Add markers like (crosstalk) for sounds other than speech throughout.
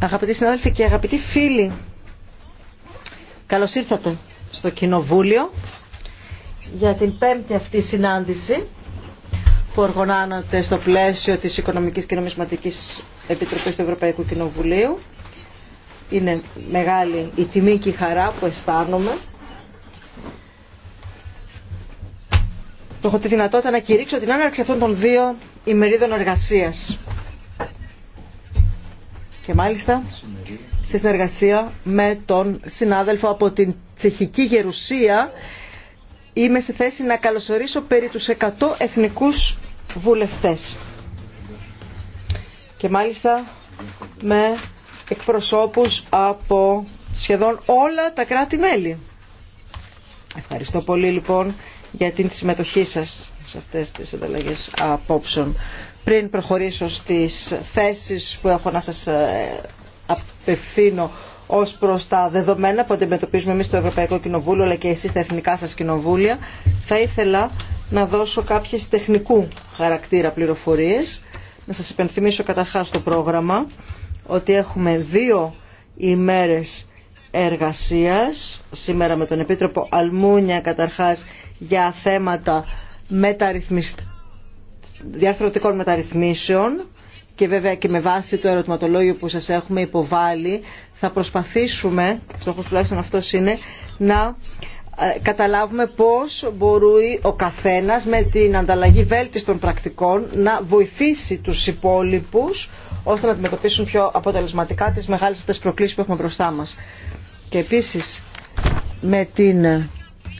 Αγαπητοί συνάδελφοι και αγαπητοί φίλοι, καλώς ήρθατε στο Κοινοβούλιο για την πέμπτη αυτή συνάντηση που οργανώνεται στο πλαίσιο της Οικονομικής και Νομισματικής Επιτροπής του Ευρωπαϊκού Κοινοβουλίου. Είναι μεγάλη η τιμή και η χαρά που αισθάνομαι Το έχω τη δυνατότητα να κηρύξω την άναρξη αυτών των δύο ημερίδων εργασία. Και μάλιστα στη συνεργασία με τον συνάδελφο από την Τσεχική Γερουσία είμαι σε θέση να καλωσορίσω περί τους 100 εθνικούς βουλευτές. Και μάλιστα με εκπροσώπους από σχεδόν όλα τα κράτη-μέλη. Ευχαριστώ πολύ λοιπόν για την συμμετοχή σας σε αυτές τις ανταλλαγές απόψεων. Πριν προχωρήσω στις θέσεις που έχω να σας ε, απευθύνω ως προς τα δεδομένα που αντιμετωπίζουμε εμείς στο Ευρωπαϊκό Κοινοβούλιο αλλά και εσείς στα εθνικά σας κοινοβούλια, θα ήθελα να δώσω κάποιες τεχνικού χαρακτήρα πληροφορίες. Να σας υπενθυμίσω καταρχάς το πρόγραμμα ότι έχουμε δύο ημέρες εργασίας. Σήμερα με τον Επίτροπο Αλμούνια καταρχάς για θέματα μεταρρυθμισ... διαρθρωτικών μεταρρυθμίσεων και βέβαια και με βάση το ερωτηματολόγιο που σας έχουμε υποβάλει θα προσπαθήσουμε, στόχος τουλάχιστον αυτό είναι, να ε, καταλάβουμε πώς μπορεί ο καθένας με την ανταλλαγή βέλτιστων πρακτικών να βοηθήσει τους υπόλοιπους ώστε να αντιμετωπίσουν πιο αποτελεσματικά τις μεγάλες αυτές προκλήσεις που έχουμε μπροστά μας και επίσης με την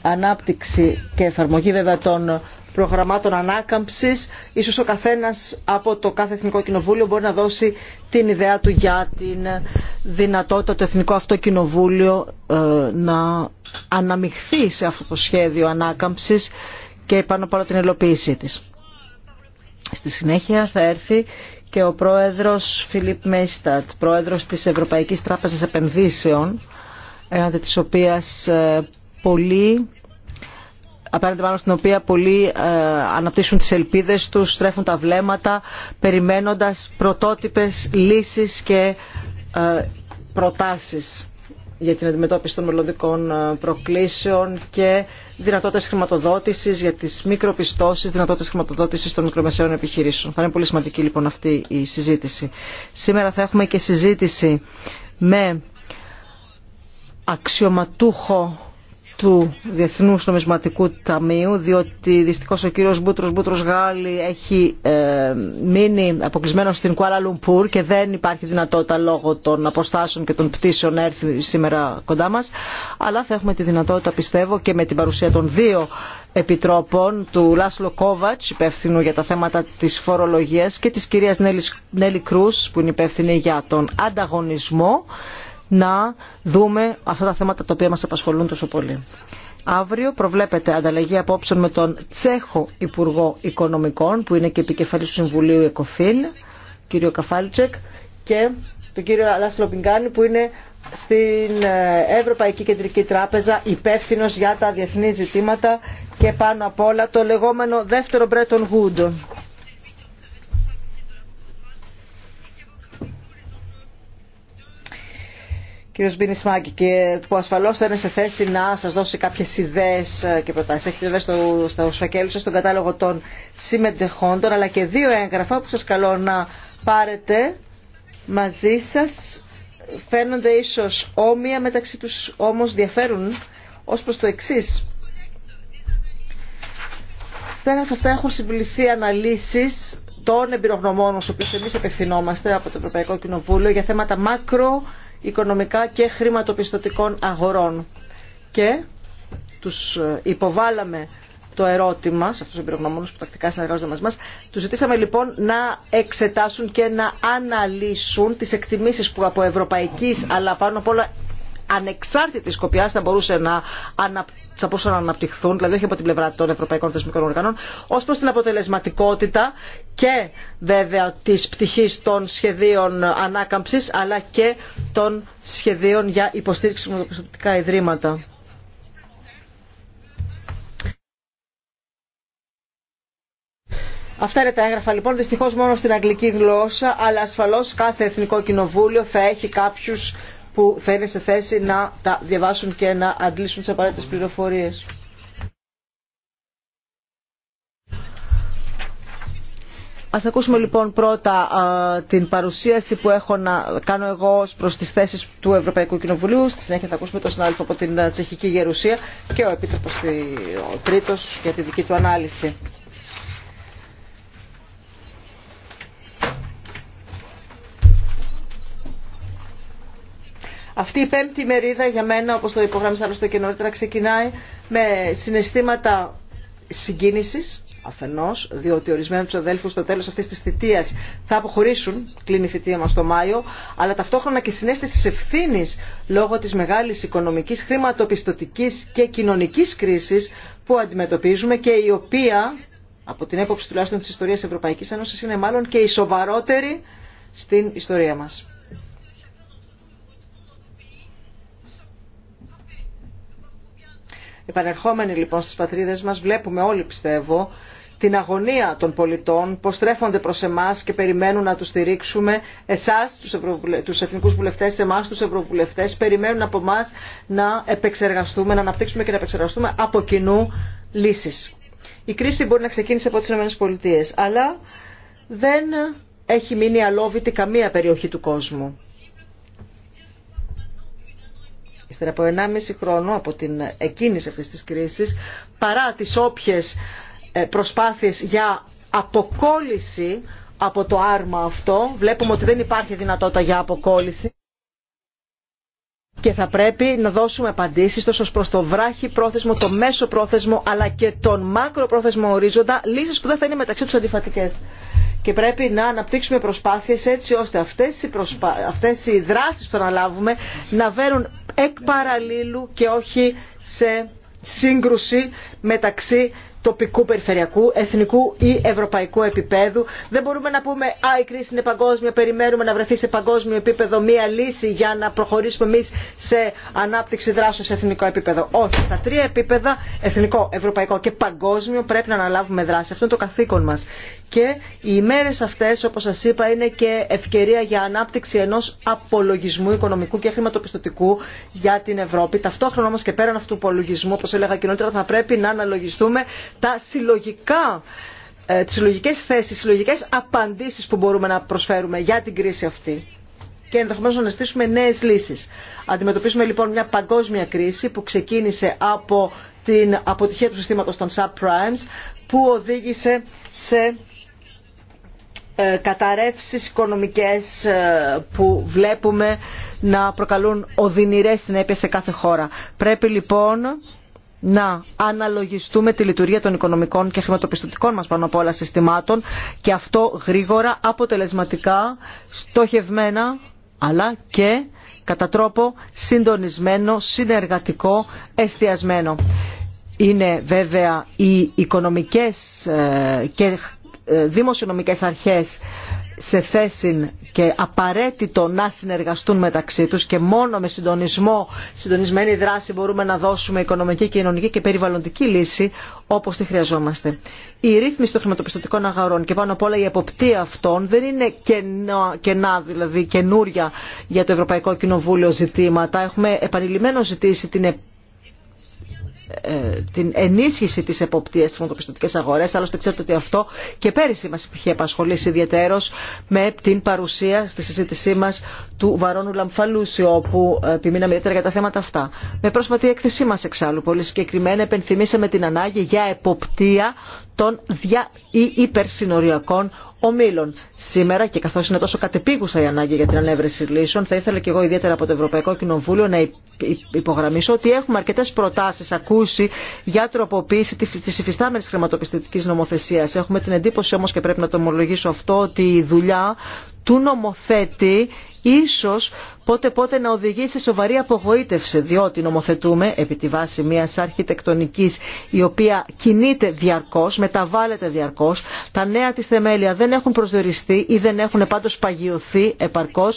ανάπτυξη και εφαρμογή βέβαια των προγραμμάτων ανάκαμψης ίσως ο καθένας από το κάθε Εθνικό Κοινοβούλιο μπορεί να δώσει την ιδέα του για την δυνατότητα του Εθνικό Αυτό ε, να αναμειχθεί σε αυτό το σχέδιο ανάκαμψης και πάνω απ' όλα την υλοποίησή της. Στη συνέχεια θα έρθει και ο πρόεδρος Φιλίπ Μέιστατ, πρόεδρος της Ευρωπαϊκής Τράπεζας Επενδύσεων, έναντι της οποίας ε, πολλοί απέναντι μάλλον στην οποία πολλοί ε, αναπτύσσουν τις ελπίδες τους, στρέφουν τα βλέμματα, περιμένοντας πρωτότυπες λύσεις και ε, προτάσεις για την αντιμετώπιση των μελλοντικών προκλήσεων και δυνατότητες χρηματοδότησης για τις μικροπιστώσεις, δυνατότητες χρηματοδότησης των μικρομεσαίων επιχειρήσεων. Θα είναι πολύ σημαντική λοιπόν αυτή η συζήτηση. Σήμερα θα έχουμε και συζήτηση με αξιωματούχο του Διεθνού Νομισματικού Ταμείου διότι δυστυχώ ο κύριο Μπούτρος Μπούτρο Γάλλη έχει ε, μείνει αποκλεισμένο στην Κουάλα Λουμπούρ και δεν υπάρχει δυνατότητα λόγω των αποστάσεων και των πτήσεων να έρθει σήμερα κοντά μα. αλλά θα έχουμε τη δυνατότητα πιστεύω και με την παρουσία των δύο επιτρόπων του Λάσλο Κόβατ, υπεύθυνου για τα θέματα της φορολογίας και της κυρίας Νέλη, Νέλη που είναι υπεύθυνη για τον ανταγωνισμό να δούμε αυτά τα θέματα τα οποία μας απασχολούν τόσο πολύ. Αύριο προβλέπεται ανταλλαγή απόψεων με τον Τσέχο Υπουργό Οικονομικών, που είναι και επικεφαλής του Συμβουλίου ΕΚΟΦΗΝ, κύριο Καφάλτσεκ, και τον κύριο Αλάστρο Πιγκάνη, που είναι στην ε, Ευρωπαϊκή Κεντρική Τράπεζα υπεύθυνο για τα διεθνή ζητήματα και πάνω απ' όλα το λεγόμενο δεύτερο Bretton Woods. κύριο Μπινισμάκη και που ασφαλώς θα είναι σε θέση να σα δώσει κάποιε ιδέε ε, και προτάσει. Έχετε βέβαια στο, στο σφακέλου σας τον κατάλογο των συμμετεχόντων αλλά και δύο έγγραφα που σα καλώ να πάρετε μαζί σα, Φαίνονται ίσω όμοια μεταξύ του, όμω διαφέρουν ω προ το εξή. Στα έγγραφα αυτά έχουν συμπληθεί αναλύσει των εμπειρογνωμών στους οποίους εμεί απευθυνόμαστε από το Ευρωπαϊκό Κοινοβούλιο για θέματα μάκρο οικονομικά και χρηματοπιστωτικών αγορών. Και τους ε, υποβάλαμε το ερώτημα, σε αυτούς τους εμπειρογνωμόνους που τακτικά συνεργάζονται μαζί μας, τους ζητήσαμε λοιπόν να εξετάσουν και να αναλύσουν τις εκτιμήσεις που από ευρωπαϊκής αλλά πάνω απ' όλα ανεξάρτητη σκοπιά θα μπορούσε να αναπτύξει θα μπορούσαν να αναπτυχθούν, δηλαδή όχι από την πλευρά των Ευρωπαϊκών Θεσμικών Οργάνων, ω προ την αποτελεσματικότητα και βέβαια τη πτυχή των σχεδίων ανάκαμψη, αλλά και των σχεδίων για υποστήριξη με ιδρύματα. Αυτά είναι τα έγγραφα λοιπόν, δυστυχώ μόνο στην αγγλική γλώσσα, αλλά ασφαλώ κάθε εθνικό κοινοβούλιο θα έχει κάποιου που θα είναι σε θέση να τα διαβάσουν και να αντλήσουν τι απαραίτητε πληροφορίε. Ας ακούσουμε λοιπόν πρώτα την παρουσίαση που έχω να κάνω εγώ ως προς τις θέσεις του Ευρωπαϊκού Κοινοβουλίου. Στη συνέχεια θα ακούσουμε τον συνάδελφο από την Τσεχική Γερουσία και ο Επίτροπος ο Τρίτος για τη δική του ανάλυση. Αυτή η πέμπτη μερίδα για μένα, όπως το υπογράμμισα άλλωστε και νωρίτερα, ξεκινάει με συναισθήματα συγκίνησης, αφενός, διότι ορισμένοι τους αδέλφους στο τέλος αυτής της θητείας θα αποχωρήσουν, κλείνει η θητεία μας το Μάιο, αλλά ταυτόχρονα και συνέστηση ευθύνη λόγω της μεγάλης οικονομικής, χρηματοπιστωτικής και κοινωνικής κρίσης που αντιμετωπίζουμε και η οποία, από την έποψη τουλάχιστον της ιστορίας Ευρωπαϊκής Ένωσης, είναι μάλλον και η σοβαρότερη στην ιστορία μας. Επανερχόμενοι λοιπόν στις πατρίδες μας βλέπουμε όλοι πιστεύω την αγωνία των πολιτών, που στρέφονται προς εμάς και περιμένουν να τους στηρίξουμε. Εσάς, τους, ευρωβουλε... τους εθνικούς βουλευτές, εμάς τους ευρωβουλευτές, περιμένουν από εμά να επεξεργαστούμε, να αναπτύξουμε και να επεξεργαστούμε από κοινού λύσεις. Η κρίση μπορεί να ξεκίνησε από τις ΗΠΑ, αλλά δεν έχει μείνει αλόβητη καμία περιοχή του κόσμου ύστερα από 1,5 χρόνο από την εκκίνηση αυτής της κρίσης, παρά τις όποιες ε, προσπάθειες για αποκόλληση από το άρμα αυτό, βλέπουμε ότι δεν υπάρχει δυνατότητα για αποκόλληση και θα πρέπει να δώσουμε απαντήσεις τόσο προς το βράχι πρόθεσμο, το μέσο πρόθεσμο αλλά και τον μάκρο πρόθεσμο ορίζοντα, λύσεις που δεν θα είναι μεταξύ τους αντιφατικές. Και πρέπει να αναπτύξουμε προσπάθειες έτσι ώστε αυτές οι, προσπά... αυτές οι δράσεις που αναλάβουμε να βέρουν εκ παραλίλου και όχι σε σύγκρουση μεταξύ τοπικού, περιφερειακού, εθνικού ή ευρωπαϊκού επίπεδου. Δεν μπορούμε να πούμε «Α, η κρίση είναι παγκόσμια, περιμένουμε να βρεθεί σε παγκόσμιο επίπεδο μία λύση για να προχωρήσουμε εμείς σε ανάπτυξη δράσεως σε εθνικό επίπεδο». Όχι, στα τρία επίπεδα, εθνικό, ευρωπαϊκό και παγκόσμιο, πρέπει να αναλάβουμε δράση. Αυτό είναι το καθήκον μας. Και οι μέρε αυτέ, όπω σα είπα, είναι και ευκαιρία για ανάπτυξη ενό απολογισμού οικονομικού και χρηματοπιστωτικού για την Ευρώπη. Ταυτόχρονα όμω, και πέραν αυτού του απολογισμού, όπω έλεγα κοινότερα, θα πρέπει να αναλογιστούμε τα συλλογικά ε, τις συλλογικές θέσεις, συλλογικές απαντήσεις που μπορούμε να προσφέρουμε για την κρίση αυτή και ενδεχομένως να στήσουμε νέες λύσεις. Αντιμετωπίσουμε λοιπόν μια παγκόσμια κρίση που ξεκίνησε από την αποτυχία του συστήματος των subprimes που οδήγησε σε ε, καταρρεύσεις οικονομικές ε, που βλέπουμε να προκαλούν οδυνηρές συνέπειες σε κάθε χώρα. Πρέπει λοιπόν να αναλογιστούμε τη λειτουργία των οικονομικών και χρηματοπιστωτικών μας πάνω από όλα συστημάτων και αυτό γρήγορα, αποτελεσματικά, στοχευμένα αλλά και κατά τρόπο συντονισμένο, συνεργατικό, εστιασμένο. Είναι βέβαια οι οικονομικές ε, και ε, δημοσιονομικές αρχές σε θέση και απαραίτητο να συνεργαστούν μεταξύ τους και μόνο με συντονισμό, συντονισμένη δράση μπορούμε να δώσουμε οικονομική, κοινωνική και περιβαλλοντική λύση όπως τη χρειαζόμαστε. Η ρύθμιση των χρηματοπιστωτικών αγαρών και πάνω απ' όλα η εποπτεία αυτών δεν είναι κενά, κενά δηλαδή καινούρια για το Ευρωπαϊκό Κοινοβούλιο ζητήματα. Έχουμε επανειλημμένο ζητήσει την ε, την ενίσχυση της εποπτείας στις μοτοπιστωτικές αγορές. Άλλωστε ξέρετε ότι αυτό και πέρυσι μας είχε απασχολήσει ιδιαίτερος με την παρουσία στη συζήτησή μας του Βαρόνου Λαμφαλούση όπου επιμείναμε ιδιαίτερα για τα θέματα αυτά. Με πρόσφατη έκθεσή μας εξάλλου πολύ συγκεκριμένα επενθυμίσαμε την ανάγκη για εποπτεία των δια ή υπερσυνοριακών ομίλων. Σήμερα και καθώς είναι τόσο κατεπίγουσα η ανάγκη για την ανέβρεση λύσεων, θα ήθελα και εγώ ιδιαίτερα από το Ευρωπαϊκό Κοινοβούλιο να υπογραμμίσω ότι έχουμε αρκετές προτάσεις ακούσει για τροποποίηση της υφιστάμενης χρηματοπιστωτικής νομοθεσίας. Έχουμε την εντύπωση όμως και πρέπει να το ομολογήσω αυτό ότι η δουλειά του νομοθέτη ίσως πότε πότε να οδηγεί σε σοβαρή απογοήτευση διότι νομοθετούμε επί τη βάση μια αρχιτεκτονική, η οποία κινείται διαρκώ, μεταβάλλεται διαρκώ. τα νέα τη θεμέλια δεν έχουν προσδιοριστεί ή δεν έχουν πάντω παγιωθεί επαρκώ.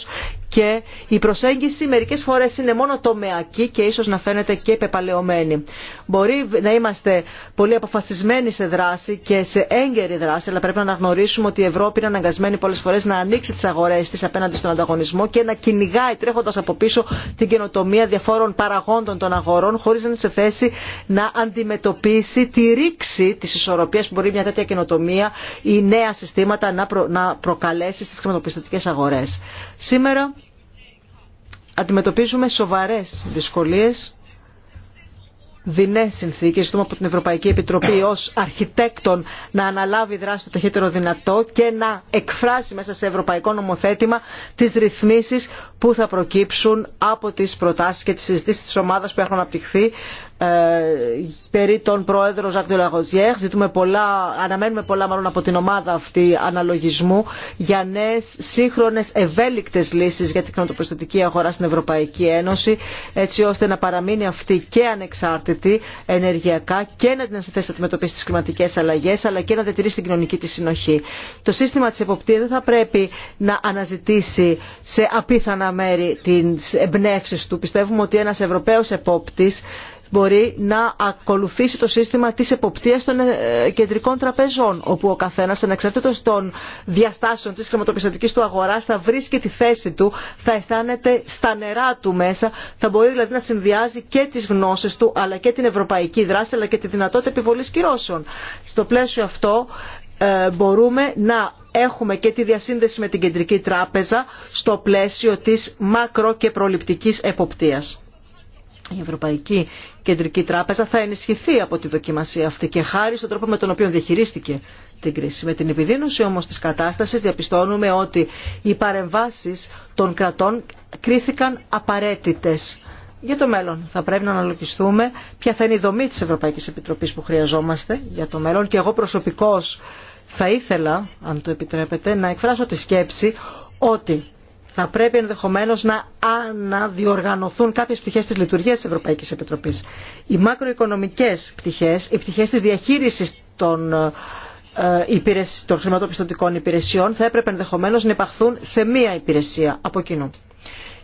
και η προσέγγιση μερικέ φορέ είναι μόνο τομεακή και ίσω να φαίνεται και πεπαλαιωμένη. Μπορεί να είμαστε πολύ αποφασισμένοι σε δράση και σε έγκαιρη δράση, αλλά πρέπει να αναγνωρίσουμε ότι η Ευρώπη είναι αναγκασμένη πολλέ φορέ να ανοίξει τι αγορέ τη απέναντι στον ανταγωνισμό και να κυνηγάει Τρέχοντα από πίσω την καινοτομία διαφόρων παραγόντων των αγορών χωρί να είναι σε θέση να αντιμετωπίσει τη ρήξη της ισορροπίας που μπορεί μια τέτοια καινοτομία ή νέα συστήματα να, να προκαλέσει στις χρηματοπιστωτικές αγορές. Σήμερα αντιμετωπίζουμε σοβαρέ δυσκολίες δεινέ συνθήκες, ζητούμε από την Ευρωπαϊκή Επιτροπή ως αρχιτέκτον να αναλάβει δράση το ταχύτερο δυνατό και να εκφράσει μέσα σε ευρωπαϊκό νομοθέτημα τις ρυθμίσεις που θα προκύψουν από τις προτάσεις και τις συζητήσει τη ομάδα που έχουν αναπτυχθεί ε, περί τον πρόεδρο Ζακ Ντελαγοζιέχ. Ζητούμε πολλά, αναμένουμε πολλά μάλλον από την ομάδα αυτή αναλογισμού για νέε σύγχρονε ευέλικτε λύσει για την κοινοτοπιστωτική αγορά στην Ευρωπαϊκή Ένωση, έτσι ώστε να παραμείνει αυτή και ανεξάρτητη ενεργειακά και να την ασυνθέσει να αντιμετωπίσει τι κλιματικέ αλλαγέ, αλλά και να διατηρήσει την κοινωνική τη συνοχή. Το σύστημα τη εποπτεία δεν θα πρέπει να αναζητήσει σε απίθανα μέρη τι εμπνεύσει του. Πιστεύουμε ότι ένα Ευρωπαίο επόπτη μπορεί να ακολουθήσει το σύστημα της εποπτείας των ε, κεντρικών τραπεζών, όπου ο καθένας ανεξαρτήτως των διαστάσεων της χρηματοπιστωτικής του αγοράς θα βρίσκει τη θέση του, θα αισθάνεται στα νερά του μέσα, θα μπορεί δηλαδή να συνδυάζει και τις γνώσεις του, αλλά και την ευρωπαϊκή δράση, αλλά και τη δυνατότητα επιβολής κυρώσεων. Στο πλαίσιο αυτό ε, μπορούμε να έχουμε και τη διασύνδεση με την κεντρική τράπεζα στο πλαίσιο της μακρο και προληπτικής εποπτείας η Ευρωπαϊκή Κεντρική Τράπεζα θα ενισχυθεί από τη δοκιμασία αυτή και χάρη στον τρόπο με τον οποίο διαχειρίστηκε την κρίση. Με την επιδείνωση όμως της κατάστασης διαπιστώνουμε ότι οι παρεμβάσεις των κρατών κρίθηκαν απαραίτητες. Για το μέλλον θα πρέπει να αναλογιστούμε ποια θα είναι η δομή της Ευρωπαϊκής Επιτροπής που χρειαζόμαστε για το μέλλον και εγώ προσωπικώς θα ήθελα, αν το επιτρέπετε, να εκφράσω τη σκέψη ότι θα πρέπει ενδεχομένω να αναδιοργανωθούν κάποιε πτυχέ τη λειτουργία τη Ευρωπαϊκή Επιτροπή. Οι μακροοικονομικέ πτυχέ, οι πτυχέ τη διαχείριση των, ε, των χρηματοπιστωτικών υπηρεσιών θα έπρεπε ενδεχομένω να υπαχθούν σε μία υπηρεσία από κοινού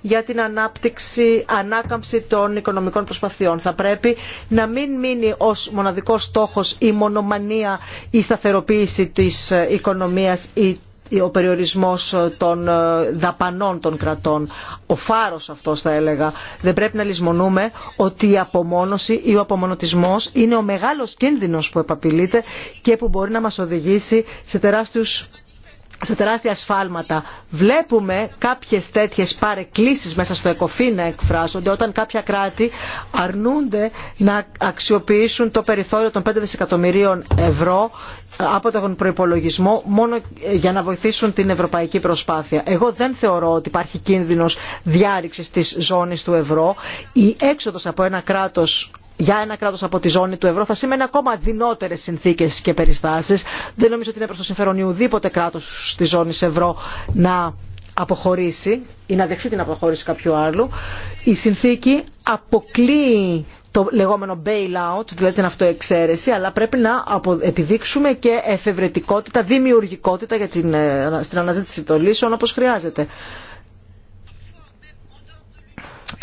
για την ανάπτυξη, ανάκαμψη των οικονομικών προσπαθειών. Θα πρέπει να μην μείνει ω μοναδικό στόχο η μονομανία, η σταθεροποίηση τη ε, οικονομία. ή ο περιορισμός των ε, δαπανών των κρατών. Ο φάρος αυτός θα έλεγα. Δεν πρέπει να λησμονούμε ότι η απομόνωση ή ο απομονωτισμός είναι ο μεγάλος κίνδυνος που επαπειλείται και που μπορεί να μας οδηγήσει σε τεράστιους σε τεράστια σφάλματα. Βλέπουμε κάποιες τέτοιες παρεκκλήσεις μέσα στο ΕΚΟΦΗ να εκφράζονται όταν κάποια κράτη αρνούνται να αξιοποιήσουν το περιθώριο των 5 δισεκατομμυρίων ευρώ ε, από τον προπολογισμό μόνο ε, για να βοηθήσουν την ευρωπαϊκή προσπάθεια. Εγώ δεν θεωρώ ότι υπάρχει κίνδυνος διάρρηξης της ζώνης του ευρώ. Η έξοδος από ένα κράτος για ένα κράτος από τη ζώνη του ευρώ θα σημαίνει ακόμα δυνότερες συνθήκες και περιστάσεις. Δεν νομίζω ότι είναι προς το συμφέρον ουδήποτε κράτος τη ζώνη ευρώ να αποχωρήσει ή να δεχθεί την αποχώρηση κάποιου άλλου. Η συνθήκη αποκλείει το λεγόμενο bailout, δηλαδή την αυτοεξαίρεση, αλλά πρέπει να επιδείξουμε και εφευρετικότητα, δημιουργικότητα για την, ε, στην αναζήτηση των λύσεων όπως χρειάζεται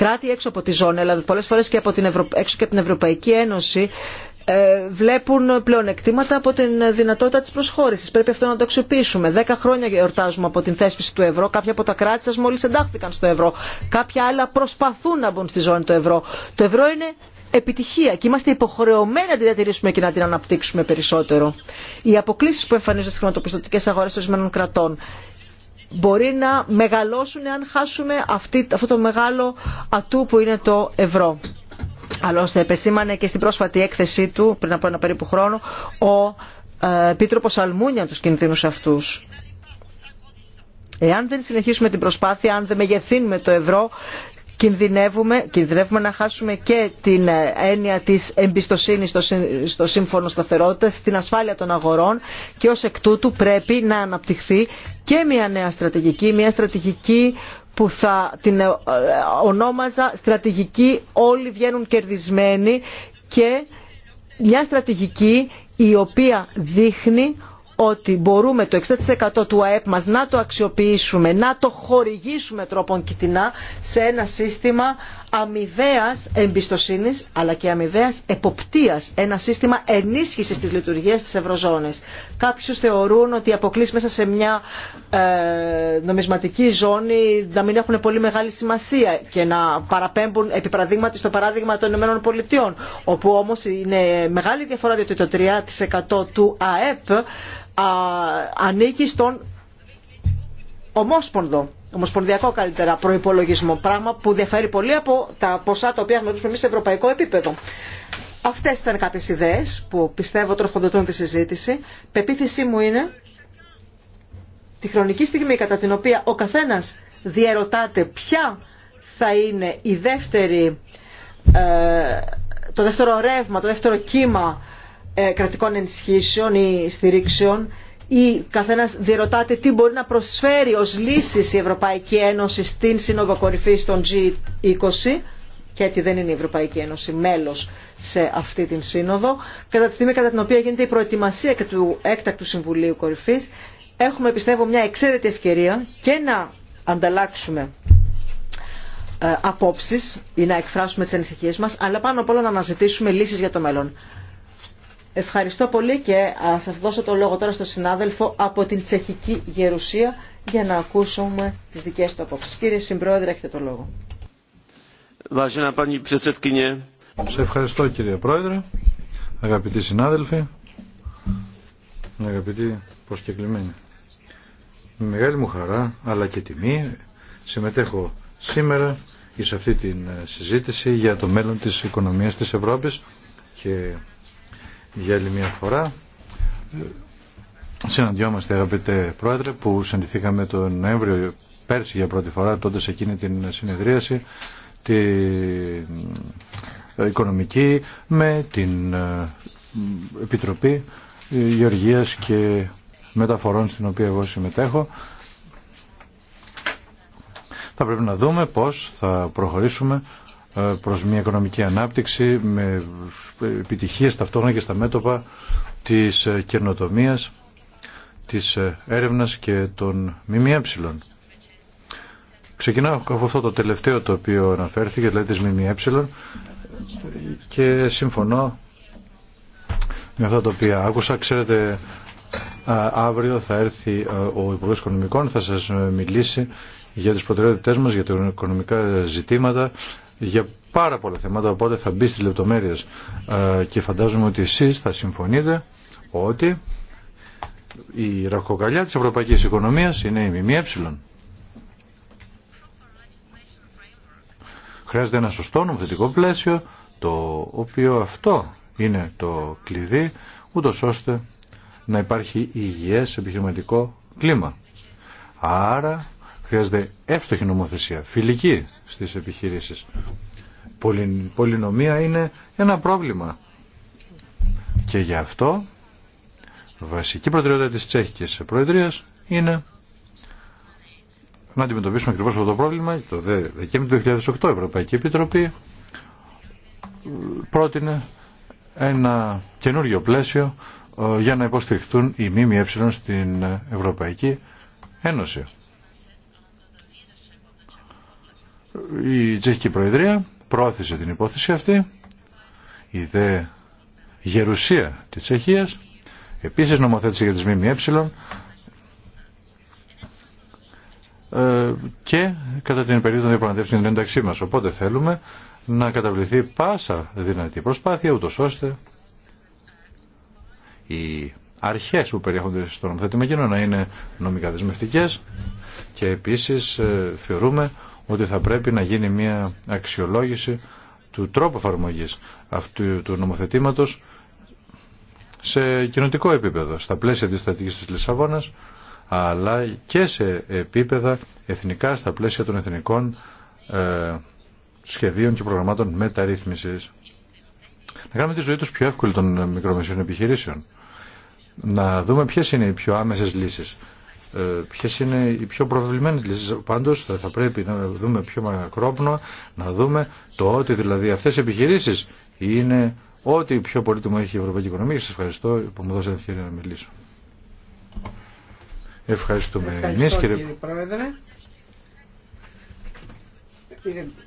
κράτη έξω από τη ζώνη, αλλά πολλές φορές και από την Ευρω... έξω και από την Ευρωπαϊκή Ένωση, ε, βλέπουν πλέον εκτίματα από την δυνατότητα της προσχώρησης. Πρέπει αυτό να το αξιοποιήσουμε. Δέκα χρόνια εορτάζουμε από την θέσπιση του ευρώ. Κάποια από τα κράτη σας μόλις εντάχθηκαν στο ευρώ. Κάποια άλλα προσπαθούν να μπουν στη ζώνη του ευρώ. Το ευρώ είναι επιτυχία και είμαστε υποχρεωμένοι να τη διατηρήσουμε και να την αναπτύξουμε περισσότερο. Οι αποκλήσει που εμφανίζονται στι χρηματοπιστωτικέ αγορέ των κρατών μπορεί να μεγαλώσουν αν χάσουμε αυτό το μεγάλο ατού που είναι το ευρώ. Άλλωστε, επεσήμανε και στην πρόσφατη έκθεσή του, πριν από ένα περίπου χρόνο, ο ε, Επίτροπος Αλμούνια τους κινδύνους αυτούς. Εάν δεν συνεχίσουμε την προσπάθεια, αν δεν μεγεθύνουμε το ευρώ, κινδυνεύουμε, κινδυνεύουμε να χάσουμε και την ε, έννοια της εμπιστοσύνης στο σύμφωνο σταθερότητας, την ασφάλεια των αγορών και ως εκ τούτου πρέπει να αναπτυχθεί και μια νέα στρατηγική, μια στρατηγική που θα την ε, ε, ονόμαζα στρατηγική όλοι βγαίνουν κερδισμένοι και μια στρατηγική η οποία δείχνει ότι μπορούμε το 60% του ΑΕΠ μας να το αξιοποιήσουμε, να το χορηγήσουμε τρόπον κοιτινά σε ένα σύστημα αμοιβαίας εμπιστοσύνης αλλά και αμοιβαίας εποπτείας. Ένα σύστημα ενίσχυσης της λειτουργίας της Ευρωζώνης. Κάποιοι θεωρούν ότι οι αποκλείς μέσα σε μια ε, νομισματική ζώνη να μην έχουν πολύ μεγάλη σημασία και να παραπέμπουν επί στο παράδειγμα των Ηνωμένων Πολιτειών όπου όμως είναι μεγάλη διαφορά διότι το 3% του ΑΕΠ ανήκει στον ομόσπονδο ομοσπονδιακό καλύτερα προπολογισμό. Πράγμα που διαφέρει πολύ από τα ποσά τα οποία γνωρίζουμε εμεί σε ευρωπαϊκό επίπεδο. Αυτέ ήταν κάποιε ιδέε που πιστεύω τροφοδοτούν τη συζήτηση. Πεποίθησή μου είναι τη χρονική στιγμή κατά την οποία ο καθένα διαρωτάται ποια θα είναι η δεύτερη, ε, το δεύτερο ρεύμα, το δεύτερο κύμα ε, κρατικών ενισχύσεων ή στηρίξεων ή καθένας διερωτάται τι μπορεί να προσφέρει ως λύσεις η Ευρωπαϊκή Ένωση στην Σύνοδο Κορυφής των G20 και ότι δεν είναι η Ευρωπαϊκή Ένωση μέλος σε αυτή την σύνοδο, κατά τη στιγμή κατά την οποία γίνεται η προετοιμασία και του έκτακτου Συμβουλίου Κορυφής, έχουμε πιστεύω μια εξαίρετη ευκαιρία και να ανταλλάξουμε ε, απόψεις ή να εκφράσουμε τις ανησυχίες μας, αλλά πάνω απ' όλα να αναζητήσουμε λύσεις για το μέλλον. Ευχαριστώ πολύ και ας δώσω το λόγο τώρα στον συνάδελφο από την Τσεχική Γερουσία για να ακούσουμε τις δικές του απόψεις. Κύριε Συμπρόεδρε, έχετε το λόγο. Σε ευχαριστώ κύριε Πρόεδρε, αγαπητοί συνάδελφοι, αγαπητοί προσκεκλημένοι. Με μεγάλη μου χαρά αλλά και τιμή συμμετέχω σήμερα σε αυτή τη ε, συζήτηση για το μέλλον της οικονομίας της Ευρώπης και για άλλη μια φορά. Συναντιόμαστε αγαπητέ Πρόεδρε που συναντηθήκαμε τον Νοέμβριο πέρσι για πρώτη φορά τότε σε εκείνη την συνεδρίαση την ε, οικονομική με την ε, Επιτροπή ε, Γεωργίας και Μεταφορών στην οποία εγώ συμμετέχω θα πρέπει να δούμε πώς θα προχωρήσουμε ε, προς μια οικονομική ανάπτυξη με επιτυχίες ταυτόχρονα και στα μέτωπα της ε, κερνοτομίας, της ε, έρευνας και των ΜΜΕ. Ξεκινάω από αυτό το τελευταίο το οποίο αναφέρθηκε, δηλαδή της ΜΜΕ και συμφωνώ με αυτά τα οποία άκουσα. Ξέρετε, αύριο θα έρθει ο Υπουργός Οικονομικών, θα σας μιλήσει για τις προτεραιότητές μας, για τα οικονομικά ζητήματα για πάρα πολλά θέματα, οπότε θα μπει στις λεπτομέρειες ε, και φαντάζομαι ότι εσείς θα συμφωνείτε ότι η ραχοκαλιά της ευρωπαϊκής οικονομίας είναι η ΜΜΕ. Χρειάζεται ένα σωστό νομοθετικό πλαίσιο, το οποίο αυτό είναι το κλειδί, ούτως ώστε να υπάρχει υγιές επιχειρηματικό κλίμα. Άρα χρειάζεται εύστοχη νομοθεσία, φιλική στις επιχειρήσεις. πολυνομία είναι ένα πρόβλημα. Και γι' αυτό βασική προτεραιότητα της Τσέχικης Προεδρίας είναι να αντιμετωπίσουμε ακριβώς αυτό το πρόβλημα. Το Δεκέμβριο του 2008 η Ευρωπαϊκή Επιτροπή ε, πρότεινε ένα καινούριο πλαίσιο ε, για να υποστηριχθούν οι ΜΜΕ στην Ευρωπαϊκή Ένωση. η Τσεχική Προεδρία πρόθεσε την υπόθεση αυτή η δε γερουσία της Τσεχίας επίσης νομοθέτησε για τις ΜΜΕ ε, και κατά την περίοδο των διαπραγματεύσεων την ένταξή μας. Οπότε θέλουμε να καταβληθεί πάσα δυνατή προσπάθεια ούτως ώστε οι αρχές που περιέχονται στο νομοθέτημα εκείνο να είναι νομικά δεσμευτικές και επίσης ε, θεωρούμε ότι θα πρέπει να γίνει μια αξιολόγηση του τρόπου εφαρμογή αυτού του νομοθετήματος σε κοινοτικό επίπεδο, στα πλαίσια της στρατηγικής της Λισαβόνας, αλλά και σε επίπεδα εθνικά, στα πλαίσια των εθνικών ε, σχεδίων και προγραμμάτων μεταρρύθμισης. Να κάνουμε τη ζωή τους πιο εύκολη των μικρομεσαίων επιχειρήσεων. Να δούμε ποιες είναι οι πιο άμεσες λύσεις ε, Ποιε είναι οι πιο προβλημένες λύσεις. Πάντως θα, πρέπει να δούμε πιο μακρόπνο, να δούμε το ότι δηλαδή αυτές οι επιχειρήσεις είναι ό,τι πιο πολύτιμο έχει η Ευρωπαϊκή Οικονομία. Σας ευχαριστώ που μου δώσατε ευκαιρία να μιλήσω. Ευχαριστούμε Ευχαριστώ, εμείς κύριε... κύριε Πρόεδρε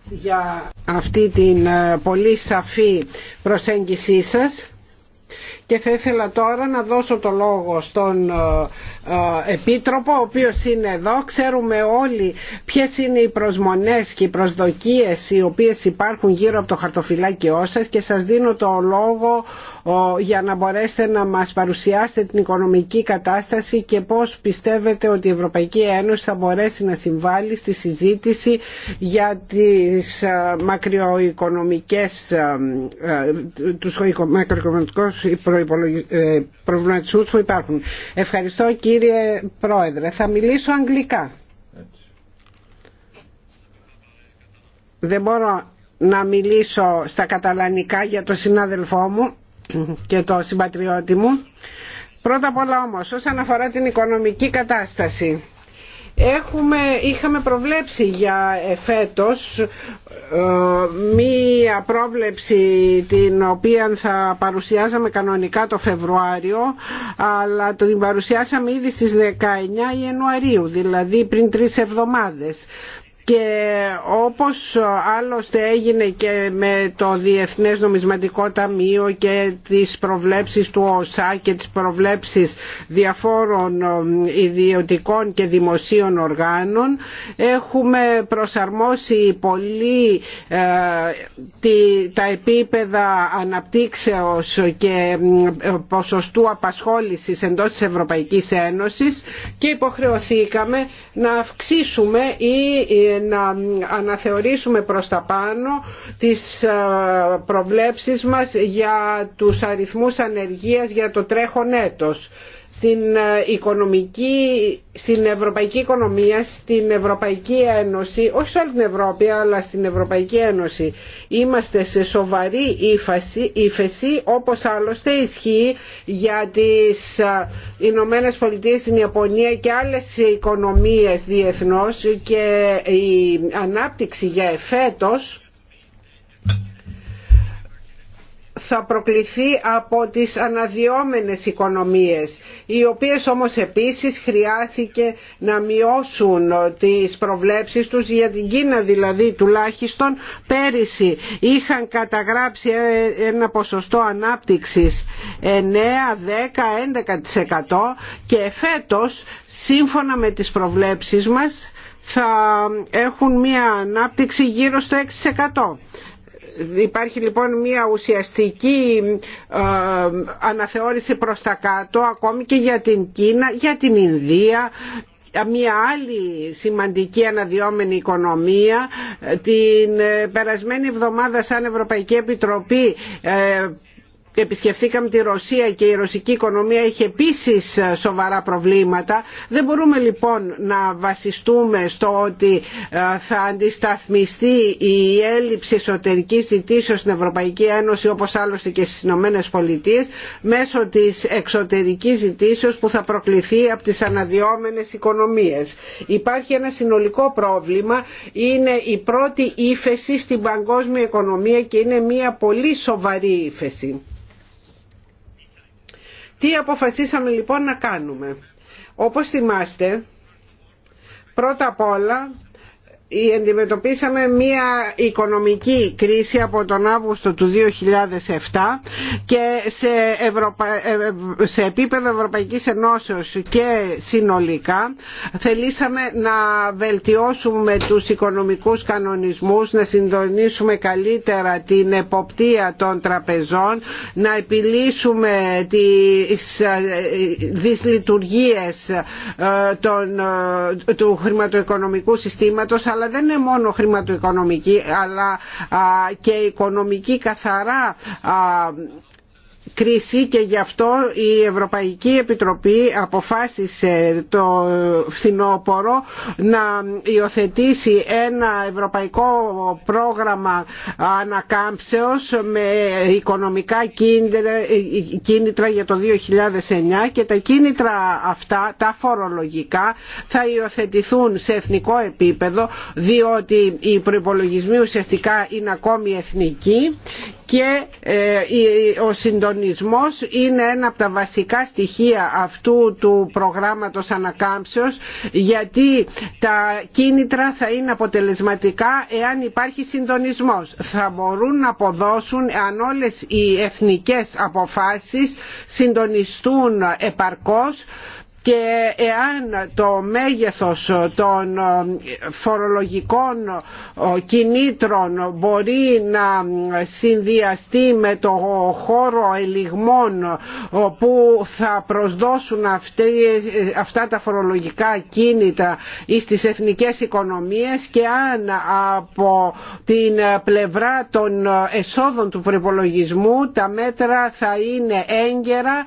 για αυτή την ε, πολύ σαφή προσέγγισή σας και θα ήθελα τώρα να δώσω το λόγο στον ε, επίτροπο ο οποίος είναι εδώ. Ξέρουμε όλοι ποιες είναι οι προσμονές και οι προσδοκίες οι οποίες υπάρχουν γύρω από το χαρτοφυλάκιό σας και σας δίνω το λόγο για να μπορέσετε να μας παρουσιάσετε την οικονομική κατάσταση και πώς πιστεύετε ότι η Ευρωπαϊκή Ένωση θα μπορέσει να συμβάλλει στη συζήτηση για τις μακροοικονομικές τους μακροοικονομικούς ε, προβληματισμούς που υπάρχουν. Ευχαριστώ κύριε κύριε Πρόεδρε. Θα μιλήσω αγγλικά. Δεν μπορώ να μιλήσω στα καταλανικά για τον συνάδελφό μου και το συμπατριώτη μου. Πρώτα απ' όλα όμως όσον αφορά την οικονομική κατάσταση Έχουμε, είχαμε προβλέψει για ε, φέτος ε, μία πρόβλεψη την οποία θα παρουσιάζαμε κανονικά το Φεβρουάριο αλλά την παρουσιάσαμε ήδη στις 19 Ιανουαρίου δηλαδή πριν τρεις εβδομάδες και όπως άλλωστε έγινε και με το Διεθνές Νομισματικό Ταμείο και τις προβλέψεις του ΟΣΑ και τις προβλέψεις διαφόρων ιδιωτικών και δημοσίων οργάνων έχουμε προσαρμόσει πολύ ε, τα επίπεδα αναπτύξεως και ποσοστού απασχόλησης εντός της Ευρωπαϊκής Ένωσης και υποχρεωθήκαμε να αυξήσουμε ή ε, να αναθεωρήσουμε προς τα πάνω τις ε, προβλέψεις μας για τους αριθμούς ανεργίας για το τρέχον έτος στην, ε, οικονομική, στην ευρωπαϊκή οικονομία, στην Ευρωπαϊκή Ένωση, όχι σε όλη την Ευρώπη αλλά στην Ευρωπαϊκή Ένωση. Είμαστε σε σοβαρή ύφαση, ύφεση όπως άλλωστε ισχύει για τις ε, Ηνωμένε Πολιτείε, την Ιαπωνία και άλλες οικονομίες διεθνώς και η ανάπτυξη για εφέτος θα προκληθεί από τις αναδυόμενες οικονομίες οι οποίες όμως επίσης χρειάστηκε να μειώσουν τις προβλέψεις τους για την Κίνα δηλαδή τουλάχιστον πέρυσι είχαν καταγράψει ένα ποσοστό ανάπτυξης 9, 10, 11% και φέτος σύμφωνα με τις προβλέψεις μας θα έχουν μια ανάπτυξη γύρω στο 6%. Υπάρχει λοιπόν μια ουσιαστική ε, αναθεώρηση προς τα κάτω ακόμη και για την Κίνα, για την Ινδία μια άλλη σημαντική αναδυόμενη οικονομία την ε, περασμένη εβδομάδα σαν Ευρωπαϊκή Επιτροπή ε, επισκεφθήκαμε τη Ρωσία και η ρωσική οικονομία έχει επίσης ε, σοβαρά προβλήματα. Δεν μπορούμε λοιπόν να βασιστούμε στο ότι ε, θα αντισταθμιστεί η έλλειψη εσωτερική ζητήσεως στην Ευρωπαϊκή Ένωση όπως άλλωστε και στις Ηνωμένε Πολιτείε μέσω της εξωτερική ζητήσεως που θα προκληθεί από τις αναδυόμενες οικονομίες. Υπάρχει ένα συνολικό πρόβλημα, είναι η πρώτη ύφεση στην παγκόσμια οικονομία και είναι μια πολύ σοβαρή ύφεση. Τι αποφασίσαμε λοιπόν να κάνουμε. Όπως θυμάστε, πρώτα απ' όλα αντιμετωπίσαμε μία οικονομική κρίση από τον Αύγουστο του 2007 και σε, Ευρωπα... Ε, σε επίπεδο Ευρωπαϊκής Ενώσεως και συνολικά θελήσαμε να βελτιώσουμε τους οικονομικούς κανονισμούς, να συντονίσουμε καλύτερα την εποπτεία των τραπεζών, να επιλύσουμε τις ε, δυσλειτουργίες ε, των... του χρηματοοικονομικού συστήματος δεν είναι μόνο χρηματοοικονομική αλλά και οικονομική καθαρά κρίση και γι' αυτό η Ευρωπαϊκή Επιτροπή αποφάσισε το φθινόπωρο να υιοθετήσει ένα ευρωπαϊκό πρόγραμμα ανακάμψεως με οικονομικά κίνητρα για το 2009 και τα κίνητρα αυτά, τα φορολογικά, θα υιοθετηθούν σε εθνικό επίπεδο διότι οι προπολογισμοί ουσιαστικά είναι ακόμη εθνικοί και ε, ο συντονισμός είναι ένα από τα βασικά στοιχεία αυτού του προγράμματος ανακάμψεως γιατί τα κίνητρα θα είναι αποτελεσματικά εάν υπάρχει συντονισμός. Θα μπορούν να αποδώσουν αν όλες οι εθνικές αποφάσεις συντονιστούν επαρκώς και εάν το μέγεθος των φορολογικών κινήτρων μπορεί να συνδυαστεί με το χώρο ελιγμών που θα προσδώσουν αυτά τα φορολογικά κίνητρα στις εθνικές οικονομίες και αν από την πλευρά των εσόδων του προπολογισμού τα μέτρα θα είναι έγκαιρα,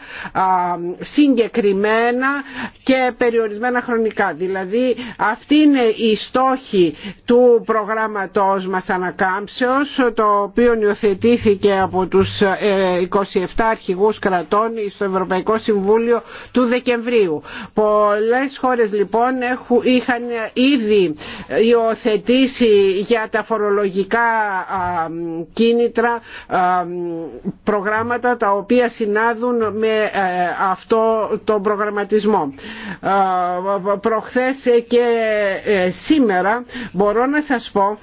συγκεκριμένα και περιορισμένα χρονικά. Δηλαδή αυτή είναι η στόχη του προγράμματος μας ανακάμψεως το οποίο υιοθετήθηκε από τους 27 ε, αρχηγούς κρατών στο Ευρωπαϊκό Συμβούλιο του Δεκεμβρίου. Πολλές χώρες λοιπόν είχαν ήδη υιοθετήσει για τα φορολογικά κίνητρα προγράμματα τα οποία συνάδουν με ε, αυτό το προγραμματισμό σεισμό. Προχθές και ε, σήμερα μπορώ να σας πω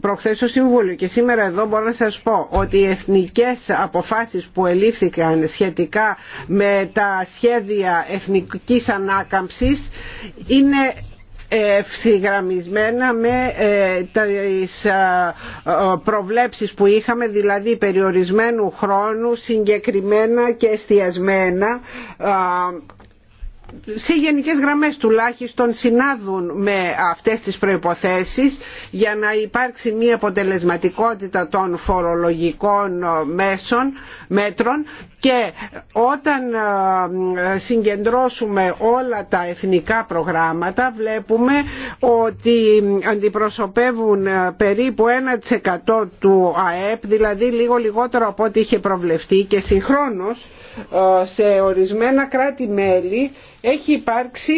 προχθές στο Συμβούλιο και σήμερα εδώ μπορώ να σας πω ότι οι εθνικές αποφάσεις που ελήφθηκαν σχετικά με τα σχέδια εθνικής ανάκαμψης είναι ευθυγραμμισμένα με ε, τις ε, προβλέψεις που είχαμε δηλαδή περιορισμένου χρόνου συγκεκριμένα και εστιασμένα σε γενικές γραμμές τουλάχιστον συνάδουν με αυτές τις προϋποθέσεις για να υπάρξει μια αποτελεσματικότητα των φορολογικών ε, μέσων, μέτρων και όταν ε, συγκεντρώσουμε όλα τα εθνικά προγράμματα βλέπουμε ότι αντιπροσωπεύουν ε, περίπου 1% του ΑΕΠ δηλαδή λίγο λιγότερο από ό,τι είχε προβλεφτεί και συγχρόνως ε, σε ορισμένα κράτη-μέλη έχει υπάρξει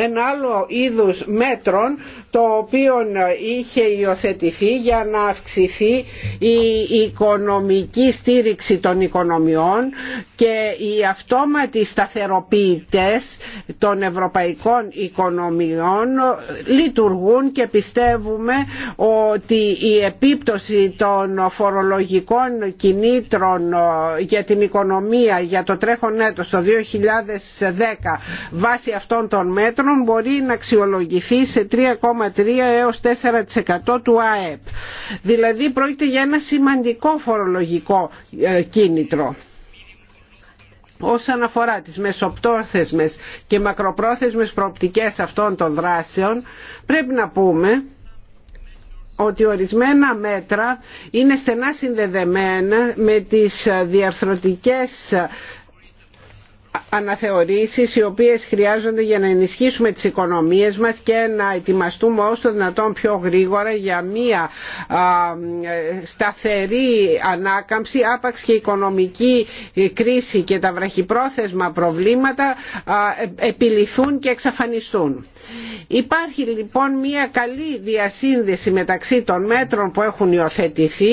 ένα άλλο είδους μέτρων το οποίο είχε υιοθετηθεί για να αυξηθεί η οικονομική στήριξη των οικονομιών και οι αυτόματοι σταθεροποιητές των ευρωπαϊκών οικονομιών λειτουργούν και πιστεύουμε ότι η επίπτωση των φορολογικών κινήτρων για την οικονομία για το τρέχον έτος το 2010 βάσει αυτών των μέτρων μπορεί να αξιολογηθεί σε 3,3 έως 4% του ΑΕΠ. Δηλαδή πρόκειται για ένα σημαντικό φορολογικό ε, κίνητρο όσον αφορά τις μεσοπτώθεσμες και μακροπρόθεσμες προοπτικές αυτών των δράσεων πρέπει να πούμε ότι ορισμένα μέτρα είναι στενά συνδεδεμένα με τις διαρθρωτικές αναθεωρήσεις οι οποίες χρειάζονται για να ενισχύσουμε τις οικονομίες μας και να ετοιμαστούμε όσο δυνατόν πιο γρήγορα για μία σταθερή ανάκαμψη άπαξ και οικονομική κρίση και τα βραχυπρόθεσμα προβλήματα επιληθούν και εξαφανιστούν. Υπάρχει λοιπόν μια καλή διασύνδεση μεταξύ των μέτρων που έχουν υιοθετηθεί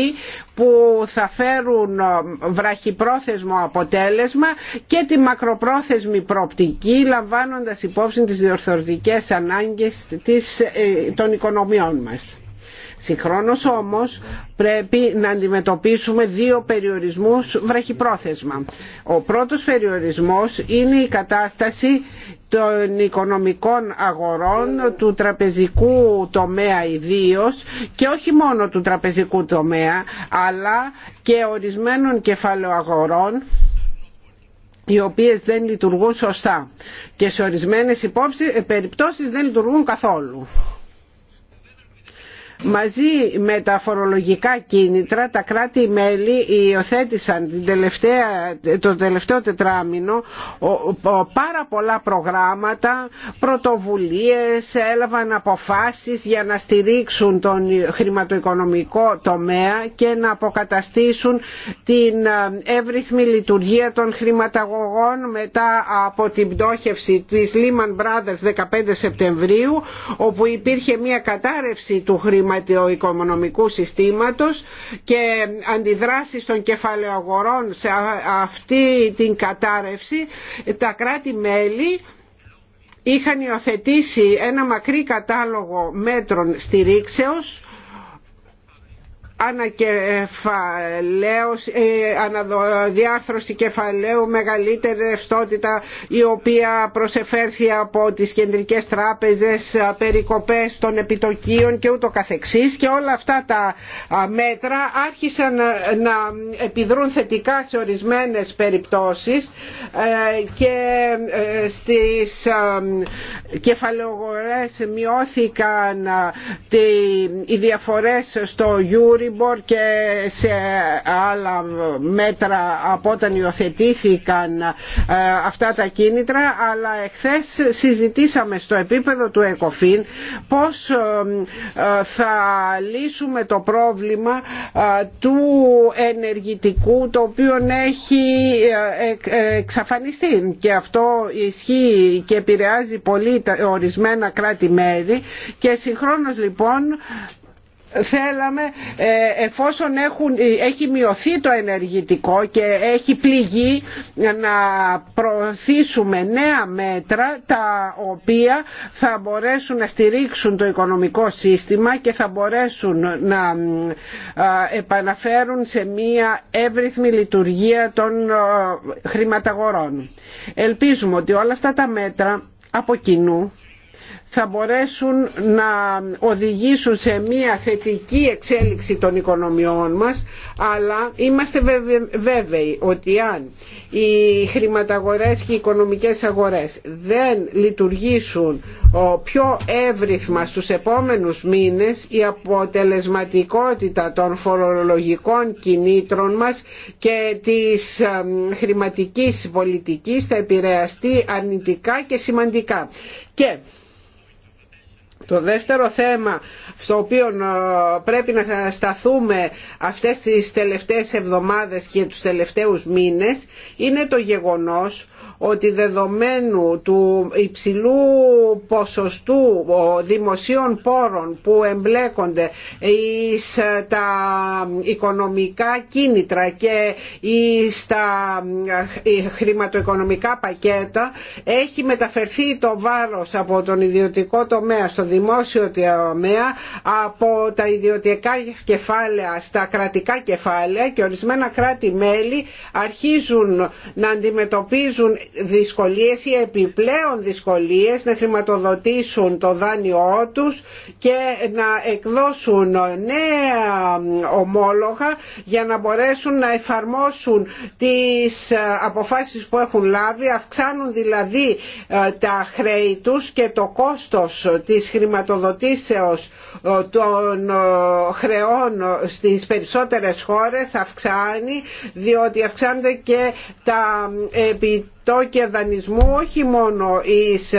που θα φέρουν ε, βραχυπρόθεσμο αποτέλεσμα και τη μακροπρόθεσμη προοπτική λαμβάνοντας υπόψη τις διορθωτικές ανάγκες ε, των οικονομιών μας. Συγχρόνως όμως πρέπει να αντιμετωπίσουμε δύο περιορισμούς βραχυπρόθεσμα. Ο πρώτος περιορισμός είναι η κατάσταση των οικονομικών αγορών του τραπεζικού τομέα ιδίως και όχι μόνο του τραπεζικού τομέα αλλά και ορισμένων κεφαλαιοαγορών οι οποίες δεν λειτουργούν σωστά και σε ορισμένες υπόψεις, περιπτώσεις δεν λειτουργούν καθόλου. Μαζί με τα φορολογικά κίνητρα τα κράτη-μέλη υιοθέτησαν το τελευταίο τετράμινο πάρα πολλά προγράμματα, πρωτοβουλίες, έλαβαν αποφάσεις για να στηρίξουν τον χρηματοοικονομικό τομέα και να αποκαταστήσουν την ε, εύρυθμη λειτουργία των χρηματαγωγών μετά από την πτώχευση της Lehman Brothers 15 Σεπτεμβρίου όπου υπήρχε μια κατάρρευση του χρηματοοικονομικού συστήματος και αντιδράσεις των κεφαλαιογορών σε αυτή την κατάρρευση τα κράτη-μέλη είχαν υιοθετήσει ένα μακρύ κατάλογο μέτρων στηρίξεως ε, αναδιάρθρωση κεφαλαίου μεγαλύτερη ρευστότητα η οποία προσεφέρθη από τις κεντρικές τράπεζες ε, περικοπές των επιτοκίων και ούτω καθεξής και όλα αυτά τα μέτρα άρχισαν να επιδρούν θετικά σε ορισμένες περιπτώσεις ε, και στις κεφαλαιογορές μειώθηκαν οι διαφορές στο γιούρι και σε άλλα μέτρα από όταν υιοθετήθηκαν ε, αυτά τα κίνητρα αλλά εχθές συζητήσαμε στο επίπεδο του ΕΚΟΦΗΝ πώς ε, ε, θα λύσουμε το πρόβλημα του ενεργητικού το οποίο έχει εξαφανιστεί και αυτό ισχύει και επηρεάζει πολύ ορισμένα κράτη-μέλη και συγχρόνως λοιπόν θέλαμε ε, εφόσον έχουν, ε, έχει μειωθεί το ενεργητικό και έχει πληγεί ε, να προωθήσουμε νέα μέτρα τα οποία θα μπορέσουν να στηρίξουν το οικονομικό σύστημα και θα μπορέσουν να επαναφέρουν σε μία εύρυθμη λειτουργία των χρηματαγορών. Ελπίζουμε ότι όλα αυτά τα μέτρα από κοινού θα μπορέσουν να οδηγήσουν σε μια θετική εξέλιξη των οικονομιών μας αλλά είμαστε βέβαιοι ότι αν οι χρηματαγορές και οι οικονομικές αγορές δεν λειτουργήσουν πιο εύρυθμα στους επόμενους μήνες η αποτελεσματικότητα των φορολογικών κινήτρων μας και της χρηματικής πολιτικής θα επηρεαστεί αρνητικά και σημαντικά. Και το δεύτερο θέμα στο οποίο ε, πρέπει να σταθούμε αυτές τις τελευταίες εβδομάδες και τους τελευταίους μήνες είναι το γεγονός ότι δεδομένου του υψηλού ποσοστού δημοσίων πόρων που εμπλέκονται εις ε, τα οικονομικά κίνητρα και στα τα ε, χρηματοοικονομικά πακέτα έχει μεταφερθεί το βάρος από τον ιδιωτικό τομέα στο δημόσιο τομέα από τα ιδιωτικά κεφάλαια στα κρατικά κεφάλαια και ορισμένα κράτη-μέλη αρχίζουν να αντιμετωπίζουν δυσκολίες ή επιπλέον δυσκολίες να χρηματοδοτήσουν το δάνειό τους και να εκδώσουν νέα ομόλογα για να μπορέσουν να εφαρμόσουν τις αποφάσεις που έχουν λάβει αυξάνουν δηλαδή ε, τα χρέη τους και το κόστος της χρηματοδοτήσεως ε, των ε, χρεών στις περισσότερες χώρες αυξάνει διότι αυξάνονται και τα επιτυχία το δανεισμού όχι μόνο εις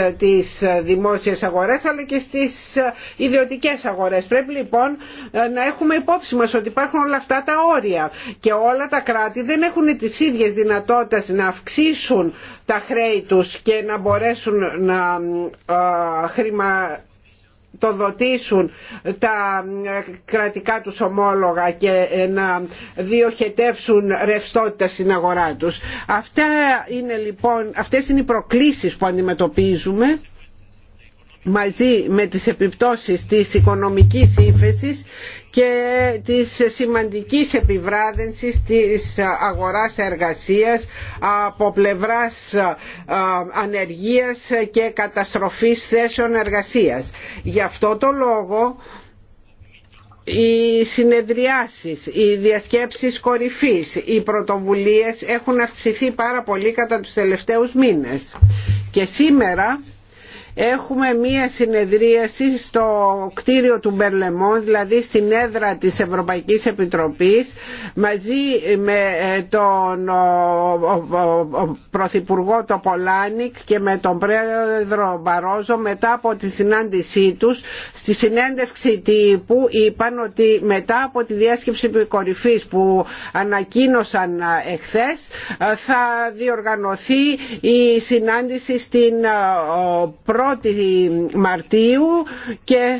δημόσιες αγορές αλλά και στις ε, ιδιωτικές αγορές. Πρέπει λοιπόν ε, να έχουμε υπόψη μας ότι υπάρχουν όλα αυτά τα όρια και όλα τα κράτη δεν έχουν τις ίδιες δυνατότητες να αυξήσουν τα χρέη τους και να μπορέσουν να ε, χρημα το δοτήσουν τα κρατικά τους ομόλογα και ε, να διοχετεύσουν ρευστότητα στην αγορά τους. Αυτά είναι, λοιπόν, αυτές είναι οι προκλήσεις που αντιμετωπίζουμε μαζί με τις επιπτώσεις της οικονομικής ύφεσης και της σημαντικής επιβράδυνσης της αγοράς εργασίας από πλευράς ανεργίας και καταστροφής θέσεων εργασίας. Γι' αυτό το λόγο οι συνεδριάσεις, οι διασκέψεις κορυφής, οι πρωτοβουλίες έχουν αυξηθεί πάρα πολύ κατά τους τελευταίους μήνες. Και σήμερα έχουμε μία συνεδρίαση στο κτίριο του Μπερλεμό δηλαδή στην έδρα της Ευρωπαϊκής Επιτροπής, μαζί με ε, τον Πρωθυπουργό Πολάνικ και με τον Πρόεδρο Μπαρόζο μετά από τη συνάντησή τους στη συνέντευξη τύπου είπαν ότι μετά από τη διάσκεψη κορυφής που ανακοίνωσαν ε, εχθές ε, θα διοργανωθεί η συνάντηση στην 1η Μαρτίου και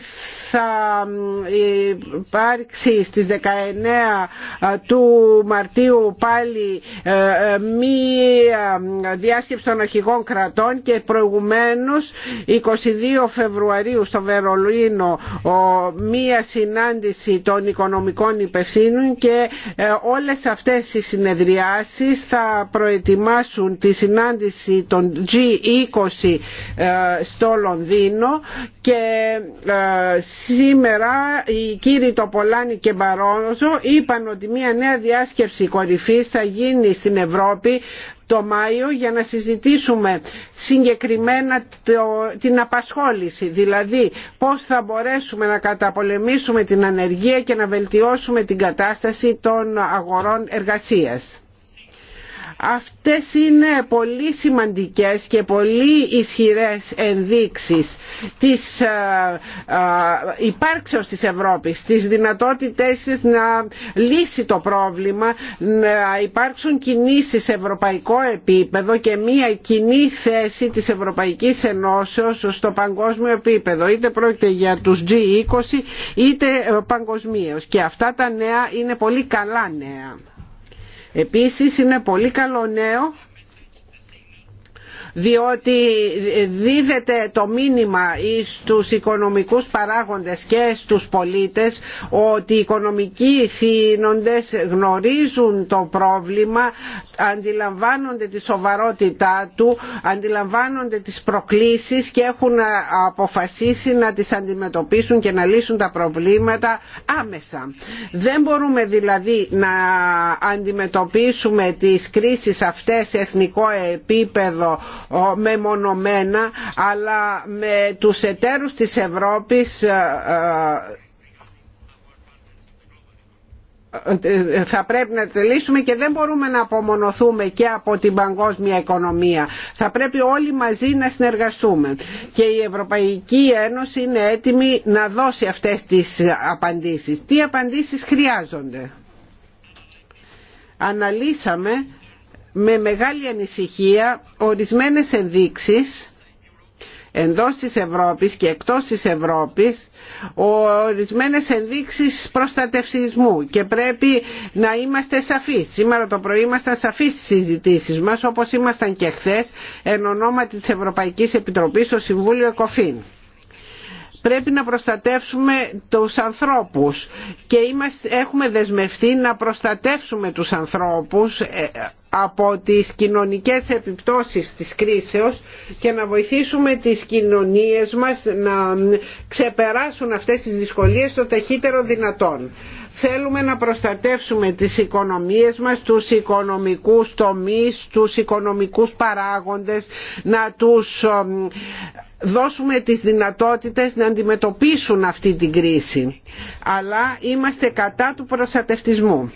θα ε, υπάρξει στις 19 του Μαρτίου πάλι ε, ε, μία διάσκεψη των αρχηγών κρατών και προηγουμένως 22 Φεβρουαρίου στο Βερολίνο μία συνάντηση των οικονομικών υπευθύνων και όλες αυτές οι συνεδριάσεις θα προετοιμάσουν τη συνάντηση των G20 στο Λονδίνο και ε, σήμερα οι κύριοι Τοπολάνη και Μπαρόζο είπαν ότι μια νέα διάσκεψη κορυφής θα γίνει στην Ευρώπη το Μάιο για να συζητήσουμε συγκεκριμένα την απασχόληση, δηλαδή πώς θα μπορέσουμε να καταπολεμήσουμε την ανεργία και να βελτιώσουμε την κατάσταση των αγορών εργασίας. Αυτές είναι πολύ σημαντικές και πολύ ισχυρές ενδείξεις της ε, ε, υπάρξεως της Ευρώπης, της δυνατότητας να λύσει το πρόβλημα, να υπάρξουν κινήσεις σε ευρωπαϊκό επίπεδο και μία κοινή θέση της Ευρωπαϊκής Ενώσεως στο παγκόσμιο επίπεδο, είτε πρόκειται για τους G20 είτε παγκοσμίως. Και αυτά τα νέα είναι πολύ καλά νέα. Επίσης είναι πολύ καλό νέο διότι δίδεται το μήνυμα στους οικονομικούς παράγοντες και στους πολίτες ότι οι οικονομικοί θύνοντες γνωρίζουν το πρόβλημα αντιλαμβάνονται τη σοβαρότητά του, αντιλαμβάνονται τις προκλήσεις και έχουν αποφασίσει να τις αντιμετωπίσουν και να λύσουν τα προβλήματα άμεσα. Δεν μπορούμε δηλαδή να αντιμετωπίσουμε τις κρίσεις αυτές σε εθνικό επίπεδο μεμονωμένα αλλά με τους εταίρους της Ευρώπης θα πρέπει να τη και δεν μπορούμε να απομονωθούμε και από την παγκόσμια οικονομία. Θα πρέπει όλοι μαζί να συνεργαστούμε. Και η Ευρωπαϊκή Ένωση είναι έτοιμη να δώσει αυτές τις απαντήσεις. Τι απαντήσεις χρειάζονται. Αναλύσαμε με μεγάλη ανησυχία ορισμένες ενδείξεις εντός της Ευρώπης και εκτός της Ευρώπης ορισμένες ενδείξεις προστατευσισμού και πρέπει να είμαστε σαφείς. Σήμερα το πρωί ήμασταν σαφείς στις συζητήσεις μας όπως ήμασταν και χθε εν ονόματι της Ευρωπαϊκής Επιτροπής στο Συμβούλιο ΕΚΟΦΗΝ πρέπει να προστατεύσουμε τους ανθρώπους και έχουμε δεσμευτεί να προστατεύσουμε τους ανθρώπους ε, από τις κοινωνικές επιπτώσεις της κρίσεως και να βοηθήσουμε τις κοινωνίες μας να ξεπεράσουν αυτές τις δυσκολίες το ταχύτερο δυνατόν θέλουμε να προστατεύσουμε τις οικονομίες μας, τους οικονομικούς τομείς, τους οικονομικούς παράγοντες, να τους δώσουμε τις δυνατότητες να αντιμετωπίσουν αυτή την κρίση. Αλλά είμαστε κατά του προστατευτισμού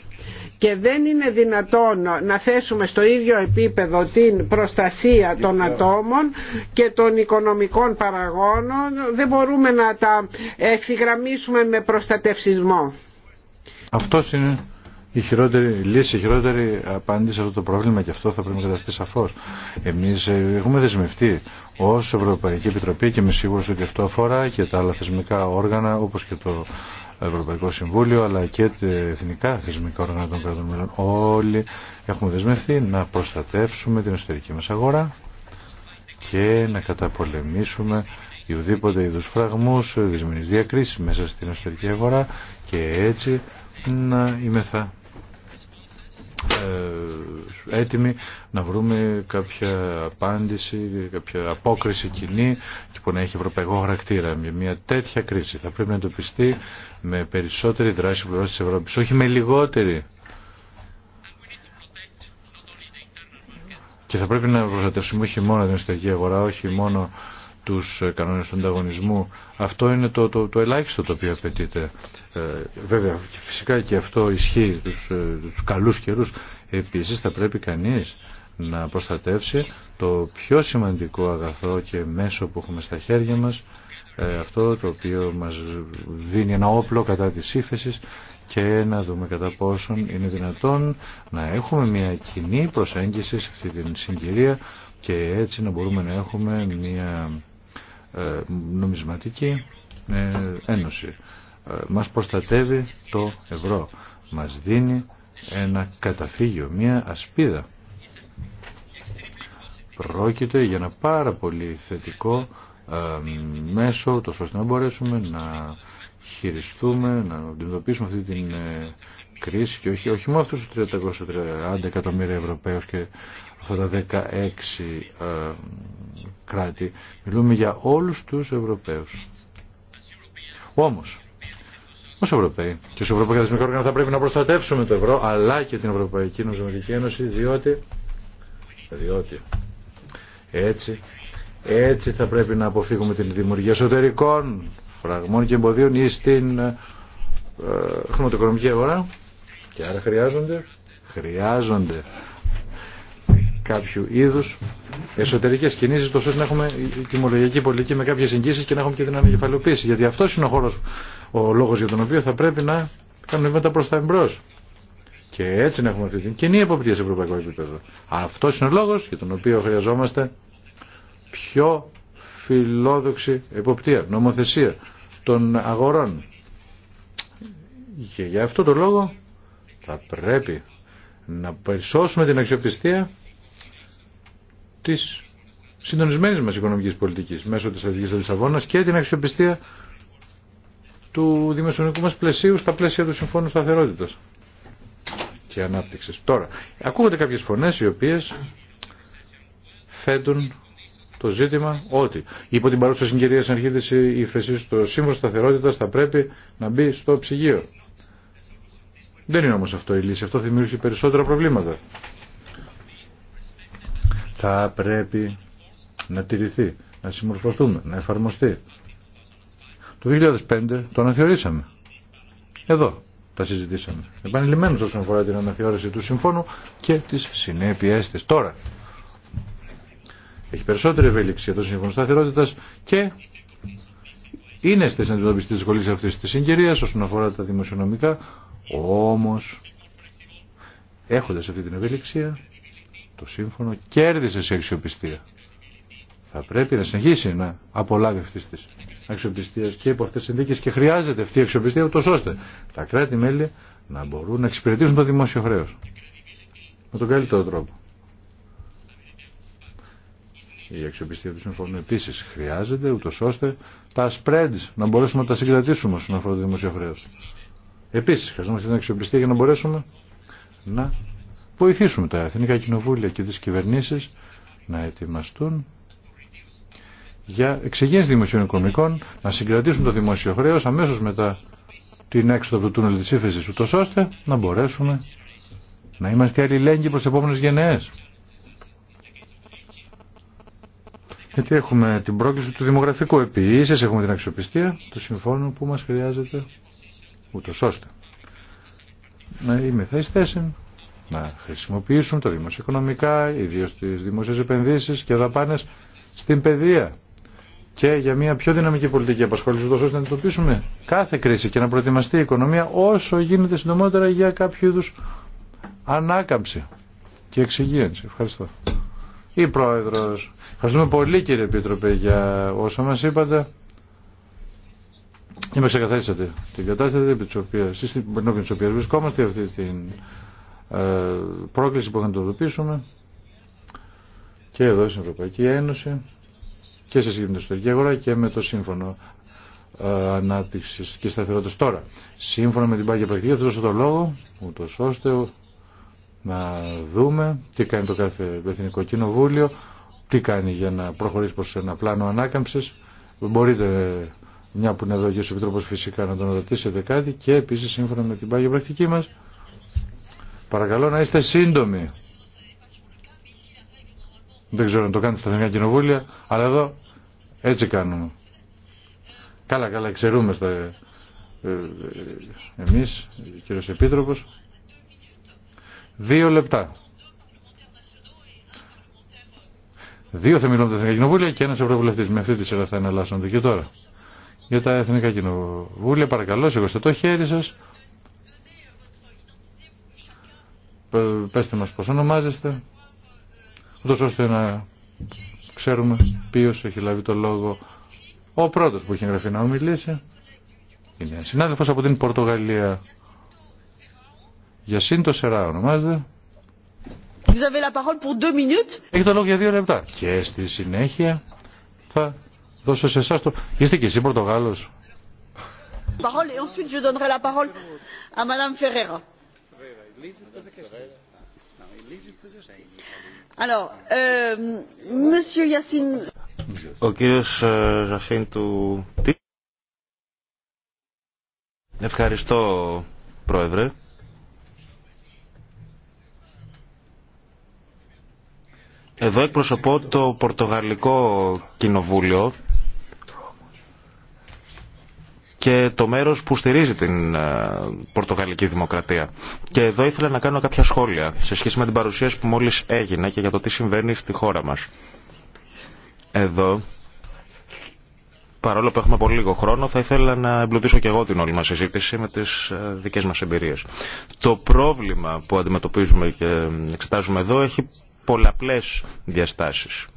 και δεν είναι δυνατόν να θέσουμε στο ίδιο επίπεδο την προστασία των ατόμων και των οικονομικών παραγόνων δεν μπορούμε να τα ευθυγραμμίσουμε με προστατευσισμό. Αυτό είναι η χειρότερη λύση, η χειρότερη απάντηση σε αυτό το πρόβλημα και αυτό θα πρέπει να καταστεί σαφώ. Εμεί ε, έχουμε δεσμευτεί ω Ευρωπαϊκή Επιτροπή και είμαι σίγουρο ότι αυτό αφορά και τα άλλα θεσμικά όργανα όπω και το Ευρωπαϊκό Συμβούλιο αλλά και εθνικά θεσμικά όργανα των κρατών Όλοι έχουμε δεσμευτεί να προστατεύσουμε την εσωτερική μας αγορά και να καταπολεμήσουμε ουδίποτε είδου είδους φραγμούς, διακρίση μέσα στην εσωτερική αγορά και έτσι να είμαι ε, έτοιμοι να βρούμε κάποια απάντηση, κάποια απόκριση κοινή που να έχει ευρωπαϊκό χαρακτήρα. μια τέτοια κρίση θα πρέπει να εντοπιστεί με περισσότερη δράση πλευρά της Ευρώπης, όχι με λιγότερη. Και θα πρέπει να προστατεύσουμε όχι μόνο την εσωτερική αγορά, όχι μόνο τους ε, κανόνες του ανταγωνισμού. Αυτό είναι το, το, το ελάχιστο το οποίο απαιτείται. Ε, βέβαια, φυσικά και αυτό ισχύει τους, ε, τους καλούς καιρούς. Επίσης θα πρέπει κανείς να προστατεύσει το πιο σημαντικό αγαθό και μέσο που έχουμε στα χέρια μας, ε, αυτό το οποίο μας δίνει ένα όπλο κατά τη ύφεσης και να δούμε κατά πόσον είναι δυνατόν να έχουμε μια κοινή προσέγγιση σε αυτή την συγκυρία και έτσι να μπορούμε να έχουμε μια ε, νομισματική ε, ένωση. Μας προστατεύει το ευρώ. Μας δίνει ένα καταφύγιο, μια ασπίδα. Πρόκειται για ένα πάρα πολύ θετικό ε, μέσο, τόσο ώστε να μπορέσουμε να χειριστούμε, να αντιμετωπίσουμε αυτή την ε, κρίση και όχι, όχι μόνο αυτούς τους 330 εκατομμύρια Ευρωπαίους και αυτά τα 16 ε, κράτη. Μιλούμε για όλους τους Ευρωπαίους. Όμως, ως Ευρωπαίοι και ως Ευρωπαϊκά Δεσμικά Όργανα θα πρέπει να προστατεύσουμε το ευρώ αλλά και την Ευρωπαϊκή Νομισματική Ένωση διότι έτσι έτσι θα πρέπει να αποφύγουμε την δημιουργία εσωτερικών φραγμών και εμποδίων ή στην ε, χρηματοοικονομική αγορά και άρα χρειάζονται χρειάζονται κάποιου είδου εσωτερικέ κινήσει, τόσο να έχουμε τιμολογιακή πολιτική με κάποιε εγγύσει και να έχουμε και την ανακεφαλαιοποίηση. Γιατί αυτό είναι ο χώρο, ο λόγο για τον οποίο θα πρέπει να κάνουμε βήματα προ τα εμπρό. Και έτσι να έχουμε αυτή την κοινή εποπτεία σε ευρωπαϊκό επίπεδο. Αυτό είναι ο λόγο για τον οποίο χρειαζόμαστε πιο φιλόδοξη εποπτεία, νομοθεσία των αγορών. Και για αυτό το λόγο θα πρέπει να περισσώσουμε την αξιοπιστία της συντονισμένης μας οικονομικής πολιτικής μέσω της στρατηγικής της Λισαβόνας και την αξιοπιστία του δημοσιονομικού μας πλαισίου στα πλαίσια του Συμφώνου Σταθερότητας και Ανάπτυξης. Τώρα, ακούγονται κάποιες φωνές οι οποίες θέτουν το ζήτημα ότι υπό την παρούσα συγκυρία συνεχίδηση η ύφεση στο σύμβολο σταθερότητας θα πρέπει να μπει στο ψυγείο. Δεν είναι όμως αυτό η λύση. Αυτό δημιουργεί περισσότερα προβλήματα. Θα πρέπει να τηρηθεί, να συμμορφωθούμε, να εφαρμοστεί. Το 2005 το αναθεωρήσαμε. Εδώ τα συζητήσαμε. Επανειλημμένως όσον αφορά την αναθεώρηση του συμφώνου και τις συνέπειές της. Τώρα έχει περισσότερη ευελιξία των συμφωνών σταθερότητα και είναι στι αντιμετώπιση τη δυσκολία αυτή τη συγκυρία όσον αφορά τα δημοσιονομικά. Όμω, έχοντα αυτή την ευελιξία, το σύμφωνο κέρδισε σε αξιοπιστία. Θα πρέπει να συνεχίσει να απολάβει αυτή τη αξιοπιστία και υπό αυτέ τι συνθήκε και χρειάζεται αυτή η αξιοπιστία, ούτω ώστε τα κράτη-μέλη να μπορούν να εξυπηρετήσουν το δημόσιο χρέο. Με τον καλύτερο τρόπο η αξιοπιστία του συμφώνου επίση χρειάζεται, ούτω ώστε τα spreads να μπορέσουμε να τα συγκρατήσουμε όσον αφορά το δημόσιο χρέο. Επίση, χρειαζόμαστε την αξιοπιστία για να μπορέσουμε να βοηθήσουμε τα εθνικά κοινοβούλια και τι κυβερνήσει να ετοιμαστούν για εξηγήσει δημοσίων να συγκρατήσουν το δημόσιο χρέο αμέσω μετά την έξοδο από το τούνελ τη ύφεση, ούτω ώστε να μπορέσουμε να είμαστε αλληλέγγυοι προ επόμενε γενναίε. Γιατί έχουμε την πρόκληση του δημογραφικού Επίση, έχουμε την αξιοπιστία του συμφώνου που μας χρειάζεται ούτω ώστε να είμαι θέση θέση να χρησιμοποιήσουν τα δημοσιοοικονομικά, ιδίω τι δημόσιε επενδύσει και δαπάνε στην παιδεία και για μια πιο δυναμική πολιτική απασχόληση, ώστε να αντιμετωπίσουμε κάθε κρίση και να προετοιμαστεί η οικονομία όσο γίνεται συντομότερα για κάποιο είδου ανάκαμψη και εξυγίανση. Ευχαριστώ. Η πρόεδρο, Ευχαριστούμε πολύ κύριε Επίτροπε για όσα μας είπατε. Και με ξεκαθαρίσατε την κατάσταση επί της οποίας, της οποίας βρισκόμαστε, αυτή την ε, πρόκληση που είχαμε να αντιμετωπίσουμε και εδώ στην Ευρωπαϊκή Ένωση και σε σχέση με αγορά και με το σύμφωνο ε, ανάπτυξη και σταθερότητα. Τώρα, σύμφωνα με την πάγια πρακτική, θα δώσω το λόγο, ούτω ώστε να δούμε τι κάνει το κάθε Εθνικό Κοινοβούλιο τι κάνει για να προχωρήσει προς ένα πλάνο ανάκαμψης. Μπορείτε, μια που είναι εδώ και ο Επιτρόπος φυσικά, να τον ρωτήσετε κάτι και επίσης σύμφωνα με την πάγια πρακτική μας, παρακαλώ να είστε σύντομοι. Δεν ξέρω αν το κάνετε στα Εθνικά Κοινοβούλια, αλλά εδώ έτσι κάνουμε. Καλά, καλά, ξερούμε στα... Ε, ε, εμείς, κύριος Επίτροπος. Δύο λεπτά. Δύο θα μιλούν τα Εθνικά Κοινοβούλια και ένα Ευρωβουλευτή. Με αυτή τη σειρά θα εναλλάσσονται και τώρα. Για τα Εθνικά Κοινοβούλια, παρακαλώ, σηκώστε το χέρι σα. Πετε μα πώ ονομάζεστε, ούτω ώστε να ξέρουμε ποιο έχει λάβει το λόγο. Ο πρώτο που έχει εγγραφεί να ομιλήσει είναι ένα συνάδελφο από την Πορτογαλία. Για το Σερά ονομάζεται. Vous avez το λόγο για δύο λεπτά. Και στη συνέχεια θα δώσω σε εσά το. Είστε και εσύ Πορτογάλο. Euh, Ο κύριος ε, του... Ευχαριστώ, Πρόεδρε. Εδώ εκπροσωπώ το Πορτογαλικό Κοινοβούλιο και το μέρος που στηρίζει την ε, Πορτογαλική Δημοκρατία. Και εδώ ήθελα να κάνω κάποια σχόλια σε σχέση με την παρουσίαση που μόλις έγινε και για το τι συμβαίνει στη χώρα μας. Εδώ, παρόλο που έχουμε πολύ λίγο χρόνο, θα ήθελα να εμπλουτίσω και εγώ την όλη μας συζήτηση με τις ε, δικές μας εμπειρίες. Το πρόβλημα που αντιμετωπίζουμε και εξετάζουμε εδώ έχει πολλαπλές διαστάσεις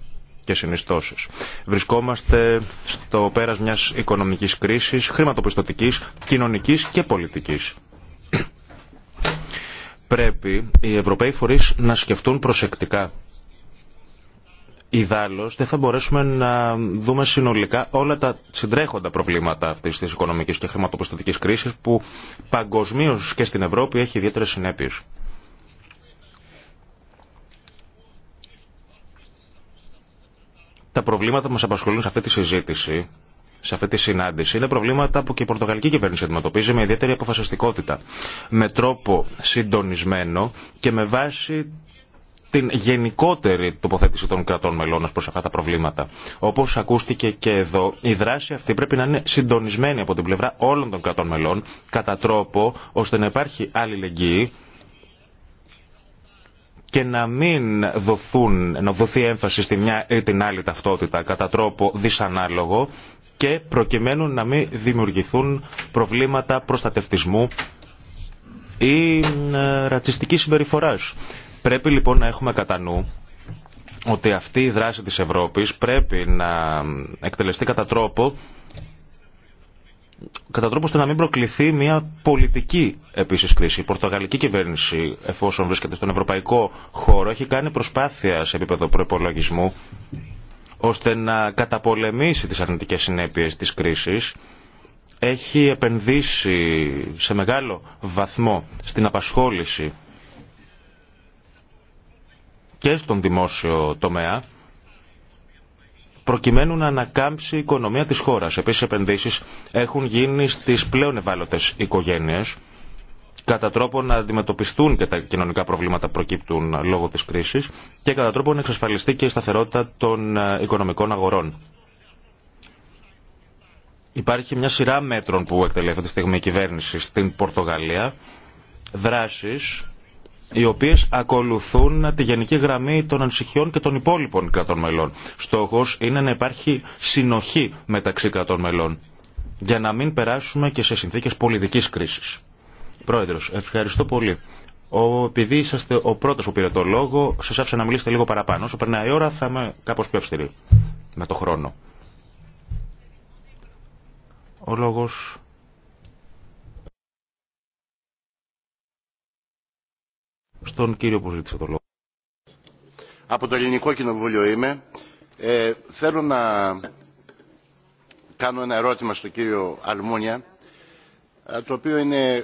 και συνιστώσεις. Βρισκόμαστε στο πέρας μιας οικονομικής κρίσης, χρηματοπιστωτικής, κοινωνικής και πολιτικής. Πρέπει οι Ευρωπαίοι φορείς να σκεφτούν προσεκτικά. Ιδάλλως δεν θα μπορέσουμε να δούμε συνολικά όλα τα συντρέχοντα προβλήματα αυτής της οικονομικής και χρηματοπιστωτικής κρίσης που παγκοσμίω και στην Ευρώπη έχει ιδιαίτερες συνέπειες. τα προβλήματα που μας απασχολούν σε αυτή τη συζήτηση, σε αυτή τη συνάντηση, είναι προβλήματα που και η πορτογαλική κυβέρνηση αντιμετωπίζει με ιδιαίτερη αποφασιστικότητα, με τρόπο συντονισμένο και με βάση την γενικότερη τοποθέτηση των κρατών μελών ω προς αυτά τα προβλήματα. Όπω ακούστηκε και εδώ, η δράση αυτή πρέπει να είναι συντονισμένη από την πλευρά όλων των κρατών μελών, κατά τρόπο ώστε να υπάρχει αλληλεγγύη και να μην δοθούν, να δοθεί έμφαση στη μια ή την άλλη ταυτότητα κατά τρόπο δυσανάλογο και προκειμένου να μην δημιουργηθούν προβλήματα προστατευτισμού ή ρατσιστικής συμπεριφοράς. Πρέπει λοιπόν να έχουμε κατά νου ότι αυτή η δράση της Ευρώπης πρέπει να εκτελεστεί κατά τρόπο κατά τρόπο ώστε να μην προκληθεί μια πολιτική επίση κρίση. Η πορτογαλική κυβέρνηση, εφόσον βρίσκεται στον ευρωπαϊκό χώρο, έχει κάνει προσπάθεια σε επίπεδο προπολογισμού ώστε να καταπολεμήσει τις αρνητικές συνέπειες της κρίσης. Έχει επενδύσει σε μεγάλο βαθμό στην απασχόληση και στον δημόσιο τομέα προκειμένου να ανακάμψει η οικονομία της χώρας. Επίσης, επενδύσεις έχουν γίνει στις πλέον ευάλωτες οικογένειες, κατά τρόπο να αντιμετωπιστούν και τα κοινωνικά προβλήματα που προκύπτουν λόγω της κρίσης και κατά τρόπο να εξασφαλιστεί και η σταθερότητα των ε, οικονομικών αγορών. Υπάρχει μια σειρά μέτρων που εκτελεί αυτή τη στιγμή η κυβέρνηση στην Πορτογαλία, δράσεις οι οποίε ακολουθούν τη γενική γραμμή των ανησυχιών και των υπόλοιπων κρατών μελών. Στόχος είναι να υπάρχει συνοχή μεταξύ κρατών μελών για να μην περάσουμε και σε συνθήκες πολιτικής κρίσης. Πρόεδρος, ευχαριστώ πολύ. Ο, επειδή είσαστε ο πρώτος που πήρε το λόγο, σα άφησα να μιλήσετε λίγο παραπάνω. Όσο περνάει η ώρα θα είμαι κάπω πιο αυστηρή με το χρόνο. Ο λόγος στον κύριο που ζήτησε λόγο. Από το Ελληνικό Κοινοβούλιο είμαι. Ε, θέλω να κάνω ένα ερώτημα στον κύριο Αλμούνια, ε, το οποίο είναι ε,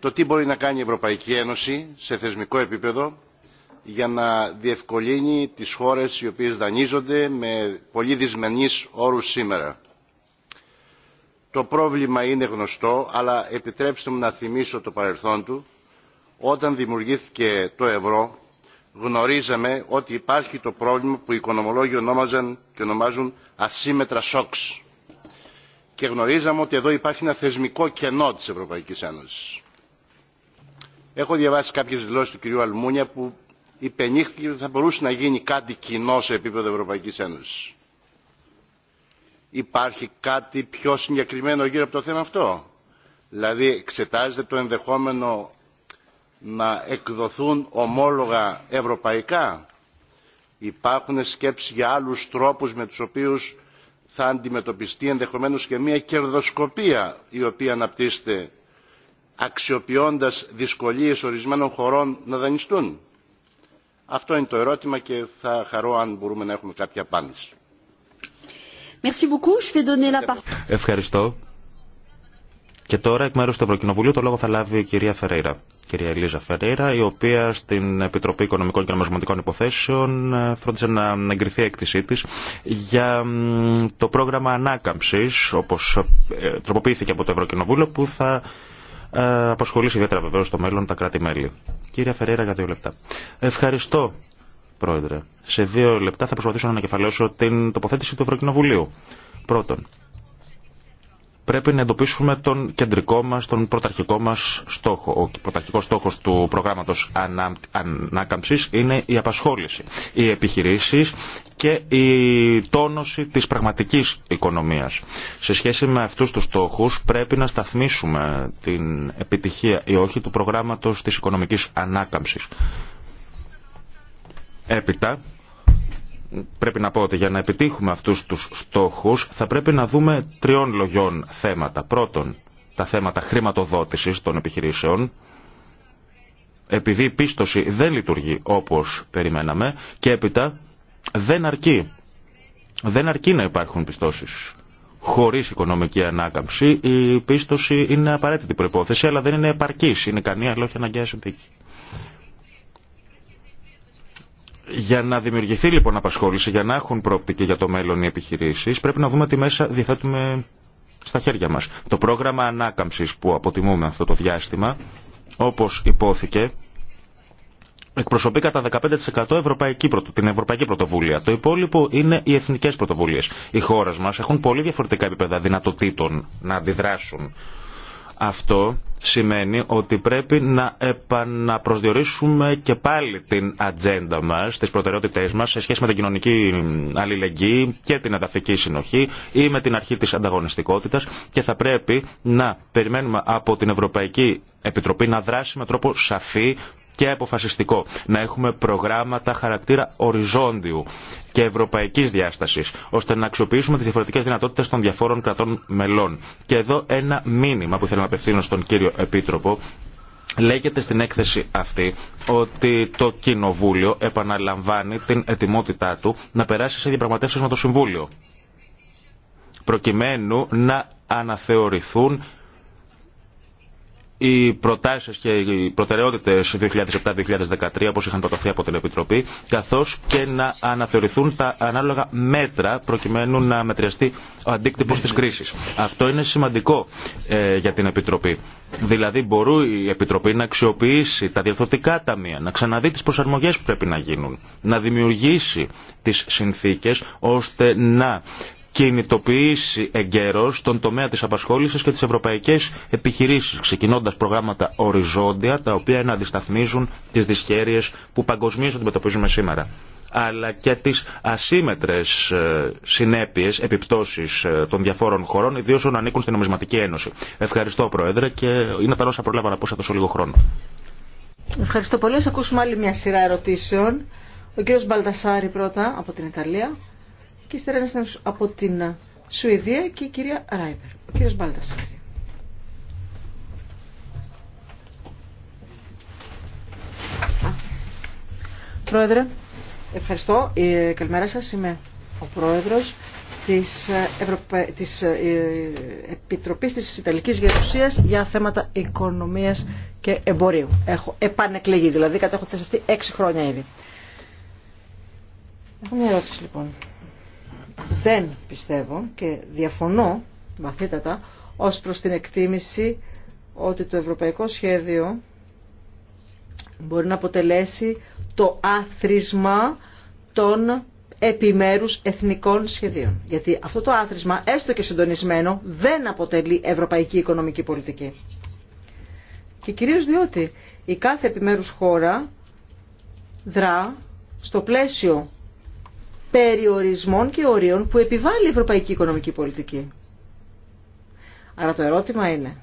το τι μπορεί να κάνει η Ευρωπαϊκή Ένωση σε θεσμικό επίπεδο για να διευκολύνει τις χώρες οι οποίες δανείζονται με πολύ δυσμενείς όρους σήμερα. Το πρόβλημα είναι γνωστό, αλλά επιτρέψτε μου να θυμίσω το παρελθόν του όταν δημιουργήθηκε το ευρώ γνωρίζαμε ότι υπάρχει το πρόβλημα που οι οικονομολόγοι ονόμαζαν και ονομάζουν ασύμετρα σοκ. και γνωρίζαμε ότι εδώ υπάρχει ένα θεσμικό κενό τη Ευρωπαϊκή Ένωση. Έχω διαβάσει κάποιε δηλώσει του κ. Αλμούνια που υπενήχθηκε ότι θα μπορούσε να γίνει κάτι κοινό σε επίπεδο Ευρωπαϊκή Ένωση. Υπάρχει κάτι πιο συγκεκριμένο γύρω από το θέμα αυτό. Δηλαδή εξετάζεται το ενδεχόμενο να εκδοθούν ομόλογα ευρωπαϊκά. Υπάρχουν σκέψεις για άλλους τρόπους με τους οποίους θα αντιμετωπιστεί ενδεχομένως και μια κερδοσκοπία η οποία αναπτύσσεται αξιοποιώντας δυσκολίες ορισμένων χωρών να δανειστούν. Αυτό είναι το ερώτημα και θα χαρώ αν μπορούμε να έχουμε κάποια απάντηση. Ευχαριστώ. Και τώρα εκ μέρους του Ευρωκοινοβουλίου το λόγο θα λάβει η κυρία Φερέιρα κυρία Ελίζα Φεραίρα, η οποία στην Επιτροπή Οικονομικών και Νομισματικών Υποθέσεων ε, φρόντισε να εγκριθεί η έκτησή τη για το πρόγραμμα ανάκαμψη, όπω ε, τροποποιήθηκε από το Ευρωκοινοβούλιο, που θα ε, απασχολήσει ιδιαίτερα βεβαίω στο μέλλον τα κράτη-μέλη. Κύριε Φεραίρα, για δύο λεπτά. Ευχαριστώ, Πρόεδρε. Σε δύο λεπτά θα προσπαθήσω να ανακεφαλαιώσω την τοποθέτηση του Ευρωκοινοβουλίου. Πρώτον, πρέπει να εντοπίσουμε τον κεντρικό μας, τον πρωταρχικό μας στόχο. Ο πρωταρχικός στόχος του προγράμματος ανάκαμψης είναι η απασχόληση, οι επιχειρήσεις και η τόνωση της πραγματικής οικονομίας. Σε σχέση με αυτούς τους στόχους πρέπει να σταθμίσουμε την επιτυχία ή όχι του προγράμματος της οικονομικής ανάκαμψης πρέπει να πω ότι για να επιτύχουμε αυτούς τους στόχους θα πρέπει να δούμε τριών λογιών θέματα. Πρώτον, τα θέματα χρηματοδότησης των επιχειρήσεων, επειδή η πίστοση δεν λειτουργεί όπως περιμέναμε και έπειτα δεν αρκεί. Δεν αρκεί να υπάρχουν πιστώσεις. Χωρίς οικονομική ανάκαμψη η πίστοση είναι απαραίτητη προϋπόθεση αλλά δεν είναι επαρκής, είναι ικανή αλλά όχι αναγκαία συνθήκη. Για να δημιουργηθεί λοιπόν απασχόληση, για να έχουν πρόπτικη για το μέλλον οι επιχειρήσεις, πρέπει να δούμε τι μέσα διαθέτουμε στα χέρια μας. Το πρόγραμμα ανάκαμψης που αποτιμούμε αυτό το διάστημα, όπως υπόθηκε, εκπροσωπεί κατά 15% ευρωπαϊκή, την Ευρωπαϊκή Πρωτοβουλία. Το υπόλοιπο είναι οι εθνικές πρωτοβουλίες. Οι χώρες μας έχουν πολύ διαφορετικά επίπεδα δυνατοτήτων να αντιδράσουν αυτό σημαίνει ότι πρέπει να επαναπροσδιορίσουμε και πάλι την ατζέντα μας, τις προτεραιότητές μας σε σχέση με την κοινωνική αλληλεγγύη και την εδαφική συνοχή ή με την αρχή της ανταγωνιστικότητας και θα πρέπει να περιμένουμε από την Ευρωπαϊκή Επιτροπή να δράσει με τρόπο σαφή, και αποφασιστικό. Να έχουμε προγράμματα χαρακτήρα οριζόντιου και ευρωπαϊκή διάσταση, ώστε να αξιοποιήσουμε τι διαφορετικέ δυνατότητε των διαφόρων κρατών μελών. Και εδώ ένα μήνυμα που θέλω να απευθύνω στον κύριο Επίτροπο. Λέγεται στην έκθεση αυτή ότι το Κοινοβούλιο επαναλαμβάνει την ετοιμότητά του να περάσει σε διαπραγματεύσεις με το Συμβούλιο προκειμένου να αναθεωρηθούν οι προτάσεις και οι προτεραιότητες 2007-2013 όπως είχαν προταθεί από την Επιτροπή καθώς και να αναθεωρηθούν τα ανάλογα μέτρα προκειμένου να μετριαστεί ο αντίκτυπος της κρίσης. Αυτό είναι σημαντικό ε, για την Επιτροπή. Δηλαδή μπορεί η Επιτροπή να αξιοποιήσει τα διορθωτικά ταμεία, να ξαναδεί τις προσαρμογές που πρέπει να γίνουν, να δημιουργήσει τις συνθήκες ώστε να κινητοποιήσει εγκαίρως τον τομέα της απασχόλησης και τις ευρωπαϊκές επιχειρήσεις, ξεκινώντας προγράμματα οριζόντια, τα οποία να αντισταθμίζουν τις δυσχέρειες που παγκοσμίως αντιμετωπίζουμε σήμερα αλλά και τις ασύμετρες ε, συνέπειες, επιπτώσεις ε, των διαφόρων χωρών, ιδίως όταν ανήκουν στην Νομισματική Ένωση. Ευχαριστώ, Πρόεδρε, και είναι τα όσα προλάβα να πω σε τόσο λίγο χρόνο. Ευχαριστώ πολύ. Ας ακούσουμε άλλη μια σειρά ερωτήσεων. Ο κύριος Μπαλτασάρη πρώτα από την Ιταλία και ύστερα ένα από την Σουηδία και η κυρία Ράιπερ. Ο κύριος Μπάλτας. Πρόεδρε, ευχαριστώ. Ε, καλημέρα σας. Είμαι ο πρόεδρος της, ε, Ευρωπα... της ε, Επιτροπής της Ιταλικής Γερουσίας για θέματα οικονομίας και εμπορίου. Έχω επανεκλεγεί, δηλαδή κατέχω θέση αυτή έξι χρόνια ήδη. Έχω μια ερώτηση λοιπόν δεν πιστεύω και διαφωνώ βαθύτατα ως προς την εκτίμηση ότι το ευρωπαϊκό σχέδιο μπορεί να αποτελέσει το άθροισμα των επιμέρους εθνικών σχεδίων. Γιατί αυτό το άθροισμα, έστω και συντονισμένο, δεν αποτελεί ευρωπαϊκή οικονομική πολιτική. Και κυρίως διότι η κάθε επιμέρους χώρα δρά στο πλαίσιο περιορισμών και ορίων που επιβάλλει η ευρωπαϊκή οικονομική πολιτική. Άρα το ερώτημα είναι...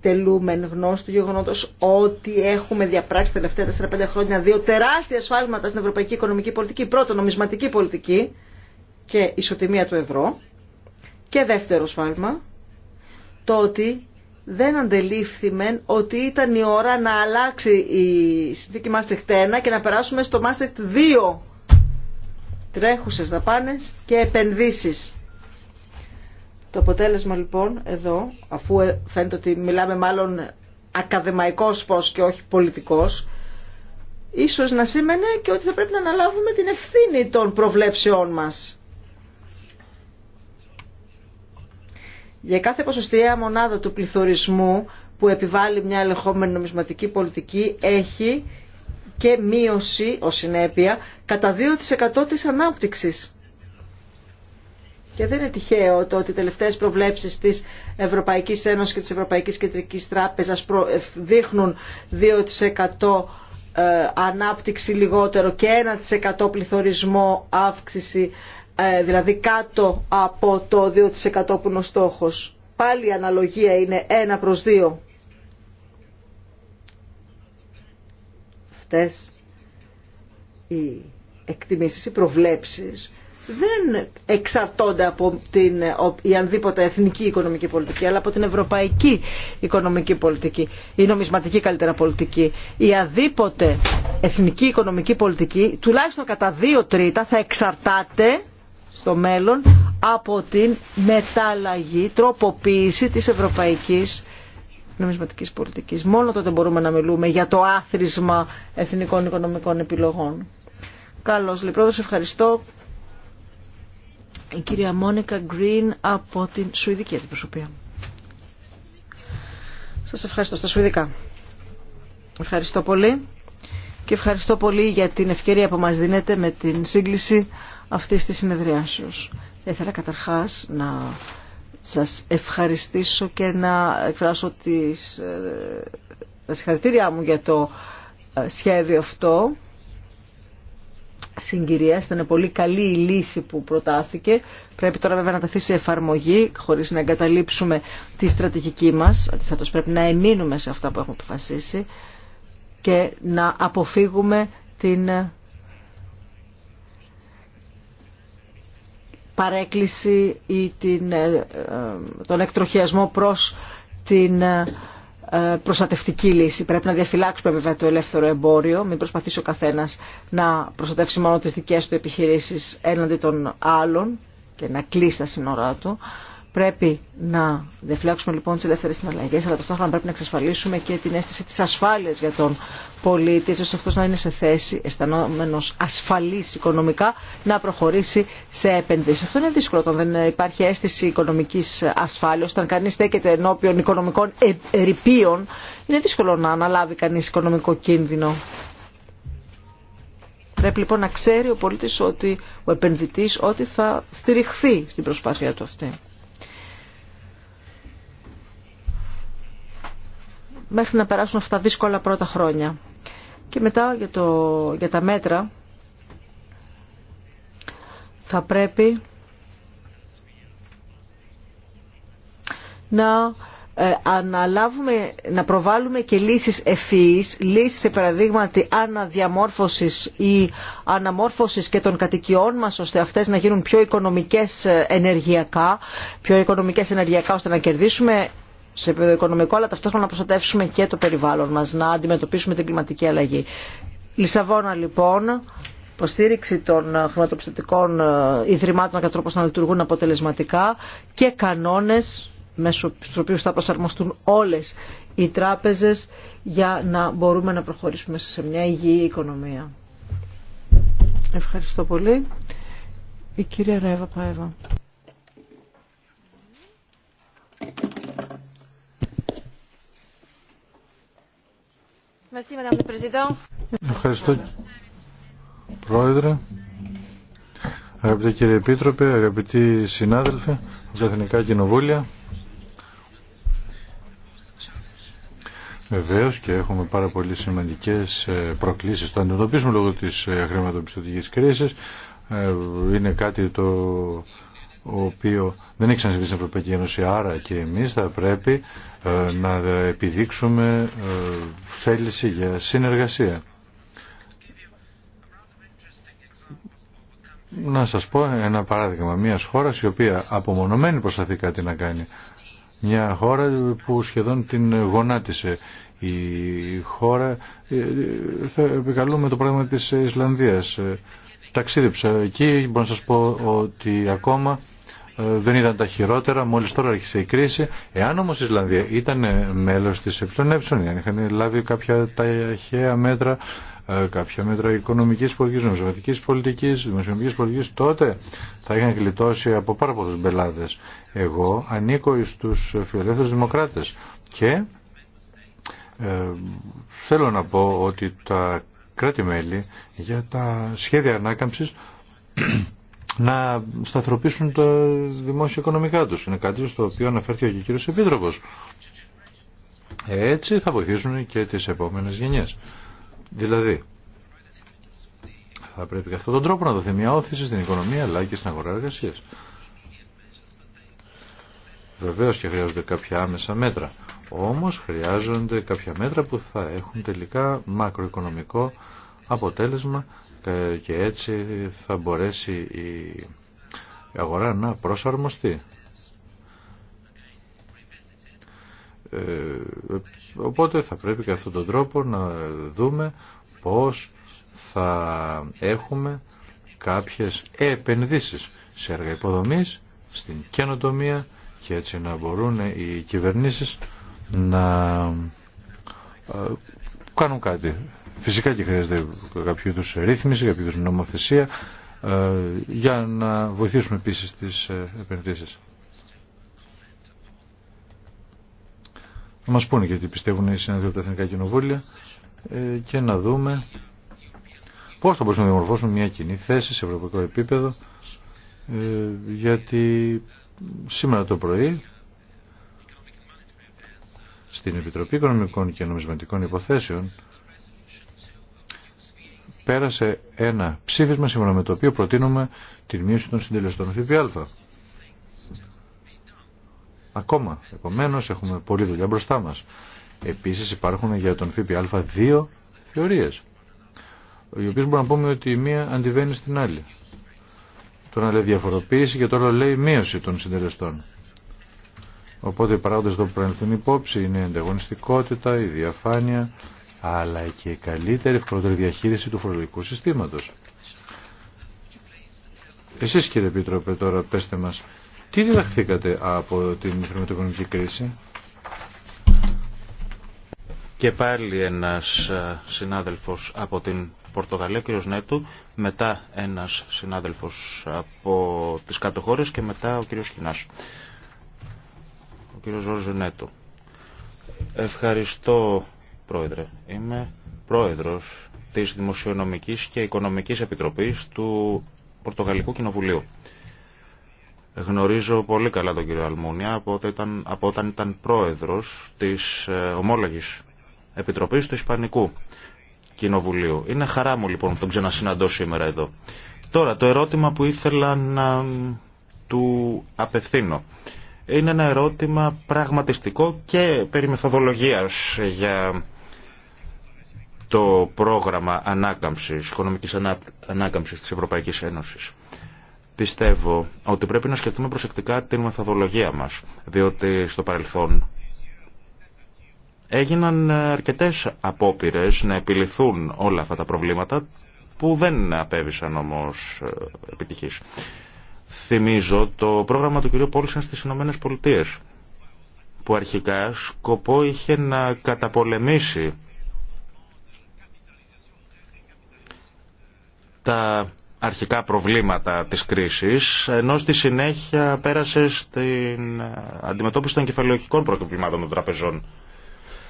Τελούμε γνώση του γεγονότο ότι έχουμε διαπράξει τα τελευταία 4-5 χρόνια δύο τεράστια σφάλματα στην ευρωπαϊκή οικονομική πολιτική. Πρώτο νομισματική πολιτική και ισοτιμία του ευρώ. Και δεύτερο σφάλμα, το ότι δεν αντελήφθημεν ότι ήταν η ώρα να αλλάξει η συνθήκη Μάστεχτ 1 και να περάσουμε στο Μάστεχτ 2 τρέχουσες δαπάνες και επενδύσεις. Το αποτέλεσμα λοιπόν εδώ, αφού ε, φαίνεται ότι μιλάμε μάλλον ακαδημαϊκός πως και όχι πολιτικός, ίσως να σήμαινε και ότι θα πρέπει να αναλάβουμε την ευθύνη των προβλέψεών μας. Για κάθε ποσοστιαία μονάδα του πληθωρισμού που επιβάλλει μια ελεγχόμενη νομισματική πολιτική έχει και μείωση ως συνέπεια κατά 2% της ανάπτυξης. Και δεν είναι τυχαίο το ότι οι τελευταίες προβλέψεις της Ευρωπαϊκής Ένωσης και της Ευρωπαϊκής Κεντρικής Τράπεζας ε, δείχνουν 2% ε, ανάπτυξη λιγότερο και 1% πληθωρισμό αύξηση ε, δηλαδή κάτω από το 2% που είναι ο στόχος. Πάλι η αναλογία είναι 1 προς 2. Αυτές οι εκτιμήσεις, οι προβλέψεις δεν εξαρτώνται από την η ανδήποτε εθνική οικονομική πολιτική, αλλά από την ευρωπαϊκή οικονομική πολιτική, η νομισματική καλύτερα πολιτική. Η ανδήποτε εθνική οικονομική πολιτική, τουλάχιστον κατά δύο τρίτα, θα εξαρτάται στο μέλλον από την μεταλλαγή, τροποποίηση της ευρωπαϊκής νομισματικής πολιτικής. Μόνο τότε μπορούμε να μιλούμε για το άθροισμα εθνικών οικονομικών επιλογών. Καλώς, λοιπόν, ευχαριστώ. Η κυρία Μόνικα Γκριν από την Σουηδική Αντιπροσωπεία. Σας ευχαριστώ στα Σουηδικά. Ευχαριστώ πολύ και ευχαριστώ πολύ για την ευκαιρία που μας δίνετε με την σύγκληση αυτής της συνεδριάσεως. Θα ήθελα καταρχάς να σας ευχαριστήσω και να εκφράσω τις, ε, τα συγχαρητήριά μου για το ε, σχέδιο αυτό Συγκυρία, Ήταν πολύ καλή η λύση που προτάθηκε. Πρέπει τώρα βέβαια να ταθεί σε εφαρμογή χωρίς να εγκαταλείψουμε τη στρατηγική μας. Αντιθέτως πρέπει να εμείνουμε σε αυτά που έχουμε αποφασίσει και να αποφύγουμε την παρέκκληση ή την, ε, ε, τον εκτροχιασμό προς την ε, προστατευτική λύση. Πρέπει να διαφυλάξουμε βέβαια το ελεύθερο εμπόριο, μην προσπαθήσει ο καθένας να προστατεύσει μόνο τις δικές του επιχειρήσεις έναντι των άλλων και να κλείσει τα σύνορά του. Πρέπει να διαφυλάξουμε λοιπόν τις ελεύθερε συναλλαγές αλλά ταυτόχρονα πρέπει να εξασφαλίσουμε και την αίσθηση της ασφάλεια για τον πολίτης, ώστε αυτός να είναι σε θέση, αισθανόμενος ασφαλής οικονομικά, να προχωρήσει σε επενδύσεις. Αυτό είναι δύσκολο όταν δεν υπάρχει αίσθηση οικονομικής ασφάλειας, όταν κανείς στέκεται ενώπιον οικονομικών ε, ερηπείων, είναι δύσκολο να αναλάβει κανείς οικονομικό κίνδυνο. Πρέπει λοιπόν να ξέρει ο πολίτης ότι ο επενδυτής ότι θα στηριχθεί στην προσπάθεια του αυτή. μέχρι να περάσουν αυτά τα δύσκολα πρώτα χρόνια. Και μετά για, το, για τα μέτρα θα πρέπει να ε, αναλάβουμε, να προβάλλουμε και λύσεις ευφύης, λύσεις σε παραδείγματι αναδιαμόρφωσης ή αναμόρφωσης και των κατοικιών μας ώστε αυτές να γίνουν πιο οικονομικές ε, ενεργειακά, πιο οικονομικές ενεργειακά ώστε να κερδίσουμε σε επίπεδο οικονομικό, αλλά ταυτόχρονα να προστατεύσουμε και το περιβάλλον μας, να αντιμετωπίσουμε την κλιματική αλλαγή. Λισαβόνα λοιπόν, υποστήριξη των χρηματοπιστωτικών ε, ιδρυμάτων κατά τρόπο να λειτουργούν αποτελεσματικά και κανόνες μέσω στους οποίους θα προσαρμοστούν όλες οι τράπεζες για να μπορούμε να προχωρήσουμε σε μια υγιή οικονομία. Ευχαριστώ πολύ. Η κυρία Ρέβα Παέβα. Ευχαριστώ, Πρόεδρε. Αγαπητέ κύριε Επίτροπε, αγαπητοί συνάδελφοι από τα Εθνικά Κοινοβούλια. Βεβαίω και έχουμε πάρα πολύ σημαντικέ ε, προκλήσει. Το αντιμετωπίσουμε λόγω τη ε, χρηματοπιστωτική κρίση. Ε, είναι κάτι το ο οποίο δεν έχει ξανασυμβεί στην Ευρωπαϊκή Ένωση. Άρα και εμείς θα πρέπει ε, να επιδείξουμε ε, θέληση για συνεργασία. Να σας πω ένα παράδειγμα μιας χώρας η οποία απομονωμένη προσπαθεί κάτι να κάνει. Μια χώρα που σχεδόν την γονάτισε. Η χώρα, ε, θα επικαλούμε το πράγμα της Ισλανδίας ταξίδεψα εκεί, μπορώ να σας πω ότι ακόμα ε, δεν ήταν τα χειρότερα, μόλις τώρα άρχισε η κρίση. Εάν όμως η Ισλανδία ήταν μέλος της ΕΕ, αν είχαν λάβει κάποια ταχαία μέτρα, ε, κάποια μέτρα οικονομικής πολιτικής, νομισματικής πολιτικής, δημοσιονομικής πολιτικής, τότε θα είχαν γλιτώσει από πάρα πολλούς μπελάδες. Εγώ ανήκω στους φιλελεύθερους δημοκράτες και ε, θέλω να πω ότι τα κράτη-μέλη για τα σχέδια ανάκαμψης (clears throat) να σταθεροποιήσουν τα δημόσια οικονομικά τους. Είναι κάτι στο οποίο αναφέρθηκε και ο κύριος Επίτροπος. Έτσι θα βοηθήσουν και τις επόμενες γενιές. Δηλαδή, θα πρέπει και αυτόν τον τρόπο να δοθεί μια όθηση στην οικονομία αλλά και στην αγορά εργασία. Βεβαίω και χρειάζονται κάποια άμεσα μέτρα. Όμως χρειάζονται κάποια μέτρα που θα έχουν τελικά μακροοικονομικό αποτέλεσμα και έτσι θα μπορέσει η αγορά να προσαρμοστεί. Ε, οπότε θα πρέπει και αυτόν τον τρόπο να δούμε πώς θα έχουμε κάποιες επενδύσεις σε έργα στην καινοτομία και έτσι να μπορούν οι κυβερνήσεις να ε, κάνουν κάτι. Φυσικά και χρειάζεται κάποιο είδου ρύθμιση, κάποιο είδου νομοθεσία ε, για να βοηθήσουμε επίσης τις ε, επενδύσεις. Να μας πούνε γιατί πιστεύουν οι συναδέλφοι τα Εθνικά Κοινοβούλια και να δούμε πώς θα μπορούσαμε να δημορφώσουμε μια κοινή θέση σε ευρωπαϊκό επίπεδο γιατί σήμερα το πρωί στην Επιτροπή Οικονομικών και Νομισματικών Υποθέσεων πέρασε ένα ψήφισμα σύμφωνα με το οποίο προτείνουμε την μείωση των συντελεστών ΦΠΑ. Ακόμα, επομένως, έχουμε πολλή δουλειά μπροστά μας. Επίσης υπάρχουν για τον ΦΠΑ δύο θεωρίες, οι οποίες μπορούμε να πούμε ότι η μία αντιβαίνει στην άλλη. Τώρα λέει διαφοροποίηση και τώρα λέει μείωση των συντελεστών. Οπότε οι παράγοντες που πρέπει να υπόψη είναι η ανταγωνιστικότητα, η διαφάνεια, αλλά και η καλύτερη ευκολότερη διαχείριση του φορολογικού συστήματος. Εσείς κύριε Επίτροπε τώρα πέστε μας, τι διδαχθήκατε από την χρηματοοικονομική κρίση. Και πάλι ένας ε, συνάδελφος από την Πορτογαλία, κύριος Νέτου, μετά ένας συνάδελφος από τις κάτω και μετά ο κύριος Χινάς. Ζόρζο Νέτο. Ευχαριστώ, Πρόεδρε. Είμαι Πρόεδρος της Δημοσιονομικής και Οικονομικής Επιτροπής του Πορτογαλικού Κοινοβουλίου. Γνωρίζω πολύ καλά τον κύριο Αλμούνια από όταν ήταν, από όταν ήταν πρόεδρος της ε, ομόλογης Επιτροπής του Ισπανικού Κοινοβουλίου. Είναι χαρά μου λοιπόν που τον ξανασυναντώ σήμερα εδώ. Τώρα το ερώτημα που ήθελα να του απευθύνω είναι ένα ερώτημα πραγματιστικό και περί μεθοδολογίας για το πρόγραμμα ανάκαμψης, οικονομικής ανά, ανάκαμψης της Ευρωπαϊκής Ένωσης. Πιστεύω ότι πρέπει να σκεφτούμε προσεκτικά την μεθοδολογία μας, διότι στο παρελθόν έγιναν αρκετές απόπειρες να επιληθούν όλα αυτά τα προβλήματα που δεν απέβησαν όμως ε, επιτυχής. Θυμίζω το πρόγραμμα του κ. Πόλσεν στις Ηνωμένε Πολιτείες που αρχικά σκοπό είχε να καταπολεμήσει τα αρχικά προβλήματα της κρίσης, ενώ στη συνέχεια πέρασε στην αντιμετώπιση των κεφαλαιοχικών προβλημάτων των τραπεζών.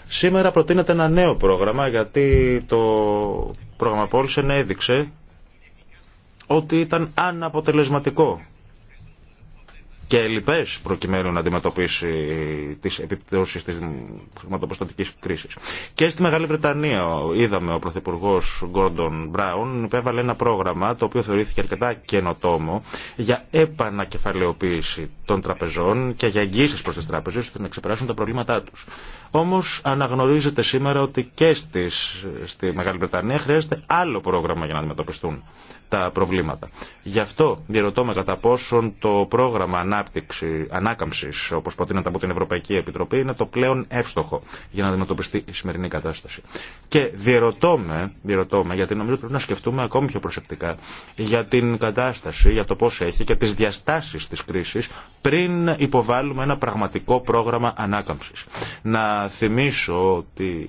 Σήμερα προτείνεται ένα νέο πρόγραμμα, γιατί το πρόγραμμα Πόλσεν έδειξε ότι ήταν αναποτελεσματικό και λοιπέ προκειμένου να αντιμετωπίσει τι επιπτώσεις της χρηματοποστατικής κρίσης. Και στη Μεγάλη Βρετανία είδαμε ο Πρωθυπουργό Γκόρντον Μπράουν υπέβαλε ένα πρόγραμμα το οποίο θεωρήθηκε αρκετά καινοτόμο για επανακεφαλαιοποίηση των τραπεζών και για εγγύσει προς τι τράπεζε ώστε να ξεπεράσουν τα προβλήματά τους. Όμως αναγνωρίζεται σήμερα ότι και στη Μεγάλη Βρετανία χρειάζεται άλλο πρόγραμμα για να αντιμετωπιστούν τα προβλήματα. Γι' αυτό διαρωτώ με κατά πόσον το πρόγραμμα ανάπτυξη, ανάκαμψης, όπως προτείνεται από την Ευρωπαϊκή Επιτροπή, είναι το πλέον εύστοχο για να αντιμετωπιστεί η σημερινή κατάσταση. Και διαρωτώ με, γιατί νομίζω πρέπει να σκεφτούμε ακόμη πιο προσεκτικά για την κατάσταση, για το πώς έχει και τις διαστάσεις της κρίσης πριν υποβάλουμε ένα πραγματικό πρόγραμμα ανάκαμψης. Να θα θυμίσω ότι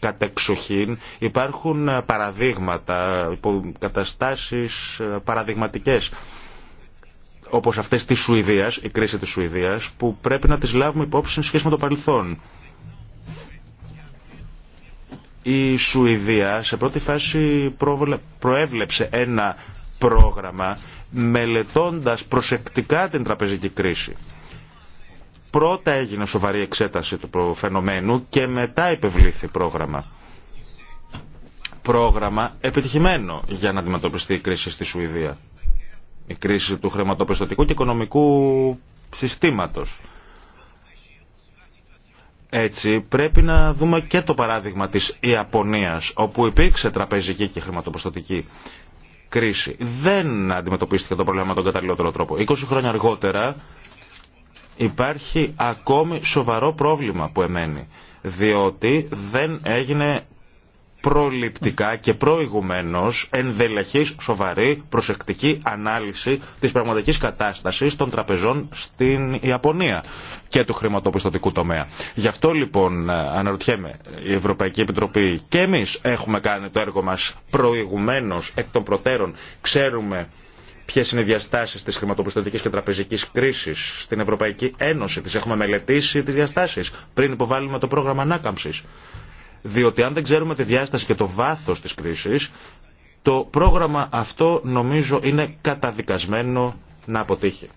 κατεξοχήν υπάρχουν παραδείγματα, καταστάσεις παραδειγματικές όπως αυτές της Σουηδίας, η κρίση της Σουηδίας, που πρέπει να τις λάβουμε υπόψη σε σχέση με το παρελθόν. Η Σουηδία σε πρώτη φάση προέβλεψε ένα πρόγραμμα μελετώντας προσεκτικά την τραπεζική κρίση Πρώτα έγινε σοβαρή εξέταση του φαινομένου και μετά υπευλήθη πρόγραμμα. Πρόγραμμα επιτυχημένο για να αντιμετωπιστεί η κρίση στη Σουηδία. Η κρίση του χρηματοπιστωτικού και οικονομικού συστήματος. Έτσι πρέπει να δούμε και το παράδειγμα της Ιαπωνίας όπου υπήρξε τραπεζική και χρηματοπιστωτική κρίση. Δεν αντιμετωπίστηκε το πρόβλημα με τον καταλληλότερο τρόπο. 20 χρόνια αργότερα Υπάρχει ακόμη σοβαρό πρόβλημα που εμένει, διότι δεν έγινε προληπτικά και προηγουμένως ενδελεχής σοβαρή προσεκτική ανάλυση της πραγματικής κατάστασης των τραπεζών στην Ιαπωνία και του χρηματοπιστωτικού τομέα. Γι' αυτό λοιπόν αναρωτιέμαι η Ευρωπαϊκή Επιτροπή και εμείς έχουμε κάνει το έργο μας προηγουμένως εκ των προτέρων ξέρουμε ποιε είναι οι διαστάσει τη χρηματοπιστωτική και τραπεζική κρίση στην Ευρωπαϊκή Ένωση. Τι έχουμε μελετήσει τι διαστάσει πριν υποβάλουμε το πρόγραμμα ανάκαμψη. Διότι αν δεν ξέρουμε τη διάσταση και το βάθο τη κρίση, το πρόγραμμα αυτό νομίζω είναι καταδικασμένο να αποτύχει.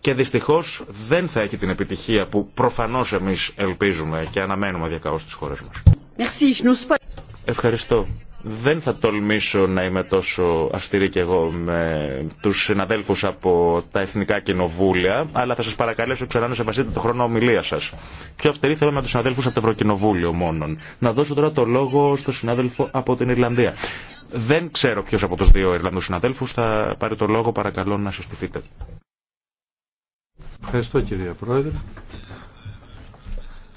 Και δυστυχώ δεν θα έχει την επιτυχία που προφανώ εμεί ελπίζουμε και αναμένουμε διακαώ στι χώρε μα. Ευχαριστώ. Δεν θα τολμήσω να είμαι τόσο αυστηρή και εγώ με τους συναδέλφους από τα Εθνικά Κοινοβούλια, αλλά θα σας παρακαλέσω ξανά να σεβαστείτε το χρόνο ομιλία σας. Πιο αυστηρή θα με τους συναδέλφους από το Ευρωκοινοβούλιο μόνον. Να δώσω τώρα το λόγο στον συνάδελφο από την Ιρλανδία. Δεν ξέρω ποιος από τους δύο Ιρλανδούς συναδέλφους θα πάρει το λόγο, παρακαλώ να συστηθείτε. Ευχαριστώ κυρία Πρόεδρε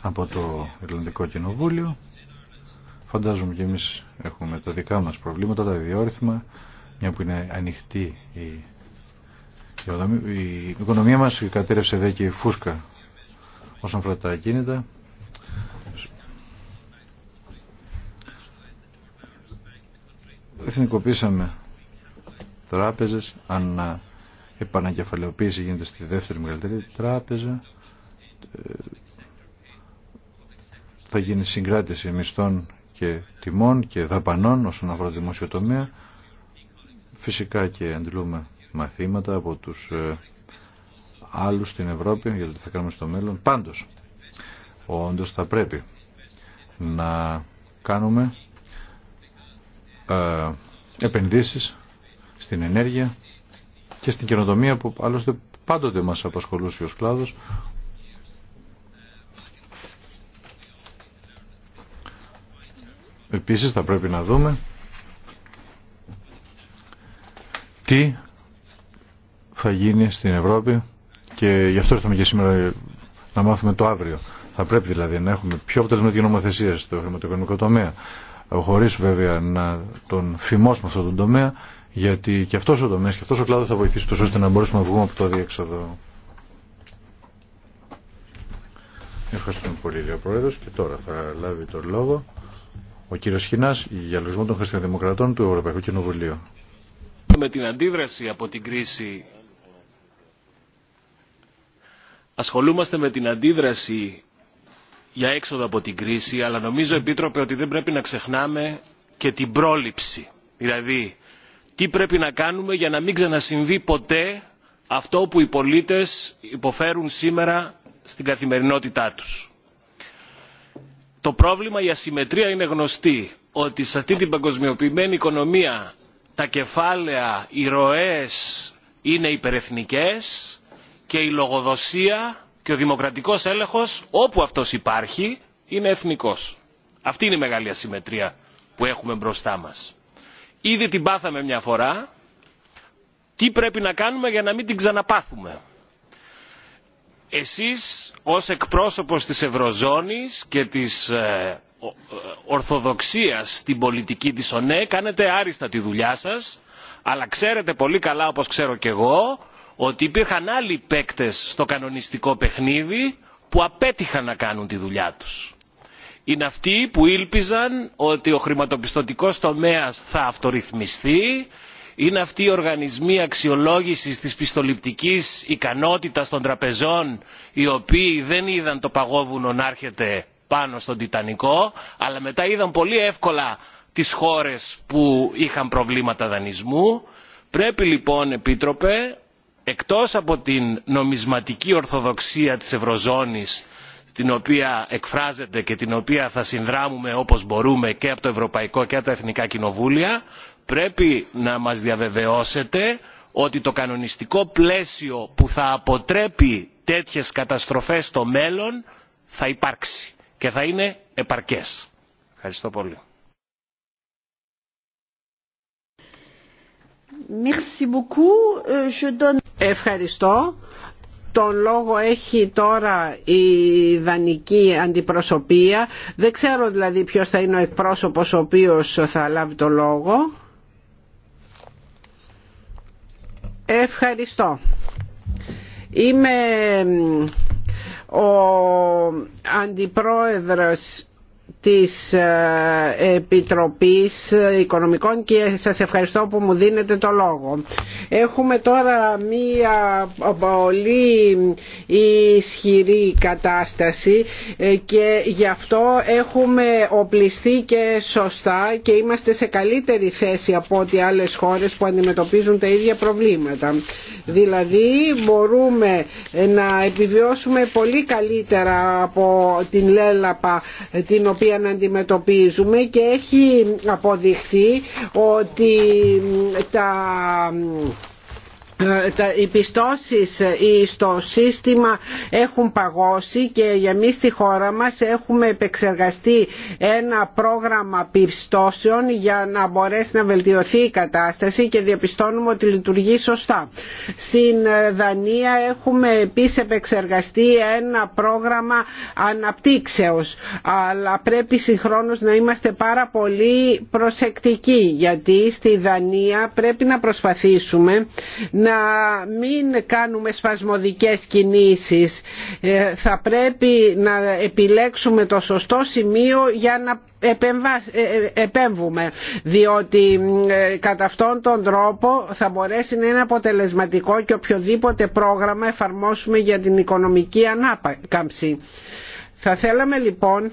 από το Ιρλανδικό Κοινοβούλιο. Φαντάζομαι και εμείς έχουμε τα δικά μας προβλήματα, τα διόρυθμα, μια που είναι ανοιχτή η, η οικονομία μας κατέρευσε δε και η φούσκα όσον αφορά τα ακίνητα. Εθνικοποίησαμε τράπεζες, αν επανακεφαλαιοποίηση γίνεται στη δεύτερη μεγαλύτερη τράπεζα. Ε, θα γίνει συγκράτηση μισθών και τιμών και δαπανών όσον αφορά τη δημοσιοτομία. Φυσικά και αντιλούμε μαθήματα από τους ε, άλλους στην Ευρώπη για το τι θα κάνουμε στο μέλλον. Πάντως, όντως θα πρέπει να κάνουμε ε, επενδύσεις στην ενέργεια και στην καινοτομία που άλλωστε πάντοτε μας απασχολούσε ο κλάδος Επίσης θα πρέπει να δούμε τι θα γίνει στην Ευρώπη και γι' αυτό ήρθαμε και σήμερα να μάθουμε το αύριο. Θα πρέπει δηλαδή να έχουμε πιο αποτελεσματική νομοθεσία στο χρηματοοικονομικό τομέα χωρίς βέβαια να τον φημώσουμε αυτόν τον τομέα γιατί και αυτός ο τομέας και αυτός ο κλάδος θα βοηθήσει τόσο ώστε να μπορέσουμε να βγούμε από το αδίεξοδο. Ευχαριστούμε πολύ, Λέω Πρόεδρος. Και τώρα θα λάβει τον λόγο ο κύριο Χίνα, για λογισμό των χριστιανοδημοκρατών του Ευρωπαϊκού Κοινοβουλίου. Με την αντίδραση από την κρίση ασχολούμαστε με την αντίδραση για έξοδο από την κρίση, αλλά νομίζω, Επίτροπε, ότι δεν πρέπει να ξεχνάμε και την πρόληψη. Δηλαδή, τι πρέπει να κάνουμε για να μην ξανασυμβεί ποτέ αυτό που οι πολίτες υποφέρουν σήμερα στην καθημερινότητά τους το πρόβλημα η ασυμμετρία είναι γνωστή ότι σε αυτή την παγκοσμιοποιημένη οικονομία τα κεφάλαια οι ροές είναι υπερεθνικές και η λογοδοσία και ο δημοκρατικός έλεγχος όπου αυτός υπάρχει είναι εθνικός. Αυτή είναι η μεγάλη ασυμμετρία που έχουμε μπροστά μας. Ήδη την πάθαμε μια φορά. Τι πρέπει να κάνουμε για να μην την ξαναπάθουμε εσείς ως εκπρόσωπος της ευρωζώνης και της ε, ε, ορθοδοξίας στην πολιτική της ονέ κάνετε άριστα τη δουλειά σας αλλά ξέρετε πολύ καλά όπως ξέρω κι εγώ ότι υπήρχαν άλλοι παίκτες στο κανονιστικό παιχνίδι που απέτυχαν να κάνουν τη δουλειά τους. Είναι αυτοί που ήλπιζαν ότι ο χρηματοπιστωτικός τομέας θα αυτορυθμιστεί είναι αυτοί οι οργανισμοί αξιολόγησης της πιστοληπτικής ικανότητας των τραπεζών οι οποίοι δεν είδαν το παγόβουνο να έρχεται πάνω στον τιτανικό αλλά μετά είδαν πολύ εύκολα τις χώρες που είχαν προβλήματα δανεισμού. πρέπει λοιπόν επίτροπε εκτός από την νομισματική ορθοδοξία της ευρωζώνης την οποία εκφράζεται και την οποία θα συνδράμουμε όπως μπορούμε και από το ευρωπαϊκό και από τα εθνικά κοινοβούλια πρέπει να μας διαβεβαιώσετε ότι το κανονιστικό πλαίσιο που θα αποτρέπει τέτοιες καταστροφές στο μέλλον θα υπάρξει και θα είναι επαρκές. Ευχαριστώ πολύ. Ε, Ευχαριστώ. Τον λόγο έχει τώρα η δανική αντιπροσωπεία. Δεν ξέρω δηλαδή ποιος θα είναι ο εκπρόσωπος ο οποίος θα λάβει το λόγο. Ευχαριστώ. Είμαι ο αντιπρόεδρος της ε, Επιτροπής Οικονομικών και σας ευχαριστώ που μου δίνετε το λόγο. Έχουμε τώρα μία πολύ ισχυρή κατάσταση ε, και γι' αυτό έχουμε οπλιστεί και σωστά και είμαστε σε καλύτερη θέση από ό,τι άλλες χώρες που αντιμετωπίζουν τα ίδια προβλήματα. Δηλαδή μπορούμε ε, να επιβιώσουμε πολύ καλύτερα από την λέλαπα ε, την οποία αντιμετωπίζουμε και έχει αποδειχθεί ότι τα ε, οι πιστώσεις ε, στο σύστημα έχουν παγώσει και εμείς στη χώρα μας έχουμε επεξεργαστεί ένα πρόγραμμα πιστώσεων για να μπορέσει να βελτιωθεί η κατάσταση και διαπιστώνουμε ότι λειτουργεί σωστά. Στην ε, Δανία έχουμε επίσης επεξεργαστεί ένα πρόγραμμα αναπτύξεως αλλά πρέπει συγχρόνως να είμαστε πάρα πολύ προσεκτικοί γιατί στη Δανία πρέπει να προσπαθήσουμε να να μην κάνουμε σπασμωδικές κινήσεις. Ε, θα πρέπει να επιλέξουμε το σωστό σημείο για να ε, ε, επέμβουμε διότι κατά αυτόν τον τρόπο θα μπορέσει να είναι αποτελεσματικό και οποιοδήποτε πρόγραμμα εφαρμόσουμε για την οικονομική ανάκαμψη. Θα θέλαμε λοιπόν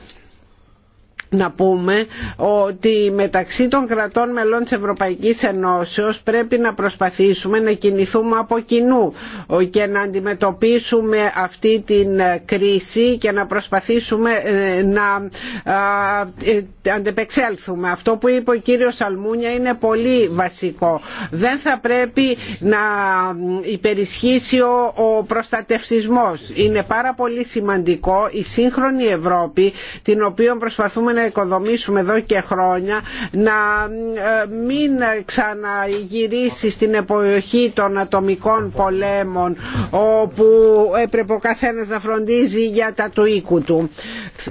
να πούμε ότι μεταξύ των κρατών μελών της Ευρωπαϊκής Ενώσεως πρέπει να προσπαθήσουμε να κινηθούμε από κοινού και να αντιμετωπίσουμε αυτή την κρίση και να προσπαθήσουμε ε, να ε, αντεπεξέλθουμε. Αυτό που είπε ο κύριος Σαλμούνια είναι πολύ βασικό. Δεν θα πρέπει να υπερισχύσει ο προστατευσισμός. Είναι πάρα πολύ σημαντικό η σύγχρονη Ευρώπη την οποία προσπαθούμε να να οικοδομήσουμε εδώ και χρόνια να ε, μην ξαναγυρίσει στην εποχή των ατομικών πολέμων όπου έπρεπε ο καθένας να φροντίζει για τα του οίκου του.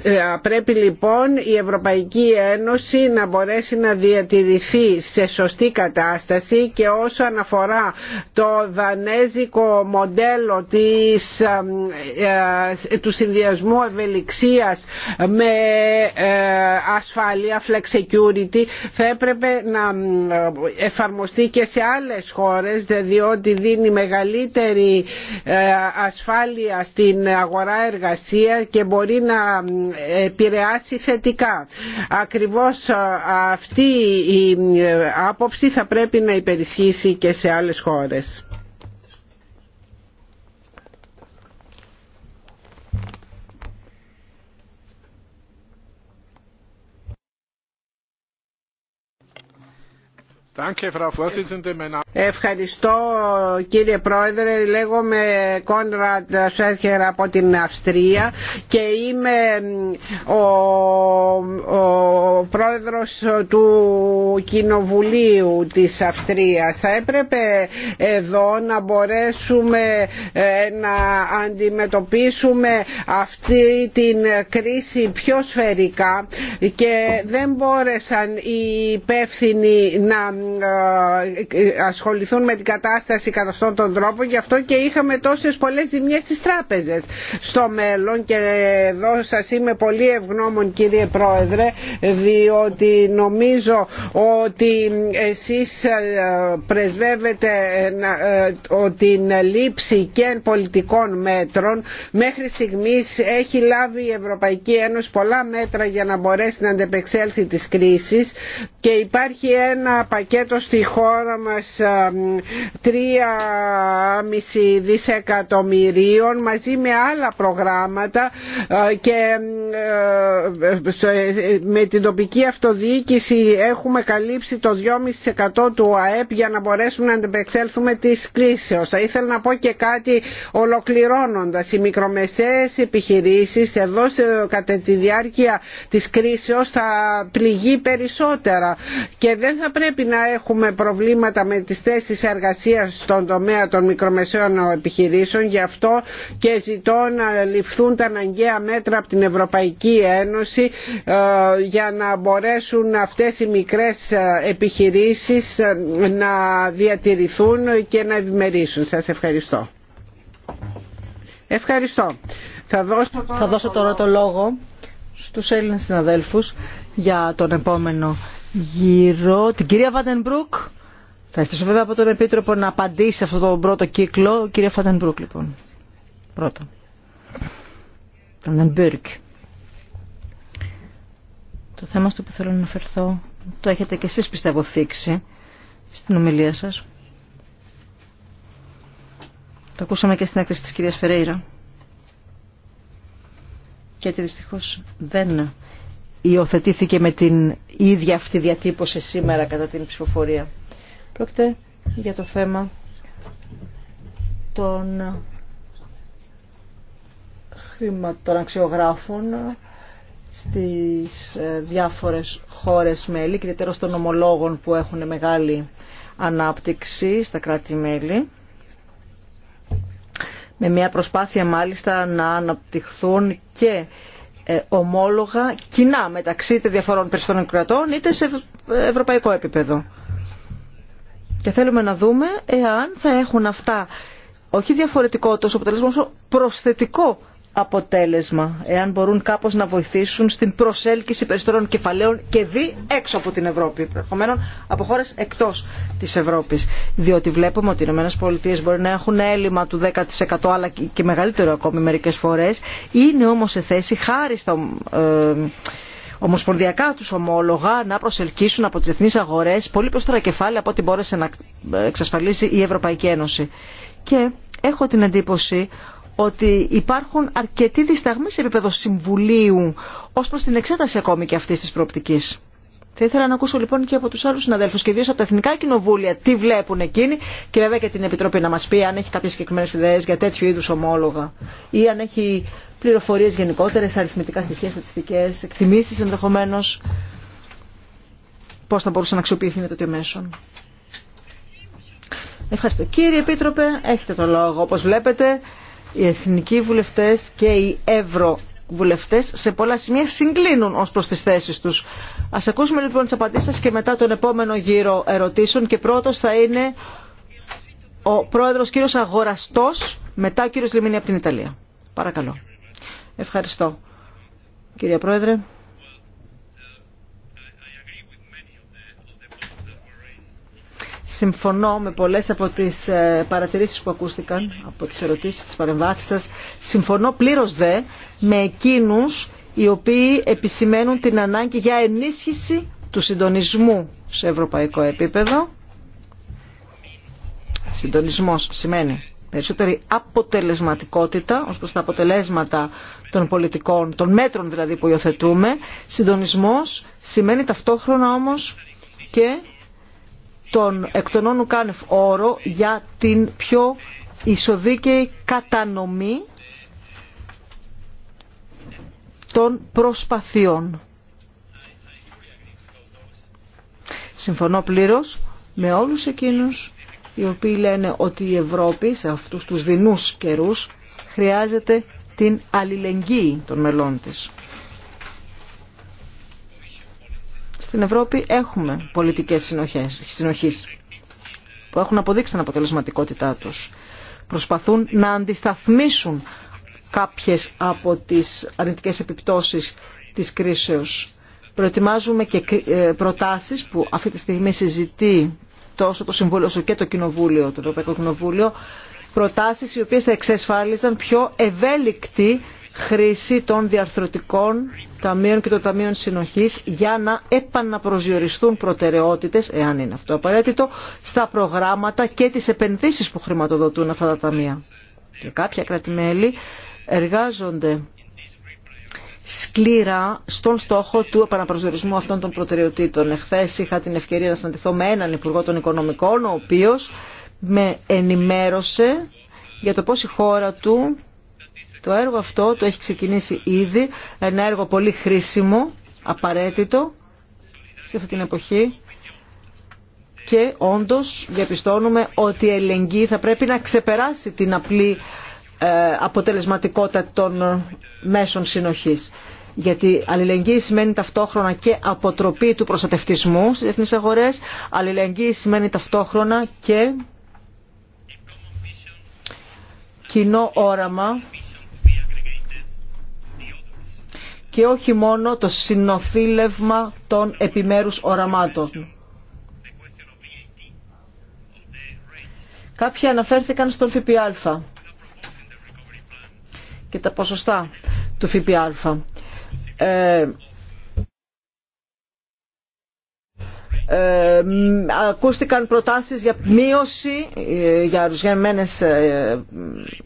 Ε, πρέπει λοιπόν η Ευρωπαϊκή Ένωση να μπορέσει να διατηρηθεί σε σωστή κατάσταση και όσο αναφορά το δανέζικο μοντέλο της, ε, του συνδυασμού ευελιξίας με ασφάλεια, flex security, θα έπρεπε να εφαρμοστεί και σε άλλες χώρες, διότι δίνει μεγαλύτερη ε, ασφάλεια στην αγορά εργασία και μπορεί να επηρεάσει θετικά. Ακριβώς ε, αυτή η ε, άποψη θα πρέπει να υπερισχύσει και σε άλλες χώρες. Ευχαριστώ κύριε Πρόεδρε. Λέγομαι Κόνραντ από την Αυστρία και είμαι ο, πρόεδρος του Κοινοβουλίου της Αυστρίας. Θα έπρεπε εδώ να μπορέσουμε ε, να αντιμετωπίσουμε αυτή την κρίση πιο σφαιρικά και δεν μπόρεσαν οι υπεύθυνοι να ε, ασχοληθούν με την κατάσταση κατά αυτόν τον τρόπο γι' αυτό και είχαμε τόσες πολλές ζημιές στις τράπεζες στο μέλλον και εδώ σας είμαι πολύ ευγνώμων κύριε Πρόεδρε διότι νομίζω ότι εσείς ε, πρεσβεύετε ε, την λήψη και πολιτικών μέτρων μέχρι στιγμής έχει λάβει η Ευρωπαϊκή Ένωση πολλά μέτρα για να μπορέσει να αντεπεξέλθει της κρίσης και υπάρχει ένα πακέτο πακέτο στη χώρα μας 3,5 δισεκατομμυρίων μαζί με άλλα προγράμματα και με την τοπική αυτοδιοίκηση έχουμε καλύψει το 2,5% του ΑΕΠ για να μπορέσουμε να αντεπεξέλθουμε της κρίσεως. Θα ήθελα να πω και κάτι ολοκληρώνοντας. Οι μικρομεσαίες επιχειρήσεις εδώ κατά τη διάρκεια της κρίσεως θα πληγεί περισσότερα και δεν θα πρέπει να έχουμε προβλήματα με τις θέσεις εργασίας στον τομέα των μικρομεσαίων επιχειρήσεων γι' αυτό και ζητώ να ληφθούν τα αναγκαία μέτρα από την Ευρωπαϊκή Ένωση ε, για να μπορέσουν αυτές οι μικρές ε, επιχειρήσεις ε, να διατηρηθούν και να ευημερήσουν. Σας ευχαριστώ. Ευχαριστώ. Θα δώσω τώρα, Θα δώσω τώρα το λόγο στους Έλληνες συναδέλφους για τον επόμενο γύρω. Την κυρία Βαντενμπρουκ. Θα ζητήσω βέβαια από τον Επίτροπο να απαντήσει σε το τον πρώτο κύκλο. Κυρία Βαντενμπρουκ, λοιπόν. Πρώτα. Βαντενμπρουκ. Το θέμα στο που θέλω να αναφερθώ το έχετε και εσείς πιστεύω θίξει στην ομιλία σας. Το ακούσαμε και στην έκθεση της κυρίας Φερέιρα. Γιατί δυστυχώς δεν υιοθετήθηκε με την ίδια αυτή διατύπωση σήμερα κατά την ψηφοφορία. Πρόκειται για το θέμα των αξιογράφων στις ε, διάφορες χώρες μέλη, κυρίως των ομολόγων που έχουν μεγάλη ανάπτυξη στα κράτη-μέλη με μια προσπάθεια μάλιστα να αναπτυχθούν και ε, ομόλογα κοινά μεταξύ είτε διαφορών περισσότερων κρατών είτε σε ευρωπαϊκό επίπεδο. Και θέλουμε να δούμε εάν θα έχουν αυτά όχι διαφορετικό τόσο αποτελέσμα όσο προσθετικό αποτέλεσμα, εάν μπορούν κάπως να βοηθήσουν στην προσέλκυση περισσότερων κεφαλαίων και δι έξω από την Ευρώπη, προχωμένων από χώρες εκτός της Ευρώπης. Διότι βλέπουμε ότι οι ΗΠΑ μπορεί να έχουν έλλειμμα του 10% αλλά και μεγαλύτερο ακόμη μερικές φορές, είναι όμως σε θέση χάρη στα ε, ομοσπονδιακά του ομόλογα να προσελκύσουν από τι διεθνεί αγορές πολύ περισσότερα κεφάλαια από ό,τι μπόρεσε να ε, εξασφαλίσει η Ευρωπαϊκή Ένωση. Και έχω την εντύπωση ότι υπάρχουν αρκετοί δισταγμοί σε επίπεδο συμβουλίου ω προ την εξέταση ακόμη και αυτής της προοπτικής. Θα ήθελα να ακούσω λοιπόν και από τους άλλους συναδέλφους και ιδίως από τα εθνικά κοινοβούλια τι βλέπουν εκείνοι και βέβαια και την Επιτροπή να μας πει αν έχει κάποιες συγκεκριμένες ιδέες για τέτοιου είδους ομόλογα ή αν έχει πληροφορίες γενικότερες, αριθμητικά στοιχεία, στατιστικές, εκτιμήσεις ενδεχομένως πώ θα μπορούσε να αξιοποιηθεί με το μέσο. Ευχαριστώ. Κύριε Επίτροπε, έχετε το λόγο. Όπως βλέπετε, οι εθνικοί βουλευτές και οι ευρωβουλευτές σε πολλά σημεία συγκλίνουν ως προς τις θέσεις τους. Ας ακούσουμε λοιπόν τις απαντήσεις και μετά τον επόμενο γύρο ερωτήσεων και πρώτος θα είναι ο πρόεδρος κύριος Αγοραστός, μετά ο κύριος Λιμίνη από την Ιταλία. Παρακαλώ. Ευχαριστώ. Κύριε Πρόεδρε. συμφωνώ με πολλές από τις ε, παρατηρήσεις που ακούστηκαν, από τις ερωτήσεις, τις παρεμβάσεις σας. Συμφωνώ πλήρως δε με εκείνους οι οποίοι επισημαίνουν την ανάγκη για ενίσχυση του συντονισμού σε ευρωπαϊκό επίπεδο. Συντονισμός σημαίνει περισσότερη αποτελεσματικότητα ως προς τα αποτελέσματα των πολιτικών, των μέτρων δηλαδή που υιοθετούμε. Συντονισμός σημαίνει ταυτόχρονα όμως και τον εκτονώνου κάνευ όρο για την πιο ισοδίκαιη κατανομή των προσπαθειών. Συμφωνώ πλήρως με όλους εκείνους οι οποίοι λένε ότι η Ευρώπη σε αυτούς τους δεινούς καιρούς χρειάζεται την αλληλεγγύη των μελών της. στην Ευρώπη έχουμε πολιτικές συνοχές, συνοχής που έχουν αποδείξει την αποτελεσματικότητά τους. Προσπαθούν να αντισταθμίσουν κάποιες από τις αρνητικές επιπτώσεις της κρίσεως. Προετοιμάζουμε και ε, προτάσεις που αυτή τη στιγμή συζητεί τόσο το Συμβούλιο όσο και το Κοινοβούλιο, το Ευρωπαϊκό Κοινοβούλιο, προτάσεις οι οποίες θα εξασφάλιζαν πιο ευέλικτη χρήση των διαρθρωτικών ταμείων και των ταμείων συνοχής για να επαναπροσδιοριστούν προτεραιότητες, εάν είναι αυτό απαραίτητο, στα προγράμματα και τις επενδύσεις που χρηματοδοτούν αυτά τα ταμεία. Και κάποια κρατημέλη εργάζονται σκλήρα στον στόχο του επαναπροσδιορισμού αυτών των προτεραιοτήτων. Εχθέ είχα την ευκαιρία να συναντηθώ με έναν Υπουργό των Οικονομικών, ο οποίος με ενημέρωσε για το πώς η χώρα του το έργο αυτό το έχει ξεκινήσει ήδη, ένα έργο πολύ χρήσιμο, απαραίτητο σε αυτή την εποχή και όντως διαπιστώνουμε ότι η ελεγγύη θα πρέπει να ξεπεράσει την απλή ε, αποτελεσματικότητα των μέσων συνοχής. Γιατί αλληλεγγύη σημαίνει ταυτόχρονα και αποτροπή του προστατευτισμού στις διεθνείς αγορές, αλληλεγγύη σημαίνει ταυτόχρονα και κοινό όραμα και όχι μόνο το συνοθήλευμα των επιμέρους οραμάτων. Κάποιοι αναφέρθηκαν στον ΦΠΑ και τα ποσοστά του ΦΠΑ. Ε, ακούστηκαν προτάσεις για μείωση ε, για, ε,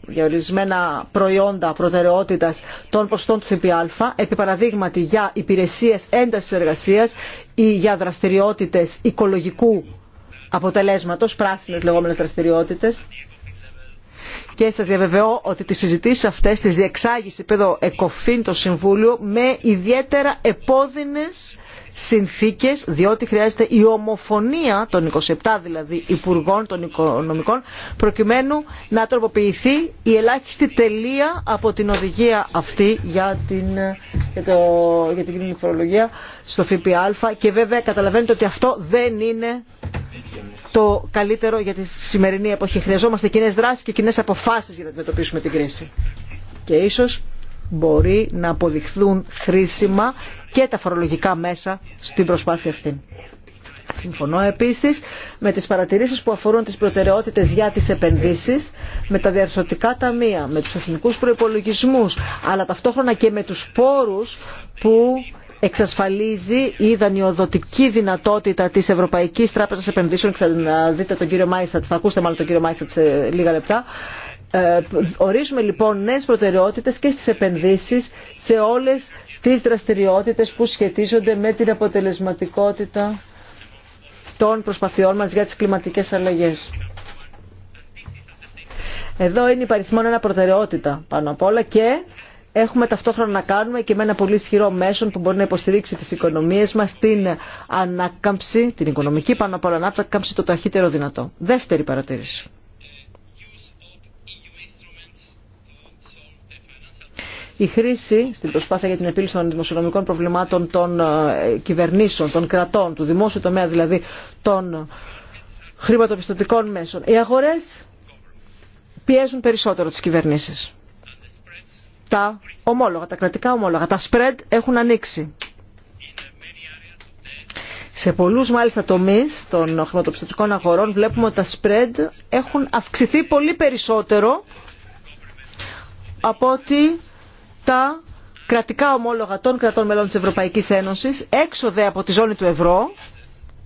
για ορισμένα προϊόντα προτεραιότητας των ποστών του ΦΠΑ, επί παραδείγματι για υπηρεσίες έντασης εργασίας ή για δραστηριότητες οικολογικού αποτελέσματος, πράσινες λεγόμενες δραστηριότητες. Και σας διαβεβαιώ ότι τις συζητήσεις αυτές τις διεξάγει σε επίπεδο ΕΚΟΦΗΝ το Συμβούλιο με ιδιαίτερα επώδυνες συνθήκες διότι χρειάζεται η ομοφωνία των 27 δηλαδή υπουργών των οικονομικών προκειμένου να τροποποιηθεί η ελάχιστη τελεία από την οδηγία αυτή για την, για το, για την φορολογία στο ΦΠΑ και βέβαια καταλαβαίνετε ότι αυτό δεν είναι το καλύτερο για τη σημερινή εποχή. Χρειαζόμαστε κοινέ δράσει και κοινέ αποφάσει για να αντιμετωπίσουμε την κρίση. Και ίσω μπορεί να αποδειχθούν χρήσιμα και τα φορολογικά μέσα στην προσπάθεια αυτή. Συμφωνώ επίση με τι παρατηρήσει που αφορούν τι προτεραιότητε για τι επενδύσει, με τα διαρθρωτικά ταμεία, με του εθνικού προπολογισμού, αλλά ταυτόχρονα και με του πόρου που εξασφαλίζει η δανειοδοτική δυνατότητα της Ευρωπαϊκής Τράπεζας Επενδύσεων και θα δείτε τον κύριο Μάιστατ, θα ακούσετε μάλλον τον κύριο Μάιστατ σε λίγα λεπτά, ε, ορίζουμε λοιπόν νέες προτεραιότητες και στις επενδύσεις σε όλες τις δραστηριότητες που σχετίζονται με την αποτελεσματικότητα των προσπαθειών μας για τις κλιματικές αλλαγές. Εδώ είναι η παριθμόν ένα προτεραιότητα πάνω απ' όλα και έχουμε ταυτόχρονα να κάνουμε και με ένα πολύ ισχυρό μέσο που μπορεί να υποστηρίξει τις οικονομίες μας την ανάκαμψη, την οικονομική πάνω απ' όλα ανάκαμψη το ταχύτερο δυνατό. Δεύτερη παρατήρηση. η χρήση στην προσπάθεια για την επίλυση των δημοσιονομικών προβλημάτων των ε, κυβερνήσεων, των κρατών, του δημόσιου τομέα δηλαδή των χρηματοπιστωτικών μέσων. Οι αγορές πιέζουν περισσότερο τις κυβερνήσεις. Τα ομόλογα, τα κρατικά ομόλογα, τα spread έχουν ανοίξει. Σε πολλούς μάλιστα τομείς των χρηματοπιστωτικών αγορών βλέπουμε ότι τα spread έχουν αυξηθεί πολύ περισσότερο από ότι τα κρατικά ομόλογα των κρατών μελών της Ευρωπαϊκής Ένωσης έξοδε από τη ζώνη του ευρώ.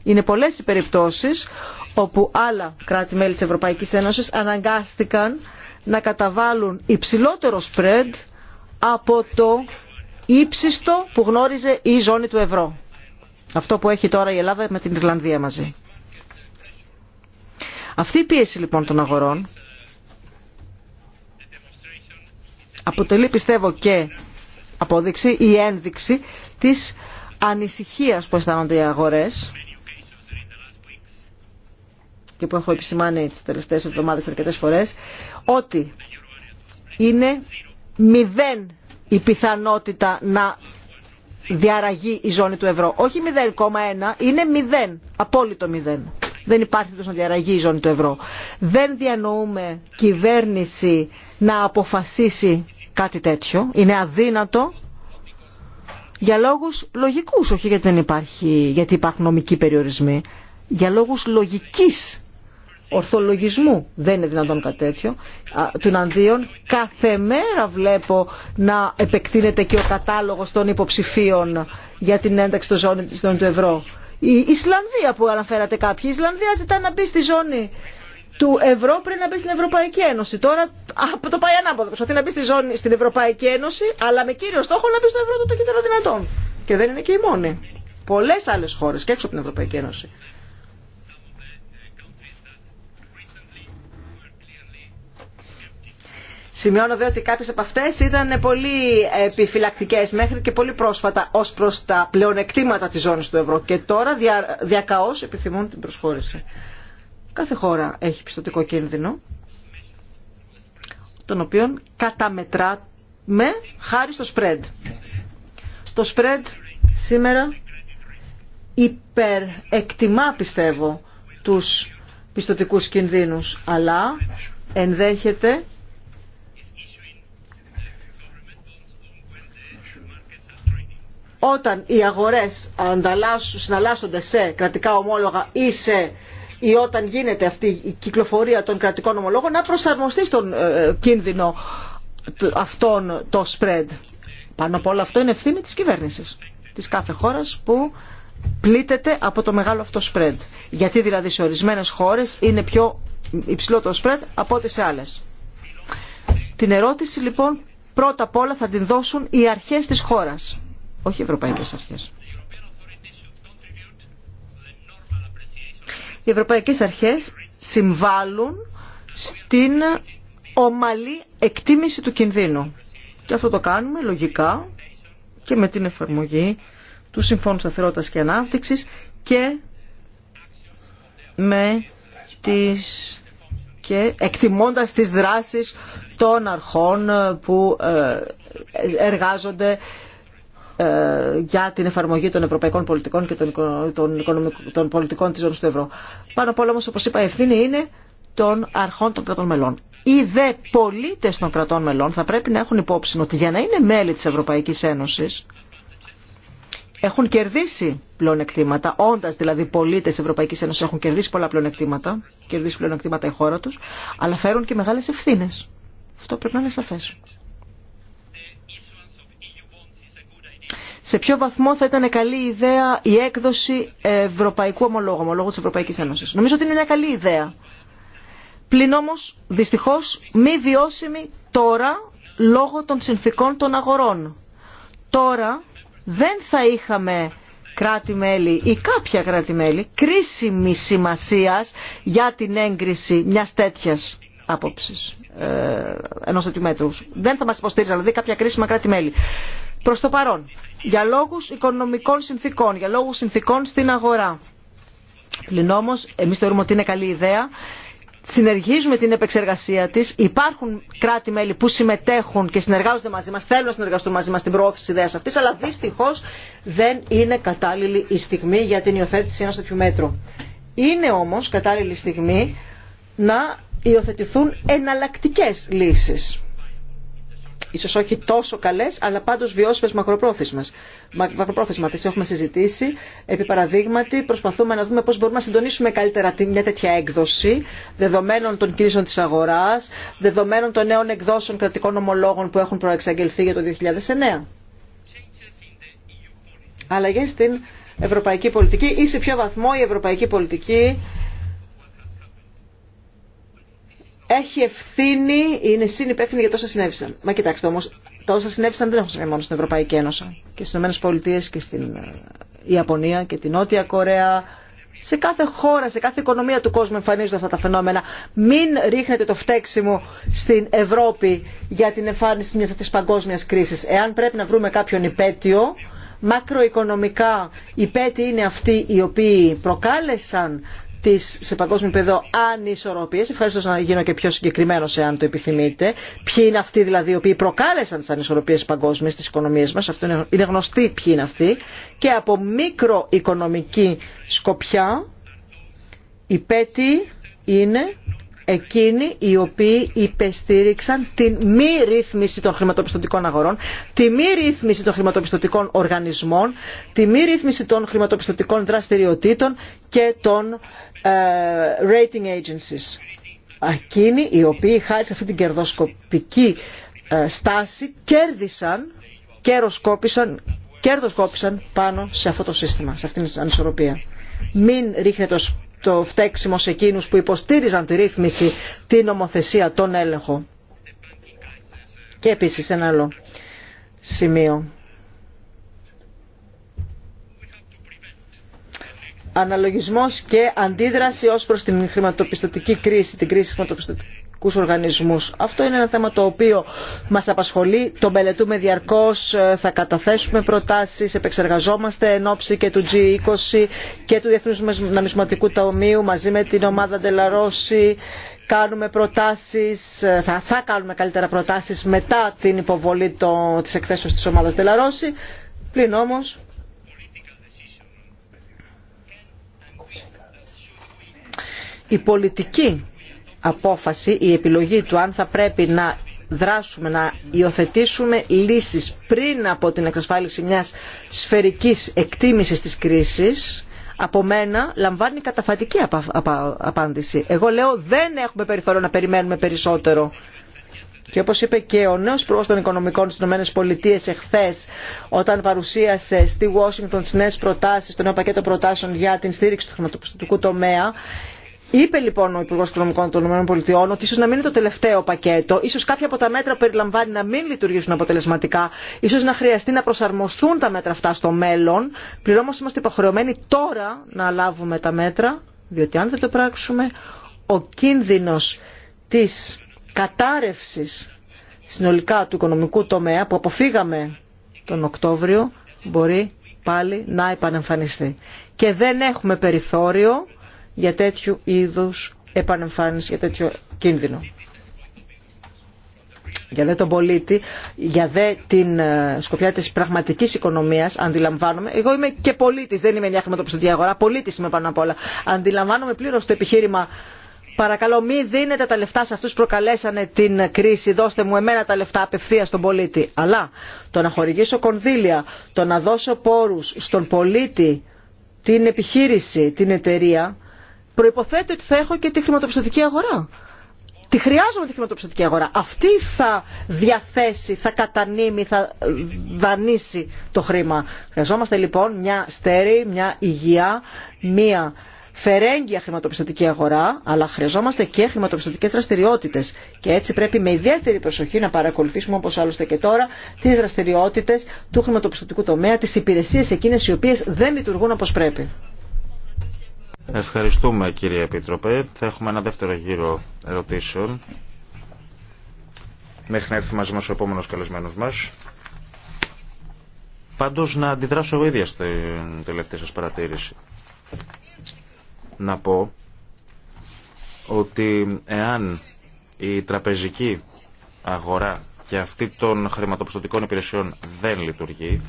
Είναι πολλές οι περιπτώσεις όπου άλλα κράτη-μέλη της Ευρωπαϊκής Ένωσης αναγκάστηκαν να καταβάλουν υψηλότερο spread από το ύψιστο που γνώριζε η ζώνη του ευρώ. Αυτό που έχει τώρα η Ελλάδα με την Ιρλανδία μαζί. Αυτή η πίεση λοιπόν των αγορών αποτελεί πιστεύω και απόδειξη ή ένδειξη της ανησυχίας που αισθάνονται οι αγορές και που έχω επισημάνει τις τελευταίες εβδομάδες αρκετές φορές ότι είναι μηδέν η πιθανότητα να διαραγεί η ζώνη του ευρώ. Όχι 0,1, είναι 0, απόλυτο 0. Δεν υπάρχει τόσο να διαραγεί η ζώνη του ευρώ. Δεν διανοούμε κυβέρνηση να αποφασίσει κάτι τέτοιο. Είναι αδύνατο για λόγους λογικούς, όχι γιατί, δεν υπάρχει, γιατί υπάρχουν νομικοί περιορισμοί. Για λόγους λογικής ορθολογισμού δεν είναι δυνατόν κάτι τέτοιο των αντίον κάθε μέρα βλέπω να επεκτείνεται και ο κατάλογος των υποψηφίων για την ένταξη των ζώνη, ζώνη του ευρώ η Ισλανδία που αναφέρατε κάποιοι η Ισλανδία ζητά να μπει στη ζώνη του ευρώ πριν να μπει στην Ευρωπαϊκή Ένωση. Τώρα το πάει ανάποδα. Προσπαθεί να μπει στη ζώνη, στην Ευρωπαϊκή Ένωση, αλλά με κύριο στόχο να μπει στο ευρώ το ταχύτερο δυνατόν. Και δεν είναι και η μόνη. Πολλέ άλλε χώρε και έξω από την Ευρωπαϊκή Ένωση. Σημειώνω δε ότι κάποιε από αυτέ ήταν πολύ επιφυλακτικέ μέχρι και πολύ πρόσφατα ω προ τα πλεονεκτήματα τη ζώνη του ευρώ. Και τώρα δια, διακαώ επιθυμούν την προσχώρηση. Κάθε χώρα έχει πιστοτικό κίνδυνο, τον οποίο καταμετράμε χάρη στο spread. Το spread σήμερα υπερεκτιμά πιστεύω τους πιστοτικούς κινδύνους, αλλά ενδέχεται όταν οι αγορές συναλλάσσονται σε κρατικά ομόλογα ή σε ή όταν γίνεται αυτή η κυκλοφορία των κρατικών ομολόγων να προσαρμοστεί στον ε, κίνδυνο αυτόν το spread. Πάνω από όλα αυτό είναι ευθύνη της κυβέρνησης, της κάθε χώρας που πλήττεται από το μεγάλο αυτό spread. Γιατί δηλαδή σε ορισμένες χώρες είναι πιο υψηλό το spread από ό,τι σε άλλες. Την ερώτηση λοιπόν πρώτα απ' όλα θα την δώσουν οι αρχές της χώρας, όχι οι ευρωπαϊκές αρχές. οι ευρωπαϊκές αρχές συμβάλλουν στην ομαλή εκτίμηση του κινδύνου. Και αυτό το κάνουμε λογικά και με την εφαρμογή του Συμφώνου Σταθερότητας και Ανάπτυξης και με τις και εκτιμώντας τις δράσεις των αρχών που ε, εργάζονται ε, για την εφαρμογή των ευρωπαϊκών πολιτικών και των, των πολιτικών της ζώνη του ευρώ. Πάνω απ' όλα όμως, όπως είπα, η ευθύνη είναι των αρχών των κρατών μελών. Οι δε πολίτες των κρατών μελών θα πρέπει να έχουν υπόψη ότι για να είναι μέλη της Ευρωπαϊκής Ένωσης έχουν κερδίσει πλεονεκτήματα, όντας δηλαδή πολίτες της Ευρωπαϊκής Ένωσης έχουν κερδίσει πολλά πλεονεκτήματα, κερδίσει πλεονεκτήματα η χώρα τους, αλλά φέρουν και μεγάλε ευθύνε. Αυτό πρέπει να είναι σαφές. σε ποιο βαθμό θα ήταν καλή ιδέα η έκδοση ευρωπαϊκού ομολόγου, ομολόγου της Ευρωπαϊκής Ένωσης. Νομίζω ότι είναι μια καλή ιδέα. Πλην όμω, δυστυχώς, μη βιώσιμη τώρα λόγω των συνθήκων των αγορών. Τώρα δεν θα είχαμε κράτη-μέλη ή κάποια κράτη-μέλη κρίσιμη σημασία για την έγκριση μιας τέτοια άποψη ε, ενός τέτοιου μέτρου. Δεν θα μα υποστήριζαν, δηλαδή κάποια κρίσιμα κράτη-μέλη προς το παρόν. Για λόγους οικονομικών συνθήκων, για λόγους συνθήκων στην αγορά. Πλην όμως, εμείς θεωρούμε ότι είναι καλή ιδέα συνεργίζουμε την επεξεργασία τη. Υπάρχουν κράτη-μέλη που συμμετέχουν και συνεργάζονται μαζί μα, θέλουν να συνεργαστούν μαζί μα στην προώθηση ιδέα αυτή, αλλά δυστυχώ δεν είναι κατάλληλη η στιγμή για την υιοθέτηση ενό τέτοιου μέτρου. Είναι όμω κατάλληλη στιγμή να υιοθετηθούν εναλλακτικέ λύσει ίσως όχι τόσο καλές, αλλά πάντως βιώσιμες μακροπρόθεσμες. Μακροπρόθεσμα τις έχουμε συζητήσει. Επί παραδείγματι προσπαθούμε να δούμε πώς μπορούμε να συντονίσουμε καλύτερα μια τέτοια έκδοση δεδομένων των κρίσεων της αγοράς, δεδομένων των νέων εκδόσεων κρατικών ομολόγων που έχουν προεξαγγελθεί για το 2009. Αλλαγές στην ευρωπαϊκή πολιτική ή σε ποιο βαθμό η ευρωπαϊκή πολιτική έχει ευθύνη, είναι συνυπεύθυνη για τόσα συνέβησαν. Μα κοιτάξτε όμως, τόσα συνέβησαν δεν έχουν συμβεί μόνο στην Ευρωπαϊκή Ένωση και στι ΗΠΑ και στην ε, Ιαπωνία και την Νότια Κορέα. Σε κάθε χώρα, σε κάθε οικονομία του κόσμου εμφανίζονται αυτά τα φαινόμενα. Μην ρίχνετε το φταίξιμο στην Ευρώπη για την εμφάνιση μιας της παγκόσμια κρίση. Εάν πρέπει να βρούμε κάποιον υπέτειο, μακροοικονομικά υπέτειοι είναι αυτοί οι οποίοι προκάλεσαν της σε παγκόσμιο επίπεδο ανισορροπίες. Ευχαριστώ να γίνω και πιο συγκεκριμένο εάν το επιθυμείτε. Ποιοι είναι αυτοί δηλαδή οι οποίοι προκάλεσαν τις ανισορροπίες παγκόσμιες στις οικονομίες μας. Αυτό είναι, είναι γνωστοί ποιοι είναι αυτοί. Και από μικροοικονομική σκοπιά η πέτη είναι εκείνοι οι οποίοι υπεστήριξαν την μη ρύθμιση των χρηματοπιστωτικών αγορών, τη μη ρύθμιση των χρηματοπιστωτικών οργανισμών, τη μη ρύθμιση των χρηματοπιστωτικών δραστηριοτήτων και των ε, rating agencies. Εκείνοι οι οποίοι χάρη σε αυτή την κερδοσκοπική ε, στάση κέρδισαν, κεροσκόπησαν, κέρδοσκόπησαν πάνω σε αυτό το σύστημα, σε αυτήν την ανισορροπία. Μην ρίχνετε ως το φταίξιμο σε εκείνους που υποστήριζαν τη ρύθμιση, την νομοθεσία, τον έλεγχο. Και επίσης ένα άλλο σημείο. αναλογισμός και αντίδραση ως προς την χρηματοπιστωτική κρίση, την κρίση χρηματοπιστωτική. Αυτό είναι ένα θέμα το οποίο μας απασχολεί, το μελετούμε διαρκώς, ε, θα καταθέσουμε προτάσεις, επεξεργαζόμαστε εν ώψη και του G20 και του Διεθνούς Νομισματικού Ταμείου μαζί με την ομάδα Ντελαρόση κάνουμε προτάσεις, ε, θα, θα κάνουμε καλύτερα προτάσεις μετά την υποβολή τη της εκθέσεως της ομάδας Πλην όμως... Η πολιτική απόφαση, η επιλογή του αν θα πρέπει να δράσουμε, να υιοθετήσουμε λύσεις πριν από την εξασφάλιση μιας σφαιρικής εκτίμησης της κρίσης, από μένα λαμβάνει καταφατική απάντηση. Εγώ λέω δεν έχουμε περιθώριο να περιμένουμε περισσότερο. Και όπως είπε και ο νέος πρόεδρος των Οικονομικών της ΗΠΑ εχθές, όταν παρουσίασε στη Washington τις νέες προτάσεις, το νέο πακέτο προτάσεων για την στήριξη του χρηματοπιστωτικού τομέα, Είπε λοιπόν ο Υπουργό Οικονομικών των ΗΠΑ ότι ίσω να μην είναι το τελευταίο πακέτο, ίσω κάποια από τα μέτρα που περιλαμβάνει να μην λειτουργήσουν αποτελεσματικά, ίσω να χρειαστεί να προσαρμοστούν τα μέτρα αυτά στο μέλλον. Πλην όμω είμαστε υποχρεωμένοι τώρα να λάβουμε τα μέτρα, διότι αν δεν το πράξουμε, ο κίνδυνο τη κατάρρευση συνολικά του οικονομικού τομέα που αποφύγαμε τον Οκτώβριο μπορεί πάλι να επανεμφανιστεί. Και δεν έχουμε περιθώριο για τέτοιου είδους επανεμφάνιση, για τέτοιο κίνδυνο. Για δε τον πολίτη, για δε την ε, σκοπιά της πραγματικής οικονομίας, αντιλαμβάνομαι, εγώ είμαι και πολίτης, δεν είμαι μια χρηματοπιστωτική αγορά, πολίτης είμαι πάνω απ' όλα, αντιλαμβάνομαι πλήρως το επιχείρημα παρακαλώ μη δίνετε τα λεφτά σε αυτούς που προκαλέσανε την κρίση, δώστε μου εμένα τα λεφτά απευθεία στον πολίτη. Αλλά το να χορηγήσω κονδύλια, το να δώσω πόρους στον πολίτη, την επιχείρηση, την εταιρεία, προϋποθέτει ότι θα έχω και τη χρηματοπιστωτική αγορά. Τη χρειάζομαι τη χρηματοπιστωτική αγορά. Αυτή θα διαθέσει, θα κατανείμει, θα δανείσει το χρήμα. Χρειαζόμαστε λοιπόν μια στέρη, μια υγεία, μια φερέγγια χρηματοπιστωτική αγορά, αλλά χρειαζόμαστε και χρηματοπιστωτικέ δραστηριότητε. Και έτσι πρέπει με ιδιαίτερη προσοχή να παρακολουθήσουμε, όπω άλλωστε και τώρα, τι δραστηριότητε του χρηματοπιστωτικού τομέα, τι υπηρεσίε εκείνε οι οποίε δεν λειτουργούν όπω πρέπει. Ευχαριστούμε κύριε Επίτροπε. Θα έχουμε ένα δεύτερο γύρο ερωτήσεων μέχρι να έρθει μαζί μας ο επόμενος καλεσμένος μας. Πάντως να αντιδράσω εγώ ίδια στην τελευταία σας παρατήρηση. Να πω ότι εάν η τραπεζική αγορά και αυτή των χρηματοπιστωτικών υπηρεσιών δεν λειτουργεί,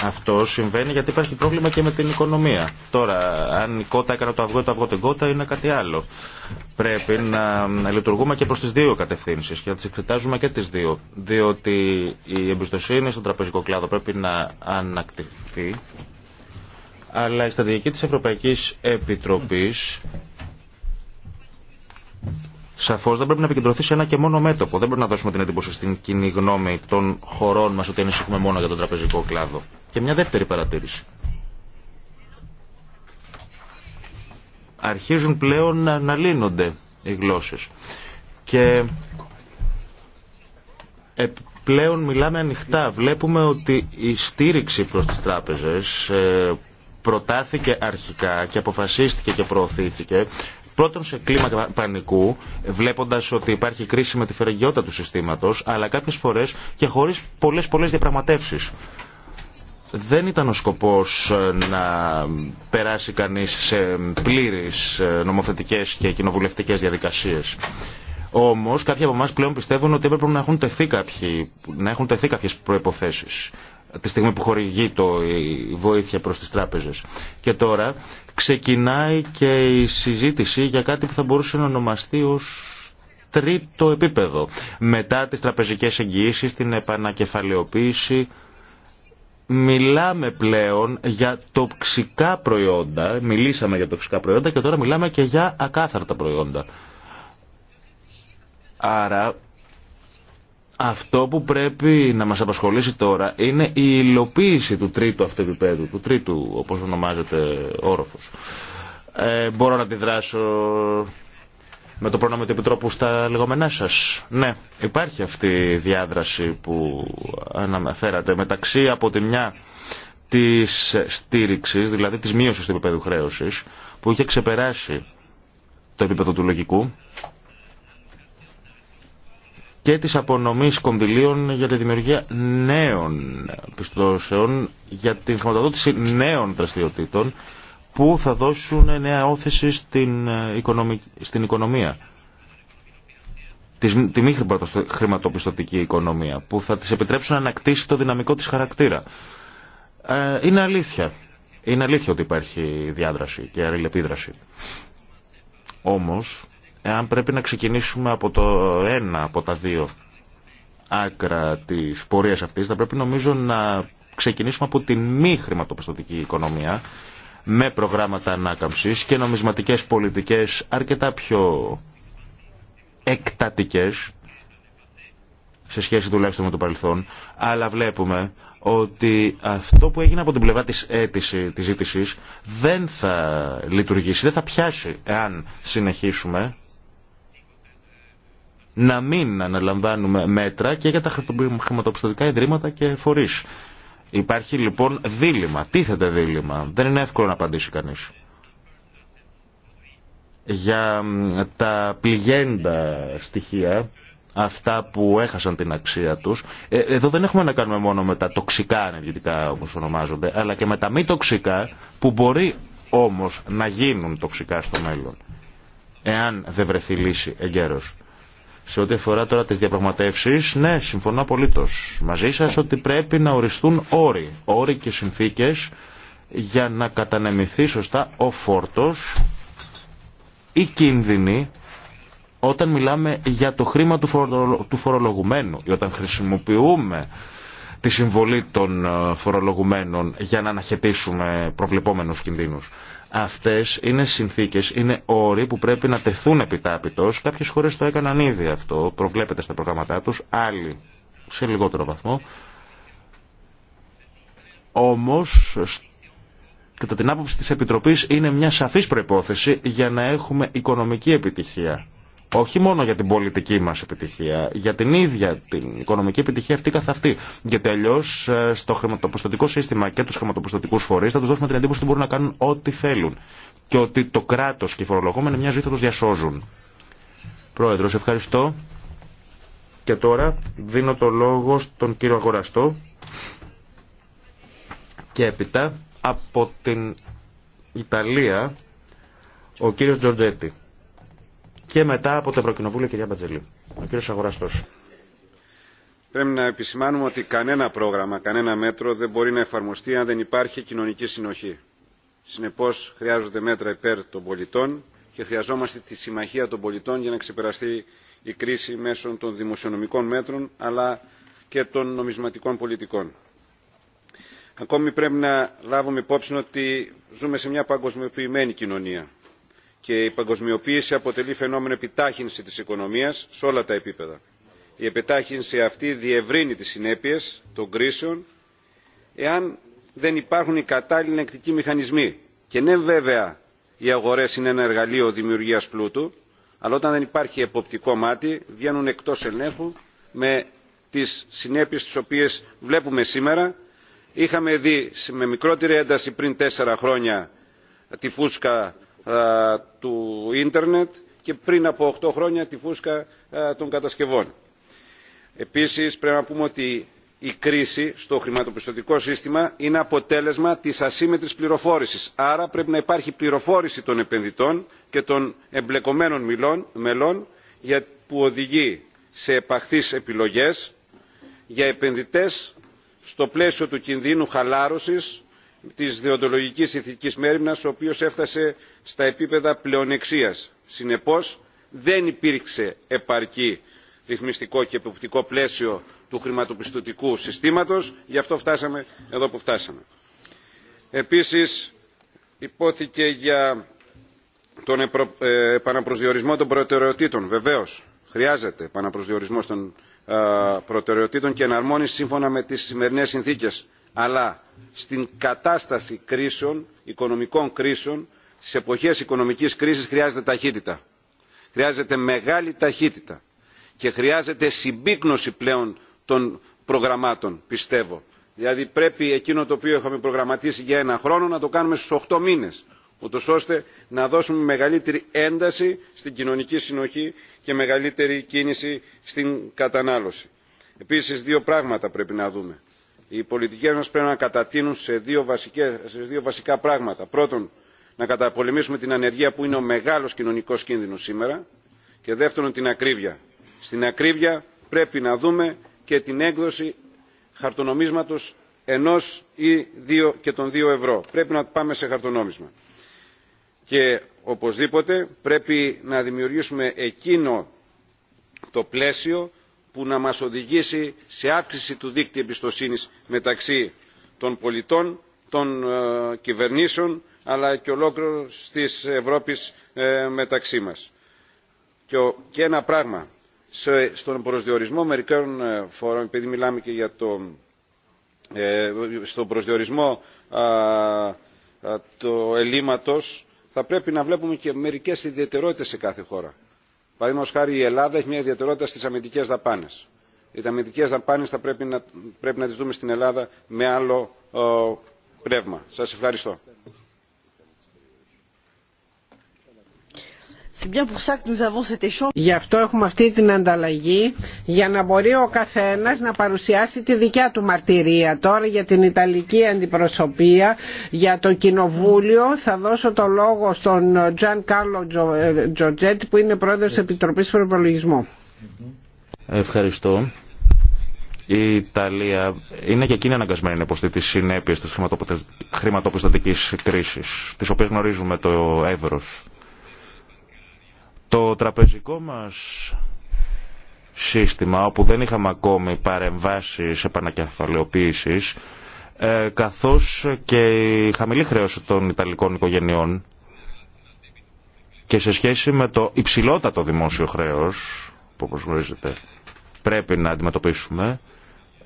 αυτό συμβαίνει γιατί υπάρχει πρόβλημα και με την οικονομία. Τώρα, αν η κότα έκανε το αυγό ή το αυγό την κότα, είναι κάτι άλλο. Πρέπει να, λειτουργούμε και προ τι δύο κατευθύνσει και να τι εξετάζουμε και τι δύο. Διότι η εμπιστοσύνη στον τραπεζικό κλάδο πρέπει να ανακτηθεί. Αλλά η σταδιακή τη Ευρωπαϊκή Επιτροπή Σαφώ δεν πρέπει να επικεντρωθεί σε ένα και μόνο μέτωπο. Δεν πρέπει να δώσουμε την εντύπωση στην κοινή γνώμη των χωρών μα ότι ανησυχούμε μόνο για τον τραπεζικό κλάδο. Και μια δεύτερη παρατήρηση. Αρχίζουν πλέον να, να λύνονται οι γλώσσε. Και πλέον μιλάμε ανοιχτά. Βλέπουμε ότι η στήριξη προς τις τράπεζες ε, προτάθηκε αρχικά και αποφασίστηκε και προωθήθηκε Πρώτον, σε κλίμα πανικού, βλέποντα ότι υπάρχει κρίση με τη φερεγγιότητα του συστήματο, αλλά κάποιε φορέ και χωρί πολλέ-πολλέ διαπραγματεύσει δεν ήταν ο σκοπός ε, να περάσει κανείς σε πλήρεις ε, νομοθετικές και κοινοβουλευτικές διαδικασίες. Όμως κάποιοι από εμά πλέον πιστεύουν ότι έπρεπε να έχουν τεθεί, κάποιοι, να έχουν τεθεί κάποιες προϋποθέσεις τη στιγμή που χορηγεί το, η βοήθεια προς τις τράπεζες. Και τώρα ξεκινάει και η συζήτηση για κάτι που θα μπορούσε να ονομαστεί ως τρίτο επίπεδο. Μετά τις τραπεζικές εγγυήσεις, την επανακεφαλαιοποίηση, μιλάμε πλέον για τοξικά προϊόντα, μιλήσαμε για τοξικά προϊόντα και τώρα μιλάμε και για ακάθαρτα προϊόντα. Άρα αυτό που πρέπει να μας απασχολήσει τώρα είναι η υλοποίηση του τρίτου αυτού του τρίτου όπως ονομάζεται όροφος. Ε, μπορώ να τη δράσω με το πρόνομο του Επιτρόπου στα λεγόμενά σας. Ναι, υπάρχει αυτή η διάδραση που αναφέρατε μεταξύ από τη μια της στήριξης, δηλαδή της μείωσης του επίπεδου χρέωσης, που είχε ξεπεράσει το επίπεδο του λογικού και της απονομής κονδυλίων για τη δημιουργία νέων πιστώσεων, για την χρηματοδότηση νέων δραστηριοτήτων που θα δώσουν νέα όθηση στην, ε, στην οικονομία. Τη μη χρηματοπιστωτική οικονομία που θα της επιτρέψουν να ανακτήσει το δυναμικό της χαρακτήρα. Ε, είναι αλήθεια. Είναι αλήθεια ότι υπάρχει διάδραση και αλληλεπίδραση. Όμως, εάν πρέπει να ξεκινήσουμε από το ένα από τα δύο άκρα της πορείας αυτής, θα πρέπει νομίζω να ξεκινήσουμε από τη μη χρηματοπιστωτική οικονομία με προγράμματα ανάκαμψης και νομισματικές πολιτικές αρκετά πιο εκτατικές σε σχέση τουλάχιστον με το παρελθόν, αλλά βλέπουμε ότι αυτό που έγινε από την πλευρά της αίτηση, της ζήτησης δεν θα λειτουργήσει, δεν θα πιάσει εάν συνεχίσουμε να μην αναλαμβάνουμε μέτρα και για τα χρηματοπιστωτικά ιδρύματα και φορεί. Υπάρχει λοιπόν δίλημα. Τίθεται δίλημα. Δεν είναι εύκολο να απαντήσει κανείς. Για τα πληγέντα στοιχεία, αυτά που έχασαν την αξία τους, ε, εδώ δεν έχουμε να κάνουμε μόνο με τα τοξικά ενεργητικά όπως ονομάζονται, αλλά και με τα μη τοξικά που μπορεί όμως να γίνουν τοξικά στο μέλλον, εάν δεν βρεθεί λύση εγκαίρως. Σε ό,τι αφορά τώρα τις διαπραγματεύσεις, ναι, συμφωνώ απολύτως μαζί σας ότι πρέπει να οριστούν όροι, όροι και συνθήκες για να κατανεμηθεί σωστά ο φόρτος ή κίνδυνοι όταν μιλάμε για το χρήμα του φορολογουμένου ή όταν χρησιμοποιούμε τη συμβολή των ε, φορολογουμένων για να αναχαιτήσουμε προβλεπόμενους κινδύνους. Αυτές είναι συνθήκες, είναι όροι που πρέπει να τεθούν επιτάπητος. Κάποιες χώρες το έκαναν ήδη αυτό, προβλέπεται στα προγράμματά τους, άλλοι σε λιγότερο βαθμό. Όμως, κατά την άποψη της Επιτροπής, είναι μια σαφής προϋπόθεση για να έχουμε οικονομική επιτυχία όχι μόνο για την πολιτική μας επιτυχία, για την ίδια την οικονομική επιτυχία αυτή καθ' αυτή. Γιατί αλλιώ ε, στο χρηματοπιστωτικό σύστημα και τους χρηματοπιστωτικούς φορείς θα τους δώσουμε την εντύπωση ότι μπορούν να κάνουν ό,τι θέλουν. Και ότι το κράτος και οι φορολογόμενοι μια ζωή θα τους διασώζουν. Πρόεδρος, ευχαριστώ. Και τώρα δίνω το λόγο στον κύριο Αγοραστό και έπειτα από την Ιταλία ο κύριος Τζορτζέτη και μετά από το Ευρωκοινοβούλιο κυρία Μπατζελή. Ο κύριος Αγοραστό. Πρέπει να επισημάνουμε ότι κανένα πρόγραμμα, κανένα μέτρο δεν μπορεί να εφαρμοστεί αν δεν υπάρχει κοινωνική συνοχή. Συνεπώ χρειάζονται μέτρα υπέρ των πολιτών και χρειαζόμαστε τη συμμαχία των πολιτών για να ξεπεραστεί η κρίση μέσω των δημοσιονομικών μέτρων αλλά και των νομισματικών πολιτικών. Ακόμη πρέπει να λάβουμε υπόψη ότι ζούμε σε μια παγκοσμιοποιημένη κοινωνία και η παγκοσμιοποίηση αποτελεί φαινόμενο επιτάχυνση της οικονομίας σε όλα τα επίπεδα. Η επιτάχυνση αυτή διευρύνει τις συνέπειες των κρίσεων εάν δεν υπάρχουν οι κατάλληλοι εκτικοί μηχανισμοί. Και ναι βέβαια οι αγορές είναι ένα εργαλείο δημιουργίας πλούτου, αλλά όταν δεν υπάρχει εποπτικό μάτι βγαίνουν εκτός ελέγχου με τις συνέπειες τις οποίες βλέπουμε σήμερα. Είχαμε δει με μικρότερη ένταση πριν τέσσερα χρόνια τη φούσκα ε, του ίντερνετ και πριν από 8 χρόνια τη φούσκα ε, των κατασκευών. Επίσης πρέπει να πούμε ότι η κρίση στο χρηματοπιστωτικό σύστημα είναι αποτέλεσμα της ασύμετρης πληροφόρησης. Άρα πρέπει να υπάρχει πληροφόρηση των επενδυτών και των εμπλεκομένων μελών που οδηγεί σε επαχθείς επιλογές για επενδυτές στο πλαίσιο του κινδύνου χαλάρωσης της διοντολογικής ηθικής μέρημνας ο οποίος έφτασε στα επίπεδα πλεονεξίας. Συνεπώς δεν υπήρξε επαρκή ρυθμιστικό και εποπτικό πλαίσιο του χρηματοπιστωτικού συστήματος, γι' αυτό φτάσαμε εδώ που φτάσαμε. Επίσης υπόθηκε για τον ε, επαναπροσδιορισμό των προτεραιοτήτων. Βεβαίως χρειάζεται επαναπροσδιορισμός των προτεραιοτήτων και εναρμόνιση σύμφωνα με τις σημερινές συνθήκες αλλά στην κατάσταση κρίσεων, οικονομικών κρίσεων, στις εποχές οικονομικής κρίσης χρειάζεται ταχύτητα. Χρειάζεται μεγάλη ταχύτητα και χρειάζεται συμπίκνωση πλέον των προγραμμάτων, πιστεύω. Δηλαδή πρέπει εκείνο το οποίο είχαμε προγραμματίσει για ένα χρόνο να το κάνουμε στους 8 μήνες, ούτως ώστε να δώσουμε μεγαλύτερη ένταση στην κοινωνική συνοχή και μεγαλύτερη κίνηση στην κατανάλωση. Επίσης δύο πράγματα πρέπει να δούμε οι πολιτικέ μας πρέπει να κατατείνουν σε δύο, βασικά πράγματα. Πρώτον, να καταπολεμήσουμε την ανεργία που είναι ο μεγάλος κοινωνικός κίνδυνος σήμερα και δεύτερον την ακρίβεια. Στην ακρίβεια πρέπει να δούμε και την έκδοση χαρτονομίσματος ενός ή δύο και των δύο ευρώ. Πρέπει να πάμε σε χαρτονόμισμα. Και οπωσδήποτε πρέπει να δημιουργήσουμε εκείνο το πλαίσιο που να μας οδηγήσει σε αύξηση του δίκτυου εμπιστοσύνης μεταξύ των πολιτών, των ε, κυβερνήσεων αλλά και ολόκληρου της Ευρώπης ε, μεταξύ μας. Και ένα πράγμα, στον προσδιορισμό μερικών ε, φορών, επειδή μιλάμε και για το... στον προσδιορισμό του ελλείμματος θα πρέπει να βλέπουμε και μερικές ιδιαιτερότητες σε κάθε χώρα. Παραδείγματο χάρη η Ελλάδα έχει μια ιδιαιτερότητα στι αμυντικέ δαπάνε. Οι αμυντικέ δαπάνε θα πρέπει να, πρέπει τις δούμε στην Ελλάδα με άλλο ο, ε, πνεύμα. Σα ευχαριστώ. Γι' αυτό έχουμε αυτή την ανταλλαγή για να μπορεί ο καθένας να παρουσιάσει τη δικιά του μαρτυρία. Τώρα για την Ιταλική αντιπροσωπεία, για το Κοινοβούλιο θα δώσω το λόγο στον Τζαν Κάρλο Τζοτζέτ ε, που είναι πρόεδρος της Επιτροπής Προπολογισμού. Ευχαριστώ. Η Ιταλία είναι και εκείνη αναγκασμένη να υποστεί τι συνέπειε τη χρηματοπιστωτική κρίση, τη οποία γνωρίζουμε το εύρο. Το τραπεζικό μας σύστημα, όπου δεν είχαμε ακόμη παρεμβάσεις επανακεφαλαιοποίησης, ε, καθώς και η χαμηλή χρέωση των Ιταλικών οικογενειών και σε σχέση με το υψηλότατο δημόσιο χρέος, που όπως πρέπει να αντιμετωπίσουμε,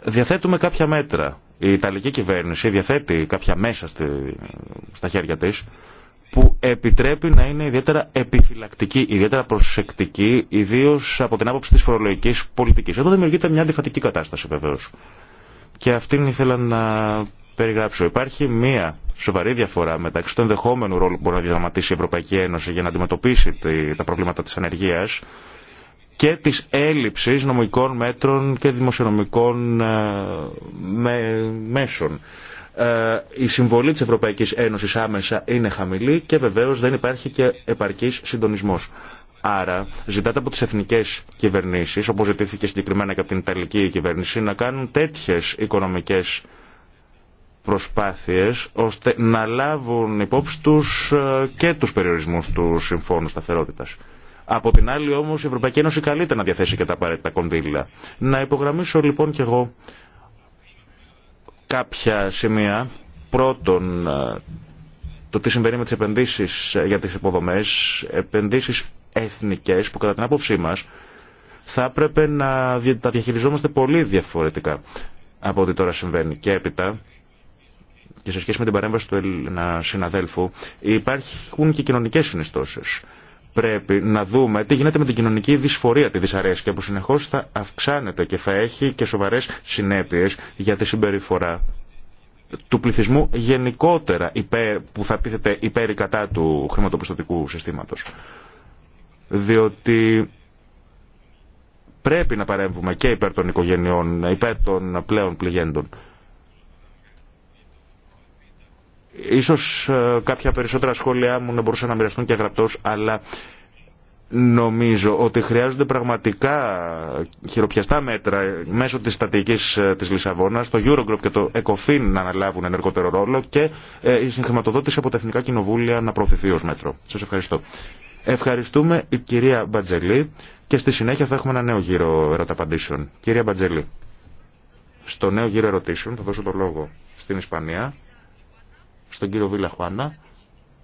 διαθέτουμε κάποια μέτρα. Η Ιταλική κυβέρνηση διαθέτει κάποια μέσα στη, στα χέρια της, που επιτρέπει να είναι ιδιαίτερα επιφυλακτική, ιδιαίτερα προσεκτική, ιδίω από την άποψη τη φορολογική πολιτική. Εδώ δημιουργείται μια αντιφατική κατάσταση βεβαίω. Και αυτήν ήθελα να περιγράψω. Υπάρχει μια σοβαρή διαφορά μεταξύ του ενδεχόμενου ρόλου που μπορεί να διαδραματίσει η Ευρωπαϊκή Ένωση για να αντιμετωπίσει τα προβλήματα τη ανεργία και τη έλλειψη νομικών μέτρων και δημοσιονομικών ε, μέσων. Ε, η συμβολή της Ευρωπαϊκής Ένωσης άμεσα είναι χαμηλή και βεβαίως δεν υπάρχει και επαρκής συντονισμός. Άρα ζητάτε από τις εθνικές κυβερνήσεις, όπως ζητήθηκε συγκεκριμένα και από την Ιταλική κυβέρνηση, να κάνουν τέτοιες οικονομικές προσπάθειες ώστε να λάβουν υπόψη τους ε, και τους περιορισμούς του Συμφώνου Σταθερότητας. Από την άλλη όμως η Ευρωπαϊκή Ένωση καλείται να διαθέσει και τα απαραίτητα κονδύλια. Να υπογραμμίσω λοιπόν και εγώ κάποια σημεία. Πρώτον, ε, το τι συμβαίνει με τις επενδύσεις ε, για τις υποδομές, επενδύσεις εθνικές που κατά την άποψή μας θα έπρεπε να τα διαχειριζόμαστε πολύ διαφορετικά από ό,τι τώρα συμβαίνει. Και έπειτα, και σε σχέση με την παρέμβαση του Συναδέλφου, υπάρχουν και κοινωνικές συνιστώσεις πρέπει να δούμε τι γίνεται με την κοινωνική δυσφορία, τη δυσαρέσκεια που συνεχώς θα αυξάνεται και θα έχει και σοβαρές συνέπειες για τη συμπεριφορά του πληθυσμού γενικότερα υπέρ, που θα πείθεται υπέρ ή κατά του χρηματοπιστωτικού συστήματος. Διότι πρέπει να παρέμβουμε και υπέρ των οικογενειών, υπέρ των πλέον πληγέντων. Ίσως ε, κάποια περισσότερα σχόλιά μου να μπορούσαν να μοιραστούν και γραπτός, αλλά νομίζω ότι χρειάζονται πραγματικά χειροπιαστά μέτρα μέσω της στατικής ε, της Λισαβόνας, το Eurogroup και το ECOFIN να αναλάβουν ενεργότερο ρόλο και ε, η συγχρηματοδότηση από τα Εθνικά Κοινοβούλια να προωθηθεί ως μέτρο. Σας ευχαριστώ. Ευχαριστούμε η κυρία Μπατζελή και στη συνέχεια θα έχουμε ένα νέο γύρο ερωταπαντήσεων. Κυρία Μπατζελή, στο νέο γύρο ερωτήσεων θα δώσω το λόγο στην Ισπανία στον κύριο Βίλα Χουάνα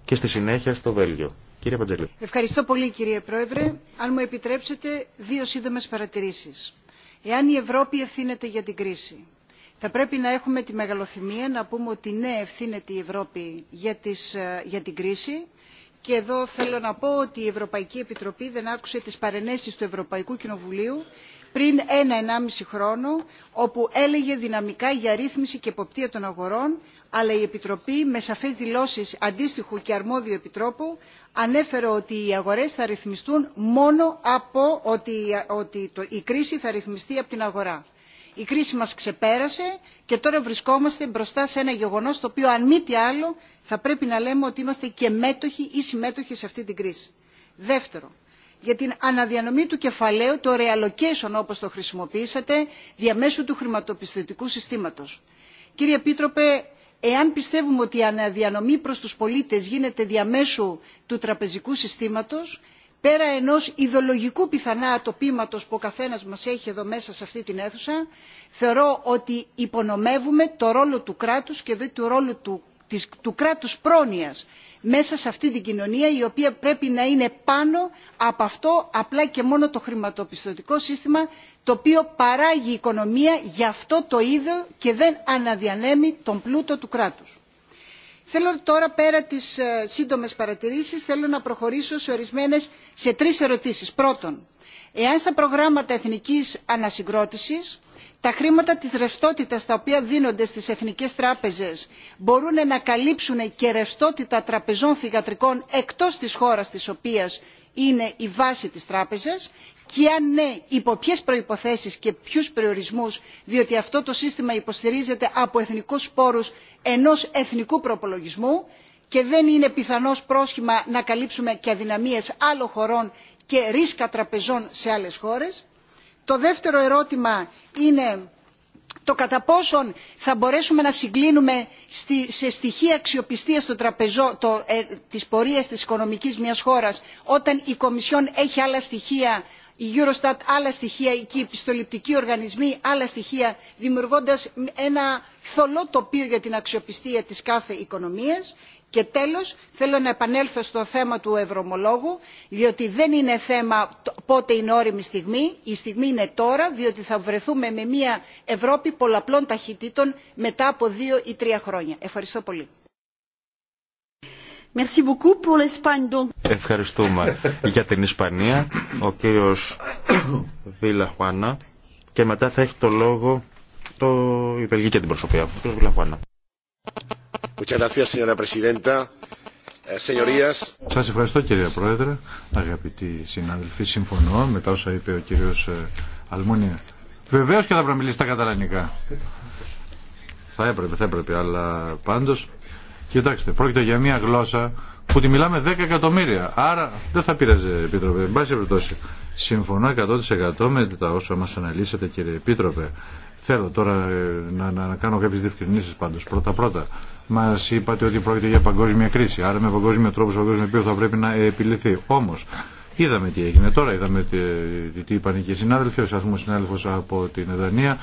και στη συνέχεια στο Βέλγιο. Κύριε Παντζελή. Ευχαριστώ πολύ κύριε Πρόεδρε. Αν μου επιτρέψετε δύο σύντομες παρατηρήσεις. Εάν η Ευρώπη ευθύνεται για την κρίση, θα πρέπει να έχουμε τη μεγαλοθυμία να πούμε ότι ναι ευθύνεται η Ευρώπη για, τις, ε, για την κρίση και εδώ θέλω να πω ότι η Ευρωπαϊκή Επιτροπή δεν άκουσε τις παρενέσεις του Ευρωπαϊκού Κοινοβουλίου πριν ένα-ενάμιση χρόνο, όπου έλεγε δυναμικά για ρύθμιση και εποπτεία των αγορών αλλά η Επιτροπή με σαφές δηλώσεις αντίστοιχου και αρμόδιου επιτρόπου ανέφερε ότι οι αγορές θα ρυθμιστούν μόνο από ότι, η κρίση θα ρυθμιστεί από την αγορά. Η κρίση μας ξεπέρασε και τώρα βρισκόμαστε μπροστά σε ένα γεγονός το οποίο αν μη τι άλλο θα πρέπει να λέμε ότι είμαστε και μέτοχοι ή συμμέτοχοι σε αυτή την κρίση. Δεύτερο, για την αναδιανομή του κεφαλαίου, το reallocation όπως το χρησιμοποιήσατε, διαμέσου του χρηματοπιστωτικού συστήματος. Κύριε Επίτροπε, εάν πιστεύουμε ότι η αναδιανομή προς τους πολίτες γίνεται διαμέσου του τραπεζικού συστήματος πέρα ενός ιδεολογικού πιθανά ατοπήματος που ο καθένας μας έχει εδώ μέσα σε αυτή την αίθουσα θεωρώ ότι υπονομεύουμε το ρόλο του κράτους και δε του ρόλου του του κράτους πρόνοιας μέσα σε αυτή την κοινωνία η οποία πρέπει να είναι πάνω από αυτό απλά και μόνο το χρηματοπιστωτικό σύστημα το οποίο παράγει οικονομία για αυτό το είδο και δεν αναδιανέμει τον πλούτο του κράτους. Θέλω τώρα πέρα τις ε, σύντομες παρατηρήσεις θέλω να προχωρήσω σε ορισμένες σε τρεις ερωτήσεις. Πρώτον, εάν στα προγράμματα εθνικής ανασυγκρότησης τα χρήματα της ρευστότητας τα οποία δίνονται στις εθνικές τράπεζες μπορούν να καλύψουν και ρευστότητα τραπεζών θυγατρικών εκτός της χώρας της οποίας είναι η βάση της τράπεζας και αν ναι υπό ποιες προϋποθέσεις και ποιους περιορισμούς διότι αυτό το σύστημα υποστηρίζεται από εθνικούς πόρους ενός εθνικού προπολογισμού και δεν είναι πιθανώς πρόσχημα να καλύψουμε και αδυναμίες άλλων χωρών και ρίσκα τραπεζών σε άλλες χώρες το δεύτερο ερώτημα είναι το κατά πόσον θα μπορέσουμε να συγκλίνουμε σε στοιχεία αξιοπιστία στο τραπεζό, της ε, πορείας της οικονομικής μιας χώρας όταν η Κομισιόν έχει άλλα στοιχεία, η Eurostat άλλα στοιχεία οι πιστοληπτικοί οργανισμοί άλλα στοιχεία δημιουργώντας ένα θολό τοπίο για την αξιοπιστία της κάθε οικονομίας και τέλος θέλω να επανέλθω στο θέμα του ευρωομολόγου διότι δεν είναι θέμα πότε είναι όριμη στιγμή, η στιγμή είναι τώρα διότι θα βρεθούμε με μια Ευρώπη πολλαπλών ταχυτήτων μετά από δύο ή τρία χρόνια. Ευχαριστώ πολύ. Ευχαριστούμε για την Ισπανία. Ο κύριος Βίλα και μετά θα έχει το λόγο το... η Βελγική αντιπροσωπεία. Eh, Σας ευχαριστώ κύριε Πρόεδρε, αγαπητοί συναδελφοί, συμφωνώ με τα όσα είπε ο κύριος ε, Αλμούνια. Βεβαίως και θα πρέπει να μιλήσει στα καταλανικά. Θα έπρεπε, θα έπρεπε, αλλά πάντως, κοιτάξτε, πρόκειται για μια γλώσσα που τη μιλάμε 10 εκατομμύρια. Άρα δεν θα πειράζει, Επίτροπε. Εν πάση περιπτώσει, συμφωνώ 100% με τα όσα μας αναλύσατε, κύριε Επίτροπε. Θέλω τώρα ε, να, να, να κάνω κάποιε διευκρινήσει πάντω. Πρώτα-πρώτα, μα είπατε ότι πρόκειται για παγκόσμια κρίση. Άρα με παγκόσμιο τρόπο, σε παγκόσμιο οποίο θα πρέπει να επιληθεί. Όμω, είδαμε τι έγινε τώρα, είδαμε τι, τι είπαν και οι συνάδελφοι, ο σταθμό συνάδελφο από την Δανία.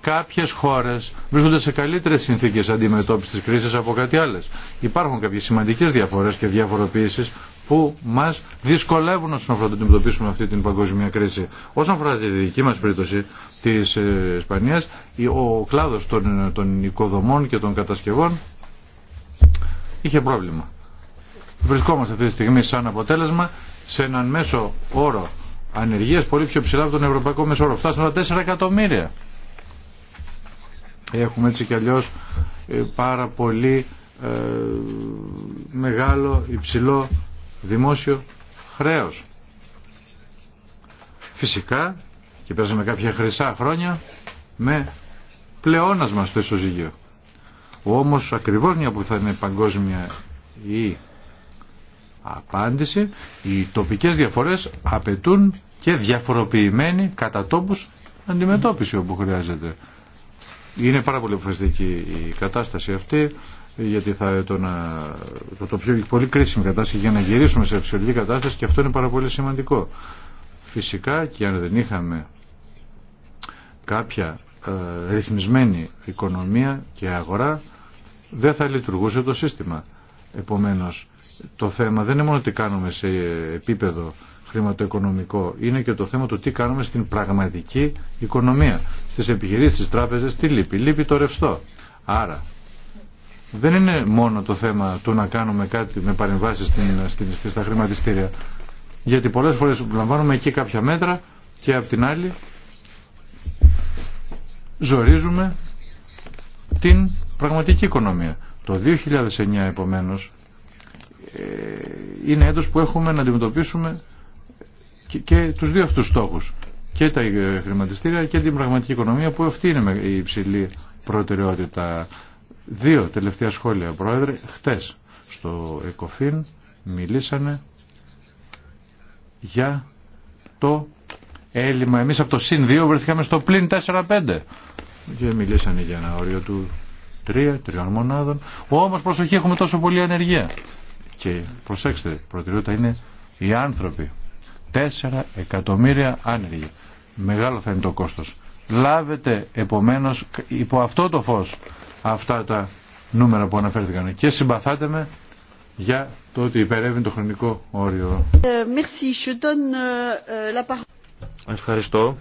Κάποιε χώρε βρίσκονται σε καλύτερε συνθήκε αντιμετώπιση τη κρίση από κάτι άλλε. Υπάρχουν κάποιε σημαντικέ διαφορέ και διαφοροποιήσει που μα δυσκολεύουν όσον αφορά να αντιμετωπίσουμε αυτή την παγκόσμια κρίση. Όσον αφορά τη δική μα περίπτωση τη ε, Ισπανία, ο κλάδο των, των οικοδομών και των κατασκευών είχε πρόβλημα. Βρισκόμαστε αυτή τη στιγμή σαν αποτέλεσμα σε έναν μέσο όρο ανεργίας πολύ πιο ψηλά από τον ευρωπαϊκό μέσο όρο. Φτάσουν τα 4 εκατομμύρια. Έχουμε έτσι κι αλλιώς ε, πάρα πολύ ε, μεγάλο, υψηλό δημόσιο χρέος. Φυσικά και πέρασαμε κάποια χρυσά χρόνια με πλεόνασμα στο ισοζύγιο. Όμως ακριβώς μια που θα είναι παγκόσμια η απάντηση, οι τοπικές διαφορές απαιτούν και διαφοροποιημένη κατά τόπους αντιμετώπιση όπου χρειάζεται. Είναι πάρα πολύ αποφασιστική η κατάσταση αυτή γιατί θα, το, να, το, το πιο πολύ κρίσιμη κατάσταση για να γυρίσουμε σε φυσιολογική κατάσταση και αυτό είναι πάρα πολύ σημαντικό. Φυσικά και αν δεν είχαμε κάποια ε, ρυθμισμένη οικονομία και αγορά δεν θα λειτουργούσε το σύστημα. Επομένως, το θέμα δεν είναι μόνο τι κάνουμε σε επίπεδο χρηματοοικονομικό, είναι και το θέμα του τι κάνουμε στην πραγματική οικονομία. Στις επιχειρήσεις, στις τράπεζες, τι λείπει. Λείπει το ρευστό. Άρα, δεν είναι μόνο το θέμα του να κάνουμε κάτι με παρεμβάσει στην, στα χρηματιστήρια. Γιατί πολλές φορές λαμβάνουμε εκεί κάποια μέτρα και απ' την άλλη ζορίζουμε την πραγματική οικονομία. Το 2009 επομένως ε, είναι έτος που έχουμε να αντιμετωπίσουμε και, και τους δύο αυτούς στόχους. Και τα ε, χρηματιστήρια και την πραγματική οικονομία που αυτή είναι η υψηλή προτεραιότητα. Δύο τελευταία σχόλια, Πρόεδρε. Χτες στο ΕΚΟΦΗΝ μιλήσανε για το έλλειμμα. Εμείς από το ΣΥΝ 2 βρεθήκαμε στο πλήν 4-5 και μιλήσανε για ένα όριο του 3, τριών μονάδων. Όμως προσοχή έχουμε τόσο πολλή ανεργία. Και προσέξτε, προτεραιότητα είναι οι άνθρωποι. 4 εκατομμύρια άνεργοι. Μεγάλο θα είναι το κόστος. Λάβετε επομένως υπό αυτό το φως αυτά τα νούμερα που αναφέρθηκαν και συμπαθάτε με για το ότι υπερεύει το χρονικό όριο. Ε, ε, Ευχαριστώ.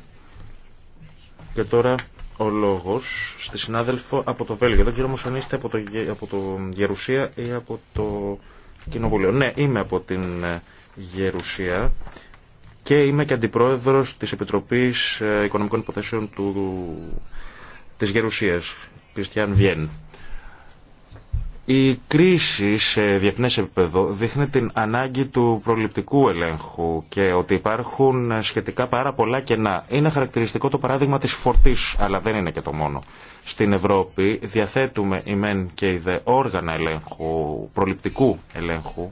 Και τώρα ο λόγος στη συνάδελφο από το Βέλγιο. Δεν ξέρω όμως αν είστε από το, από Γερουσία ή από το Κοινοβούλιο. Ναι, είμαι από την ε, Γερουσία και είμαι και αντιπρόεδρος της Επιτροπής Οικονομικών Υποθέσεων του, της Γερουσίας. Κριστιαν Η κρίση σε διεθνές επίπεδο δείχνει την ανάγκη του προληπτικού ελέγχου και ότι υπάρχουν σχετικά πάρα πολλά κενά. Είναι χαρακτηριστικό το παράδειγμα της φορτής, αλλά δεν είναι και το μόνο. Στην Ευρώπη διαθέτουμε η και η ΔΕ όργανα ελέγχου, προληπτικού ελέγχου,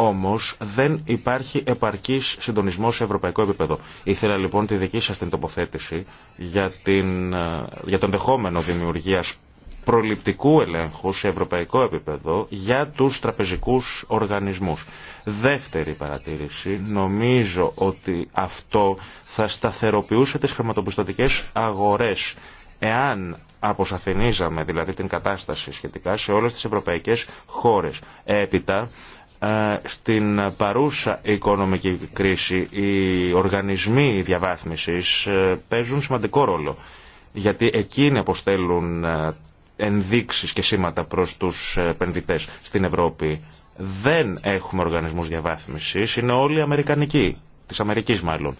όμως δεν υπάρχει επαρκής συντονισμός σε ευρωπαϊκό επίπεδο. Ήθελα λοιπόν τη δική σας την τοποθέτηση για, την, ε, τον δεχόμενο δημιουργίας προληπτικού ελέγχου σε ευρωπαϊκό επίπεδο για τους τραπεζικούς οργανισμούς. Δεύτερη παρατήρηση, νομίζω ότι αυτό θα σταθεροποιούσε τις χρηματοπιστωτικές αγορές εάν αποσαφηνίζαμε δηλαδή την κατάσταση σχετικά σε όλες τις ευρωπαϊκές χώρες. Έπειτα ε, στην παρούσα οικονομική κρίση οι οργανισμοί διαβάθμισης ε, παίζουν σημαντικό ρόλο γιατί εκείνοι αποστέλουν ε, ενδείξεις και σήματα προς τους επενδυτές στην Ευρώπη. Δεν έχουμε οργανισμούς διαβάθμισης, είναι όλοι αμερικανικοί, της Αμερικής μάλλον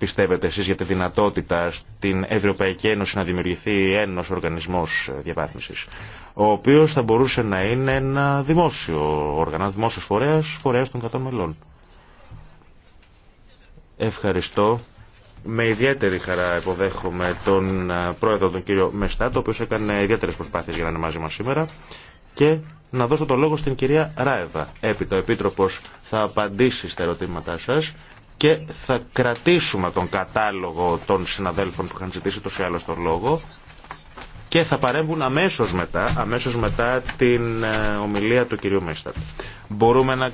πιστεύετε εσείς για τη δυνατότητα στην Ευρωπαϊκή Ένωση να δημιουργηθεί ένας οργανισμός διαβάθμισης, ο οποίος θα μπορούσε να είναι ένα δημόσιο όργανο, ένα δημόσιο φορέας, των 100 μελών. Ευχαριστώ. Με ιδιαίτερη χαρά υποδέχομαι τον ε, πρόεδρο, τον κύριο Μεστάτο, ο οποίος έκανε ιδιαίτερες προσπάθειες για να είναι μαζί μας σήμερα και να δώσω το λόγο στην κυρία Ράεβα. Έπειτα ο Επίτροπος θα απαντήσει στα ερωτήματά σας και θα κρατήσουμε τον κατάλογο των συναδέλφων που είχαν ζητήσει το ή άλλο λόγο και θα παρέμβουν αμέσως μετά, αμέσως μετά την ε, ομιλία του κυρίου Μέστατ. Μπορούμε να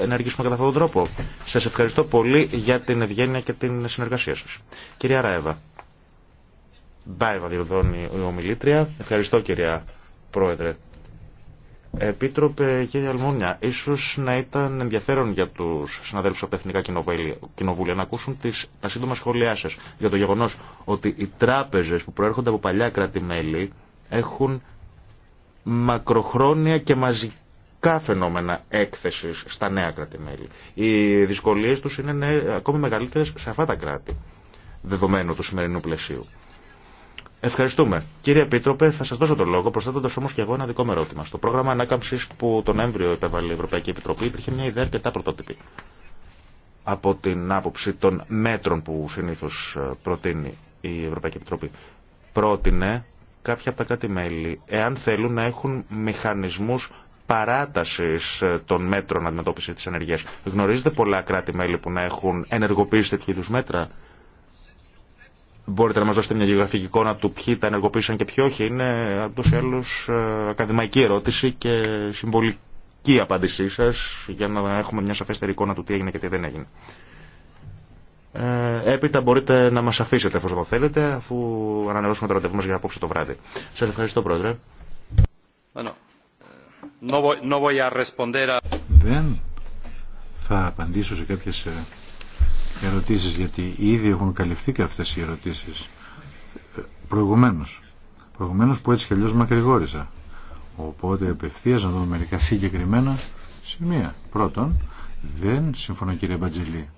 ενεργήσουμε κατά αυτόν τον τρόπο. Σας ευχαριστώ πολύ για την ευγένεια και την συνεργασία σας. Κυρία Ράεβα. μπάει διορθώνει η ομιλήτρια. Ευχαριστώ κυρία Πρόεδρε. Επίτροπε, κύριε Αλμούνια, ίσως να ήταν ενδιαφέρον για τους συναδέλφους από τα Εθνικά Κοινοβούλια να ακούσουν τις, τα σύντομα σχόλιά σα, για το γεγονός ότι οι τράπεζες που προέρχονται από παλιά κράτη-μέλη έχουν μακροχρόνια και μαζικά φαινόμενα έκθεσης στα νέα κράτη-μέλη. Οι δυσκολίε τους είναι ναι, ακόμη μεγαλύτερε σε αυτά τα κράτη, δεδομένου του σημερινού πλαισίου. Ευχαριστούμε. Κύριε Επίτροπε, θα σα δώσω τον λόγο, προσθέτοντα όμω και εγώ ένα δικό μου ερώτημα. Στο πρόγραμμα ανάκαμψη που τον έμβριο επέβαλε η Ευρωπαϊκή Επιτροπή υπήρχε μια ιδέα αρκετά πρωτότυπη από την άποψη των μέτρων που συνήθω ε, προτείνει η Ευρωπαϊκή Επιτροπή. Πρότεινε κάποια από τα κράτη-μέλη, εάν θέλουν να έχουν μηχανισμού παράταση ε, των μέτρων αντιμετώπιση τη ενεργεια. Γνωρίζετε πολλά κράτη-μέλη που να έχουν ενεργοποιήσει τέτοιου μέτρα. Μπορείτε να μας δώσετε μια γεωγραφική εικόνα του ποιοι τα ενεργοποίησαν και ποιοι όχι. Είναι αντός άλλω ε, ακαδημαϊκή ερώτηση και συμβολική απάντησή σας για να έχουμε μια σαφέστερη εικόνα του τι έγινε και τι δεν έγινε. Ε, έπειτα μπορείτε να μας αφήσετε εφόσον το θέλετε αφού ανανεώσουμε το ραντεβού μας για απόψε το βράδυ. Σας ευχαριστώ πρόεδρε. Δεν θα απαντήσω σε κάποιες ε, ερωτήσεις γιατί ήδη έχουν καλυφθεί και αυτές οι ερωτήσεις ε, προηγουμένως προηγουμένως που έτσι αλλιώς μακρηγόρησα οπότε απευθείας να δούμε μερικά συγκεκριμένα σημεία πρώτον δεν συμφωνώ κύριε Μπατζηλή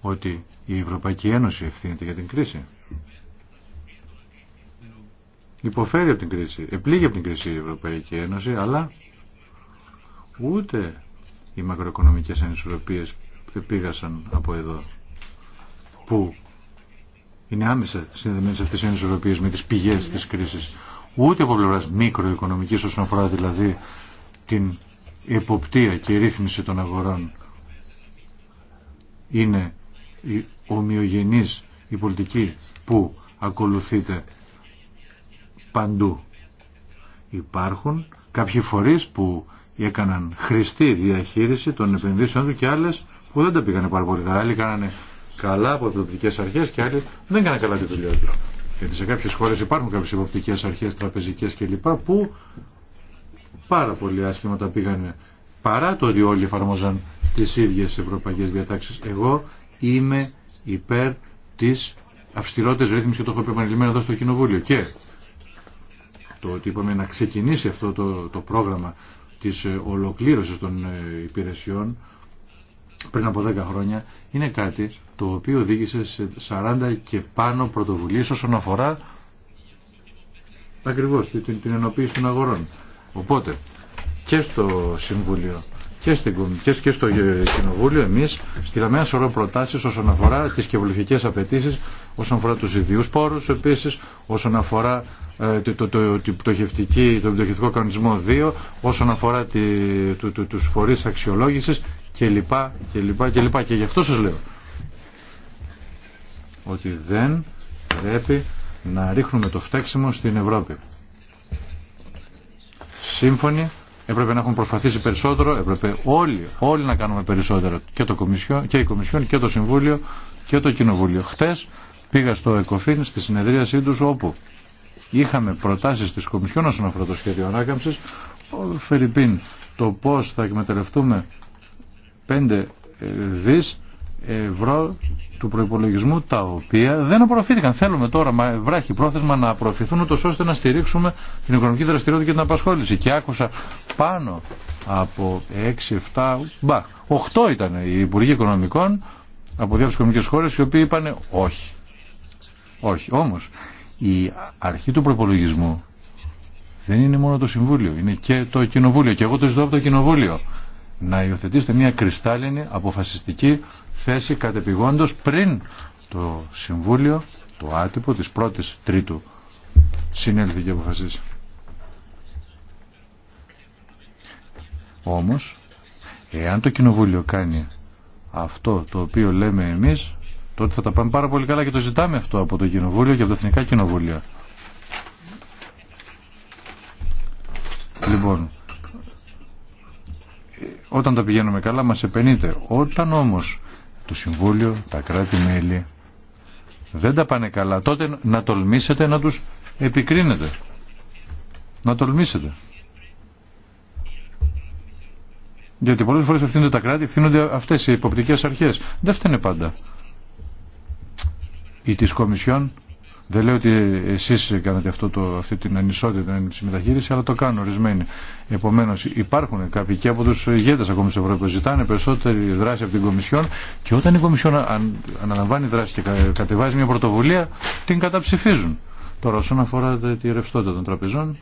ότι η Ευρωπαϊκή Ένωση ευθύνεται για την κρίση υποφέρει από την κρίση επλήγει από την κρίση η Ευρωπαϊκή Ένωση αλλά ούτε οι μακροοικονομικές ανισορροπίες πήγασαν από εδώ που είναι άμεσα σε αυτές οι ανισορροπίε με τις πηγές τη κρίση, ούτε από πλευρά μικροοικονομική, όσον αφορά δηλαδή την εποπτεία και η ρύθμιση των αγορών είναι η ομοιογενής η πολιτική που ακολουθείται παντού. Υπάρχουν κάποιοι φορείς που έκαναν χρηστή διαχείριση των επενδύσεων του και άλλες που δεν τα πήγανε πάρα πολύ καλά. Άλλοι κάνανε καλά από τοπικές αρχές και άλλοι δεν έκαναν καλά τη δουλειά του. Γιατί σε κάποιες χώρες υπάρχουν κάποιες υποπτικέ αρχές, τραπεζικές κλπ. που πάρα πολύ άσχημα τα πήγανε παρά το ότι όλοι εφαρμόζαν τις ίδιες ευρωπαϊκές διατάξεις. Εγώ είμαι υπέρ της αυστηρότερης ρύθμισης και το έχω επανειλημμένο εδώ στο Κοινοβούλιο. Και το ότι είπαμε να ξεκινήσει αυτό το, το πρόγραμμα της ε, ολοκλήρωσης των ε, υπηρεσιών πριν από 10 χρόνια είναι κάτι το οποίο οδήγησε σε 40 και πάνω πρωτοβουλίε όσον αφορά ακριβώς την, την ενοποίηση των αγορών. Οπότε και στο Συμβούλιο και, στην, και, και στο Κοινοβούλιο εμείς στείλαμε ένα σωρό προτάσεις όσον αφορά τις κεβολογικέ απαιτήσεις, όσον αφορά τους ιδίους πόρους επίσης, όσον αφορά ε, το, το, το, το, πτωχευτικό κανονισμό 2, όσον αφορά τη, του, φορεί τους φορείς αξιολόγησης και λοιπά και λοιπά και λοιπά. Και γι' αυτό σας λέω ότι δεν πρέπει να ρίχνουμε το φταίξιμο στην Ευρώπη. Σύμφωνοι, έπρεπε να έχουν προσπαθήσει περισσότερο, έπρεπε όλοι, όλοι να κάνουμε περισσότερο και, το Κομισιό, και η Κομισιόν και το Συμβούλιο και το Κοινοβούλιο. Χτες πήγα στο ΕΚΟΦΗΝ στη συνεδρίασή τους όπου είχαμε προτάσεις της Κομισιόν όσον αφορά το σχέδιο ανάκαμψης, το πώς θα εκμεταλλευτούμε 5 ε, δις ευρώ του προπολογισμού τα οποία δεν απορροφήθηκαν. Θέλουμε τώρα μα, βράχη πρόθεσμα να απορροφηθούν ούτως ώστε να στηρίξουμε την οικονομική δραστηριότητα και την απασχόληση. Και άκουσα πάνω από 6, 7, μπα, 8 ήταν οι Υπουργοί Οικονομικών από διάφορες οικονομικές χώρες οι οποίοι είπαν όχι. Όχι. Όμως η αρχή του προπολογισμού δεν είναι μόνο το Συμβούλιο, είναι και το Κοινοβούλιο. Και εγώ το ζητώ από το Κοινοβούλιο να υιοθετήσετε μια κρυστάλλινη αποφασιστική θέση κατεπηγόντως πριν το Συμβούλιο, το άτυπο της πρώτης τρίτου συνέλθει και αποφασίσει. Όμως, εάν το Κοινοβούλιο κάνει αυτό το οποίο λέμε εμείς, τότε θα τα πάμε πάρα πολύ καλά και το ζητάμε αυτό από το Κοινοβούλιο και από τα Εθνικά Κοινοβούλια. Λοιπόν, όταν τα πηγαίνουμε καλά μας επενείται. Όταν όμως το Συμβούλιο, τα κράτη-μέλη δεν τα πάνε καλά, τότε να τολμήσετε να τους επικρίνετε. Να τολμήσετε. Γιατί πολλές φορές ευθύνονται τα κράτη, ευθύνονται αυτές οι υποπτικές αρχές. Δεν φταίνε πάντα. η της Κομισιόν δεν λέω ότι εσείς κάνατε αυτό το, αυτή την ανισότητα, την συμμεταχείριση, αλλά το κάνουν ορισμένοι. Επομένως υπάρχουν κάποιοι και από τους ηγέτες ακόμη σε Ευρώπη που ζητάνε περισσότερη δράση από την Κομισιόν και όταν η Κομισιόν αναλαμβάνει δράση και κατεβάζει μια πρωτοβουλία την καταψηφίζουν. Τώρα όσον αφορά τη ρευστότητα των τραπεζών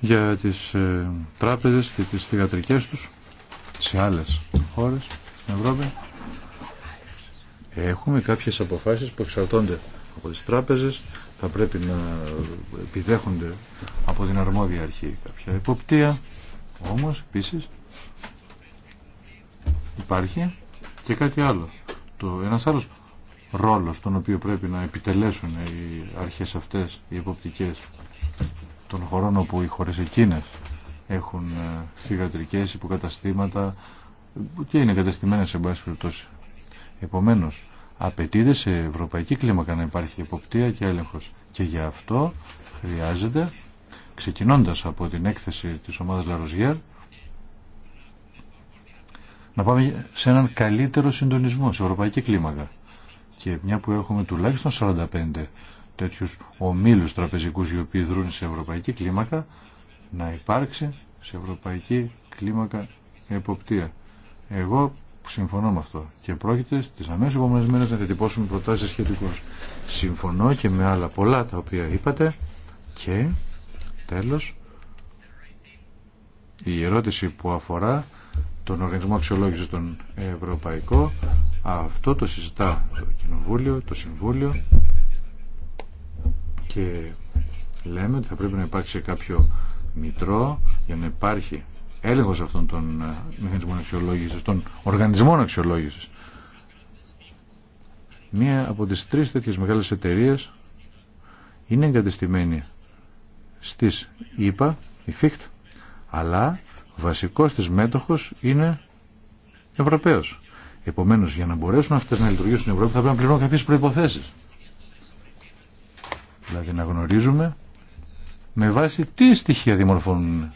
για τις ε, τράπεζες και τις θηγατρικές τους σε άλλες χώρες στην Ευρώπη έχουμε κάποιες αποφάσεις που εξαρτώνται από τις τράπεζες θα πρέπει να επιδέχονται από την αρμόδια αρχή κάποια υποπτία όμως επίσης υπάρχει και κάτι άλλο το, ένας άλλος ρόλος τον οποίο πρέπει να επιτελέσουν οι αρχές αυτές οι υποπτικές των χωρών όπου οι χώρες εκείνες έχουν θηγατρικές ε, υποκαταστήματα και είναι καταστημένες σε πάση περιπτώσει. Επομένως, απαιτείται σε ευρωπαϊκή κλίμακα να υπάρχει εποπτεία και έλεγχος. Και γι' αυτό χρειάζεται, ξεκινώντας από την έκθεση της ομάδας Λαροζιέρ, να πάμε σε έναν καλύτερο συντονισμό σε ευρωπαϊκή κλίμακα. Και μια που έχουμε τουλάχιστον 45 τέτοιους ομίλους τραπεζικούς οι οποίοι δρούν σε ευρωπαϊκή κλίμακα, να υπάρξει σε ευρωπαϊκή κλίμακα εποπτεία. Εγώ συμφωνώ με αυτό και πρόκειται στις αμέσως επόμενες μέρες να διατυπώσουμε προτάσεις σχετικώς. Συμφωνώ και με άλλα πολλά τα οποία είπατε και τέλος η ερώτηση που αφορά τον Οργανισμό αξιολόγηση τον Ευρωπαϊκό αυτό το συζητά το Κοινοβούλιο, το Συμβούλιο και λέμε ότι θα πρέπει να υπάρξει κάποιο Μητρό για να υπάρχει έλεγχος αυτών των ε, μηχανισμών αξιολόγησης, των οργανισμών αξιολόγησης. Μία από τις τρεις τέτοιες μεγάλες εταιρείες είναι εγκατεστημένη στις ΙΠΑ, η ΦΙΧΤ, αλλά βασικός της μέτοχος είναι Ευρωπαίος. Επομένως, για να μπορέσουν αυτές να λειτουργήσουν στην Ευρώπη θα πρέπει να πληρώνουν κάποιες προϋποθέσεις. Δηλαδή να γνωρίζουμε με βάση τι στοιχεία δημορφώνουν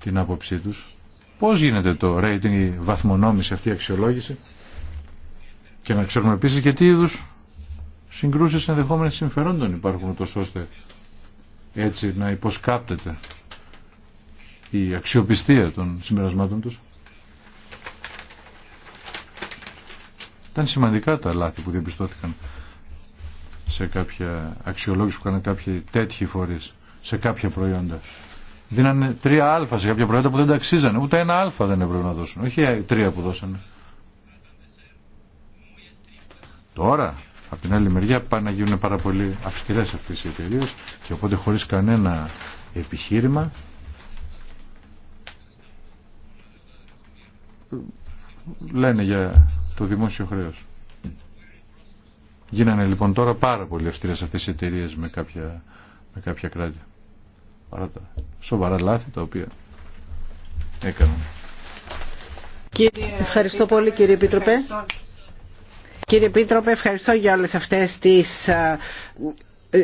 την άποψή τους. Πώς γίνεται το rating, η βαθμονόμηση, αυτή η αξιολόγηση και να ξέρουμε επίσης και τι είδους συγκρούσεις ενδεχόμενες συμφερόντων υπάρχουν τόσο ώστε έτσι να υποσκάπτεται η αξιοπιστία των συμπερασμάτων τους. Ήταν σημαντικά τα λάθη που διαπιστώθηκαν σε κάποια αξιολόγηση που κάνουν κάποιοι τέτοιοι φορείς σε κάποια προϊόντα. Δίνανε τρία αλφα σε κάποια προϊόντα που δεν τα αξίζανε. Ούτε ένα αλφα δεν έπρεπε να δώσουν. Όχι τρία που δώσανε. Τώρα, από την άλλη μεριά, πάνε να γίνουν πάρα πολύ αυστηρές αυτές οι εταιρείε και οπότε χωρίς κανένα επιχείρημα λένε για το δημόσιο χρέος. Γίνανε λοιπόν τώρα πάρα πολύ αυστηρές αυτές οι εταιρείε με κάποια, με κάποια κράτη παρά τα σοβαρά λάθη τα οποία έκαναν. Ευχαριστώ πολύ κύριε πίτροπε. Κύριε πίτροπε ευχαριστώ για όλες αυτές τις ε,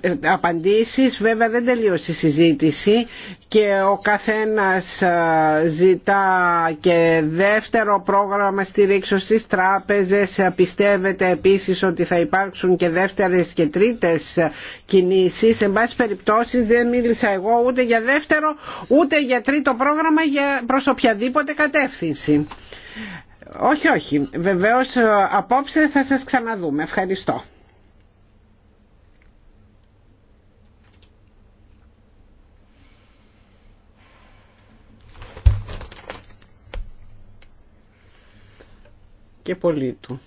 ε, ε, απαντήσεις βέβαια δεν τελείωσε η συζήτηση και ο καθένας ζητά και δεύτερο πρόγραμμα στηρίξω στις τράπεζες πιστεύετε επίσης ότι θα υπάρξουν και δεύτερες και τρίτες κινήσεις εν πάση περιπτώσει δεν μίλησα εγώ ούτε για δεύτερο ούτε για τρίτο πρόγραμμα για προς οποιαδήποτε κατεύθυνση όχι όχι βεβαίως απόψε θα σας ξαναδούμε ευχαριστώ και του.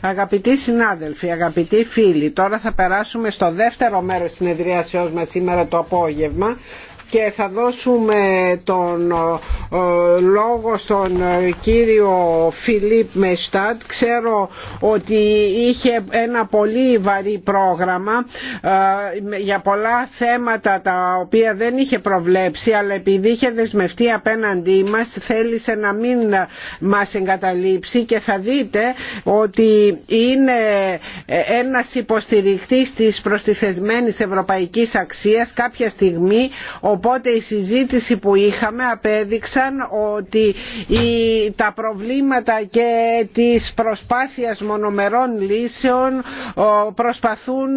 Αγαπητοί συνάδελφοι, αγαπητοί φίλοι, τώρα θα περάσουμε στο δεύτερο μέρος συνεδρίασής μας σήμερα το απόγευμα και θα δώσουμε τον λόγο στον ε, κύριο Φιλίπ Μεστάτ. Ξέρω ότι είχε ένα πολύ βαρύ πρόγραμμα ε, για πολλά θέματα τα οποία δεν είχε προβλέψει αλλά επειδή είχε δεσμευτεί απέναντί μας θέλησε να μην μας εγκαταλείψει και θα δείτε ότι είναι ε, ένας υποστηρικτής της προστιθεσμένης ευρωπαϊκής αξίας κάποια στιγμή Οπότε η συζήτηση που είχαμε απέδειξαν ότι τα προβλήματα και της προσπάθειας μονομερών λύσεων προσπαθούν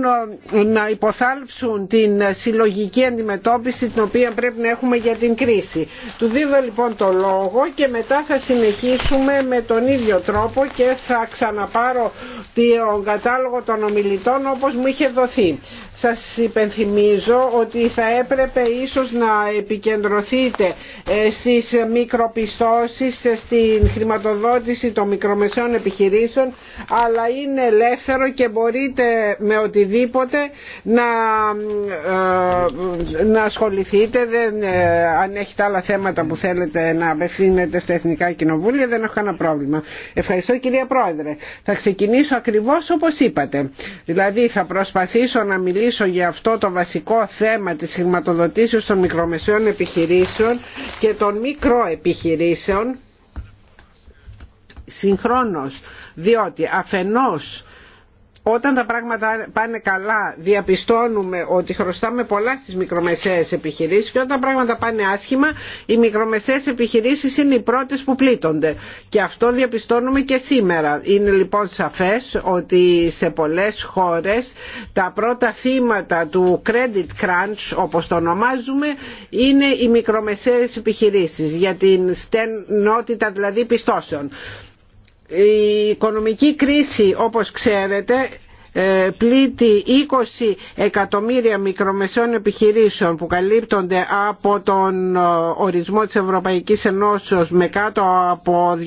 να υποθάλψουν την συλλογική αντιμετώπιση την οποία πρέπει να έχουμε για την κρίση. Του δίδω λοιπόν το λόγο και μετά θα συνεχίσουμε με τον ίδιο τρόπο και θα ξαναπάρω τον κατάλογο των ομιλητών όπως μου είχε δοθεί. Σας υπενθυμίζω ότι θα έπρεπε ίσως να επικεντρωθείτε ε, στις μικροπιστώσεις, στην χρηματοδότηση των μικρομεσαίων επιχειρήσεων αλλά είναι ελεύθερο και μπορείτε με οτιδήποτε να, ε, να ασχοληθείτε δεν, ε, αν έχετε άλλα θέματα που θέλετε να απευθύνετε στα Εθνικά Κοινοβούλια δεν έχω κανένα πρόβλημα. Ευχαριστώ κυρία Πρόεδρε. Θα ξεκινήσω ακριβώς όπως είπατε. Δηλαδή θα προσπαθήσω να μιλήσω για αυτό το βασικό θέμα της χρηματοδοτήσεως των μικρομεσαίων επιχειρήσεων και των μικροεπιχειρήσεων συγχρόνως διότι αφενός όταν τα πράγματα πάνε καλά διαπιστώνουμε ότι χρωστάμε πολλά στις μικρομεσαίες επιχειρήσεις και όταν τα πράγματα πάνε άσχημα οι μικρομεσαίες επιχειρήσεις είναι οι πρώτες που πλήττονται και αυτό διαπιστώνουμε και σήμερα. Είναι λοιπόν σαφές ότι σε πολλές χώρες τα πρώτα θύματα του credit crunch όπως το ονομάζουμε είναι οι μικρομεσαίες επιχειρήσεις για την στενότητα δηλαδή πιστώσεων η οικονομική κρίση όπως ξέρετε ε, πλήττει 20 εκατομμύρια μικρομεσαίων επιχειρήσεων που καλύπτονται από τον ε, ορισμό της Ευρωπαϊκής Ενώσεως με κάτω από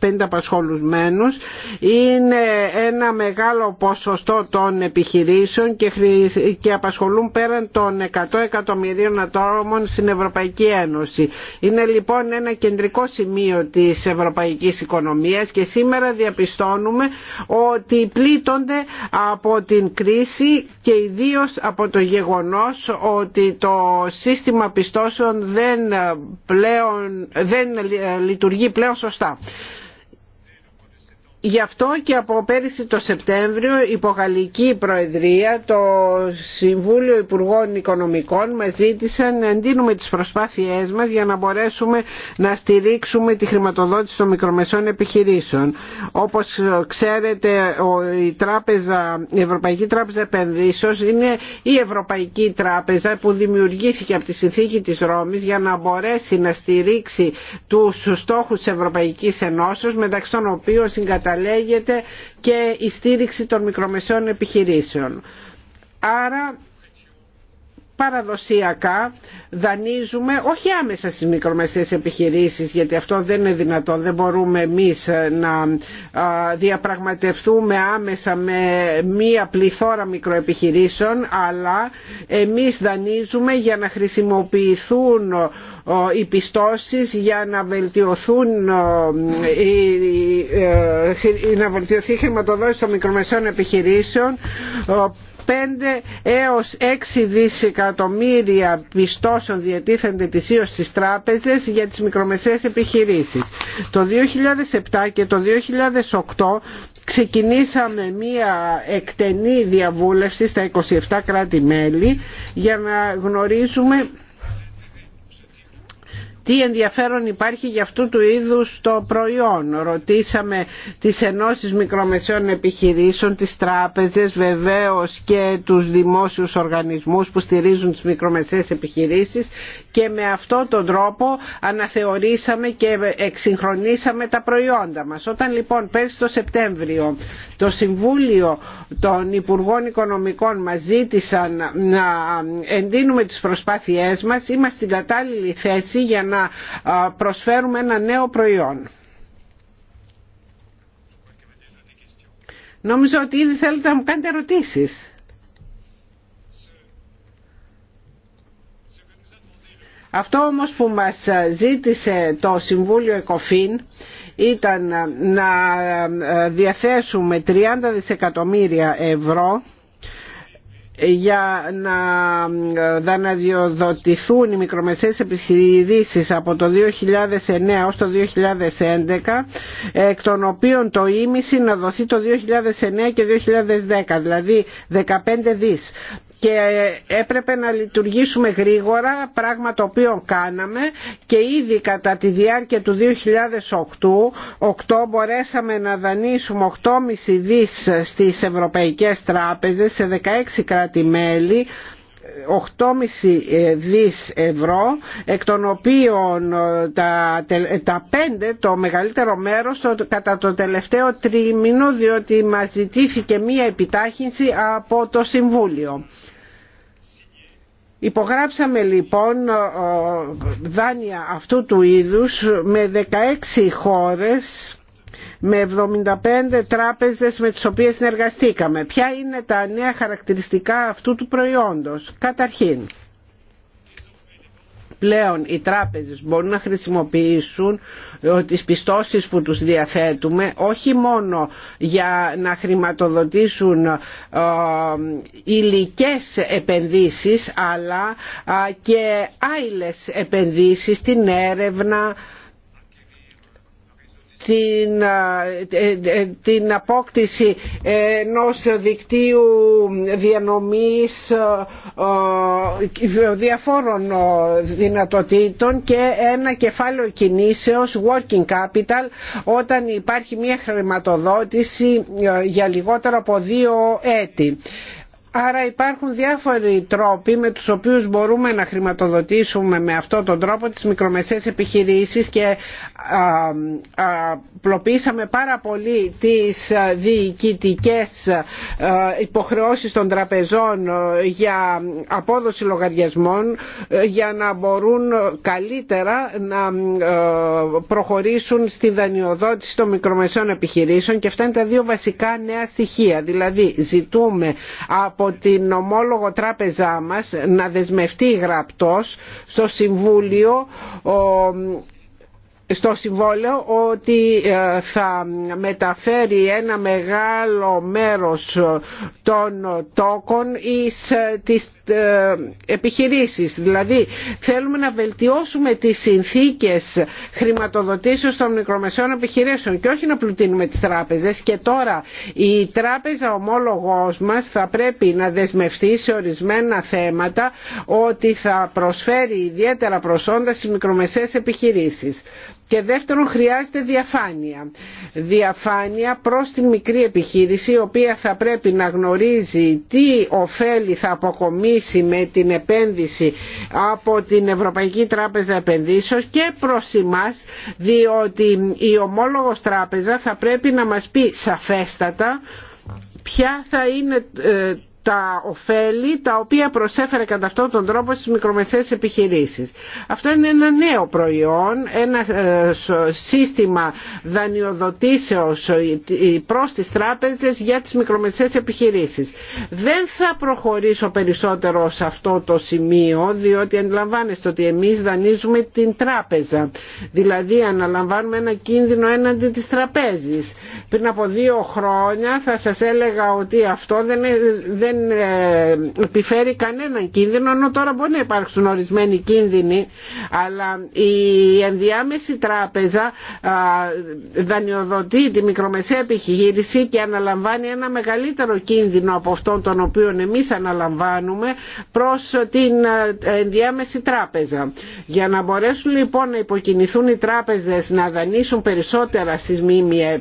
250 απασχολουμένους είναι ένα μεγάλο ποσοστό των επιχειρήσεων και απασχολούν πέραν των 100 εκατομμυρίων ατόμων στην Ευρωπαϊκή Ένωση. Είναι λοιπόν ένα κεντρικό σημείο της ευρωπαϊκής οικονομίας και σήμερα διαπιστώνουμε ότι πλήττονται από την κρίση και ιδίως από το γεγονός ότι το σύστημα πιστώσεων δεν, πλέον, δεν λειτουργεί πλέον σωστά. Γι' αυτό και από πέρυσι το Σεπτέμβριο η Γαλλική Προεδρία το Συμβούλιο Υπουργών Οικονομικών μας ζήτησαν να εντείνουμε τις προσπάθειές μας για να μπορέσουμε να στηρίξουμε τη χρηματοδότηση των μικρομεσών επιχειρήσεων. Όπως ξέρετε η, τράπεζα, η Ευρωπαϊκή Τράπεζα Επενδύσεως είναι η Ευρωπαϊκή Τράπεζα που δημιουργήθηκε από τη συνθήκη της Ρώμης για να μπορέσει να στηρίξει τους στόχους της Ευρωπαϊκής Ενώσεως μεταξύ των οποίων και η στήριξη των μικρομεσαίων επιχειρήσεων. Άρα παραδοσιακά δανείζουμε όχι άμεσα στις μικρομεσαίες επιχειρήσεις γιατί αυτό δεν είναι δυνατόν δεν μπορούμε εμείς ε, να διαπραγματευτούμε άμεσα με μία πληθώρα μικροεπιχειρήσεων αλλά εμείς δανείζουμε για να χρησιμοποιηθούν οι πιστώσεις για να βελτιωθούν ε, να βελτιωθεί η χρηματοδότηση των μικρομεσαίων επιχειρήσεων 5 έως 6 δισεκατομμύρια πιστώσεων διατίθενται της ίως στις τράπεζες για τις μικρομεσαίες επιχειρήσεις. Το 2007 και το 2008 ξεκινήσαμε μία εκτενή διαβούλευση στα 27 κράτη-μέλη για να γνωρίζουμε τι ενδιαφέρον υπάρχει για αυτού του είδους το προϊόν. Ρωτήσαμε τις ενώσεις μικρομεσαίων επιχειρήσεων, τις τράπεζες βεβαίως και τους δημόσιους οργανισμούς που στηρίζουν τις μικρομεσαίες επιχειρήσεις και με αυτό τον τρόπο αναθεωρήσαμε και εξυγχρονίσαμε τα προϊόντα μας. Όταν λοιπόν πέρσι το Σεπτέμβριο το Συμβούλιο των Υπουργών Οικονομικών μας ζήτησαν να εντείνουμε τις προσπάθειές μας, είμαστε στην κατάλληλη θέση για να προσφέρουμε ένα νέο προϊόν. Νομίζω ότι ήδη θέλετε να μου κάνετε ερωτήσεις. Αυτό όμως που μας ζήτησε το Συμβούλιο ΕΚΟΦΗΝ ήταν να διαθέσουμε 30 δισεκατομμύρια ευρώ για να δαναδιοδοτηθούν οι μικρομεσαίες επιχειρήσεις από το 2009 ως το 2011 εκ των οποίων το ίμιση να δοθεί το 2009 και 2010 δηλαδή 15 δις και ε, έπρεπε να λειτουργήσουμε γρήγορα, πράγμα το οποίο κάναμε και ήδη κατά τη διάρκεια του 2008 μπορέσαμε να δανείσουμε 8,5 δις στις ευρωπαϊκές τράπεζες σε 16 κράτη-μέλη 8,5 δις ευρώ εκ των οποίων ε, τα, ε, τα 5 το μεγαλύτερο μέρος κατά το τελευταίο τρίμηνο διότι μας ζητήθηκε μία επιτάχυνση από το Συμβούλιο. Υπογράψαμε λοιπόν δάνεια αυτού του είδους με 16 χώρες με 75 τράπεζες με τις οποίες συνεργαστήκαμε. Ποια είναι τα νέα χαρακτηριστικά αυτού του προϊόντος. Καταρχήν, πλέον οι τράπεζες μπορούν να χρησιμοποιήσουν ε, τις πιστώσεις που τους διαθέτουμε όχι μόνο για να χρηματοδοτήσουν ε, υλικέ επενδύσεις αλλά και άλλες επενδύσεις στην έρευνα την, ε, ε, ε, την απόκτηση ενό δικτύου διανομής διαφόρων δυνατοτήτων και ένα κεφάλαιο κινήσεως working capital όταν υπάρχει μια χρηματοδότηση για λιγότερο από δύο έτη. Άρα υπάρχουν διάφοροι τρόποι με τους οποίους μπορούμε να χρηματοδοτήσουμε με αυτόν τον τρόπο τις μικρομεσαίες επιχειρήσεις και απλοποιήσαμε πάρα πολύ τις διοικητικές υποχρεώσεις των τραπεζών για απόδοση λογαριασμών για να μπορούν καλύτερα να προχωρήσουν στη δανειοδότηση των μικρομεσαίων επιχειρήσεων και αυτά είναι τα δύο βασικά νέα στοιχεία. Δηλαδή ζητούμε από από την ομόλογο τράπεζά μας να δεσμευτεί γραπτός στο Συμβούλιο στο συμβόλαιο ότι ε, θα μεταφέρει ένα μεγάλο μέρος των τόκων εις ε, τις ε, επιχειρήσεις. Δηλαδή θέλουμε να βελτιώσουμε τις συνθήκες χρηματοδοτήσεως των μικρομεσαίων επιχειρήσεων και όχι να πλουτίνουμε τις τράπεζες και τώρα η τράπεζα ομόλογός μας θα πρέπει να δεσμευτεί σε ορισμένα θέματα ότι θα προσφέρει ιδιαίτερα προσόντα στις μικρομεσαίες επιχειρήσεις. Και δεύτερον χρειάζεται διαφάνεια. Διαφάνεια προς την μικρή επιχείρηση η οποία θα πρέπει να γνωρίζει τι ωφέλη θα αποκομίσει με την επένδυση από την Ευρωπαϊκή Τράπεζα Επενδύσεων και προς εμάς διότι η ομόλογος τράπεζα θα πρέπει να μας πει σαφέστατα ποια θα είναι ε, τα ωφέλη τα οποία προσέφερε κατά αυτόν τον τρόπο στις μικρομεσαίες επιχειρήσεις. Αυτό είναι ένα νέο προϊόν, ένα ε, σύστημα δανειοδοτήσεως ε, προς τις τράπεζες για τις μικρομεσαίες επιχειρήσεις. Δεν θα προχωρήσω περισσότερο σε αυτό το σημείο διότι αντιλαμβάνεστε ότι εμείς δανείζουμε την τράπεζα. Δηλαδή αναλαμβάνουμε ένα κίνδυνο έναντι της τραπέζης. Πριν από δύο χρόνια θα σας έλεγα ότι αυτό δεν ε, δεν ε, επιφέρει κανέναν κίνδυνο ενώ τώρα μπορεί να υπάρξουν ορισμένοι κίνδυνοι αλλά η ενδιάμεση τράπεζα δανειοδοτεί τη μικρομεσαία επιχείρηση και αναλαμβάνει ένα μεγαλύτερο κίνδυνο από αυτόν τον οποίο εμείς αναλαμβάνουμε προς την ε, ενδιάμεση τράπεζα. Για να μπορέσουν λοιπόν να υποκινηθούν οι τράπεζες να δανείσουν περισσότερα στις ΜΜΕ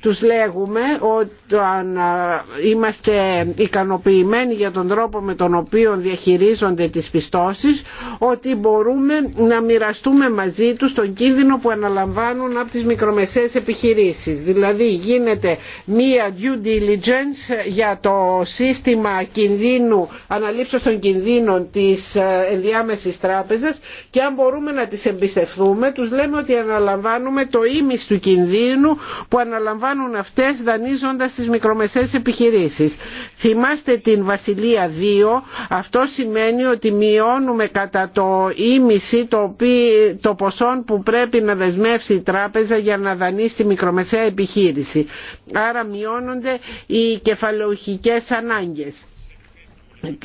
τους λέγουμε ότι αν είμαστε ικανοποιημένοι για τον τρόπο με τον οποίο διαχειρίζονται τις πιστώσεις ότι μπορούμε να μοιραστούμε μαζί τους τον κίνδυνο που αναλαμβάνουν από τις μικρομεσαίες επιχειρήσεις. Δηλαδή γίνεται μία due diligence για το σύστημα κινδύνου, αναλήψεως των κινδύνων της ε, ενδιάμεσης τράπεζας και αν μπορούμε να τις εμπιστευτούμε τους λέμε ότι αναλαμβάνουμε το ίμις του κινδύνου που αναλαμβάνουν αυτές δανείζοντας στις μικρομεσαίες επιχειρήσεις. Θυμάστε την Βασιλεία 2, αυτό σημαίνει ότι μειώνουμε κατά το ίμιση το, το ποσό που πρέπει να δεσμεύσει η τράπεζα για να δανείσει τη μικρομεσαία επιχείρηση. Άρα μειώνονται οι κεφαλαιοχικές ανάγκες.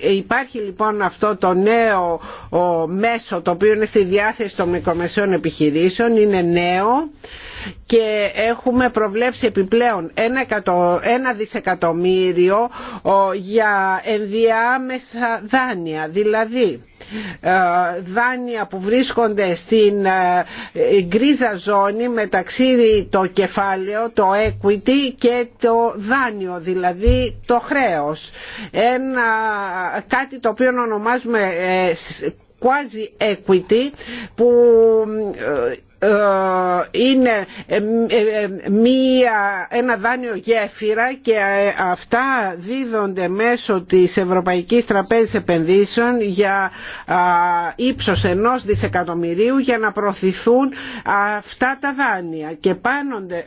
Υπάρχει λοιπόν αυτό το νέο μέσο το οποίο είναι στη διάθεση των μικρομεσαίων επιχειρήσεων, είναι νέο και έχουμε προβλέψει επιπλέον ένα δισεκατομμύριο για ενδιάμεσα δάνεια. Δηλαδή ε, δάνεια που βρίσκονται στην ε, γκρίζα ζώνη μεταξύ το κεφάλαιο, το equity και το δάνειο, δηλαδή το χρέος. Ένα, κάτι το οποίο ονομάζουμε ε, quasi equity που ε, είναι ε, ε, μία, ένα δάνειο γέφυρα και αυτά δίδονται μέσω της Ευρωπαϊκής Τραπέζης Επενδύσεων για ύψος ενός δισεκατομμυρίου για να προωθηθούν αυτά τα δάνεια και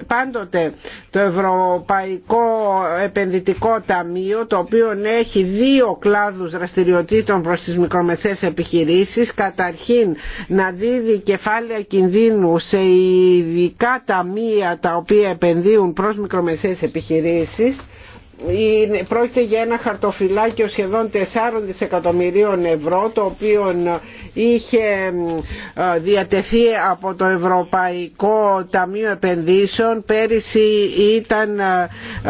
πάντοτε το Ευρωπαϊκό Επενδυτικό Ταμείο το οποίο έχει δύο κλάδους δραστηριοτήτων προς τις μικρομεσαίες επιχειρήσεις καταρχήν να δίδει κεφάλαια κινδύνου σε ειδικά ταμεία τα οποία επενδύουν προς μικρομεσαίες επιχειρήσεις πρόκειται για ένα χαρτοφυλάκιο σχεδόν 4 δισεκατομμυρίων ευρώ το οποίο ε, είχε ε, διατεθεί από το Ευρωπαϊκό Ταμείο Επενδύσεων πέρυσι ήταν 411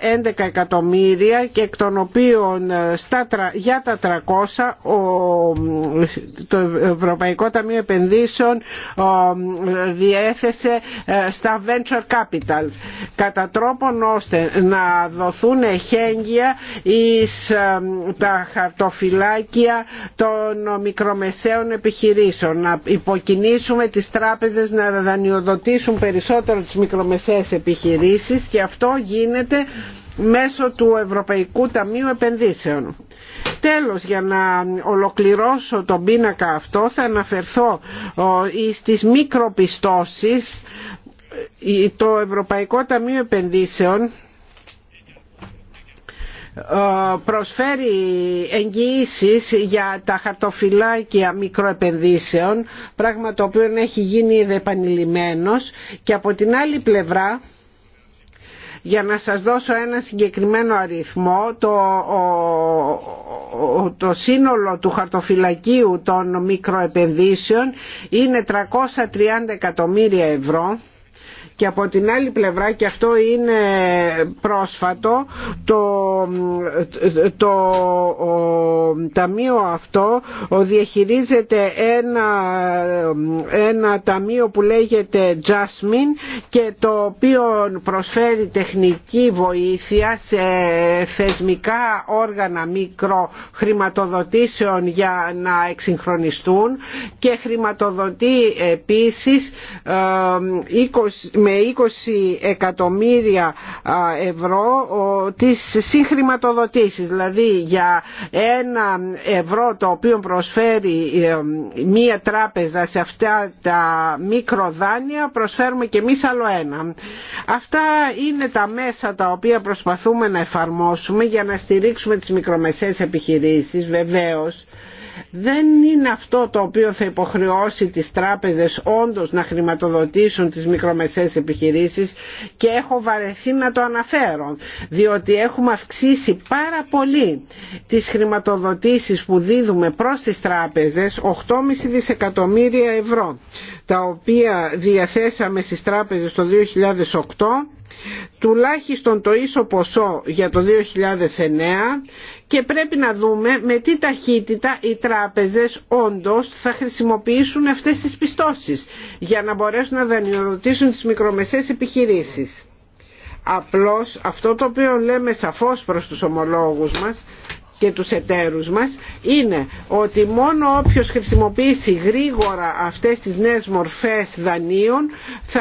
ε, εκατομμύρια και εκ των οποίων για τα 300 το Ευρωπαϊκό Ταμείο Επενδύσεων διέθεσε στα venture capitals κατά τρόπον ώστε να να δοθούν εχέγγυα εις τα χαρτοφυλάκια των μικρομεσαίων επιχειρήσεων να υποκινήσουμε τις τράπεζες να δανειοδοτήσουν περισσότερο τις μικρομεσαίες επιχειρήσεις και αυτό γίνεται μέσω του Ευρωπαϊκού Ταμείου Επενδύσεων. Τέλος, για να ολοκληρώσω τον πίνακα αυτό, θα αναφερθώ στις μικροπιστώσεις. Το Ευρωπαϊκό Ταμείο Επενδύσεων ε, προσφέρει εγγυήσεις για τα χαρτοφυλάκια μικροεπενδύσεων πράγμα το οποίο έχει γίνει επανειλημμένος και από την άλλη πλευρά για να σας δώσω ένα συγκεκριμένο αριθμό το, το σύνολο του χαρτοφυλακίου των μικροεπενδύσεων είναι 330 εκατομμύρια ευρώ και από την άλλη πλευρά και αυτό είναι πρόσφατο το, το ταμείο αυτό ο, διαχειρίζεται ένα, ένα ταμείο που λέγεται Jasmine και το οποίο προσφέρει τεχνική βοήθεια σε θεσμικά όργανα μικροχρηματοδοτήσεων για να εξυγχρονιστούν και χρηματοδοτεί επίσης ε, με 20 εκατομμύρια ευρώ τις συγχρηματοδοτήσεις δηλαδή για ένα ευρώ το οποίο προσφέρει ε, μία τράπεζα σε αυτά τα μικροδάνεια προσφέρουμε και εμείς άλλο ένα αυτά είναι τα μέσα τα οποία προσπαθούμε να εφαρμόσουμε για να στηρίξουμε τις μικρομεσαίες επιχειρήσεις βεβαίως δεν είναι αυτό το οποίο θα υποχρεώσει τις τράπεζες όντως να χρηματοδοτήσουν τις μικρομεσαίες επιχειρήσεις και έχω βαρεθεί να το αναφέρω διότι έχουμε αυξήσει πάρα πολύ τις χρηματοδοτήσεις που δίδουμε προς τις τράπεζες 8,5 δισεκατομμύρια ευρώ τα οποία διαθέσαμε στις τράπεζες το 2008 τουλάχιστον το ίσο ποσό για το 2009 και πρέπει να δούμε με τι ταχύτητα οι τράπεζες όντως θα χρησιμοποιήσουν αυτές τις πιστώσεις για να μπορέσουν να δανειοδοτήσουν τις μικρομεσαίες επιχειρήσεις. Απλώς αυτό το οποίο λέμε σαφώς προς τους ομολόγους μας και τους εταίρους μας είναι ότι μόνο όποιος χρησιμοποιήσει γρήγορα αυτές τις νέες μορφές δανείων θα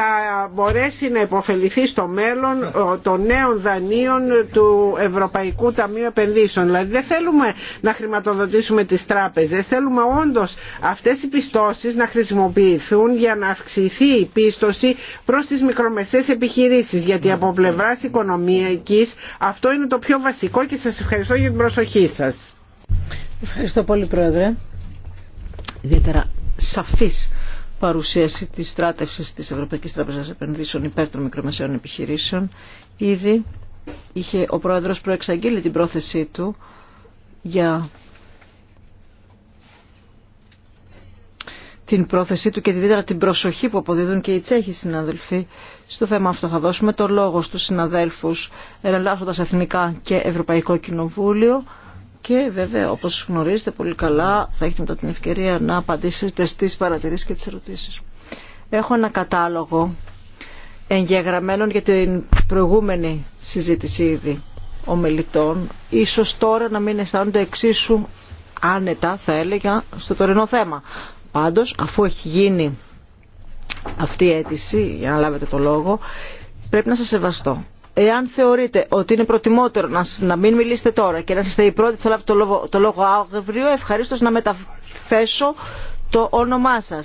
μπορέσει να υποφεληθεί στο μέλλον ε, των νέων δανείων του Ευρωπαϊκού Ταμείου Επενδύσεων. Δηλαδή δεν θέλουμε να χρηματοδοτήσουμε τις τράπεζες, θέλουμε όντως αυτές οι πιστώσεις να χρησιμοποιηθούν για να αυξηθεί η πίστοση προς τις μικρομεσαίες επιχειρήσεις γιατί από πλευράς οικονομικής αυτό είναι το πιο βασικό και σας ευχαριστώ για την προσοχή σας. Ευχαριστώ πολύ Πρόεδρε. Ιδιαίτερα σαφής παρουσίαση της στράτευσης της Ευρωπαϊκής Τράπεζας Επενδύσεων υπέρ των μικρομεσαίων επιχειρήσεων. Ήδη είχε ο Πρόεδρος προεξαγγείλει την πρόθεσή του για την πρόθεσή του και ιδιαίτερα την προσοχή που αποδίδουν και οι Τσέχοι συναδελφοί στο θέμα αυτό. Θα δώσουμε το λόγο στους συναδέλφους εναλλάσσοντας Εθνικά και Ευρωπαϊκό Κοινοβούλιο και βέβαια, όπως γνωρίζετε πολύ καλά, θα έχετε μετά την ευκαιρία να απαντήσετε στις παρατηρήσεις και τις ερωτήσεις. Έχω ένα κατάλογο εγγεγραμμένων για την προηγούμενη συζήτηση ήδη ομιλητών. Ίσως τώρα να μην αισθάνονται εξίσου άνετα, θα έλεγα, στο τωρινό θέμα. Πάντως, αφού έχει γίνει αυτή η αίτηση, για να λάβετε το λόγο, πρέπει να σας σεβαστώ εάν θεωρείτε ότι είναι προτιμότερο να, να μην μιλήσετε τώρα και να είστε οι πρώτοι που θα λάβετε το λόγο, το λόγο αύριο, ευχαρίστω να μεταθέσω το όνομά σα.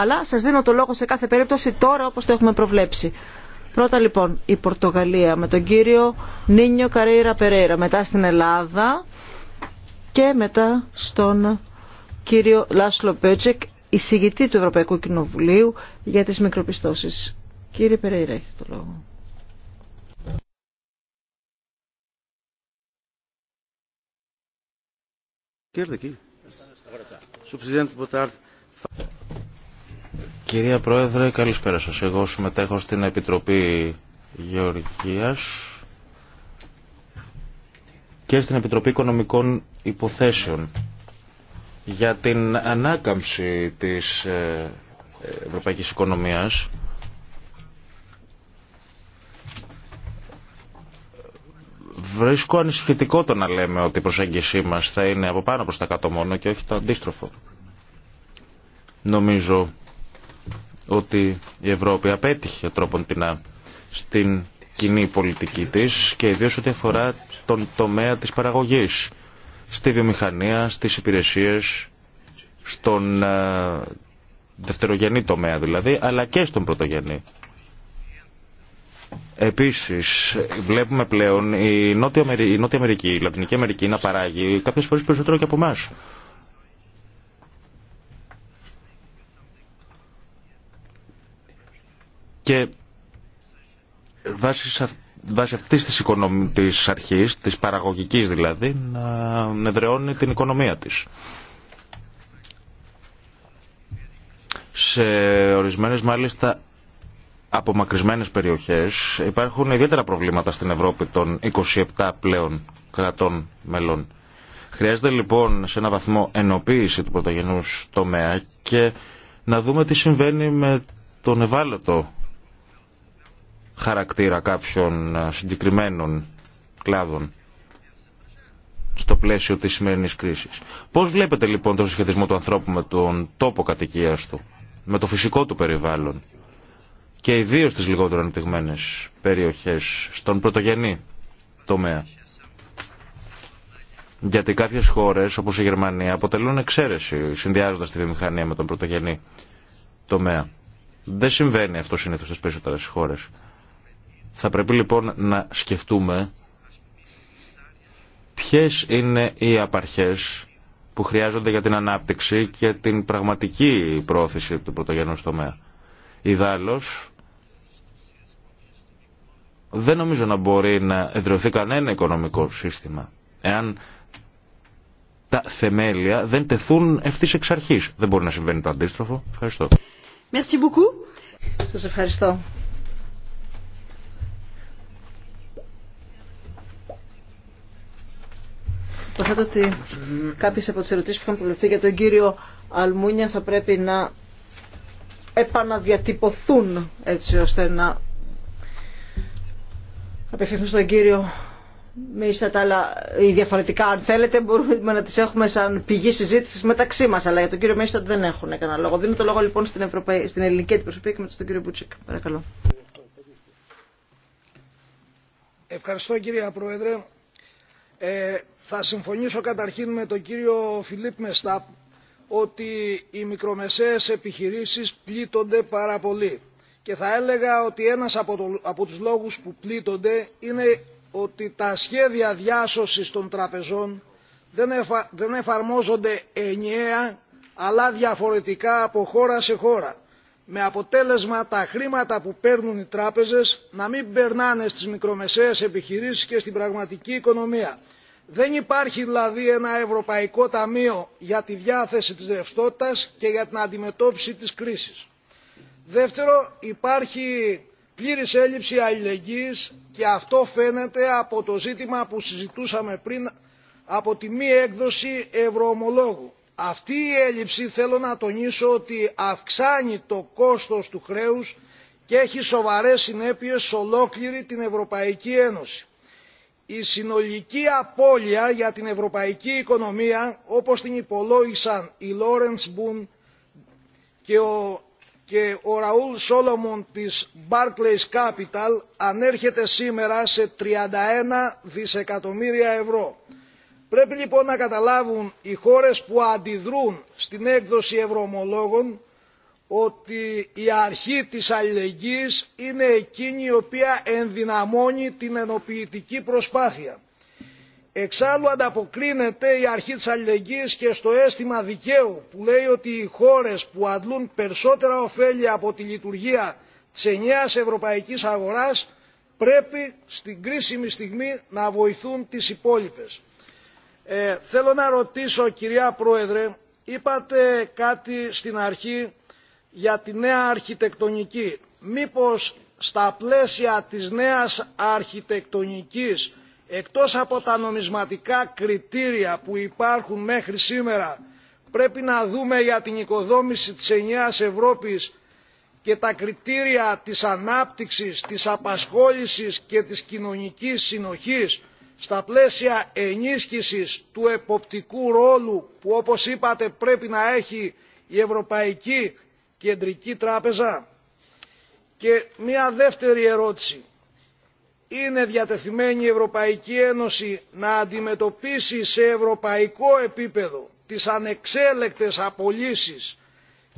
Αλλά σα δίνω το λόγο σε κάθε περίπτωση τώρα όπω το έχουμε προβλέψει. Πρώτα λοιπόν η Πορτογαλία με τον κύριο Νίνιο Καρέιρα Περέιρα, μετά στην Ελλάδα και μετά στον κύριο Λάσλο Πέτσεκ, εισηγητή του Ευρωπαϊκού Κοινοβουλίου για τις μικροπιστώσεις. Κύριε Περέιρα, έχετε το λόγο. Κυρία Πρόεδρε, καλησπέρα σας. Εγώ συμμετέχω στην Επιτροπή Γεωργίας και στην Επιτροπή Οικονομικών Υποθέσεων για την ανάκαμψη της ε, ε, ευρωπαϊκής οικονομίας Βρίσκω ανησυχητικό το να λέμε ότι η προσέγγιση μα θα είναι από πάνω προ τα κάτω μόνο και όχι το αντίστροφο. Νομίζω ότι η Ευρώπη απέτυχε τρόπον την στην κοινή πολιτική της και ιδίως ό,τι αφορά τον τομέα της παραγωγής στη βιομηχανία, στις υπηρεσίες, στον ε, δευτερογενή τομέα δηλαδή, αλλά και στον πρωτογενή Επίσης, βλέπουμε πλέον η Νότια, Αμερική, η Νότια Αμερική, η Λατινική Αμερική να παράγει κάποιες φορές περισσότερο και από εμά. Και βάσει αυτή τη της αρχή, τη παραγωγική δηλαδή, να εδραιώνει την οικονομία τη. Σε ορισμένε μάλιστα απομακρυσμένες περιοχές υπάρχουν ιδιαίτερα προβλήματα στην Ευρώπη των 27 πλέον κρατών μελών. Χρειάζεται λοιπόν σε ένα βαθμό ενοποίηση του πρωτογενούς τομέα και να δούμε τι συμβαίνει με τον ευάλωτο χαρακτήρα κάποιων συγκεκριμένων κλάδων στο πλαίσιο της σημερινής κρίσης. Πώς βλέπετε λοιπόν τον συσχετισμό του ανθρώπου με τον τόπο κατοικίας του, με το φυσικό του περιβάλλον και ιδίω στις λιγότερο ανεπτυγμένε περιοχές, στον πρωτογενή τομέα. Γιατί κάποιες χώρες, όπως η Γερμανία, αποτελούν εξαίρεση, συνδυάζοντα τη βιομηχανία με τον πρωτογενή τομέα. Δεν συμβαίνει αυτό συνήθω στι περισσότερες χώρες. Θα πρέπει λοιπόν να σκεφτούμε ποιε είναι οι απαρχές που χρειάζονται για την ανάπτυξη και την πραγματική πρόθεση του πρωτογενού τομέα. Ιδάλλως, δεν νομίζω να μπορεί να εδραιωθεί κανένα οικονομικό σύστημα εάν τα θεμέλια δεν τεθούν ευθύς εξ αρχής. Δεν μπορεί να συμβαίνει το αντίστροφο. Ευχαριστώ. Merci beaucoup. Σας ευχαριστώ. Υποθέτω ότι κάποιες από τις ερωτήσεις που είχαν προβληθεί για τον κύριο Αλμούνια θα πρέπει να επαναδιατυπωθούν έτσι ώστε να απευθυνθούν στον κύριο τα αλλά διαφορετικά αν θέλετε μπορούμε να τις έχουμε σαν πηγή συζήτησης μεταξύ μας, αλλά για τον κύριο Μίστα δεν έχουν κανένα λόγο. Δίνω το λόγο λοιπόν στην, Ευρωπαϊ... στην ελληνική αντιπροσωπή και μετά στον κύριο Μπούτσικ. Παρακαλώ. Ευχαριστώ κύριε Πρόεδρε. Ε, θα συμφωνήσω καταρχήν με τον κύριο Φιλίπ Μεστάπ ότι οι μικρομεσαίες επιχειρήσεις πλήττονται πάρα πολύ. Και θα έλεγα ότι ένας από, τους λόγους που πλήττονται είναι ότι τα σχέδια διάσωσης των τραπεζών δεν, δεν εφαρμόζονται ενιαία αλλά διαφορετικά από χώρα σε χώρα. Με αποτέλεσμα τα χρήματα που παίρνουν οι τράπεζες να μην περνάνε στις μικρομεσαίες επιχειρήσεις και στην πραγματική οικονομία δεν υπάρχει δηλαδή ένα ευρωπαϊκό ταμείο για τη διάθεση της ρευστότητα και για την αντιμετώπιση της κρίσης. Δεύτερο, υπάρχει πλήρης έλλειψη αλληλεγγύης και αυτό φαίνεται από το ζήτημα που συζητούσαμε πριν από τη μη έκδοση ευρωομολόγου. Αυτή η έλλειψη θέλω να τονίσω ότι αυξάνει το κόστος του χρέους και έχει σοβαρές συνέπειες σε ολόκληρη την Ευρωπαϊκή Ένωση η συνολική απώλεια για την ευρωπαϊκή οικονομία όπως την υπολόγισαν η Λόρενς Μπουν και ο, και ο Ραούλ Σόλομον της Barclays Capital ανέρχεται σήμερα σε 31 δισεκατομμύρια ευρώ. Πρέπει λοιπόν να καταλάβουν οι χώρες που αντιδρούν στην έκδοση ευρωομολόγων ότι η αρχή της αλληλεγγύης είναι εκείνη η οποία ενδυναμώνει την ενοποιητική προσπάθεια. Εξάλλου ανταποκρίνεται η αρχή της αλληλεγγύης και στο αίσθημα δικαίου που λέει ότι οι χώρες που αντλούν περισσότερα ωφέλη από τη λειτουργία της ενιαίας ευρωπαϊκής αγοράς πρέπει στην κρίσιμη στιγμή να βοηθούν τις υπόλοιπες. Ε, θέλω να ρωτήσω κυρία Πρόεδρε, είπατε κάτι στην αρχή για τη νέα αρχιτεκτονική. Μήπως στα πλαίσια της νέας αρχιτεκτονικής, εκτός από τα νομισματικά κριτήρια που υπάρχουν μέχρι σήμερα, πρέπει να δούμε για την οικοδόμηση της ενιαίας Ευρώπης και τα κριτήρια της ανάπτυξης, της απασχόλησης και της κοινωνικής συνοχής στα πλαίσια ενίσχυσης του εποπτικού ρόλου που όπως είπατε πρέπει να έχει η Ευρωπαϊκή κεντρική τράπεζα. Και μια δεύτερη ερώτηση. Είναι διατεθειμένη η Ευρωπαϊκή Ένωση να αντιμετωπίσει σε ευρωπαϊκό επίπεδο τις ανεξέλεκτες απολύσεις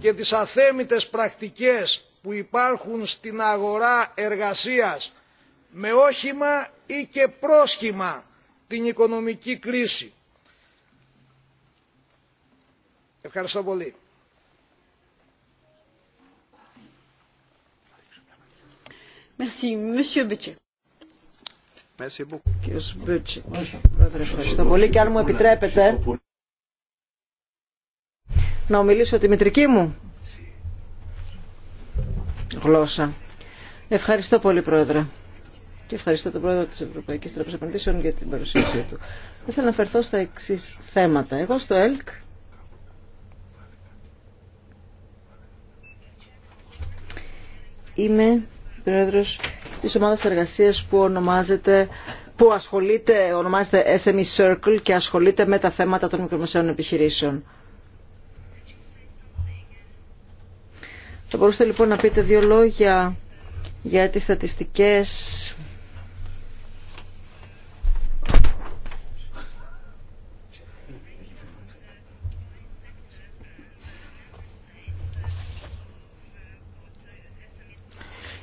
και τις αθέμητες πρακτικές που υπάρχουν στην αγορά εργασίας με όχημα ή και πρόσχημα την οικονομική κρίση. Ευχαριστώ πολύ. Merci, Monsieur Κύριος πρόεδρε, ευχαριστώ πολύ και αν μου επιτρέπετε να ομιλήσω τη μητρική μου γλώσσα. Ευχαριστώ πολύ, πρόεδρε. Και ευχαριστώ τον πρόεδρο της Ευρωπαϊκής Τράπεζας Επενδύσεων για την παρουσίασή του. Θα ήθελα να αφαιρθώ στα εξή θέματα. Εγώ στο ΕΛΚ είμαι πρόεδρος της ομάδας εργασίας που ονομάζεται που ασχολείται, ονομάζεται SME Circle και ασχολείται με τα θέματα των μικρομεσαίων επιχειρήσεων. Θα μπορούσατε λοιπόν να πείτε δύο λόγια για τις στατιστικές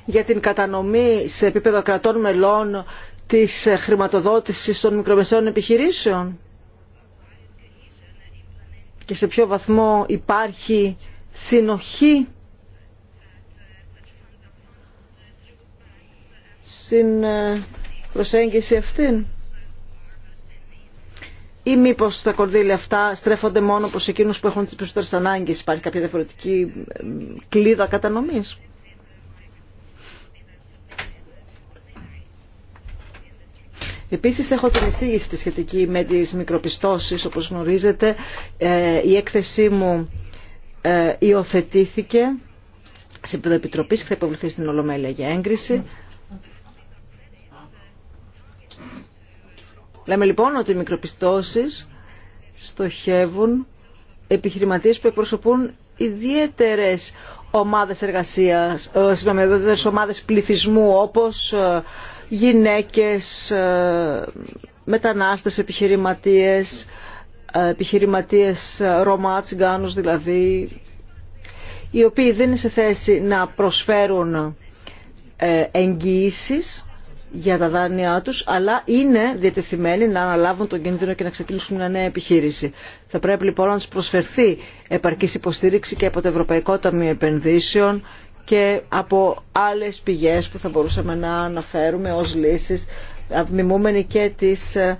για την κατανομή σε επίπεδο κρατών μελών της χρηματοδότησης των μικρομεσαίων επιχειρήσεων και σε ποιο βαθμό υπάρχει συνοχή στην ε, προσέγγιση αυτήν ή μήπω τα κονδύλια αυτά στρέφονται μόνο προς εκείνους που έχουν τις περισσότερες ανάγκες υπάρχει κάποια διαφορετική ε, κλίδα κατανομής Επίσης έχω την εισήγηση τη σχετική με τις μικροπιστώσεις, όπως γνωρίζετε. Ε, η έκθεσή μου ε, υιοθετήθηκε σε επίπεδο επιτροπής και θα υποβληθεί στην Ολομέλεια για έγκριση. Λέμε λοιπόν ότι οι μικροπιστώσεις στοχεύουν επιχειρηματίες που εκπροσωπούν ιδιαίτερες ομάδες εργασίας, ε, συγγνώμη, ομάδες πληθυσμού όπως γυναίκες, ε, μετανάστες, επιχειρηματίες, ε, επιχειρηματίες ε, Ρωμά, δηλαδή, οι οποίοι δεν είναι σε θέση να προσφέρουν εγγυήσεις για τα δάνειά τους, αλλά είναι διατεθειμένοι να αναλάβουν τον κίνδυνο και να ξεκινήσουν μια νέα επιχείρηση. Θα πρέπει λοιπόν να τους προσφερθεί επαρκής υποστήριξη και από το Ευρωπαϊκό Ταμείο Επενδύσεων και από άλλες πηγές που θα μπορούσαμε να αναφέρουμε ως λύσεις, μιμούμενοι και τις ε,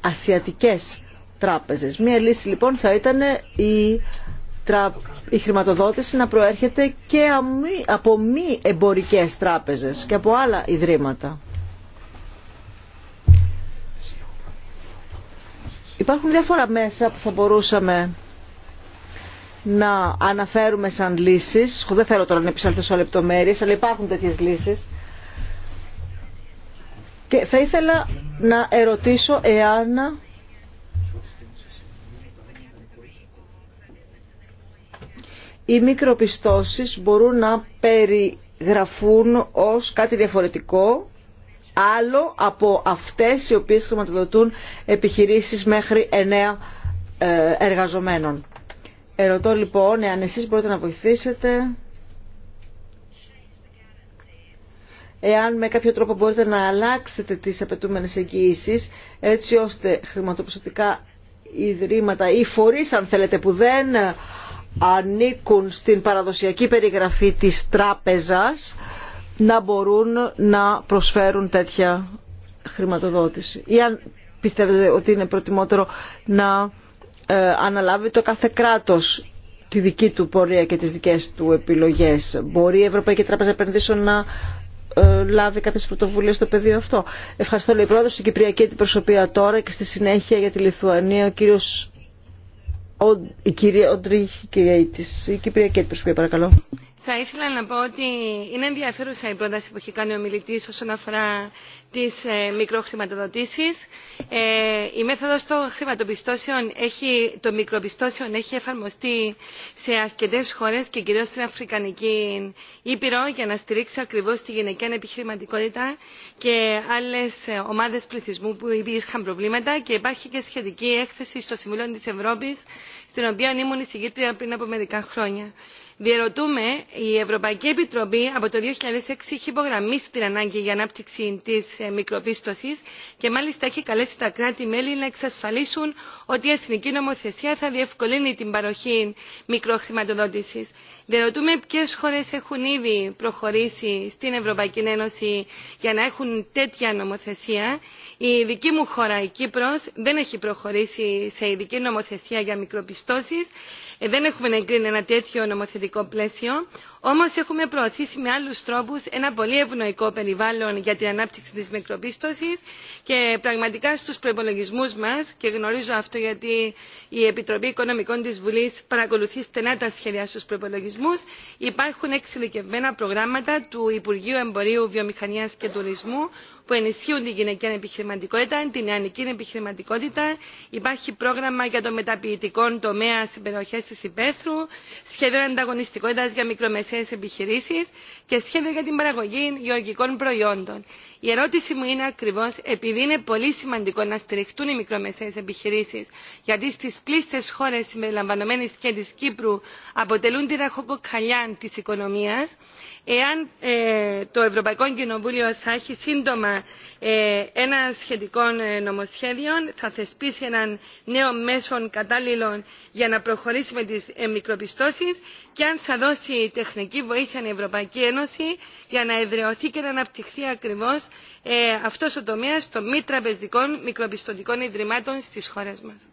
ασιατικές τράπεζες. Μία λύση λοιπόν θα ήταν η, η χρηματοδότηση να προέρχεται και από μη εμπορικές τράπεζες και από άλλα ιδρύματα. Υπάρχουν διάφορα μέσα που θα μπορούσαμε να αναφέρουμε σαν λύσεις, δεν θέλω τώρα να επισέλθω σε λεπτομέρειες, αλλά υπάρχουν τέτοιες λύσεις. Και θα ήθελα να ερωτήσω εάν οι μικροπιστώσεις μπορούν να περιγραφούν ως κάτι διαφορετικό άλλο από αυτές οι οποίες χρηματοδοτούν επιχειρήσεις μέχρι εννέα ε, εργαζομένων. Ερωτώ λοιπόν εάν εσείς μπορείτε να βοηθήσετε εάν με κάποιο τρόπο μπορείτε να αλλάξετε τις απαιτούμενες εγγυήσεις έτσι ώστε χρηματοπιστωτικά ιδρύματα ή φορείς αν θέλετε που δεν ανήκουν στην παραδοσιακή περιγραφή της τράπεζας να μπορούν να προσφέρουν τέτοια χρηματοδότηση. Ή αν πιστεύετε ότι είναι προτιμότερο να ε, αναλάβει το κάθε κράτος τη δική του πορεία και τις δικές του επιλογές. Μπορεί η Ευρωπαϊκή Τράπεζα Επενδύσεων να ε, λάβει κάποιες πρωτοβουλίες στο πεδίο αυτό. Ευχαριστώ λέει πρόεδρος στην Κυπριακή Αντιπροσωπεία τώρα και στη συνέχεια για τη Λιθουανία ο κύριος η κυρία Οντρίχη και η Κυπριακή Αντιπροσωπεία παρακαλώ. Θα ήθελα να πω ότι είναι ενδιαφέρουσα η πρόταση που έχει κάνει ο μιλητή όσον αφορά τι ε, μικροχρηματοδοτήσει. Ε, η μέθοδο των χρηματοπιστώσεων, έχει, των μικροπιστώσεων, έχει εφαρμοστεί σε αρκετέ χώρε και κυρίω στην Αφρικανική Ήπειρο για να στηρίξει ακριβώ τη γυναικεία επιχειρηματικότητα και άλλε ομάδε πληθυσμού που υπήρχαν προβλήματα και υπάρχει και σχετική έκθεση στο Συμβούλιο τη Ευρώπη, στην οποία ήμουν εισηγήτρια πριν από μερικά χρόνια. Διερωτούμε, η ευρωπαϊκή επιτροπή από το 2006 έχει υπογραμμίσει την ανάγκη για ανάπτυξη τη ε, μικροπίστωση και μάλιστα έχει καλέσει τα κράτη μέλη να εξασφαλίσουν ότι η εθνική νομοθεσία θα διευκολύνει την παροχή μικροχρηματοδότηση. Διερωτούμε ποιε χώρε έχουν ήδη προχωρήσει στην ευρωπαϊκή ένωση για να έχουν τέτοια νομοθεσία. η δική μου χώρα η κύπρο δεν έχει προχωρήσει σε ειδική νομοθεσία για μικροπιστώσει. Ε, δεν έχουμε να εγκρίνει ένα τέτοιο νομοθετικό πλαίσιο Όμω έχουμε προωθήσει με άλλου τρόπου ένα πολύ ευνοϊκό περιβάλλον για την ανάπτυξη τη μικροπίστωση και πραγματικά στου προπολογισμού μα, και γνωρίζω αυτό γιατί η Επιτροπή Οικονομικών τη Βουλή παρακολουθεί στενά τα σχέδια στου προπολογισμού, υπάρχουν εξειδικευμένα προγράμματα του Υπουργείου Εμπορίου, Βιομηχανία και Τουρισμού που ενισχύουν την γυναικεία επιχειρηματικότητα, την νεανική επιχειρηματικότητα. Υπάρχει πρόγραμμα για το μεταποιητικό τομέα στι περιοχέ τη Υπαίθρου, σχέδιο ανταγωνιστικότητα για μικρομεσαίε και σχέδιο για την παραγωγή γεωργικών προϊόντων. Η ερώτηση μου είναι ακριβώς επειδή είναι πολύ σημαντικό να στηριχτούν οι μικρομεσαίες επιχειρήσεις γιατί στις πλήστες χώρες συμπεριλαμβανομένες και της Κύπρου αποτελούν τη ραχοκοκαλιά της οικονομίας εάν ε, το ευρωπαϊκό κοινοβούλιο θα έχει σύντομα ε, ένα σχετικό ε, νομοσχέδιο θα θεσπίσει έναν νέο μέσο κατάλληλο για να προχωρήσει με τις μικροπιστώσεις και αν θα δώσει τεχνική βοήθεια η Ευρωπαϊκή Ένωση για να εδραιωθεί και να αναπτυχθεί ακριβώς αυτός ο τομέας των μη τραπεζικών μικροπιστωτικών ιδρυμάτων στις χώρες μας.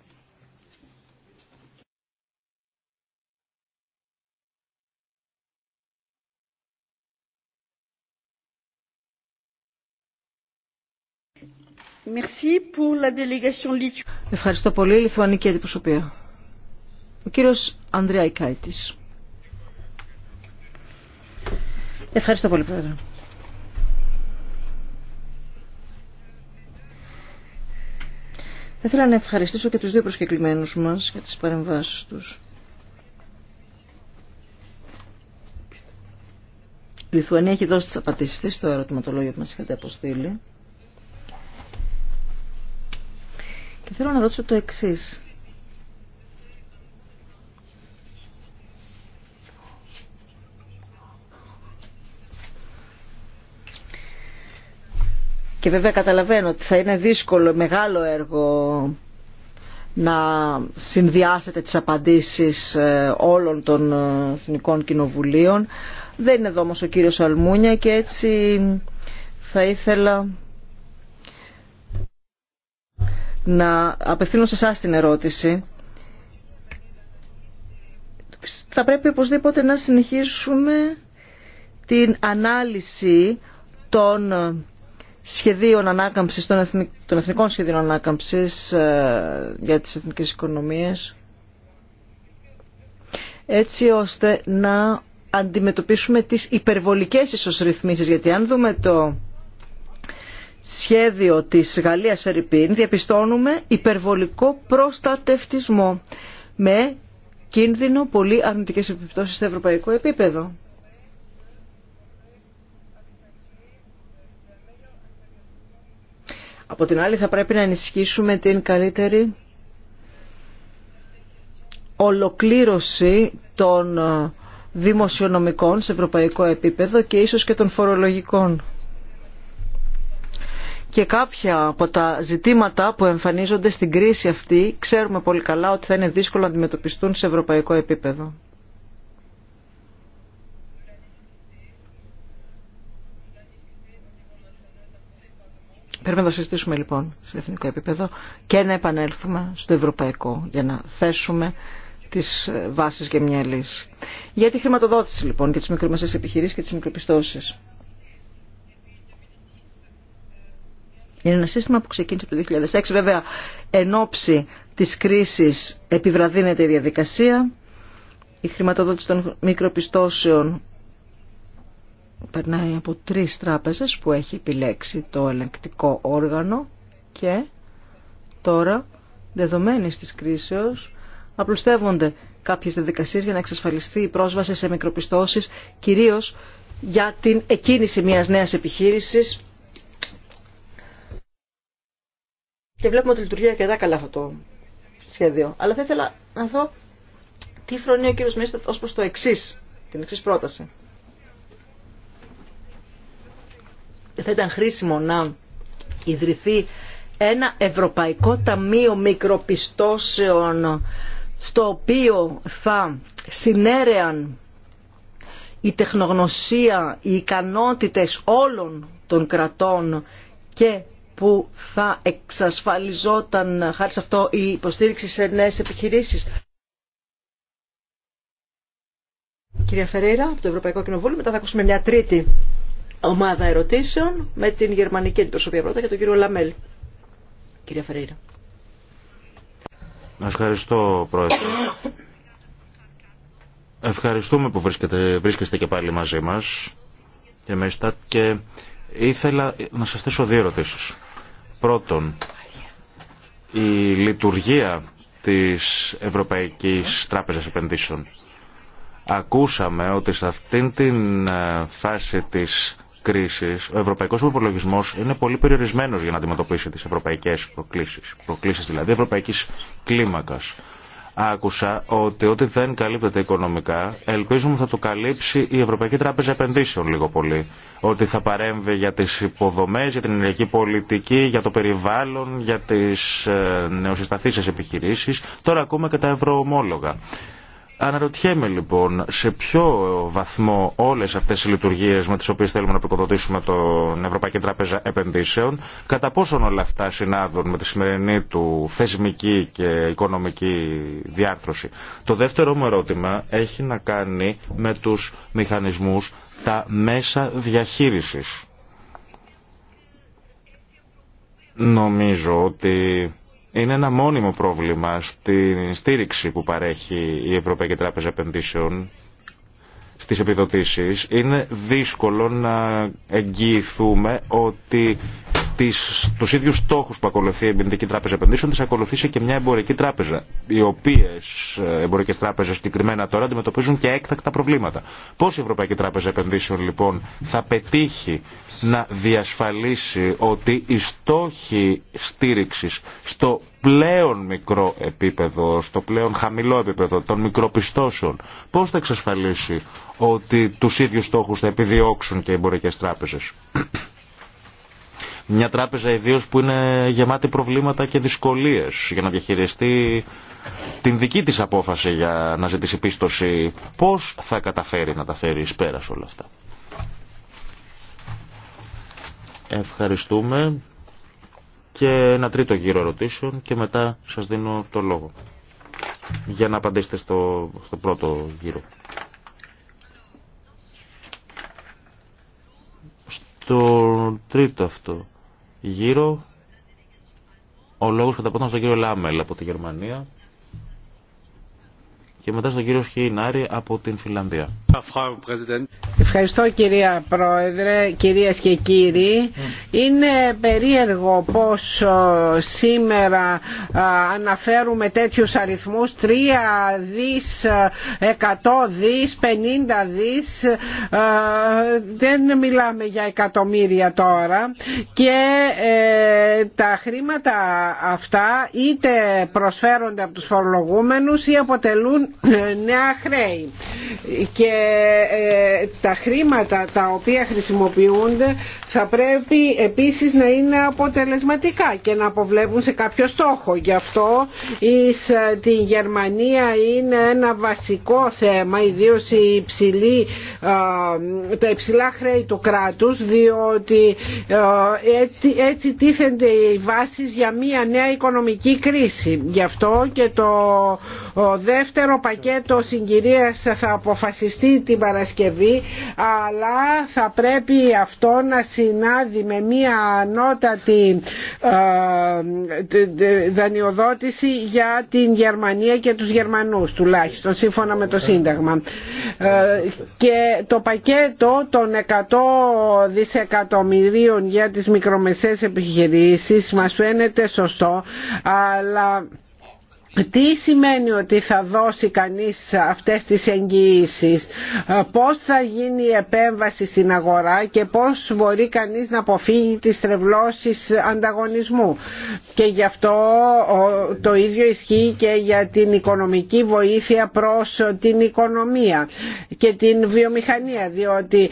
Ευχαριστώ πολύ. Λιθουανική αντιπροσωπεία. Ο κύριος Ανδρέα Ικάητης. Ευχαριστώ πολύ, Πρόεδρε. Θα ήθελα να ευχαριστήσω και τους δύο προσκεκλημένους μας για τις παρεμβάσεις τους. Η Λιθουανία έχει δώσει τις απαντήσεις της στο ερωτηματολόγιο που μας είχατε αποστείλει. θέλω να ρωτήσω το εξή. Και βέβαια καταλαβαίνω ότι θα είναι δύσκολο, μεγάλο έργο να συνδυάσετε τις απαντήσεις ε, όλων των ε, Εθνικών Κοινοβουλίων. Δεν είναι εδώ όμως ο κύριος Αλμούνια και έτσι θα ήθελα να απευθύνω σε εσά την ερώτηση. Θα πρέπει οπωσδήποτε να συνεχίσουμε την ανάλυση των σχεδίων ανάκαμψης, των, εθνικών σχεδίων ανάκαμψης ε, για τις εθνικές οικονομίες έτσι ώστε να αντιμετωπίσουμε τις υπερβολικές ίσως γιατί αν δούμε το σχέδιο της Γαλλίας Φερρυπίν διαπιστώνουμε υπερβολικό προστατευτισμό με κίνδυνο πολύ αρνητικές επιπτώσεις στο ευρωπαϊκό επίπεδο. Από την άλλη θα πρέπει να ενισχύσουμε την καλύτερη ολοκλήρωση των δημοσιονομικών σε ευρωπαϊκό επίπεδο και ίσως και των φορολογικών και κάποια από τα ζητήματα που εμφανίζονται στην κρίση αυτή ξέρουμε πολύ καλά ότι θα είναι δύσκολο να αντιμετωπιστούν σε ευρωπαϊκό επίπεδο. Πρέπει να το συζητήσουμε λοιπόν σε εθνικό επίπεδο και να επανέλθουμε στο ευρωπαϊκό για να θέσουμε τις βάσεις για μια λύση. Για τη χρηματοδότηση λοιπόν και τις μικρομεσαίες επιχειρήσεις και τις μικροπιστώσει. Είναι ένα σύστημα που ξεκίνησε το 2006. Βέβαια, εν ώψη της κρίσης επιβραδύνεται η διαδικασία. Η χρηματοδότηση των μικροπιστώσεων περνάει από τρεις τράπεζες που έχει επιλέξει το ελεγκτικό όργανο και τώρα, δεδομένης της κρίσεως, απλουστεύονται κάποιες διαδικασίες για να εξασφαλιστεί η πρόσβαση σε μικροπιστώσεις, κυρίως για την εκκίνηση μιας νέας επιχείρησης Και βλέπουμε ότι λειτουργεί αρκετά καλά αυτό το σχέδιο. Αλλά θα ήθελα να δω τι φρονεί ο κύριος Μίστατ ως προς το εξή, την εξή πρόταση. Θα ήταν χρήσιμο να ιδρυθεί ένα ευρωπαϊκό ταμείο μικροπιστώσεων στο οποίο θα συνέρεαν η τεχνογνωσία, οι ικανότητες όλων των κρατών και που θα εξασφαλιζόταν χάρη σε αυτό η υποστήριξη σε νέες επιχειρήσεις. Κυρία Φερέιρα, από το Ευρωπαϊκό Κοινοβούλιο, μετά θα ακούσουμε μια τρίτη ομάδα ερωτήσεων με την γερμανική αντιπροσωπεία πρώτα και τον κύριο Λαμέλ. Κυρία Φερέιρα. Ευχαριστώ, Πρόεδρε. Ευχαριστούμε που βρίσκεστε και πάλι μαζί μας και με και ήθελα να σας θέσω δύο ερωτήσεις. Πρώτον, η λειτουργία της Ευρωπαϊκής Τράπεζας Επενδύσεων. Ακούσαμε ότι σε αυτήν την ε, φάση της κρίσης ο ευρωπαϊκός υπολογισμός είναι πολύ περιορισμένος για να αντιμετωπίσει τις ευρωπαϊκές προκλήσεις. Προκλήσεις δηλαδή ευρωπαϊκής κλίμακας. Άκουσα ότι ό,τι δεν καλύπτεται οικονομικά, ελπίζουμε θα το καλύψει η Ευρωπαϊκή Τράπεζα Επενδύσεων λίγο πολύ. Ότι θα παρέμβει για τις υποδομές, για την ενεργειακή πολιτική, για το περιβάλλον, για τις ε, νεοσυσταθήσεις επιχειρήσεις. Τώρα ακούμε και τα ευρωομόλογα. Αναρωτιέμαι λοιπόν σε ποιο βαθμό όλες αυτές οι λειτουργίες με τις οποίες θέλουμε να προκοδοτήσουμε τον Ευρωπαϊκή Τράπεζα Επενδύσεων, κατά πόσον όλα αυτά συνάδουν με τη σημερινή του θεσμική και οικονομική διάρθρωση. Το δεύτερο μου ερώτημα έχει να κάνει με τους μηχανισμούς, τα μέσα διαχείρισης. Νομίζω ότι είναι ένα μόνιμο πρόβλημα στην στήριξη που παρέχει η Ευρωπαϊκή Τράπεζα Επενδύσεων στις επιδοτήσεις. Είναι δύσκολο να εγγυηθούμε ότι τις, τους ίδιους στόχους που ακολουθεί η Επενδυτική Τράπεζα Επενδύσεων τις ακολουθήσει και μια εμπορική τράπεζα. Οι οποίες ε, εμπορικές τράπεζες συγκεκριμένα τώρα αντιμετωπίζουν και έκτακτα προβλήματα. Πώς η Ευρωπαϊκή Τράπεζα Επενδύσεων λοιπόν θα πετύχει να διασφαλίσει ότι οι στόχοι στήριξης στο πλέον μικρό επίπεδο, στο πλέον χαμηλό επίπεδο των μικροπιστώσεων, πώς θα εξασφαλίσει ότι τους ίδιους στόχους θα επιδιώξουν και οι εμπορικές τράπεζες. Μια τράπεζα ιδίως που είναι γεμάτη προβλήματα και δυσκολίες για να διαχειριστεί την δική της απόφαση για να ζητήσει πίστοση. Πώς θα καταφέρει να τα φέρει εις πέρας όλα αυτά. Ευχαριστούμε και ένα τρίτο γύρο ερωτήσεων και μετά σας δίνω το λόγο για να απαντήσετε στο, στο πρώτο γύρο. Στο τρίτο αυτό γύρο ο λόγος καταπόταν στον κύριο Λάμελ από τη Γερμανία και μετά στον κύριο Σχοινάρη από την Φιλανδία. Ευχαριστώ κυρία Πρόεδρε, κυρίες και κύριοι. Είναι περίεργο πως ε, σήμερα ε, αναφέρουμε τέτοιους αριθμούς 3 δις, 100 ε, δις, 50 δις δεν μιλάμε για εκατομμύρια τώρα και τα χρήματα αυτά είτε προσφέρονται από τους φορολογούμενους ή αποτελούν νέα χρέη και ε, τα χρήματα τα οποία χρησιμοποιούνται θα πρέπει επίσης να είναι αποτελεσματικά και να αποβλέπουν σε κάποιο στόχο. Γι' αυτό η ε, τη Γερμανία είναι ένα βασικό θέμα, ιδίως η υψηλή, ε, τα υψηλά χρέη του κράτους, διότι έτσι τίθενται οι βάσεις για μια νέα οικονομική κρίση. Γι' αυτό και το ο δεύτερο πακέτο συγκυρίας θα αποφασιστεί την Παρασκευή αλλά θα πρέπει αυτό να συνάδει με μία ανώτατη ε, δανειοδότηση για την Γερμανία και τους Γερμανούς τουλάχιστον σύμφωνα με το Σύνταγμα. Ε, και το πακέτο των 100 δισεκατομμυρίων για τις μικρομεσαίες επιχειρήσεις μας φαίνεται σωστό αλλά τι σημαίνει ότι θα δώσει κανείς αυτές τις εγγυήσεις, ε, πώς θα γίνει η επέμβαση στην αγορά και πώς μπορεί κανείς να αποφύγει τις τρευλώσεις ανταγωνισμού. Και γι' αυτό το ίδιο ισχύει και για την οικονομική βοήθεια προς την οικονομία και την βιομηχανία, διότι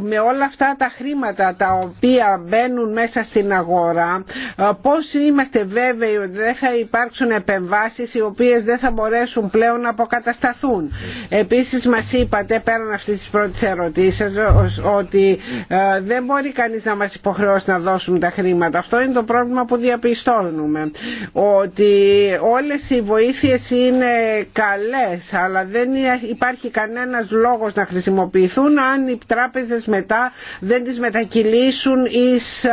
με όλα αυτά τα χρήματα τα οποία μπαίνουν μέσα στην αγορά, ε, πώς είμαστε βέβαιοι ότι δεν θα υπάρξουν επεμβάσεις παρεμβάσεις οι οποίες δεν θα μπορέσουν πλέον να αποκατασταθούν. Επίσης μας είπατε πέραν αυτής της πρώτης ερωτήσεως ότι ε, δεν μπορεί κανείς να μας υποχρεώσει να δώσουμε τα χρήματα. Αυτό είναι το πρόβλημα που διαπιστώνουμε. Ότι όλες οι βοήθειες είναι καλές αλλά δεν υπάρχει κανένας λόγος να χρησιμοποιηθούν αν οι τράπεζες μετά δεν τις μετακυλήσουν εις ε,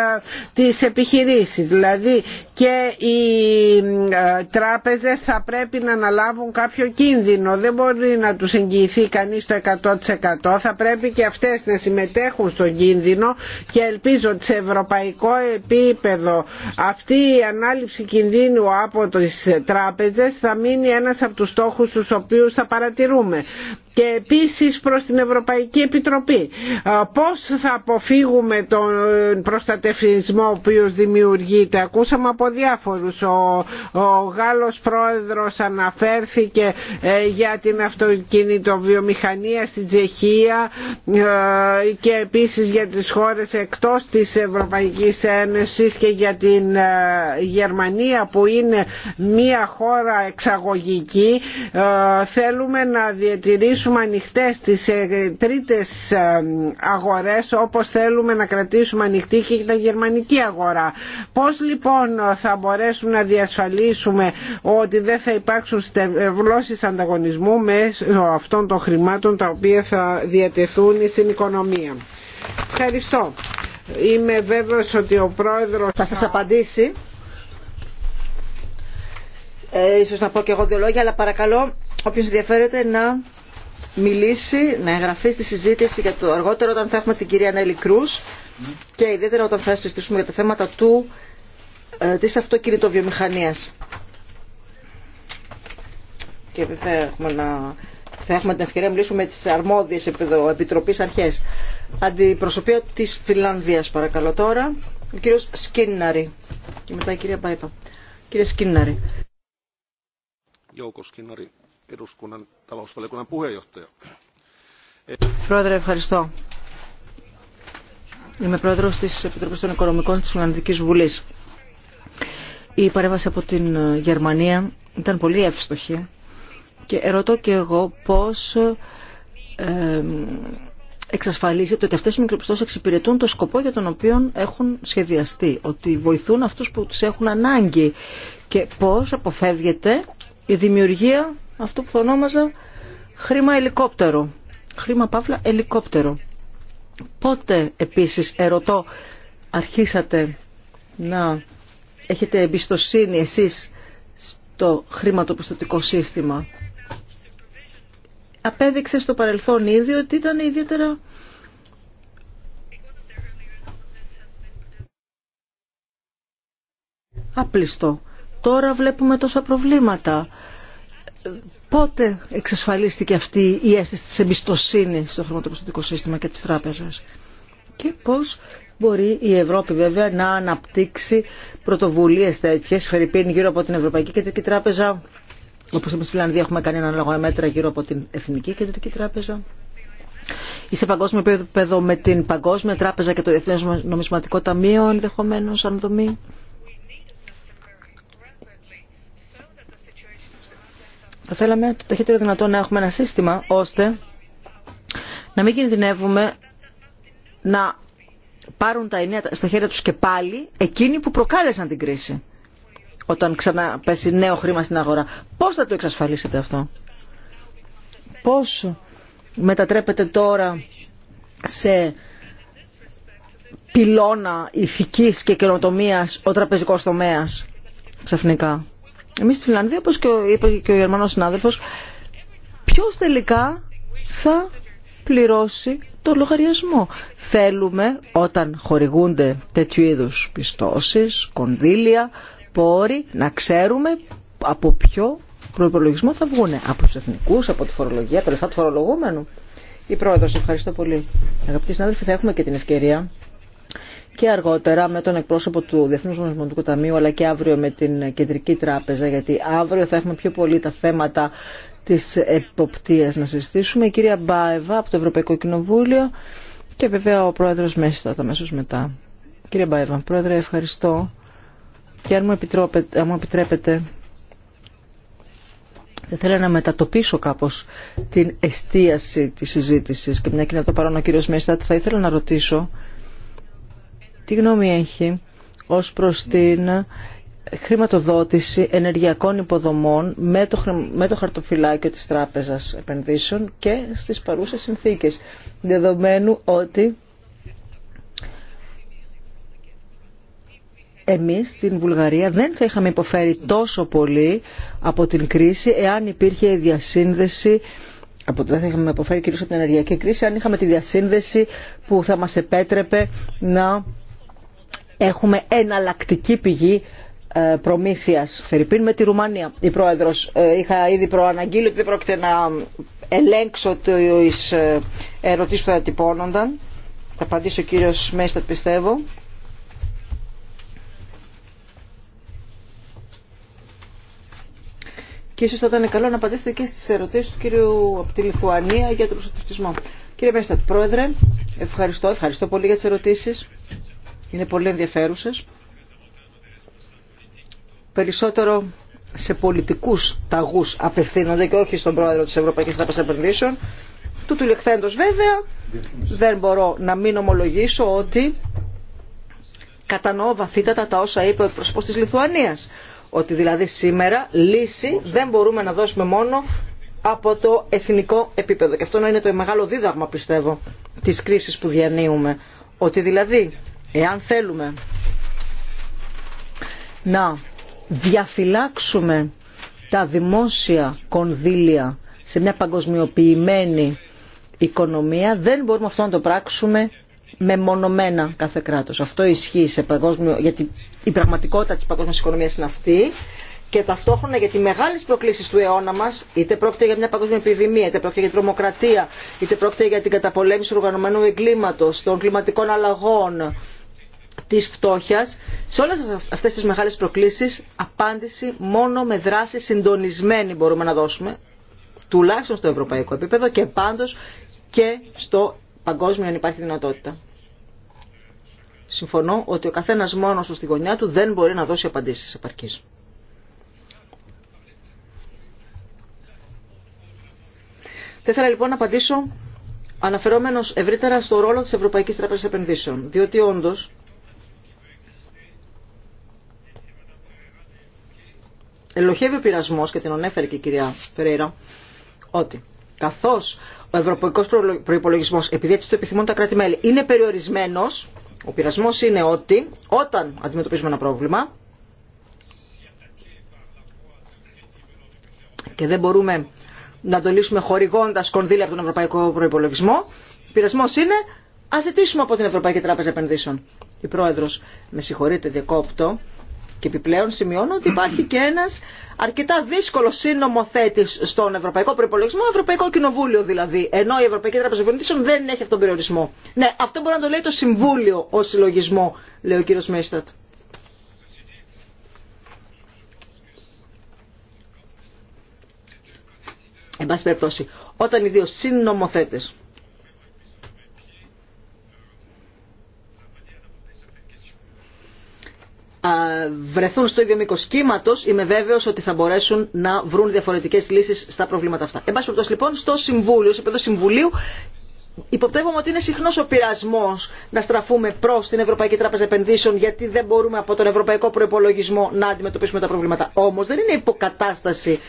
τις επιχειρήσεις. Δηλαδή και οι τράπεζες τράπεζες θα πρέπει να αναλάβουν κάποιο κίνδυνο. Δεν μπορεί να τους εγγυηθεί κανείς το 100%. Θα πρέπει και αυτές να συμμετέχουν στον κίνδυνο και ελπίζω ότι σε ευρωπαϊκό επίπεδο αυτή η ανάληψη κινδύνου από τις τράπεζες θα μείνει ένας από τους στόχους τους οποίους θα παρατηρούμε και επίσης προς την Ευρωπαϊκή Επιτροπή. Πώς θα αποφύγουμε τον προστατευτισμό ο οποίος δημιουργείται. Ακούσαμε από διάφορους. Ο, ο Γάλλος πρόεδρος αναφέρθηκε ε, για την αυτοκινητοβιομηχανία στην Τσεχία ε, και επίσης για τις χώρες εκτός της Ευρωπαϊκής Ένωσης και για την ε, Γερμανία που είναι μια χώρα εξαγωγική. Θέλουμε να διατηρήσουμε κρατήσουμε ανοιχτές τις ε, τρίτες ε, αγορές όπως θέλουμε να κρατήσουμε ανοιχτή και τα γερμανική αγορά. Πώς λοιπόν θα μπορέσουμε να διασφαλίσουμε ότι δεν θα υπάρξουν στευλώσεις ανταγωνισμού μέσω αυτών των χρημάτων τα οποία θα διατεθούν στην οικονομία. Ευχαριστώ. Είμαι βέβαιος ότι ο πρόεδρος θα σας απαντήσει. Ε, ίσως να πω και εγώ δύο αλλά παρακαλώ όποιος ενδιαφέρεται να μιλήσει, να εγγραφεί στη συζήτηση για το αργότερο όταν θα έχουμε την κυρία Νέλη Κρούς και ιδιαίτερα όταν θα συζητήσουμε για τα θέματα του, ε, της αυτοκινητοβιομηχανίας. Και θα έχουμε, να, θα έχουμε την ευκαιρία να μιλήσουμε με τις αρμόδιες επιτροπής αρχές. Αντιπροσωπεία της Φιλανδίας παρακαλώ τώρα, ο κύριος Σκίνναρη και μετά η κυρία Πάιπα. Κύριε Σκίνναρη. Σκίνναρη eduskunnan talousvaliokunnan puheenjohtaja. Πρόεδρε, ευχαριστώ. Είμαι πρόεδρος της Επιτροπής των Οικονομικών της Φιλανδικής Βουλής. Η παρέμβαση από την Γερμανία ήταν πολύ εύστοχη και ερωτώ και εγώ πώς εξασφαλίζεται ότι αυτές οι μικροπιστώσεις εξυπηρετούν το σκοπό για τον οποίο έχουν σχεδιαστεί, ότι βοηθούν αυτούς που τους έχουν ανάγκη και πώς αποφεύγεται η δημιουργία αυτό που χρήμα ελικόπτερο. Χρήμα παύλα ελικόπτερο. Πότε επίσης ερωτώ αρχίσατε να έχετε εμπιστοσύνη εσείς στο χρηματοπιστωτικό σύστημα. Απέδειξε στο παρελθόν ήδη ότι ήταν ιδιαίτερα απλιστό. Τώρα βλέπουμε τόσα προβλήματα πότε εξασφαλίστηκε αυτή η αίσθηση της εμπιστοσύνης στο χρηματοπιστωτικό σύστημα και της τράπεζας και πώς μπορεί η Ευρώπη βέβαια να αναπτύξει πρωτοβουλίες τέτοιες, φερειπίν γύρω από την Ευρωπαϊκή Κεντρική Τράπεζα, όπως εμείς στη Φιλανδία έχουμε κάνει έναν μέτρα γύρω από την Εθνική Κεντρική Τράπεζα ή σε παγκόσμιο επίπεδο με την Παγκόσμια Τράπεζα και το Διεθνές Νομισματικό Ταμείο ενδεχομένω, αν δομή. Θα θέλαμε το ταχύτερο δυνατό να έχουμε ένα σύστημα ώστε να μην κινδυνεύουμε να πάρουν τα ενία στα χέρια τους και πάλι εκείνοι που προκάλεσαν την κρίση όταν ξαναπέσει νέο χρήμα στην αγορά. Πώς θα το εξασφαλίσετε αυτό. Πώς μετατρέπεται τώρα σε πυλώνα ηθικής και καινοτομίας ο τραπεζικός τομέας ξαφνικά. Εμείς στη Φιλανδία, όπως και είπε και ο Γερμανός συνάδελφος, ποιος τελικά θα πληρώσει το λογαριασμό. Θέλουμε όταν χορηγούνται τέτοιου είδους πιστώσεις, κονδύλια, πόροι, να ξέρουμε από ποιο προπολογισμό θα βγουν. Από τους εθνικούς, από τη φορολογία, τα λεφτά του φορολογούμενου. Η πρόεδρος, ευχαριστώ πολύ. Αγαπητοί συνάδελφοι, θα έχουμε και την ευκαιρία και αργότερα με τον εκπρόσωπο του Διεθνούς Νομισματικού Ταμείου αλλά και αύριο με την Κεντρική Τράπεζα γιατί αύριο θα έχουμε πιο πολύ τα θέματα της εποπτείας να συζητήσουμε. Η κυρία Μπάεβα από το Ευρωπαϊκό Κοινοβούλιο και βέβαια ο Πρόεδρος Μέστα αμέσω μετά. Κύριε Μπάεβα, Πρόεδρε ευχαριστώ και αν μου, αν μου επιτρέπετε θα ήθελα να μετατοπίσω κάπως την εστίαση τη συζήτηση και μια και είναι εδώ παρόν ο κύριος Μέστατ θα ήθελα να ρωτήσω τι γνώμη έχει ως προς την χρηματοδότηση ενεργειακών υποδομών με το, με το χαρτοφυλάκιο της Τράπεζας Επενδύσεων και στις παρούσες συνθήκες, δεδομένου ότι εμείς στην Βουλγαρία δεν θα είχαμε υποφέρει τόσο πολύ από την κρίση εάν υπήρχε διασύνδεση από δεν θα είχαμε κυρίως από την ενεργειακή κρίση αν είχαμε τη διασύνδεση που θα μας επέτρεπε να έχουμε εναλλακτική πηγή ε, προμήθειας Φερρυπίν με τη Ρουμανία. Η Πρόεδρος, ε, είχα ήδη προαναγγείλει ότι δεν πρόκειται να ελέγξω τις ε, ερωτήσεις που θα τυπώνονταν. Θα απαντήσει ο κύριος Μέστατ πιστεύω. Και ίσως θα ήταν καλό να απαντήσετε και στις ερωτήσεις του κύριου από τη Λιθουανία για τον προστατευτισμό. Κύριε Μέστατ, Πρόεδρε, ευχαριστώ, ευχαριστώ πολύ για τις ερωτήσεις είναι πολύ ενδιαφέρουσες. Περισσότερο σε πολιτικούς ταγούς απευθύνονται και όχι στον πρόεδρο της Ευρωπαϊκής Τράπεζας Επενδύσεων. Του του λεχθέντος βέβαια δεν μπορώ να μην ομολογήσω ότι κατανοώ βαθύτατα τα όσα είπε ο εκπροσωπός της Λιθουανίας. Ότι δηλαδή σήμερα λύση δεν μπορούμε να δώσουμε μόνο από το εθνικό επίπεδο. Και αυτό να είναι το μεγάλο δίδαγμα πιστεύω της κρίσης που διανύουμε. Ότι δηλαδή εάν θέλουμε να διαφυλάξουμε τα δημόσια κονδύλια σε μια παγκοσμιοποιημένη οικονομία, δεν μπορούμε αυτό να το πράξουμε μεμονωμένα κάθε κράτος. Αυτό ισχύει σε παγκόσμιο, γιατί η πραγματικότητα της παγκόσμιας οικονομίας είναι αυτή και ταυτόχρονα για τι μεγάλε προκλήσει του αιώνα μα, είτε πρόκειται για μια παγκόσμια επιδημία, είτε πρόκειται για την τρομοκρατία, είτε πρόκειται για την καταπολέμηση του οργανωμένου εγκλήματο, των κλιματικών αλλαγών, της φτώχειας, σε όλες αυτές τις μεγάλες προκλήσεις απάντηση μόνο με δράση συντονισμένη μπορούμε να δώσουμε, τουλάχιστον στο ευρωπαϊκό επίπεδο και πάντως και στο παγκόσμιο αν υπάρχει δυνατότητα. Συμφωνώ ότι ο καθένας μόνος στη γωνιά του δεν μπορεί να δώσει απαντήσεις επαρκής. Θα ήθελα λοιπόν να απαντήσω αναφερόμενος ευρύτερα στο ρόλο της Ευρωπαϊκής Τράπεζας Επενδύσεων, διότι όντως ελοχεύει ο πειρασμό και την ανέφερε και η κυρία Φερέιρα ότι καθώ ο Ευρωπαϊκό προπολογισμό, επειδή έτσι το επιθυμούν τα κράτη-μέλη είναι περιορισμένο, ο πειρασμό είναι ότι όταν αντιμετωπίζουμε ένα πρόβλημα και δεν μπορούμε να το λύσουμε χορηγώντα κονδύλια από τον ευρωπαϊκό προπολογισμό, ο πειρασμό είναι Α ζητήσουμε από την Ευρωπαϊκή Τράπεζα Επενδύσεων. Η πρόεδρο, με συγχωρείτε, διακόπτω. Και επιπλέον σημειώνω ότι υπάρχει και ένα αρκετά δύσκολο συνομοθέτη στον Ευρωπαϊκό Προπολογισμό, Ευρωπαϊκό Κοινοβούλιο δηλαδή. Ενώ η Ευρωπαϊκή Τράπεζα Επενδύσεων δεν έχει αυτόν τον περιορισμό. Ναι, αυτό μπορεί να το λέει το Συμβούλιο ω συλλογισμό, λέει ο κύριο Μέστατ. Εν πάση περιπτώσει, όταν οι δύο συνομοθέτες βρεθούν στο ίδιο μήκο κύματο, είμαι βέβαιο ότι θα μπορέσουν να βρουν διαφορετικέ λύσει στα προβλήματα αυτά. Εν πάση λοιπόν, στο Συμβούλιο, σε επίπεδο Συμβουλίου, Υποπτεύομαι ότι είναι συχνό ο πειρασμό να στραφούμε προ την Ευρωπαϊκή Τράπεζα Επενδύσεων γιατί δεν μπορούμε από τον Ευρωπαϊκό Προπολογισμό να αντιμετωπίσουμε τα προβλήματα. Όμω δεν είναι υποκατάσταση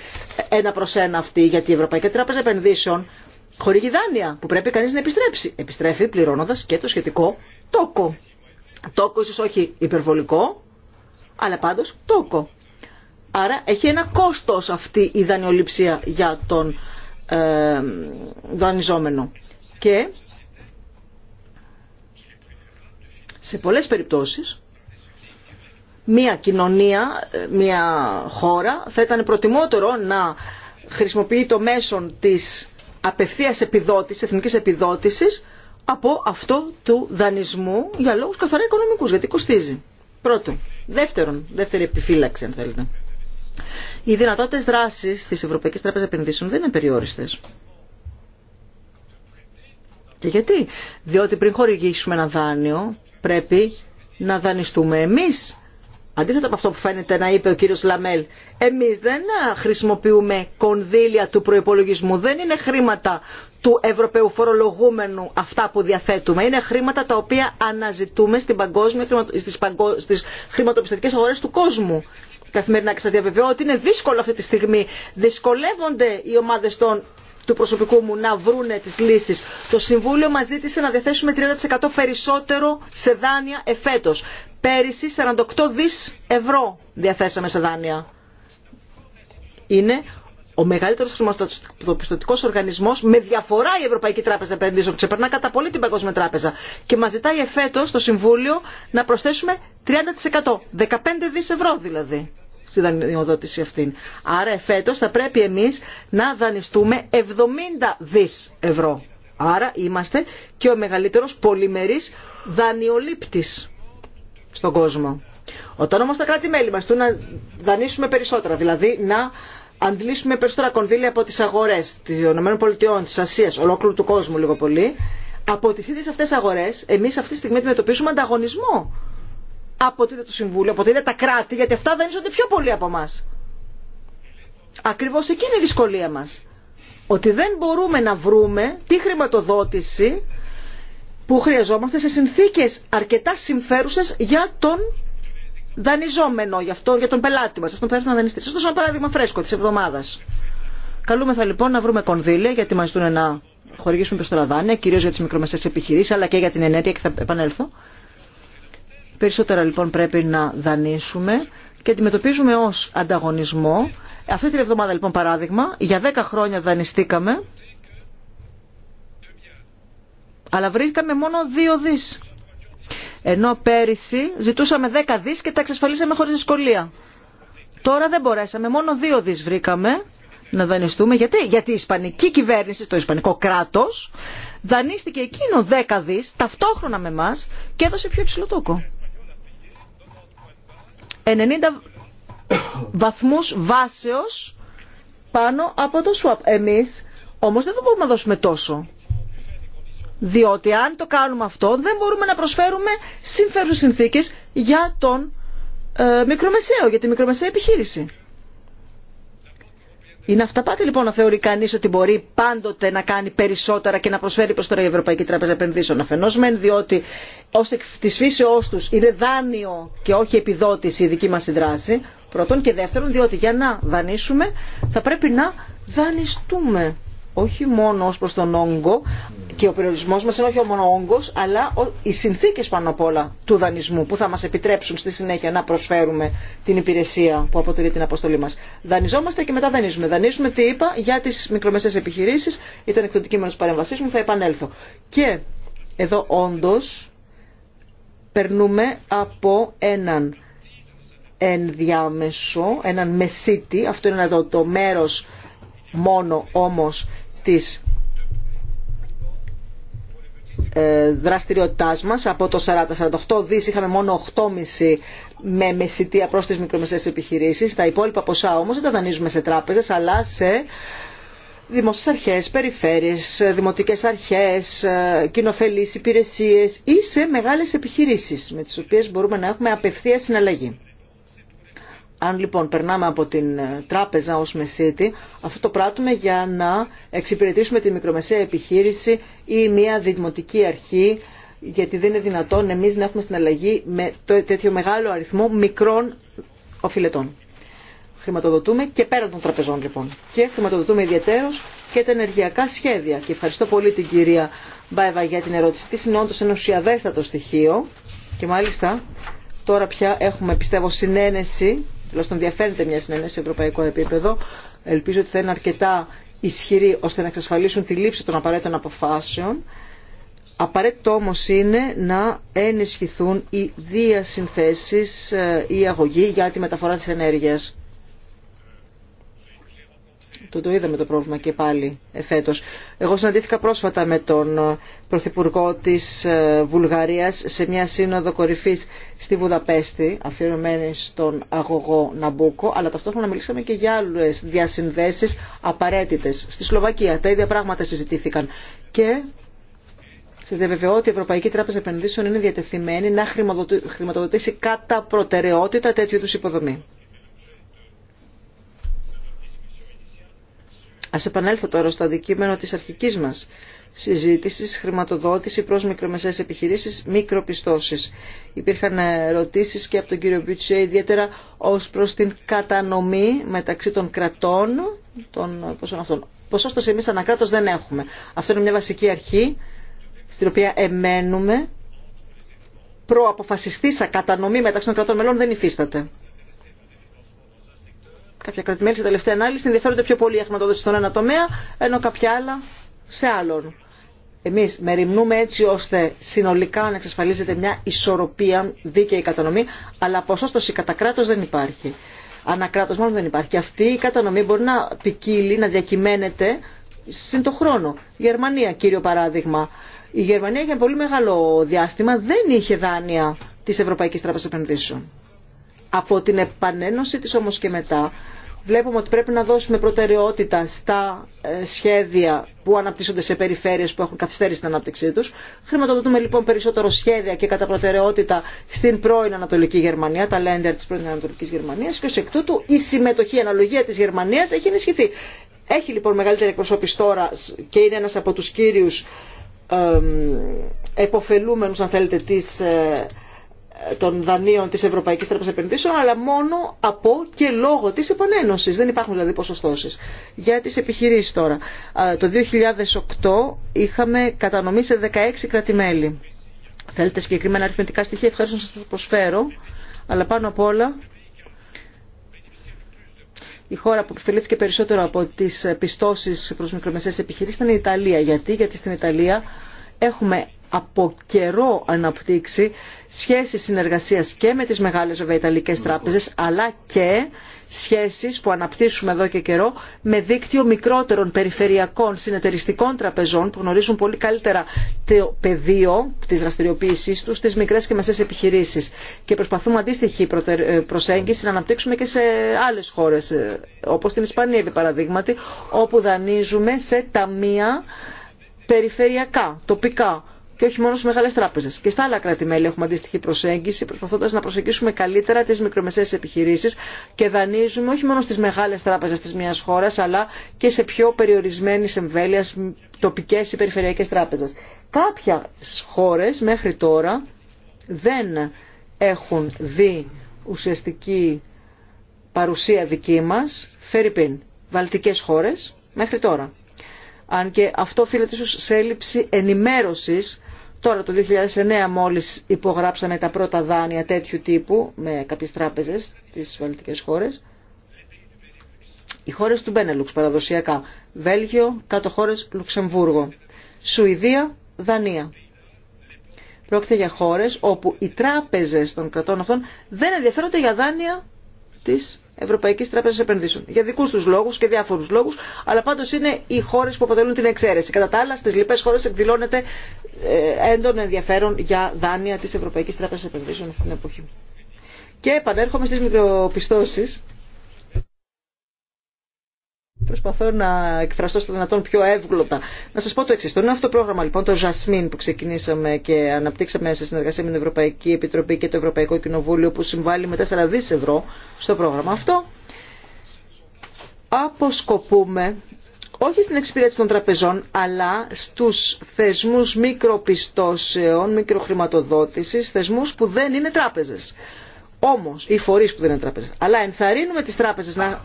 ένα προ ένα αυτή γιατί η Ευρωπαϊκή Τράπεζα Επενδύσεων χορηγεί δάνεια που πρέπει κανεί να επιστρέψει. Επιστρέφει πληρώνοντα και το σχετικό τόκο. Τόκο ίσω όχι υπερβολικό, αλλά πάντως τόκο. Άρα έχει ένα κόστος αυτή η δανειοληψία για τον ε, δανειζόμενο. Και σε πολλές περιπτώσεις μια κοινωνία, ε, μια χώρα θα ήταν προτιμότερο να χρησιμοποιεί το μέσον της απευθείας επιδότησης, εθνικής επιδότησης από αυτό του δανεισμού για λόγους καθαρά οικονομικούς, γιατί κοστίζει. Πρώτον. Δεύτερον, δεύτερη επιφύλαξη αν θέλετε. Οι δυνατότητε δράση τη Ευρωπαϊκή Τράπεζας Επενδύσεων δεν είναι περιόριστε. Και γιατί. Διότι πριν χορηγήσουμε ένα δάνειο πρέπει να δανειστούμε εμείς Αντίθετα από αυτό που φαίνεται να είπε ο κύριος Λαμέλ, εμείς δεν χρησιμοποιούμε κονδύλια του προϋπολογισμού, δεν είναι χρήματα του Ευρωπαίου φορολογούμενου αυτά που διαθέτουμε. Είναι χρήματα τα οποία αναζητούμε στην παγκόσμια, στις, παγκο... στις χρηματοπιστωτικές αγορές του κόσμου. Καθημερινά και σας διαβεβαιώ ότι είναι δύσκολο αυτή τη στιγμή. Δυσκολεύονται οι ομάδες των του προσωπικού μου να βρούνε τις λύσεις. Το Συμβούλιο μας ζήτησε να διαθέσουμε 30% περισσότερο σε δάνεια εφέτος. Πέρυσι 48 δις ευρώ διαθέσαμε σε δάνεια. Είναι ο μεγαλύτερο χρηματοπιστωτικό οργανισμό με διαφορά η Ευρωπαϊκή Τράπεζα Επενδύσεων. Ξεπερνά κατά πολύ την Παγκόσμια Τράπεζα. Και μα ζητάει εφέτο το Συμβούλιο να προσθέσουμε 30%. 15 δι ευρώ δηλαδή στη δανειοδότηση αυτή. Άρα εφέτος θα πρέπει εμείς να δανειστούμε 70 δις ευρώ. Άρα είμαστε και ο μεγαλύτερος πολυμερής δανειολήπτης στον κόσμο. Όταν όμω τα κράτη-μέλη μα του να δανείσουμε περισσότερα, δηλαδή να αντλήσουμε περισσότερα κονδύλια από τι αγορέ των ΗΠΑ, της Ασίας, ολόκληρου του κόσμου λίγο πολύ, από τι ίδιε αυτέ αγορέ, εμεί αυτή τη στιγμή αντιμετωπίζουμε ανταγωνισμό. από το Συμβούλιο, από ίδιο τα κράτη, γιατί αυτά δανείζονται πιο πολύ από εμά. Ακριβώ εκεί είναι η δυσκολία μα. Ότι δεν μπορούμε να βρούμε τη χρηματοδότηση που χρειαζόμαστε σε συνθήκες αρκετά συμφέρουσες για τον δανειζόμενο, για, αυτό, για τον πελάτη μας, αυτόν που έρθει να δανειστεί. Σας δώσω ένα παράδειγμα φρέσκο της εβδομάδας. Καλούμεθα λοιπόν να βρούμε κονδύλια γιατί μας δουν να χορηγήσουμε προς τώρα δάνεια, κυρίως για τις μικρομεσαίες επιχειρήσεις αλλά και για την ενέργεια και θα επανέλθω. Περισσότερα λοιπόν πρέπει να δανείσουμε και αντιμετωπίζουμε ως ανταγωνισμό. Αυτή την εβδομάδα λοιπόν παράδειγμα, για 10 χρόνια δανειστήκαμε αλλά βρήκαμε μόνο δύο δις. Ενώ πέρυσι ζητούσαμε δέκα δις και τα εξασφαλίσαμε χωρίς δυσκολία. Τώρα δεν μπορέσαμε, μόνο δύο δις βρήκαμε να δανειστούμε. Γιατί, Γιατί η ισπανική κυβέρνηση, το ισπανικό κράτος, δανείστηκε εκείνο δέκα δις ταυτόχρονα με εμά και έδωσε πιο υψηλό τόκο. 90 βαθμούς βάσεως πάνω από το swap. Εμείς όμως δεν θα μπορούμε να δώσουμε τόσο. Διότι αν το κάνουμε αυτό δεν μπορούμε να προσφέρουμε συμφέρουσες συνθήκες για τον ε, μικρομεσαίο, για τη μικρομεσαία επιχείρηση. Είναι αυταπάτη λοιπόν να θεωρεί κανεί ότι μπορεί πάντοτε να κάνει περισσότερα και να προσφέρει προ τώρα η Ευρωπαϊκή Τράπεζα Επενδύσεων. Αφενό μεν διότι ω εκ τη φύσεώ του είναι δάνειο και όχι επιδότηση η δική μα δράση. Πρώτον και δεύτερον διότι για να δανείσουμε θα πρέπει να δανειστούμε όχι μόνο ως προς τον όγκο και ο περιορισμός μας είναι όχι μόνο ο όγκος αλλά οι συνθήκες πάνω απ' όλα του δανεισμού που θα μας επιτρέψουν στη συνέχεια να προσφέρουμε την υπηρεσία που αποτελεί την αποστολή μας. Δανειζόμαστε και μετά δανείζουμε. Δανείζουμε τι είπα για τις μικρομεσαίες επιχειρήσεις, ήταν εκ των κείμενος παρεμβασής μου, θα επανέλθω. Και εδώ όντως περνούμε από έναν ενδιάμεσο, έναν μεσίτη, αυτό είναι εδώ το μέρος μόνο όμως της ε, δραστηριότητάς μας από το 40-48 δις είχαμε μόνο 8,5 με μεσητεία προς τις μικρομεσαίες επιχειρήσεις τα υπόλοιπα ποσά όμως δεν τα δανείζουμε σε τράπεζες αλλά σε δημόσιες αρχές, περιφέρειες, δημοτικές αρχές, ε, κοινοφελείς υπηρεσίες ή σε μεγάλες επιχειρήσεις με τις οποίες μπορούμε να έχουμε απευθεία συναλλαγή. Αν λοιπόν περνάμε από την ε, τράπεζα ως μεσίτη, αυτό το πράττουμε για να εξυπηρετήσουμε τη μικρομεσαία επιχείρηση ή μια δημοτική αρχή, γιατί δεν είναι δυνατόν εμείς να έχουμε συναλλαγή με τέτοιο μεγάλο αριθμό μικρών οφειλετών. Χρηματοδοτούμε και πέραν των τραπεζών λοιπόν. Και χρηματοδοτούμε ιδιαίτερως και τα ενεργειακά σχέδια. Και ευχαριστώ πολύ την κυρία Μπάεβα για την ερώτηση της. Είναι όντως ένα ουσιαδέστατο στοιχείο και μάλιστα τώρα πια έχουμε πιστεύω συνένεση τουλάχιστον ενδιαφέρεται μια συνένεση σε ευρωπαϊκό επίπεδο. Ελπίζω ότι θα είναι αρκετά ισχυρή ώστε να εξασφαλίσουν τη λήψη των απαραίτητων αποφάσεων. Απαραίτητο όμως είναι να ενισχυθούν οι διασυνθέσεις ή ε, αγωγή για τη μεταφορά της ενέργειας. Το, το είδαμε το πρόβλημα και πάλι εφέτος. Εγώ συναντήθηκα πρόσφατα με τον ε, Πρωθυπουργό της ε, Βουλγαρίας σε μια σύνοδο κορυφής στη Βουδαπέστη, αφιερωμένη στον αγωγό Ναμπούκο, αλλά ταυτόχρονα μιλήσαμε και για άλλε διασυνδέσεις απαραίτητες. Στη Σλοβακία τα ίδια πράγματα συζητήθηκαν. Και Σα διαβεβαιώ ότι η Ευρωπαϊκή Τράπεζα Επενδύσεων είναι διατεθειμένη να χρηματοδοτήσει κατά προτεραιότητα τέτοιου είδου υποδομή. Ας επανέλθω τώρα στο αντικείμενο της αρχικής μας συζήτησης, χρηματοδότηση προς μικρομεσαίες επιχειρήσεις, μικροπιστώσεις. Υπήρχαν ερωτήσεις και από τον κύριο Μπιουτσέ, ιδιαίτερα ως προς την κατανομή μεταξύ των κρατών των ποσών αυτών. Ποσόστος εμείς σαν δεν έχουμε. Αυτό είναι μια βασική αρχή στην οποία εμένουμε προαποφασιστήσα κατανομή μεταξύ των κρατών μελών δεν υφίσταται. Κάποια κρατημέλη σε τελευταία ανάλυση ενδιαφέρονται πιο πολύ η χρηματοδότηση στον ένα τομέα, ενώ κάποια άλλα σε άλλον. Εμεί μεριμνούμε έτσι ώστε συνολικά να εξασφαλίζεται μια ισορροπία, δίκαιη κατανομή, αλλά ποσόστοση κατά κράτο δεν υπάρχει. Ανακράτο μόνο δεν υπάρχει. Και αυτή η κατανομή μπορεί να ποικίλει, να διακυμαίνεται συν χρόνο. Η Γερμανία, κύριο παράδειγμα. Η Γερμανία για πολύ μεγάλο διάστημα δεν είχε δάνεια τη Ευρωπαϊκή Τράπεζα Επενδύσεων από την επανένωση της όμως και μετά βλέπουμε ότι πρέπει να δώσουμε προτεραιότητα στα ε, σχέδια που αναπτύσσονται σε περιφέρειες που έχουν καθυστέρηση την ανάπτυξή τους. Χρηματοδοτούμε λοιπόν περισσότερο σχέδια και κατά προτεραιότητα στην πρώην Ανατολική Γερμανία, τα Länder της πρώην Ανατολικής Γερμανίας και ως εκ τούτου η συμμετοχή, η αναλογία της Γερμανίας έχει ενισχυθεί. Έχει λοιπόν μεγαλύτερη εκπροσώπηση τώρα και είναι ένας από τους κύριους εποφελούμενους αν θέλετε της ε, των δανείων της Ευρωπαϊκής Τράπεζας Επενδύσεων, αλλά μόνο από και λόγω της επανένωσης. Δεν υπάρχουν δηλαδή ποσοστώσεις. Για τις επιχειρήσεις τώρα. Το 2008 είχαμε κατανομή σε 16 κρατημέλη. Θέλετε συγκεκριμένα αριθμητικά στοιχεία, ευχαριστώ να σας προσφέρω. Αλλά πάνω απ' όλα η χώρα που επιφελήθηκε περισσότερο από τις πιστώσεις προς μικρομεσαίες επιχειρήσεις ήταν η Ιταλία. Γιατί, γιατί στην Ιταλία έχουμε από καιρό αναπτύξει σχέσεις συνεργασίας και με τις μεγάλες βέβαια Ιταλικές τράπεζες αλλά και σχέσεις που αναπτύσσουμε εδώ και καιρό με δίκτυο μικρότερων περιφερειακών συνεταιριστικών τραπεζών που γνωρίζουν πολύ καλύτερα το πεδίο της δραστηριοποίησής τους στις μικρές και μεσές επιχειρήσεις. Και προσπαθούμε αντίστοιχη ε, προσέγγιση να αναπτύξουμε και σε άλλες χώρες ε, όπως την Ισπανία επί παραδείγματι όπου δανείζουμε σε ταμεία περιφερειακά, τοπικά και όχι μόνο στι μεγάλε τράπεζε. Και στα άλλα κράτη-μέλη έχουμε αντίστοιχη προσέγγιση, προσπαθώντα να προσεγγίσουμε καλύτερα τι μικρομεσαίε επιχειρήσει και δανείζουμε όχι μόνο στι μεγάλε τράπεζε τη μια χώρα, αλλά και σε πιο περιορισμένη εμβέλεια τοπικέ ή περιφερειακέ τράπεζε. Κάποιε χώρε μέχρι τώρα δεν έχουν δει ουσιαστική παρουσία δική μας, Φερρυπίν, βαλτικές χώρες, μέχρι τώρα. Αν και αυτό οφείλεται ίσως σε έλλειψη ενημέρωσης Τώρα το 2009 μόλις υπογράψαμε τα πρώτα δάνεια τέτοιου τύπου με κάποιες τράπεζες στις βαλτικές χώρες. Οι χώρες του Μπένελουξ παραδοσιακά. Βέλγιο, κάτω χώρες, Λουξεμβούργο. Σουηδία, Δανία. Πρόκειται για χώρες όπου οι τράπεζες των κρατών αυτών δεν ενδιαφέρονται για δάνεια της Ευρωπαϊκή Τράπεζα Επενδύσεων. Για δικού του λόγου και διάφορου λόγου, αλλά πάντω είναι οι χώρε που αποτελούν την εξαίρεση. Κατά τα άλλα, στι λοιπέ χώρε εκδηλώνεται ε, έντονο ενδιαφέρον για δάνεια τη Ευρωπαϊκή Τράπεζα Επενδύσεων αυτή την εποχή. Και επανέρχομαι στι μικροπιστώσει. Προσπαθώ να εκφραστώ στο δυνατόν πιο εύγλωτα. Να σα πω το εξή. Το νέο αυτό πρόγραμμα λοιπόν, το Jasmine που ξεκινήσαμε και αναπτύξαμε σε συνεργασία με την Ευρωπαϊκή Επιτροπή και το Ευρωπαϊκό Κοινοβούλιο που συμβάλλει με 4 δι ευρώ στο πρόγραμμα αυτό. Αποσκοπούμε όχι στην εξυπηρέτηση των τραπεζών, αλλά στους θεσμούς μικροπιστώσεων, μικροχρηματοδότησης, θεσμούς που δεν είναι τράπεζες. Όμως, οι φορείς που δεν είναι τράπεζες. Αλλά ενθαρρύνουμε τις τράπεζες να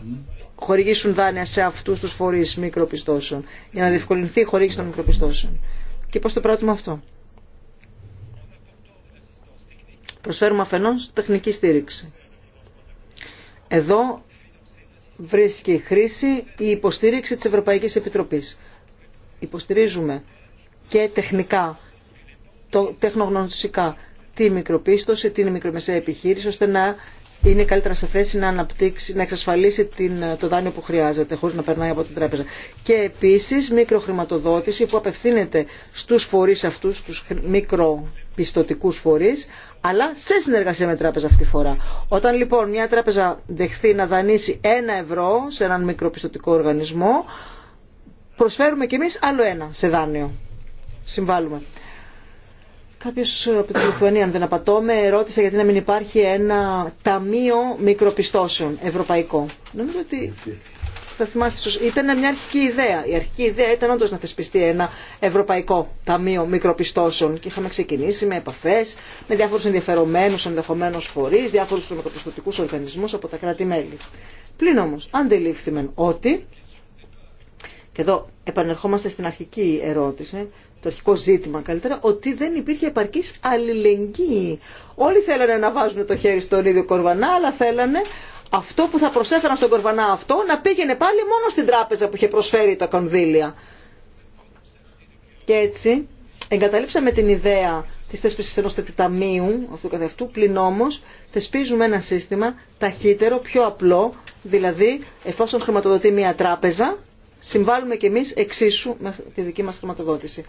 χορηγήσουν δάνεια σε αυτού του φορεί μικροπιστώσεων, για να διευκολυνθεί η χορήγηση των μικροπιστώσεων. Και πώ το πράττουμε αυτό. Προσφέρουμε αφενό τεχνική στήριξη. Εδώ βρίσκει η χρήση η υποστήριξη της Ευρωπαϊκής Επιτροπής. Υποστηρίζουμε και τεχνικά, τεχνογνωσικά, τη μικροπίστωση, την μικρομεσαία επιχείρηση, ώστε να είναι καλύτερα σε θέση να αναπτύξει, να εξασφαλίσει την, το δάνειο που χρειάζεται, χωρίς να περνάει από την τράπεζα. Και επίσης μικροχρηματοδότηση που απευθύνεται στους φορείς αυτούς, τους μικροπιστωτικούς φορείς, αλλά σε συνεργασία με τράπεζα αυτή τη φορά. Όταν λοιπόν μια τράπεζα δεχθεί να δανείσει ένα ευρώ σε έναν μικροπιστωτικό οργανισμό, προσφέρουμε κι εμείς άλλο ένα σε δάνειο. Συμβάλλουμε. Κάποιο από τη Λιθουανία, αν δεν με ρώτησε γιατί να μην υπάρχει ένα ταμείο μικροπιστώσεων ευρωπαϊκό. Νομίζω ότι θα θυμάστε σωστά. Ήταν μια αρχική ιδέα. Η αρχική ιδέα ήταν όντω να θεσπιστεί ένα ευρωπαϊκό ταμείο μικροπιστώσεων. Και είχαμε ξεκινήσει με επαφέ με διάφορου ενδιαφερομένου ενδεχομένω φορεί, διάφορου χρηματοπιστωτικού οργανισμού από τα κράτη-μέλη. Πλην όμω, αντελήφθημεν ότι. Και εδώ επανερχόμαστε στην αρχική ερώτηση το αρχικό ζήτημα καλύτερα, ότι δεν υπήρχε επαρκή αλληλεγγύη. Όλοι θέλανε να βάζουν το χέρι στον ίδιο κορβανά, αλλά θέλανε αυτό που θα προσέφεραν στον κορβανά αυτό να πήγαινε πάλι μόνο στην τράπεζα που είχε προσφέρει τα κονδύλια. Και έτσι εγκαταλείψαμε την ιδέα τη θέσπιση ενό τέτοιου ταμείου, αυτού καθ' αυτού, πλην όμω θεσπίζουμε ένα σύστημα ταχύτερο, πιο απλό, δηλαδή εφόσον χρηματοδοτεί μια τράπεζα, συμβάλλουμε κι εμείς εξίσου με τη δική μας χρηματοδότηση.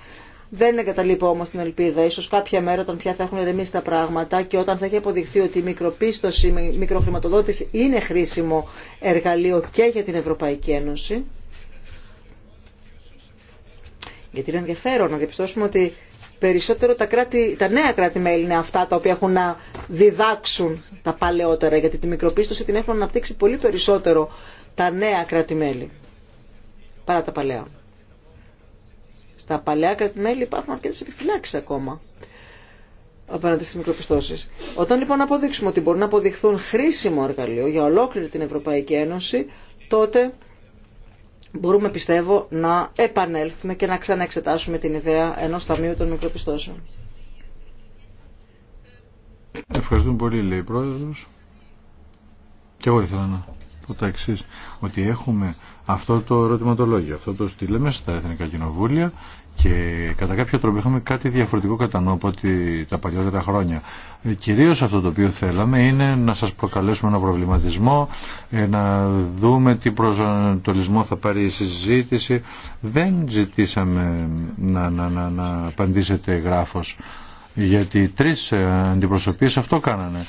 Δεν εγκαταλείπω όμω την ελπίδα. Ίσως κάποια μέρα όταν πια θα έχουν ερεμήσει τα πράγματα και όταν θα έχει αποδειχθεί ότι η μικροπίστωση, η μικροχρηματοδότηση είναι χρήσιμο εργαλείο και για την Ευρωπαϊκή Ένωση. Γιατί είναι ενδιαφέρον να διαπιστώσουμε ότι περισσότερο τα, κράτη, τα νέα κράτη-μέλη είναι αυτά τα οποία έχουν να διδάξουν τα παλαιότερα. Γιατί τη μικροπίστωση την έχουν αναπτύξει πολύ περισσότερο τα νέα κράτη-μέλη παρά τα παλαιά. Στα παλαιά κρατημέλη υπάρχουν αρκετέ επιφυλάξει ακόμα απέναντι στι μικροπιστώσει. Όταν λοιπόν αποδείξουμε ότι μπορούν να αποδειχθούν χρήσιμο εργαλείο για ολόκληρη την Ευρωπαϊκή Ένωση, τότε μπορούμε πιστεύω να επανέλθουμε και να ξαναεξετάσουμε την ιδέα ενός ταμείου των μικροπιστώσεων. Ευχαριστούμε πολύ, λέει η Πρόεδρος. Και εγώ ήθελα να πω τα εξή, ότι έχουμε αυτό το ερωτηματολόγιο. Αυτό το στείλαμε στα Εθνικά Κοινοβούλια και κατά κάποιο τρόπο είχαμε κάτι διαφορετικό κατά νου από ότι τα παλιότερα χρόνια. Ε, κυρίως αυτό το οποίο θέλαμε είναι να σας προκαλέσουμε ένα προβληματισμό, ε, να δούμε τι προσανατολισμό θα πάρει η συζήτηση. Δεν ζητήσαμε να, να, να, να απαντήσετε γράφο. Γιατί τρεις ε, αντιπροσωπείς αυτό κάνανε.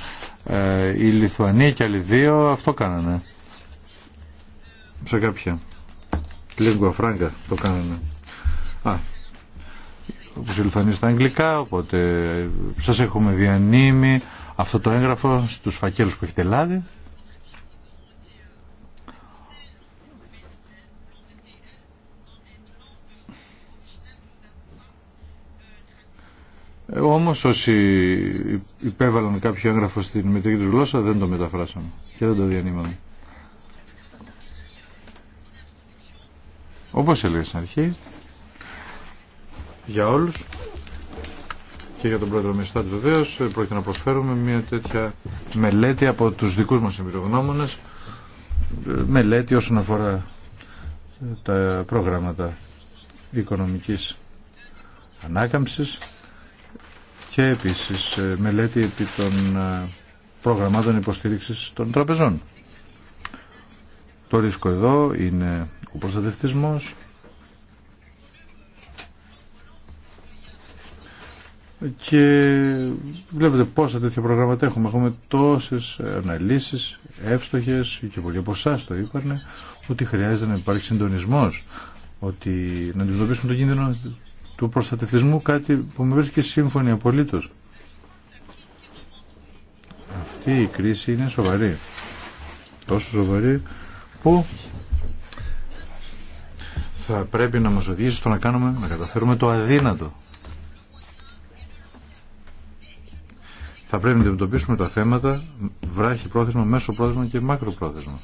η Λιθουανία και άλλοι δύο αυτό κάνανε σε κάποια λίγκουα φράγκα το κάνανε. Α, όπως ηλφανεί στα αγγλικά, οπότε σας έχουμε διανύμει αυτό το έγγραφο στους φακέλους που έχετε λάβει. Όμως όσοι υπέβαλαν κάποιο έγγραφο στην μετρική τους γλώσσα δεν το μεταφράσαμε και δεν το διανύμαμε. Όπως έλεγα στην αρχή, για όλους και για τον πρόεδρο Μιστάτ βεβαίω πρόκειται να προσφέρουμε μια τέτοια μελέτη από τους δικούς μας εμπειρογνώμονες μελέτη όσον αφορά ε, τα προγράμματα οικονομικής ανάκαμψης και επίσης ε, μελέτη επί των ε, προγραμμάτων υποστήριξης των τραπεζών. Το ρίσκο εδώ είναι ο προστατευτισμός και βλέπετε πόσα τέτοια προγράμματα έχουμε. Έχουμε τόσες αναλύσεις εύστοχες και πολλοί από εσά το είπανε ότι χρειάζεται να υπάρχει συντονισμός ότι να αντιμετωπίσουμε τον κίνδυνο του προστατευτισμού κάτι που με βρίσκει σύμφωνη απολύτως. Αυτή η κρίση είναι σοβαρή. Τόσο σοβαρή που θα πρέπει να μας οδηγήσει στο να κάνουμε, να καταφέρουμε το αδύνατο. Θα πρέπει να αντιμετωπίσουμε τα θέματα βράχη πρόθεσμα, μέσο πρόθεσμα και μάκρο πρόθεσμα.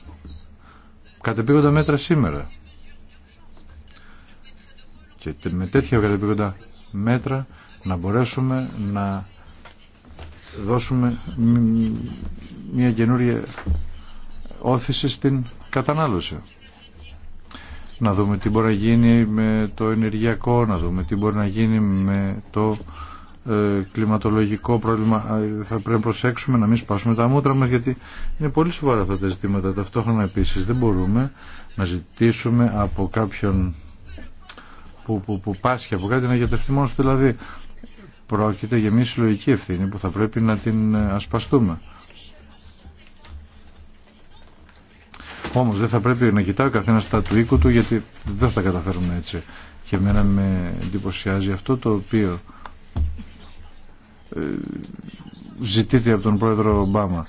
Κατεπήγοντα μέτρα σήμερα. Και με τέτοια κατεπήγοντα μέτρα να μπορέσουμε να δώσουμε μια καινούρια όθηση στην να δούμε τι μπορεί να γίνει με το ενεργειακό, να δούμε τι μπορεί να γίνει με το ε, κλιματολογικό πρόβλημα θα πρέπει να προσέξουμε να μην σπάσουμε τα μούτρα μας γιατί είναι πολύ σοβαρά αυτά τα ζητήματα ταυτόχρονα επίσης δεν μπορούμε να ζητήσουμε από κάποιον που, που, πάσχει από κάτι να γιατρευτεί μόνος δηλαδή πρόκειται για μια συλλογική ευθύνη που θα πρέπει να την ε, ασπαστούμε Όμω, δεν θα πρέπει να κοιτάει ο καθένα τα του οίκου του γιατί δεν θα τα καταφέρουμε έτσι. Και εμένα με εντυπωσιάζει αυτό το οποίο ε, ζητείται από τον πρόεδρο Ομπάμα.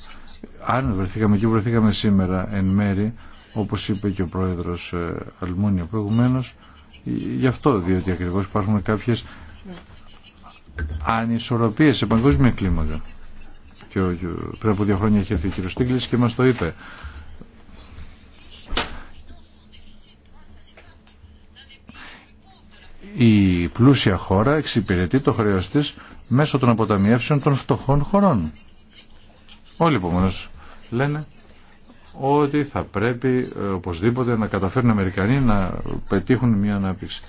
Αν βρεθήκαμε εκεί βρεθήκαμε σήμερα εν μέρη, όπω είπε και ο πρόεδρος ε, Αλμούνια προηγουμένω, γι' αυτό διότι ακριβώ υπάρχουν κάποιε ανισορροπίε σε παγκόσμια κλίμακα. Και πριν από δύο χρόνια είχε έρθει ο κύριο Στίγκλης και μα το είπε η πλούσια χώρα εξυπηρετεί το χρέο τη μέσω των αποταμιεύσεων των φτωχών χωρών. Όλοι επομένω λένε ότι θα πρέπει ε, οπωσδήποτε να καταφέρουν οι Αμερικανοί να πετύχουν μια ανάπτυξη.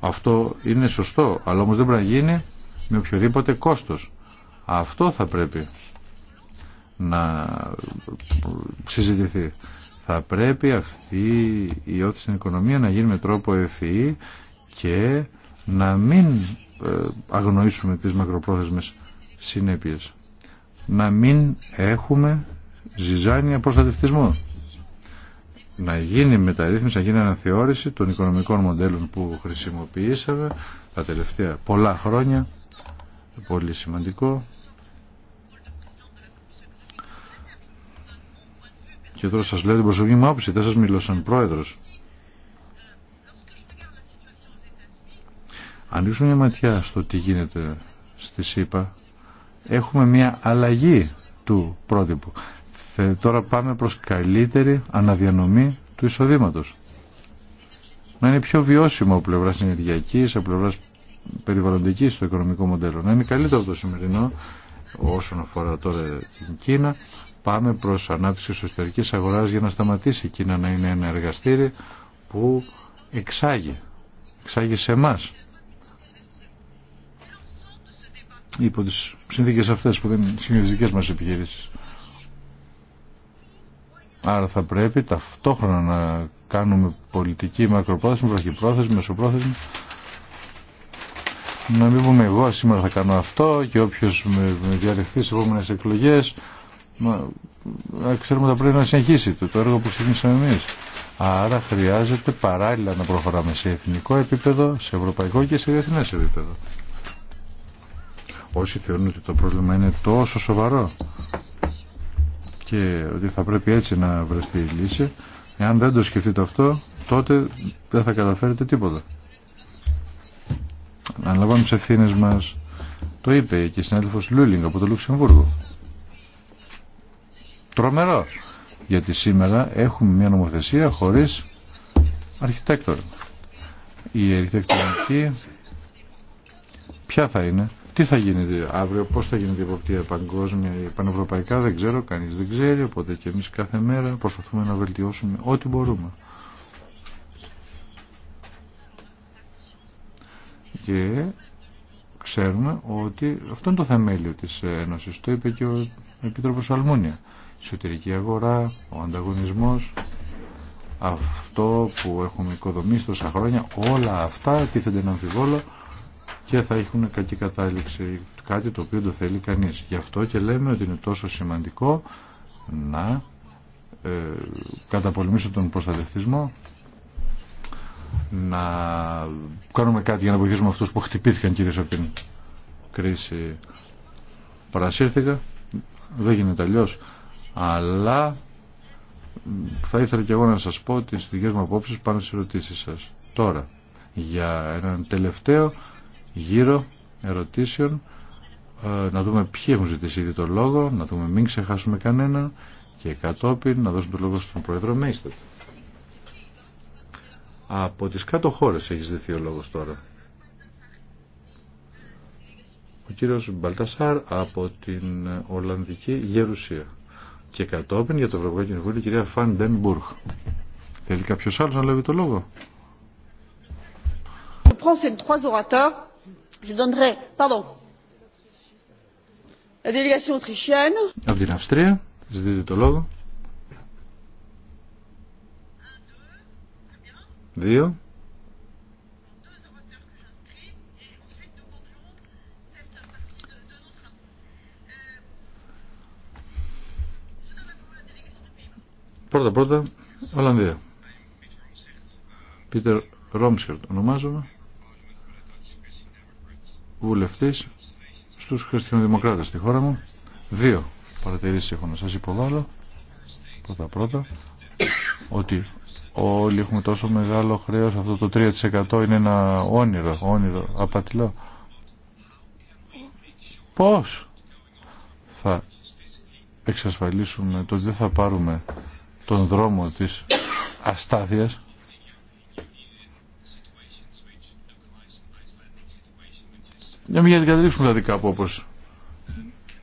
Αυτό είναι σωστό, αλλά όμως δεν πρέπει να γίνει με οποιοδήποτε κόστος. Αυτό θα πρέπει να συζητηθεί. Θα πρέπει αυτή η όθηση στην οικονομία να γίνει με τρόπο ευφυή και να μην ε, αγνοήσουμε τις μακροπρόθεσμες συνέπειες. Να μην έχουμε ζυζάνια προστατευτισμού. Να γίνει μεταρρύθμιση, να γίνει αναθεώρηση των οικονομικών μοντέλων που χρησιμοποιήσαμε τα τελευταία πολλά χρόνια. Πολύ σημαντικό. Και τώρα σας λέω την προσωπική μου άποψη, δεν σας μιλώ σαν πρόεδρος. Αν ρίξουμε μια ματιά στο τι γίνεται στη ΣΥΠΑ, έχουμε μια αλλαγή του πρότυπου. Τώρα πάμε προς καλύτερη αναδιανομή του εισοδήματος. Να είναι πιο βιώσιμο ο πλευρά ενεργειακής, από πλευρά περιβαλλοντική στο οικονομικό μοντέλο. Να είναι καλύτερο από το σημερινό όσον αφορά τώρα την Κίνα. Πάμε προ ανάπτυξη εσωτερική αγορά για να σταματήσει η Κίνα να είναι ένα εργαστήρι που εξάγει. Εξάγει σε εμά υπό τις συνθήκες αυτές που δεν είναι οι μας επιχειρήσεις. Άρα θα πρέπει ταυτόχρονα να κάνουμε πολιτική μακροπρόθεσμη, βραχυπρόθεσμη, μεσοπρόθεσμη. Να μην πούμε εγώ σήμερα θα κάνω αυτό και όποιος με, με διαδεχθεί στις επόμενες εκλογές μα, ξέρουμε ότι θα πρέπει να συνεχίσει το, το έργο που ξεκινήσαμε εμείς. Άρα χρειάζεται παράλληλα να προχωράμε σε εθνικό επίπεδο, σε ευρωπαϊκό και σε διεθνές επίπεδο όσοι θεωρούν ότι το πρόβλημα είναι τόσο σοβαρό και ότι θα πρέπει έτσι να βρεθεί η λύση εάν δεν το σκεφτείτε αυτό τότε δεν θα καταφέρετε τίποτα Αναλαμβάνω τι ευθύνε μας το είπε και η ο Λούλινγκ από το Λουξεμβούργο τρομερό γιατί σήμερα έχουμε μια νομοθεσία χωρίς αρχιτέκτορα η αρχιτεκτονική ποια θα είναι τι θα γίνει αύριο, πώ θα γίνεται η εποπτεία παγκόσμια, η πανευρωπαϊκά, δεν ξέρω, κανεί δεν ξέρει, οπότε και εμεί κάθε μέρα προσπαθούμε να βελτιώσουμε ό,τι μπορούμε. Και ξέρουμε ότι αυτό είναι το θεμέλιο τη Ένωση το είπε και ο Επίτροπο Αλμούνια. Η εσωτερική αγορά, ο ανταγωνισμό, αυτό που έχουμε οικοδομήσει τόσα χρόνια, όλα αυτά τίθενται να αμφιβόλω και θα έχουν κακή κατάληξη. Κάτι το οποίο το θέλει κανείς. Γι' αυτό και λέμε ότι είναι τόσο σημαντικό να ε, καταπολεμήσουμε τον προστατευτισμό να κάνουμε κάτι για να βοηθήσουμε αυτούς που χτυπήθηκαν από την κρίση παρασύρθηκα δεν γίνεται αλλιώ. αλλά θα ήθελα και εγώ να σας πω τις δικές μου απόψεις πάνω στις ερωτήσεις σας τώρα για έναν τελευταίο γύρο ερωτήσεων, ε, να δούμε ποιοι έχουν ζητήσει ήδη το λόγο, να δούμε μην ξεχάσουμε κανένα και κατόπιν να δώσουμε το λόγο στον Πρόεδρο Μέιστατ. Από τις κάτω χώρες έχει ζητηθεί ο λόγος τώρα. Ο κύριος Μπαλτασάρ από την Ολλανδική Γερουσία. Και κατόπιν για το Ευρωπαϊκό Κοινοβούλιο η κυρία Φαντενμπουργκ. Θέλει κάποιος άλλος να λάβει το λόγο. Από την Αυστρία, ζητείτε το λόγο. Δύο. Πρώτα πρώτα, Ολλανδία. Πίτερ Ρόμσχερτ ονομάζομαι βουλευτής στους χριστιανοδημοκράτες στη χώρα μου. Δύο παρατηρήσεις έχω να σας υποβάλω. Πρώτα πρώτα ότι όλοι έχουμε τόσο μεγάλο χρέος αυτό το 3% είναι ένα όνειρο, όνειρο απατηλό. Πώς θα εξασφαλίσουμε το ότι δεν θα πάρουμε τον δρόμο της αστάθειας Για μην καταλήξουμε δηλαδή κάπου όπως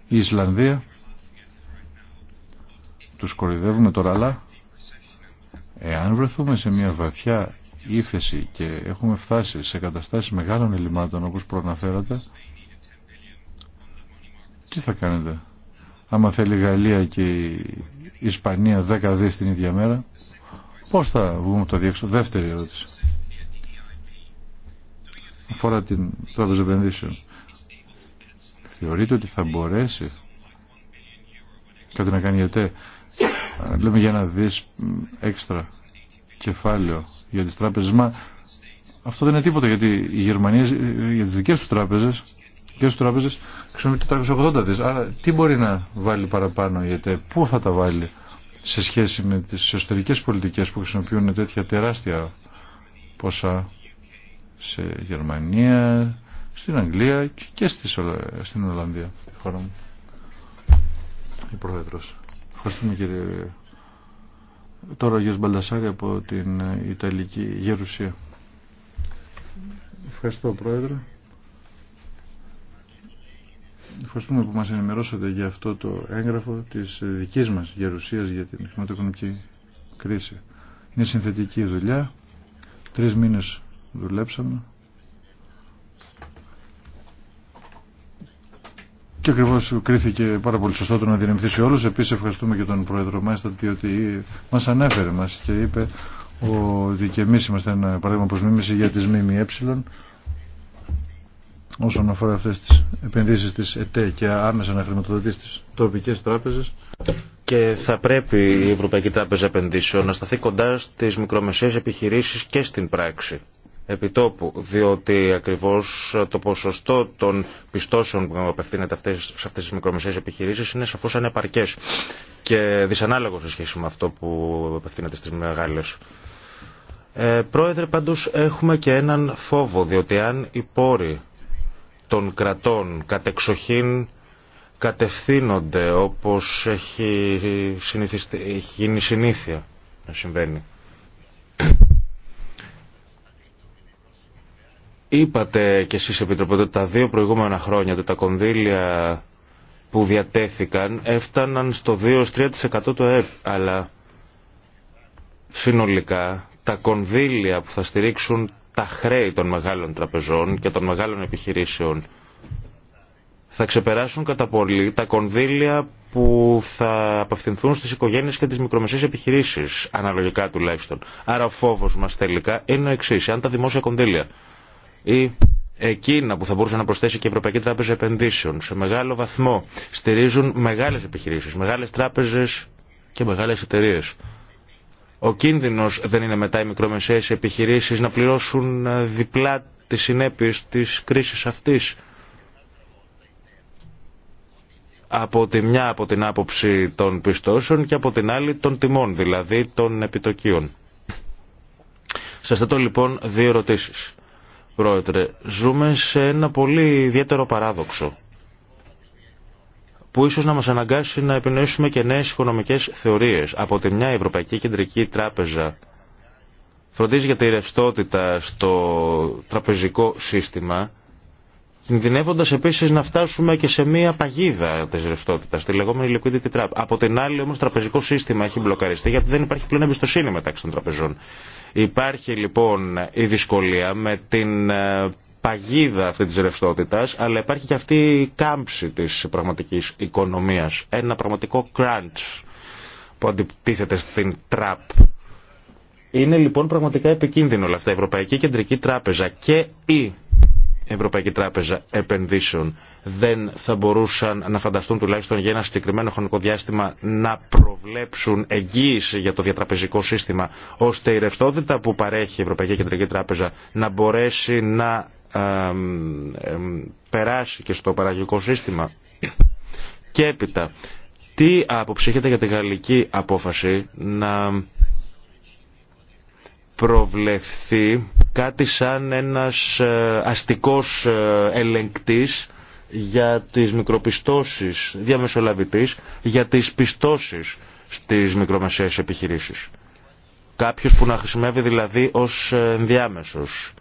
η Ισλανδία. Τους κορυδεύουμε τώρα, αλλά εάν βρεθούμε σε μια βαθιά ύφεση και έχουμε φτάσει σε καταστάσεις μεγάλων ελλημάτων όπως προαναφέρατε, τι θα κάνετε άμα θέλει η Γαλλία και η Ισπανία δέκα δις την ίδια μέρα, πώς θα βγούμε το διέξοδο. Δεύτερη ερώτηση αφορά την τράπεζα επενδύσεων. Θεωρείτε ότι θα μπορέσει κάτι να κάνει γιατί λέμε για να δεις έξτρα κεφάλαιο για τις τράπεζες μα αυτό δεν είναι τίποτα γιατί οι Γερμανίες για τι δικές του τράπεζες και τράπεζες χρησιμοποιούν 480 δις άρα τι μπορεί να βάλει παραπάνω η ΕΤΕ, πού θα τα βάλει σε σχέση με τις εσωτερικές πολιτικές που χρησιμοποιούν τέτοια τεράστια ποσά σε Γερμανία, στην Αγγλία και στην Ολλανδία, τη χώρα μου. Η Πρόεδρος. Ευχαριστούμε κύριε Τώρα ο Γιος Μπαλτασάρη από την Ιταλική Γερουσία. Ευχαριστώ Πρόεδρε. Ευχαριστούμε που μας ενημερώσατε για αυτό το έγγραφο της δικής μας γερουσίας για την χρηματοοικονομική κρίση. Είναι συνθετική δουλειά. Τρεις μήνες δουλέψαμε. Και ακριβώ κρίθηκε πάρα πολύ σωστό το να σε όλου. Επίσης ευχαριστούμε και τον Πρόεδρο Μάιστα διότι μας ανέφερε μας και είπε ότι και εμείς είμαστε ένα παράδειγμα προς μίμηση για τις ΜΜΕ όσον αφορά αυτές τι επενδύσει τη ΕΤΕ και άμεσα να χρηματοδοτήσει τις τοπικέ τράπεζε. Και θα πρέπει η Ευρωπαϊκή Τράπεζα Επενδύσεων να σταθεί κοντά στις μικρομεσαίες επιχειρήσεις και στην πράξη επιτόπου, διότι ακριβώς το ποσοστό των πιστώσεων που απευθύνεται αυτές, σε αυτές τις μικρομεσαίες επιχειρήσεις είναι σαφώς ανεπαρκές και δυσανάλογο σε σχέση με αυτό που απευθύνεται στις μεγάλες. Ε, πρόεδρε, πάντως έχουμε και έναν φόβο, διότι αν οι πόροι των κρατών κατεξοχήν κατευθύνονται όπως έχει, έχει γίνει συνήθεια να συμβαίνει Είπατε κι εσείς Επιτροπέ ότι τα δύο προηγούμενα χρόνια ότι τα κονδύλια που διατέθηκαν έφταναν στο 2-3% του ΕΕΠ, αλλά συνολικά τα κονδύλια που θα στηρίξουν τα χρέη των μεγάλων τραπεζών και των μεγάλων επιχειρήσεων θα ξεπεράσουν κατά πολύ τα κονδύλια που θα απευθυνθούν στις οικογένειες και τις μικρομεσαίες επιχειρήσεις, αναλογικά τουλάχιστον. Άρα ο φόβος μας τελικά είναι ο εξής, αν τα δημόσια κονδύλια ή εκείνα που θα μπορούσε να προσθέσει και η Ευρωπαϊκή Τράπεζα Επενδύσεων σε μεγάλο βαθμό στηρίζουν μεγάλες επιχειρήσεις, μεγάλες τράπεζες και μεγάλες εταιρείε. Ο κίνδυνος δεν είναι μετά οι μικρομεσαίες επιχειρήσεις να πληρώσουν ε, διπλά τις συνέπειες της κρίσης αυτής. Από τη μια από την άποψη των πιστώσεων και από την άλλη των τιμών, δηλαδή των επιτοκίων. Σας θέτω λοιπόν δύο ερωτήσεις. Πρόεδρε, ζούμε σε ένα πολύ ιδιαίτερο παράδοξο που ίσως να μας αναγκάσει να επινοήσουμε και νέες οικονομικές θεωρίες. Από τη μια Ευρωπαϊκή Κεντρική Τράπεζα φροντίζει για τη ρευστότητα στο τραπεζικό σύστημα, κινδυνεύοντας επίσης να φτάσουμε και σε μια παγίδα της ρευστότητας, τη λεγόμενη liquidity trap. Από την άλλη όμως το τραπεζικό σύστημα έχει μπλοκαριστεί γιατί δεν υπάρχει πλέον εμπιστοσύνη μεταξύ των τραπεζών. Υπάρχει λοιπόν η δυσκολία με την ε, παγίδα αυτή της ρευστότητα, αλλά υπάρχει και αυτή η κάμψη της πραγματικής οικονομίας. Ένα πραγματικό crunch που αντιτίθεται στην τραπ. Είναι λοιπόν πραγματικά επικίνδυνο όλα αυτά. Η Ευρωπαϊκή Κεντρική Τράπεζα και η Ευρωπαϊκή Τράπεζα Επενδύσεων δεν θα μπορούσαν να φανταστούν τουλάχιστον για ένα συγκεκριμένο χρονικό διάστημα να προβλέψουν εγγύηση για το διατραπεζικό σύστημα ώστε η ρευστότητα που παρέχει η Ευρωπαϊκή Κεντρική Τράπεζα να μπορέσει να περάσει και στο παραγωγικό σύστημα. Και έπειτα, τι άποψη για τη γαλλική απόφαση να προβλεφθεί κάτι σαν ένας ε, αστικός ε, ελεγκτής για τις μικροπιστώσεις, διαμεσολαβητής, για τις πιστώσεις στις μικρομεσαίες επιχειρήσεις. Κάποιος που να χρησιμεύει δηλαδή ως ενδιάμεσος,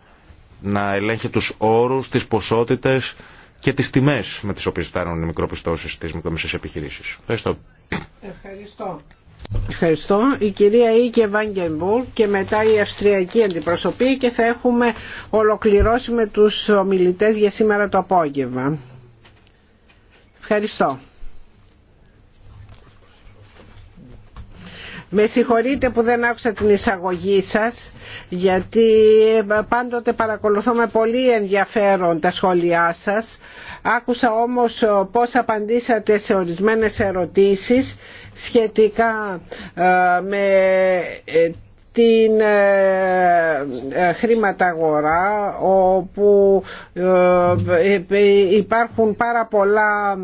να ελέγχει τους όρους, τις ποσότητες και τις τιμές με τις οποίες φτάνουν οι μικροπιστώσεις στις μικρομεσαίες επιχειρήσεις. Ευχαριστώ. Ευχαριστώ. Ευχαριστώ. Η κυρία Ίκε Βάγκεμπουργκ και μετά η Αυστριακή αντιπροσωπή και θα έχουμε ολοκληρώσει με τους ομιλητές για σήμερα το απόγευμα. Ευχαριστώ. Με συγχωρείτε που δεν άκουσα την εισαγωγή σας, γιατί ε, πάντοτε παρακολουθώ με πολύ ενδιαφέρον τα σχόλιά σας. Άκουσα όμως ε, πώς απαντήσατε σε ορισμένες ερωτήσεις σχετικά ε, με την ε, ε, χρηματαγορά όπου ε, υπάρχουν πάρα πολλά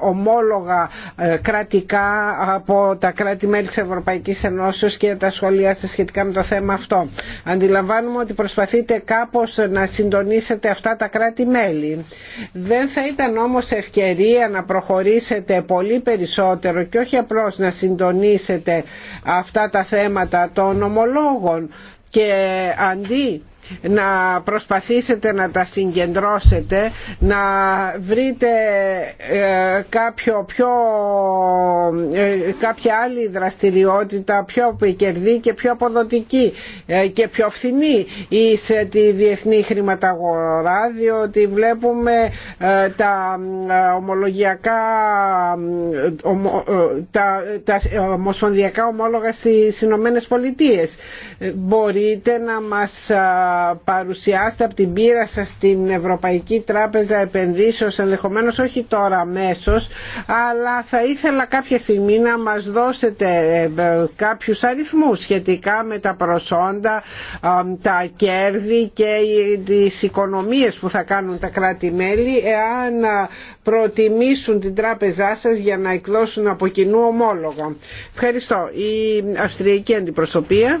ομόλογα κρατικά από τα κράτη-μέλη της Ευρωπαϊκής Ενώσεως και τα σχολεία σας σχετικά με το θέμα αυτό. Αντιλαμβάνουμε ότι προσπαθείτε κάπως να συντονίσετε αυτά τα κράτη-μέλη. Δεν θα ήταν όμως ευκαιρία να προχωρήσετε πολύ περισσότερο και όχι απλώς να συντονίσετε αυτά τα θέματα των ομολόγων και αντί να προσπαθήσετε να τα συγκεντρώσετε, να βρείτε ε, κάποιο πιο, ε, κάποια άλλη δραστηριότητα πιο επικερδή και πιο αποδοτική ε, και πιο φθηνή σε τη διεθνή χρηματαγορά διότι βλέπουμε τα ομολογιακά τα, τα ομοσπονδιακά ομόλογα στις Ηνωμένε Πολιτείες. Μπορείτε να μας παρουσιάσετε από την πείρα σας στην Ευρωπαϊκή Τράπεζα Επενδύσεως ενδεχομένως όχι τώρα αμέσω, αλλά θα ήθελα κάποια στιγμή να μας δώσετε ε, ε, κάποιους αριθμούς σχετικά με τα προσόντα, ε, τα κέρδη και τις οικονομίες που θα κάνουν τα κράτη-μέλη εάν προτιμήσουν την τράπεζά σας για να εκδώσουν από κοινού ομόλογα. Ευχαριστώ. Η Αυστριακή Αντιπροσωπεία.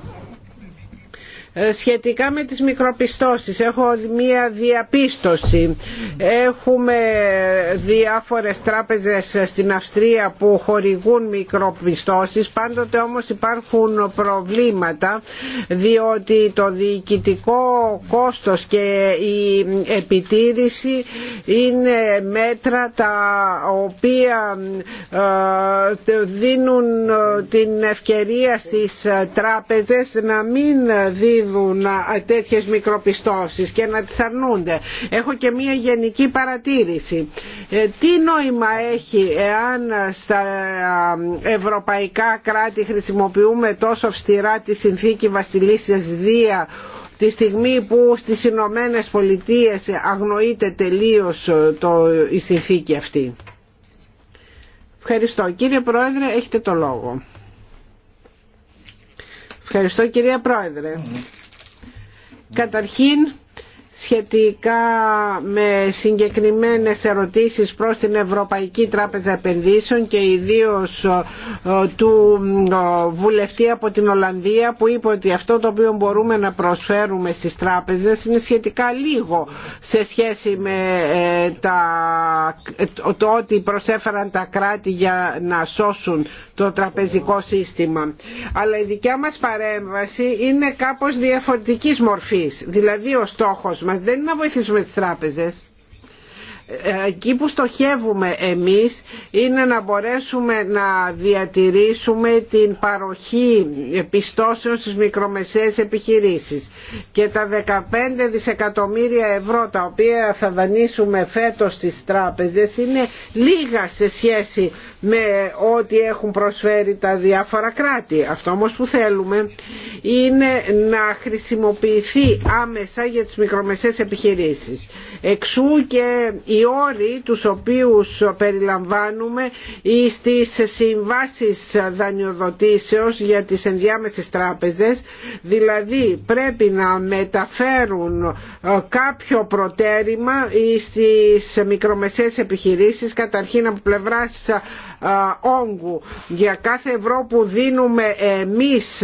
Ε, σχετικά με τις μικροπιστώσεις έχω μία διαπίστωση έχουμε διάφορες τράπεζες στην Αυστρία που χορηγούν μικροπιστώσεις πάντοτε όμως υπάρχουν προβλήματα διότι το διοικητικό κόστος και η επιτήρηση είναι μέτρα τα οποία ε, δίνουν την ευκαιρία στις τράπεζες να μην δίνουν Τέτοιε τέτοιες μικροπιστώσεις και να τις αρνούνται. Έχω και μία γενική παρατήρηση. Ε, τι νόημα έχει εάν στα ευρωπαϊκά κράτη χρησιμοποιούμε τόσο αυστηρά τη συνθήκη Βασιλίσσιας Δία τη στιγμή που στις Ηνωμένε Πολιτείες αγνοείται τελείως ε, το, η συνθήκη αυτή. Ευχαριστώ. Κύριε Πρόεδρε, έχετε το λόγο. Ευχαριστώ κυρία Πρόεδρε. Mm. Καταρχήν σχετικά με συγκεκριμένες ερωτήσεις προς την Ευρωπαϊκή Τράπεζα Επενδύσεων και ιδίως ε, του ε, βουλευτή από την Ολλανδία που είπε ότι αυτό το οποίο μπορούμε να προσφέρουμε στις τράπεζες είναι σχετικά λίγο σε σχέση με ε, τα, το ότι προσέφεραν τα κράτη για να σώσουν το τραπεζικό σύστημα. Αλλά η δικιά μας παρέμβαση είναι κάπως διαφορετικής μορφής. Δηλαδή ο στόχος μας δεν είναι να βοηθήσουμε τις τράπεζες ε, εκεί που στοχεύουμε εμείς είναι να μπορέσουμε να διατηρήσουμε την παροχή πιστώσεων στις μικρομεσαίες επιχειρήσεις και τα 15 δισεκατομμύρια ευρώ τα οποία θα δανείσουμε φέτος στις τράπεζες είναι λίγα σε σχέση με ό,τι έχουν προσφέρει τα διάφορα κράτη. Αυτό όμως που θέλουμε είναι να χρησιμοποιηθεί άμεσα για τις μικρομεσαίες επιχειρήσεις. Εξού και οι όροι τους οποίους περιλαμβάνουμε στις συμβάσεις δανειοδοτήσεως για τις ενδιάμεσες τράπεζες, δηλαδή πρέπει να μεταφέρουν ε, κάποιο προτέρημα στις μικρομεσαίες επιχειρήσεις καταρχήν από πλευράς ε, όγκου. Για κάθε ευρώ που δίνουμε εμείς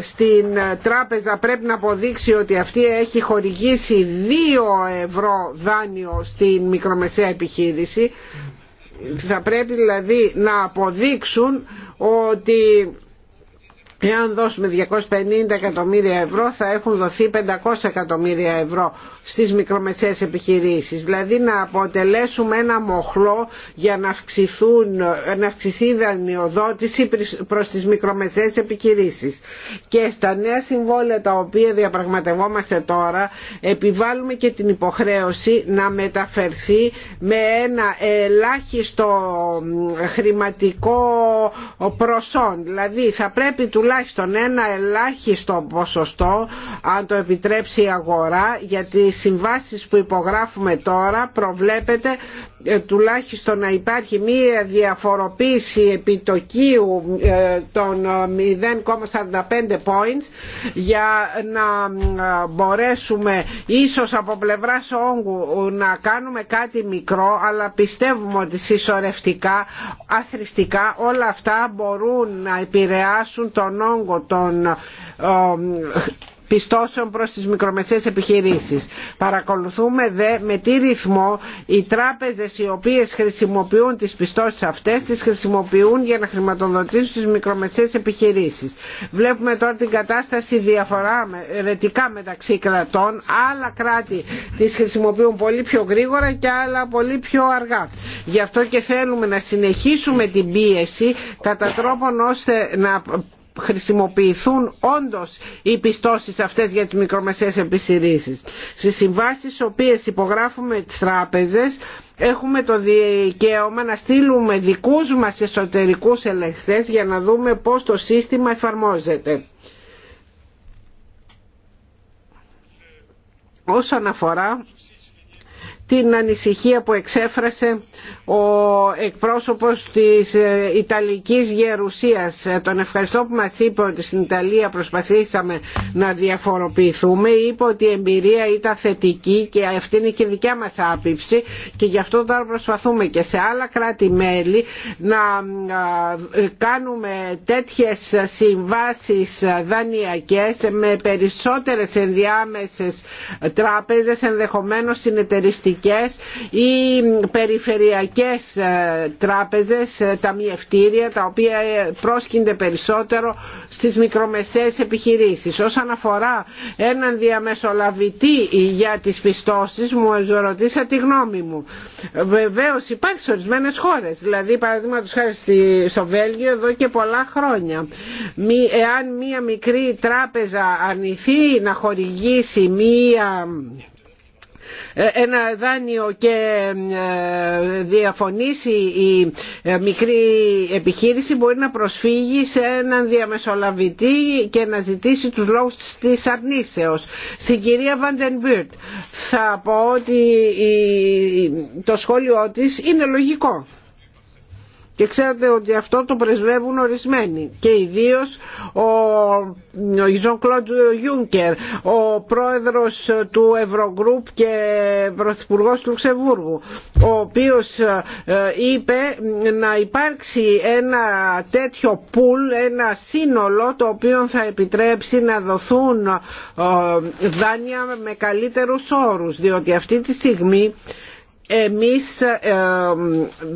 στην τράπεζα πρέπει να αποδείξει ότι αυτή έχει χορηγήσει 2 ευρώ δάνειο στην μικρομεσαία επιχείρηση. Θα πρέπει δηλαδή να αποδείξουν ότι Εάν δώσουμε 250 εκατομμύρια ευρώ θα έχουν δοθεί 500 εκατομμύρια ευρώ στις μικρομεσαίες επιχειρήσεις. Δηλαδή να αποτελέσουμε ένα μοχλό για να, αυξηθούν, να αυξηθεί η δανειοδότηση προς τις μικρομεσαίες επιχειρήσεις. Και στα νέα συμβόλαια τα οποία διαπραγματευόμαστε τώρα επιβάλλουμε και την υποχρέωση να μεταφερθεί με ένα ελάχιστο χρηματικό προσόν. Δηλαδή θα πρέπει τουλάχιστον τουλάχιστον ένα ελάχιστο ποσοστό αν το επιτρέψει η αγορά γιατί οι συμβάσεις που υπογράφουμε τώρα προβλέπεται ε, τουλάχιστον να υπάρχει μία διαφοροποίηση επιτοκίου ε, των 0,45 ε, points για να μπορέσουμε ίσως από πλευράς όγκου να κάνουμε κάτι μικρό αλλά πιστεύουμε ότι συσσωρευτικά, αθρηστικά όλα αυτά μπορούν να επηρεάσουν τον όγκο των πιστώσεων προς τις μικρομεσαίες επιχειρήσεις. Παρακολουθούμε δε με τι ρυθμό οι τράπεζες οι οποίες χρησιμοποιούν τις πιστώσεις αυτές τις χρησιμοποιούν για να χρηματοδοτήσουν τις μικρομεσαίες επιχειρήσεις. Βλέπουμε τώρα την κατάσταση διαφορά ρετικά μεταξύ κρατών. Άλλα κράτη τις χρησιμοποιούν πολύ πιο γρήγορα και άλλα πολύ πιο αργά. Γι' αυτό και θέλουμε να συνεχίσουμε την πίεση κατά τρόπον ώστε να χρησιμοποιηθούν όντως οι πιστώσεις αυτές για τις μικρομεσαίες επιχειρήσεις. Στις συμβάσεις τις οποίες υπογράφουμε τις τράπεζες έχουμε το δικαίωμα να στείλουμε δικούς μας εσωτερικούς ελεγχθές για να δούμε πώς το σύστημα εφαρμόζεται. Όσον αφορά την ανησυχία που εξέφρασε ο εκπρόσωπος της ε, Ιταλικής Γερουσίας. Ε, τον ευχαριστώ που μας είπε ότι στην Ιταλία προσπαθήσαμε να διαφοροποιηθούμε. Είπε ότι η εμπειρία ήταν θετική και αυτή είναι και δικιά μας άποψη και γι' αυτό τώρα προσπαθούμε και σε άλλα κράτη-μέλη να ε, κάνουμε τέτοιες συμβάσεις δανειακές με περισσότερες ενδιάμεσες τράπεζες ενδεχομένως συνεταιριστικές κρατικές ή περιφερειακές ε, τράπεζες, ε, ταμιευτήρια, τα οποία ε, πρόσκυνται περισσότερο στις μικρομεσαίες επιχειρήσεις. Όσον αφορά έναν διαμεσολαβητή για τις πιστώσεις, μου ρωτήσα τη γνώμη μου. Βεβαίω υπάρχει σε ορισμένε χώρε. δηλαδή παραδείγματο χάρη στο Βέλγιο εδώ και πολλά χρόνια. Εάν μία μικρή τράπεζα αρνηθεί να χορηγήσει μία ε, ένα δάνειο και ε, διαφωνήσει η ε, μικρή επιχείρηση μπορεί να προσφύγει σε έναν διαμεσολαβητή και να ζητήσει τους λόγους της αρνήσεως. Στην κυρία Βαντενμπύρτ θα πω ότι το σχόλιο της είναι λογικό. Και ξέρετε ότι αυτό το πρεσβεύουν ορισμένοι και ιδίω ο Ζων Κλοντ Ιούνκερ, ο πρόεδρος του Ευρωγκρουπ και Πρωθυπουργό του Λουξεμβούργου, ο οποίος ε, είπε να υπάρξει ένα τέτοιο πουλ, ένα σύνολο το οποίο θα επιτρέψει να δοθούν ε, δάνεια με καλύτερους όρους, διότι αυτή τη στιγμή εμείς ε,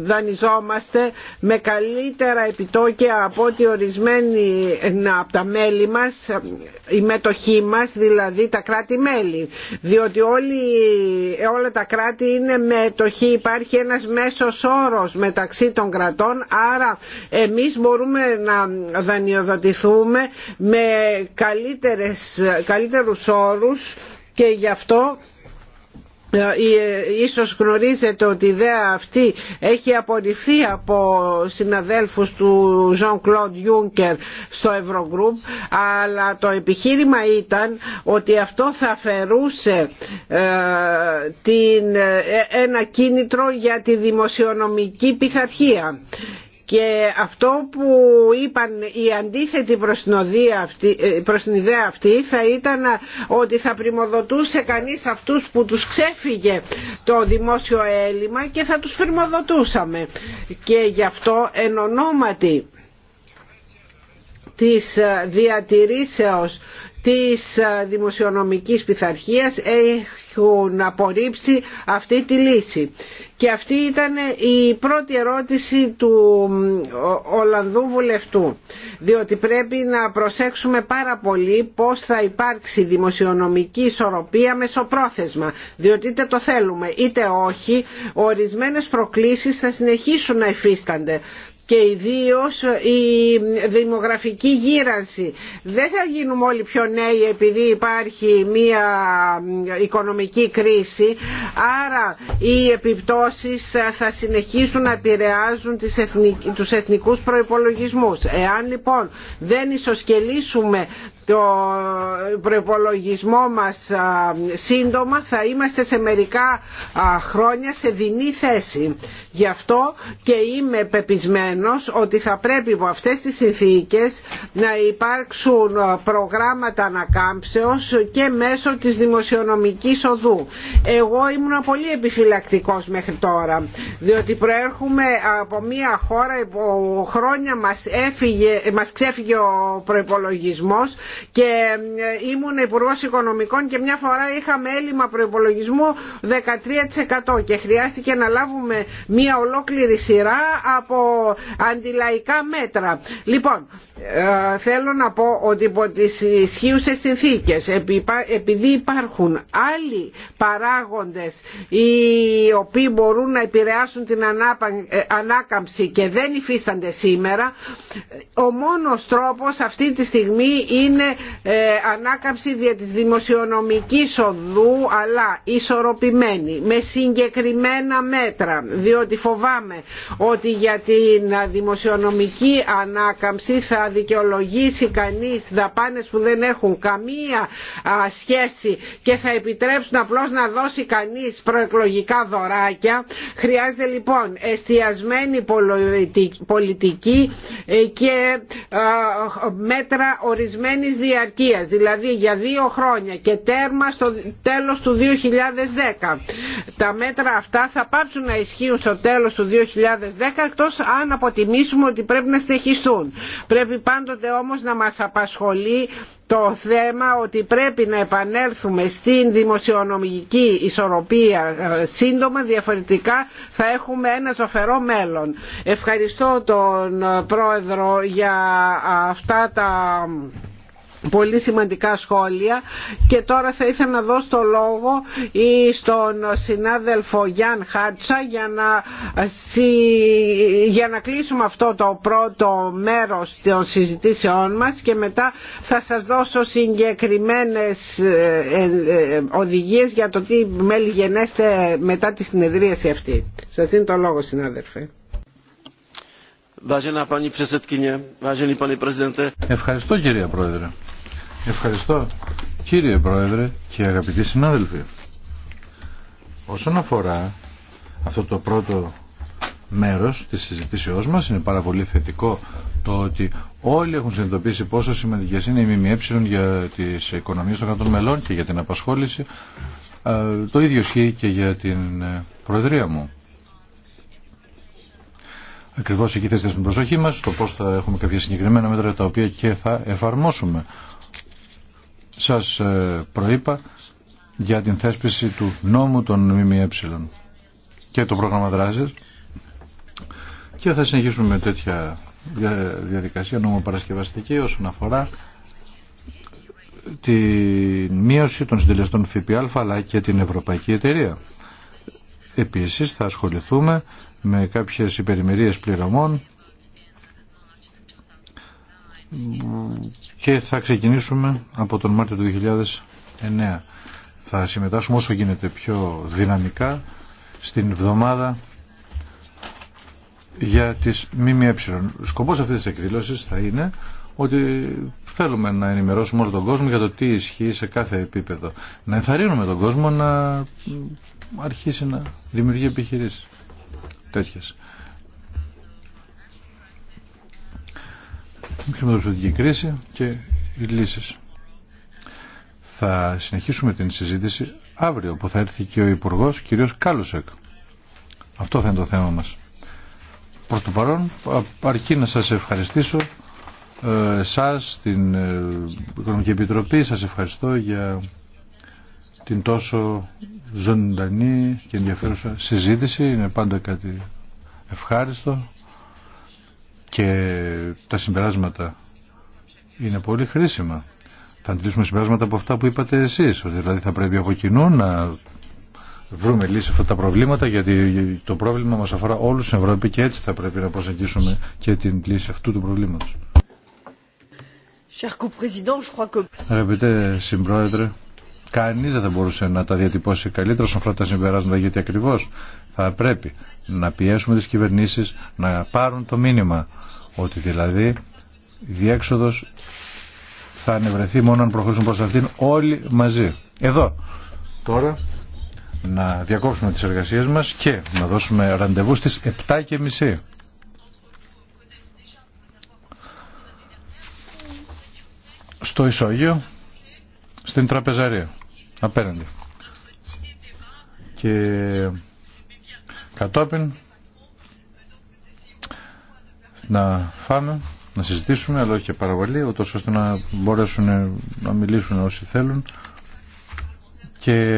δανειζόμαστε με καλύτερα επιτόκια από ότι ορισμένοι από τα μέλη μας, η μετοχή μας, δηλαδή τα κράτη-μέλη. Διότι όλοι, όλα τα κράτη είναι μετοχή, υπάρχει ένας μέσος όρος μεταξύ των κρατών, άρα εμείς μπορούμε να δανειοδοτηθούμε με καλύτερες, καλύτερους όρους και γι' αυτό ε, ε, ίσως γνωρίζετε ότι η ιδέα αυτή έχει απορριφθεί από συναδέλφους του Jean-Claude Juncker στο Eurogroup αλλά το επιχείρημα ήταν ότι αυτό θα φερούσε ε, ένα κίνητρο για τη δημοσιονομική πειθαρχία και αυτό που είπαν οι αντίθετοι προς την, αυτή, ε, προς ιδέα αυτή θα ήταν ότι θα πρημοδοτούσε κανείς αυτούς που τους ξέφυγε το δημόσιο έλλειμμα και θα τους πρημοδοτούσαμε. Και γι' αυτό εν ονόματι της διατηρήσεως της ε, δημοσιονομικής πειθαρχίας έχουν απορρίψει αυτή τη λύση. Και αυτή ήταν η πρώτη ερώτηση του ε, Ολλανδού βουλευτού, διότι πρέπει να προσέξουμε πάρα πολύ πώς θα υπάρξει δημοσιονομική ισορροπία μεσοπρόθεσμα, διότι είτε το θέλουμε είτε όχι, ορισμένες προκλήσεις θα συνεχίσουν να υφίστανται και ιδίω η δημογραφική γύρανση. Δεν θα γίνουμε όλοι πιο νέοι επειδή υπάρχει μία οικονομική κρίση, άρα οι επιπτώσεις θα συνεχίσουν να επηρεάζουν τις εθνικ... τους εθνικούς προϋπολογισμούς. Εάν λοιπόν δεν ισοσκελίσουμε το προπολογισμό μας σύντομα θα είμαστε σε μερικά χρόνια σε δινή θέση. Γι' αυτό και είμαι πεπισμένος ότι θα πρέπει από αυτές τις συνθήκες να υπάρξουν προγράμματα ανακάμψεως και μέσω της δημοσιονομικής οδού. Εγώ ήμουν πολύ επιφυλακτικός μέχρι τώρα, διότι προέρχομαι από μια χώρα που χρόνια μας, μας ξέφυγε ο προπολογισμό και ε, ήμουν υπουργό Οικονομικών και μια φορά είχαμε έλλειμμα προπολογισμού 13% και χρειάστηκε να λάβουμε μια ολόκληρη σειρά από αντιλαϊκά μέτρα. Λοιπόν, ε, θέλω να πω ότι υπό τις ισχύουσες συνθήκες επειδή υπάρχουν άλλοι παράγοντες οι οποίοι μπορούν να επηρεάσουν την ε, ανάκαμψη και δεν υφίστανται σήμερα ο μόνος τρόπος αυτή τη στιγμή είναι ε, ανάκαμψη δια της δημοσιονομικής οδού αλλά ισορροπημένη με συγκεκριμένα μέτρα διότι φοβάμαι ότι για την δημοσιονομική ανάκαμψη θα δικαιολογήσει κανείς δαπάνες που δεν έχουν καμία σχέση και θα επιτρέψουν απλώς να δώσει κανείς προεκλογικά δωράκια. Χρειάζεται λοιπόν εστιασμένη πολιτική ε, και μέτρα ορισμένης διαρκείας, δηλαδή για δύο χρόνια και τέρμα στο τέλος του 2010. Τα μέτρα αυτά θα πάψουν να ισχύουν στο τέλος του 2010 εκτός αν αποτιμήσουμε ότι πρέπει να συνεχιστούν. Πρέπει πρέπει πάντοτε όμως να μας απασχολεί το θέμα ότι πρέπει να επανέλθουμε στην δημοσιονομική ισορροπία ε, σύντομα, διαφορετικά θα έχουμε ένα ζωφερό μέλλον. Ευχαριστώ τον ε, Πρόεδρο για αυτά τα πολύ σημαντικά σχόλια και τώρα θα ήθελα να δώσω το λόγο ή στον συνάδελφο Γιάν Χάτσα για να, για να κλείσουμε αυτό το πρώτο μέρος των συζητήσεών μας και μετά θα σας δώσω συγκεκριμένες ε, ε, ε, οδηγίες για το τι μέλη γενέστε μετά τη συνεδρίαση αυτή. Σας δίνω το λόγο συνάδελφε. Ευχαριστώ κυρία Πρόεδρε. Ευχαριστώ κύριε Πρόεδρε και αγαπητοί συνάδελφοι. Όσον αφορά αυτό το πρώτο μέρος της συζητήσεώς μας είναι πάρα πολύ θετικό το ότι όλοι έχουν συνειδητοποιήσει πόσο σημαντικές είναι οι ΜΜΕ για τις οικονομίες των κρατών μελών και για την απασχόληση ε, το ίδιο ισχύει και για την ε, Προεδρία μου Ακριβώς εκεί θέσετε στην προσοχή μας το πώς θα έχουμε κάποια συγκεκριμένα μέτρα τα οποία και θα εφαρμόσουμε σας ε, προείπα για την θέσπιση του νόμου των ΜΜΕ και το πρόγραμμα δράσης και θα συνεχίσουμε με τέτοια διαδικασία νομοπαρασκευαστική όσον αφορά τη μείωση των συντελεστών ΦΠΑ αλλά και την Ευρωπαϊκή Εταιρεία. Επίσης θα ασχοληθούμε με κάποιες υπερημερίες πληρωμών και θα ξεκινήσουμε από τον Μάρτιο του 2009. Θα συμμετάσχουμε όσο γίνεται πιο δυναμικά στην εβδομάδα για τις ΜΜΕ. Σκοπός αυτής της εκδήλωσης θα είναι ότι θέλουμε να ενημερώσουμε όλο τον κόσμο για το τι ισχύει σε κάθε επίπεδο. Να ενθαρρύνουμε τον κόσμο να αρχίσει να δημιουργεί επιχειρήσεις τέτοιες. χρηματοδοτική κρίση και οι λύσεις. Θα συνεχίσουμε την συζήτηση αύριο που θα έρθει και ο Υπουργός κ. Κάλουσεκ. Αυτό θα είναι το θέμα μας. Προς το παρόν, αρκεί να σας ευχαριστήσω εσάς, την ε, Οικονομική Επιτροπή, σας ευχαριστώ για την τόσο ζωντανή και ενδιαφέρουσα συζήτηση. Είναι πάντα κάτι ευχάριστο και τα συμπεράσματα είναι πολύ χρήσιμα. Θα αντιλήσουμε συμπεράσματα από αυτά που είπατε εσείς, ότι δηλαδή θα πρέπει από κοινού να βρούμε λύση αυτά τα προβλήματα, γιατί το πρόβλημα μας αφορά όλους στην Ευρώπη και έτσι θα πρέπει να προσεγγίσουμε και την λύση αυτού του προβλήματος. Αγαπητέ συμπρόεδρε, κανείς δεν θα μπορούσε να τα διατυπώσει καλύτερα όσον αυτά τα συμπεράσματα, γιατί ακριβώς θα πρέπει να πιέσουμε τις κυβερνήσεις να πάρουν το μήνυμα ότι δηλαδή η διέξοδος θα ανεβρεθεί μόνο αν προχωρήσουν προς αυτήν όλοι μαζί. Εδώ. Τώρα να διακόψουμε τις εργασίες μας και να δώσουμε ραντεβού στις 7.30. Στο Ισόγειο, στην τραπεζαρία, απέναντι. Και κατόπιν να φάμε, να συζητήσουμε, αλλά όχι και παραβολή, ούτως ώστε να μπορέσουν να μιλήσουν όσοι θέλουν και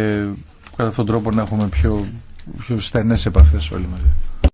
κατά αυτόν τον τρόπο να έχουμε πιο, πιο στενές επαφές όλοι μαζί.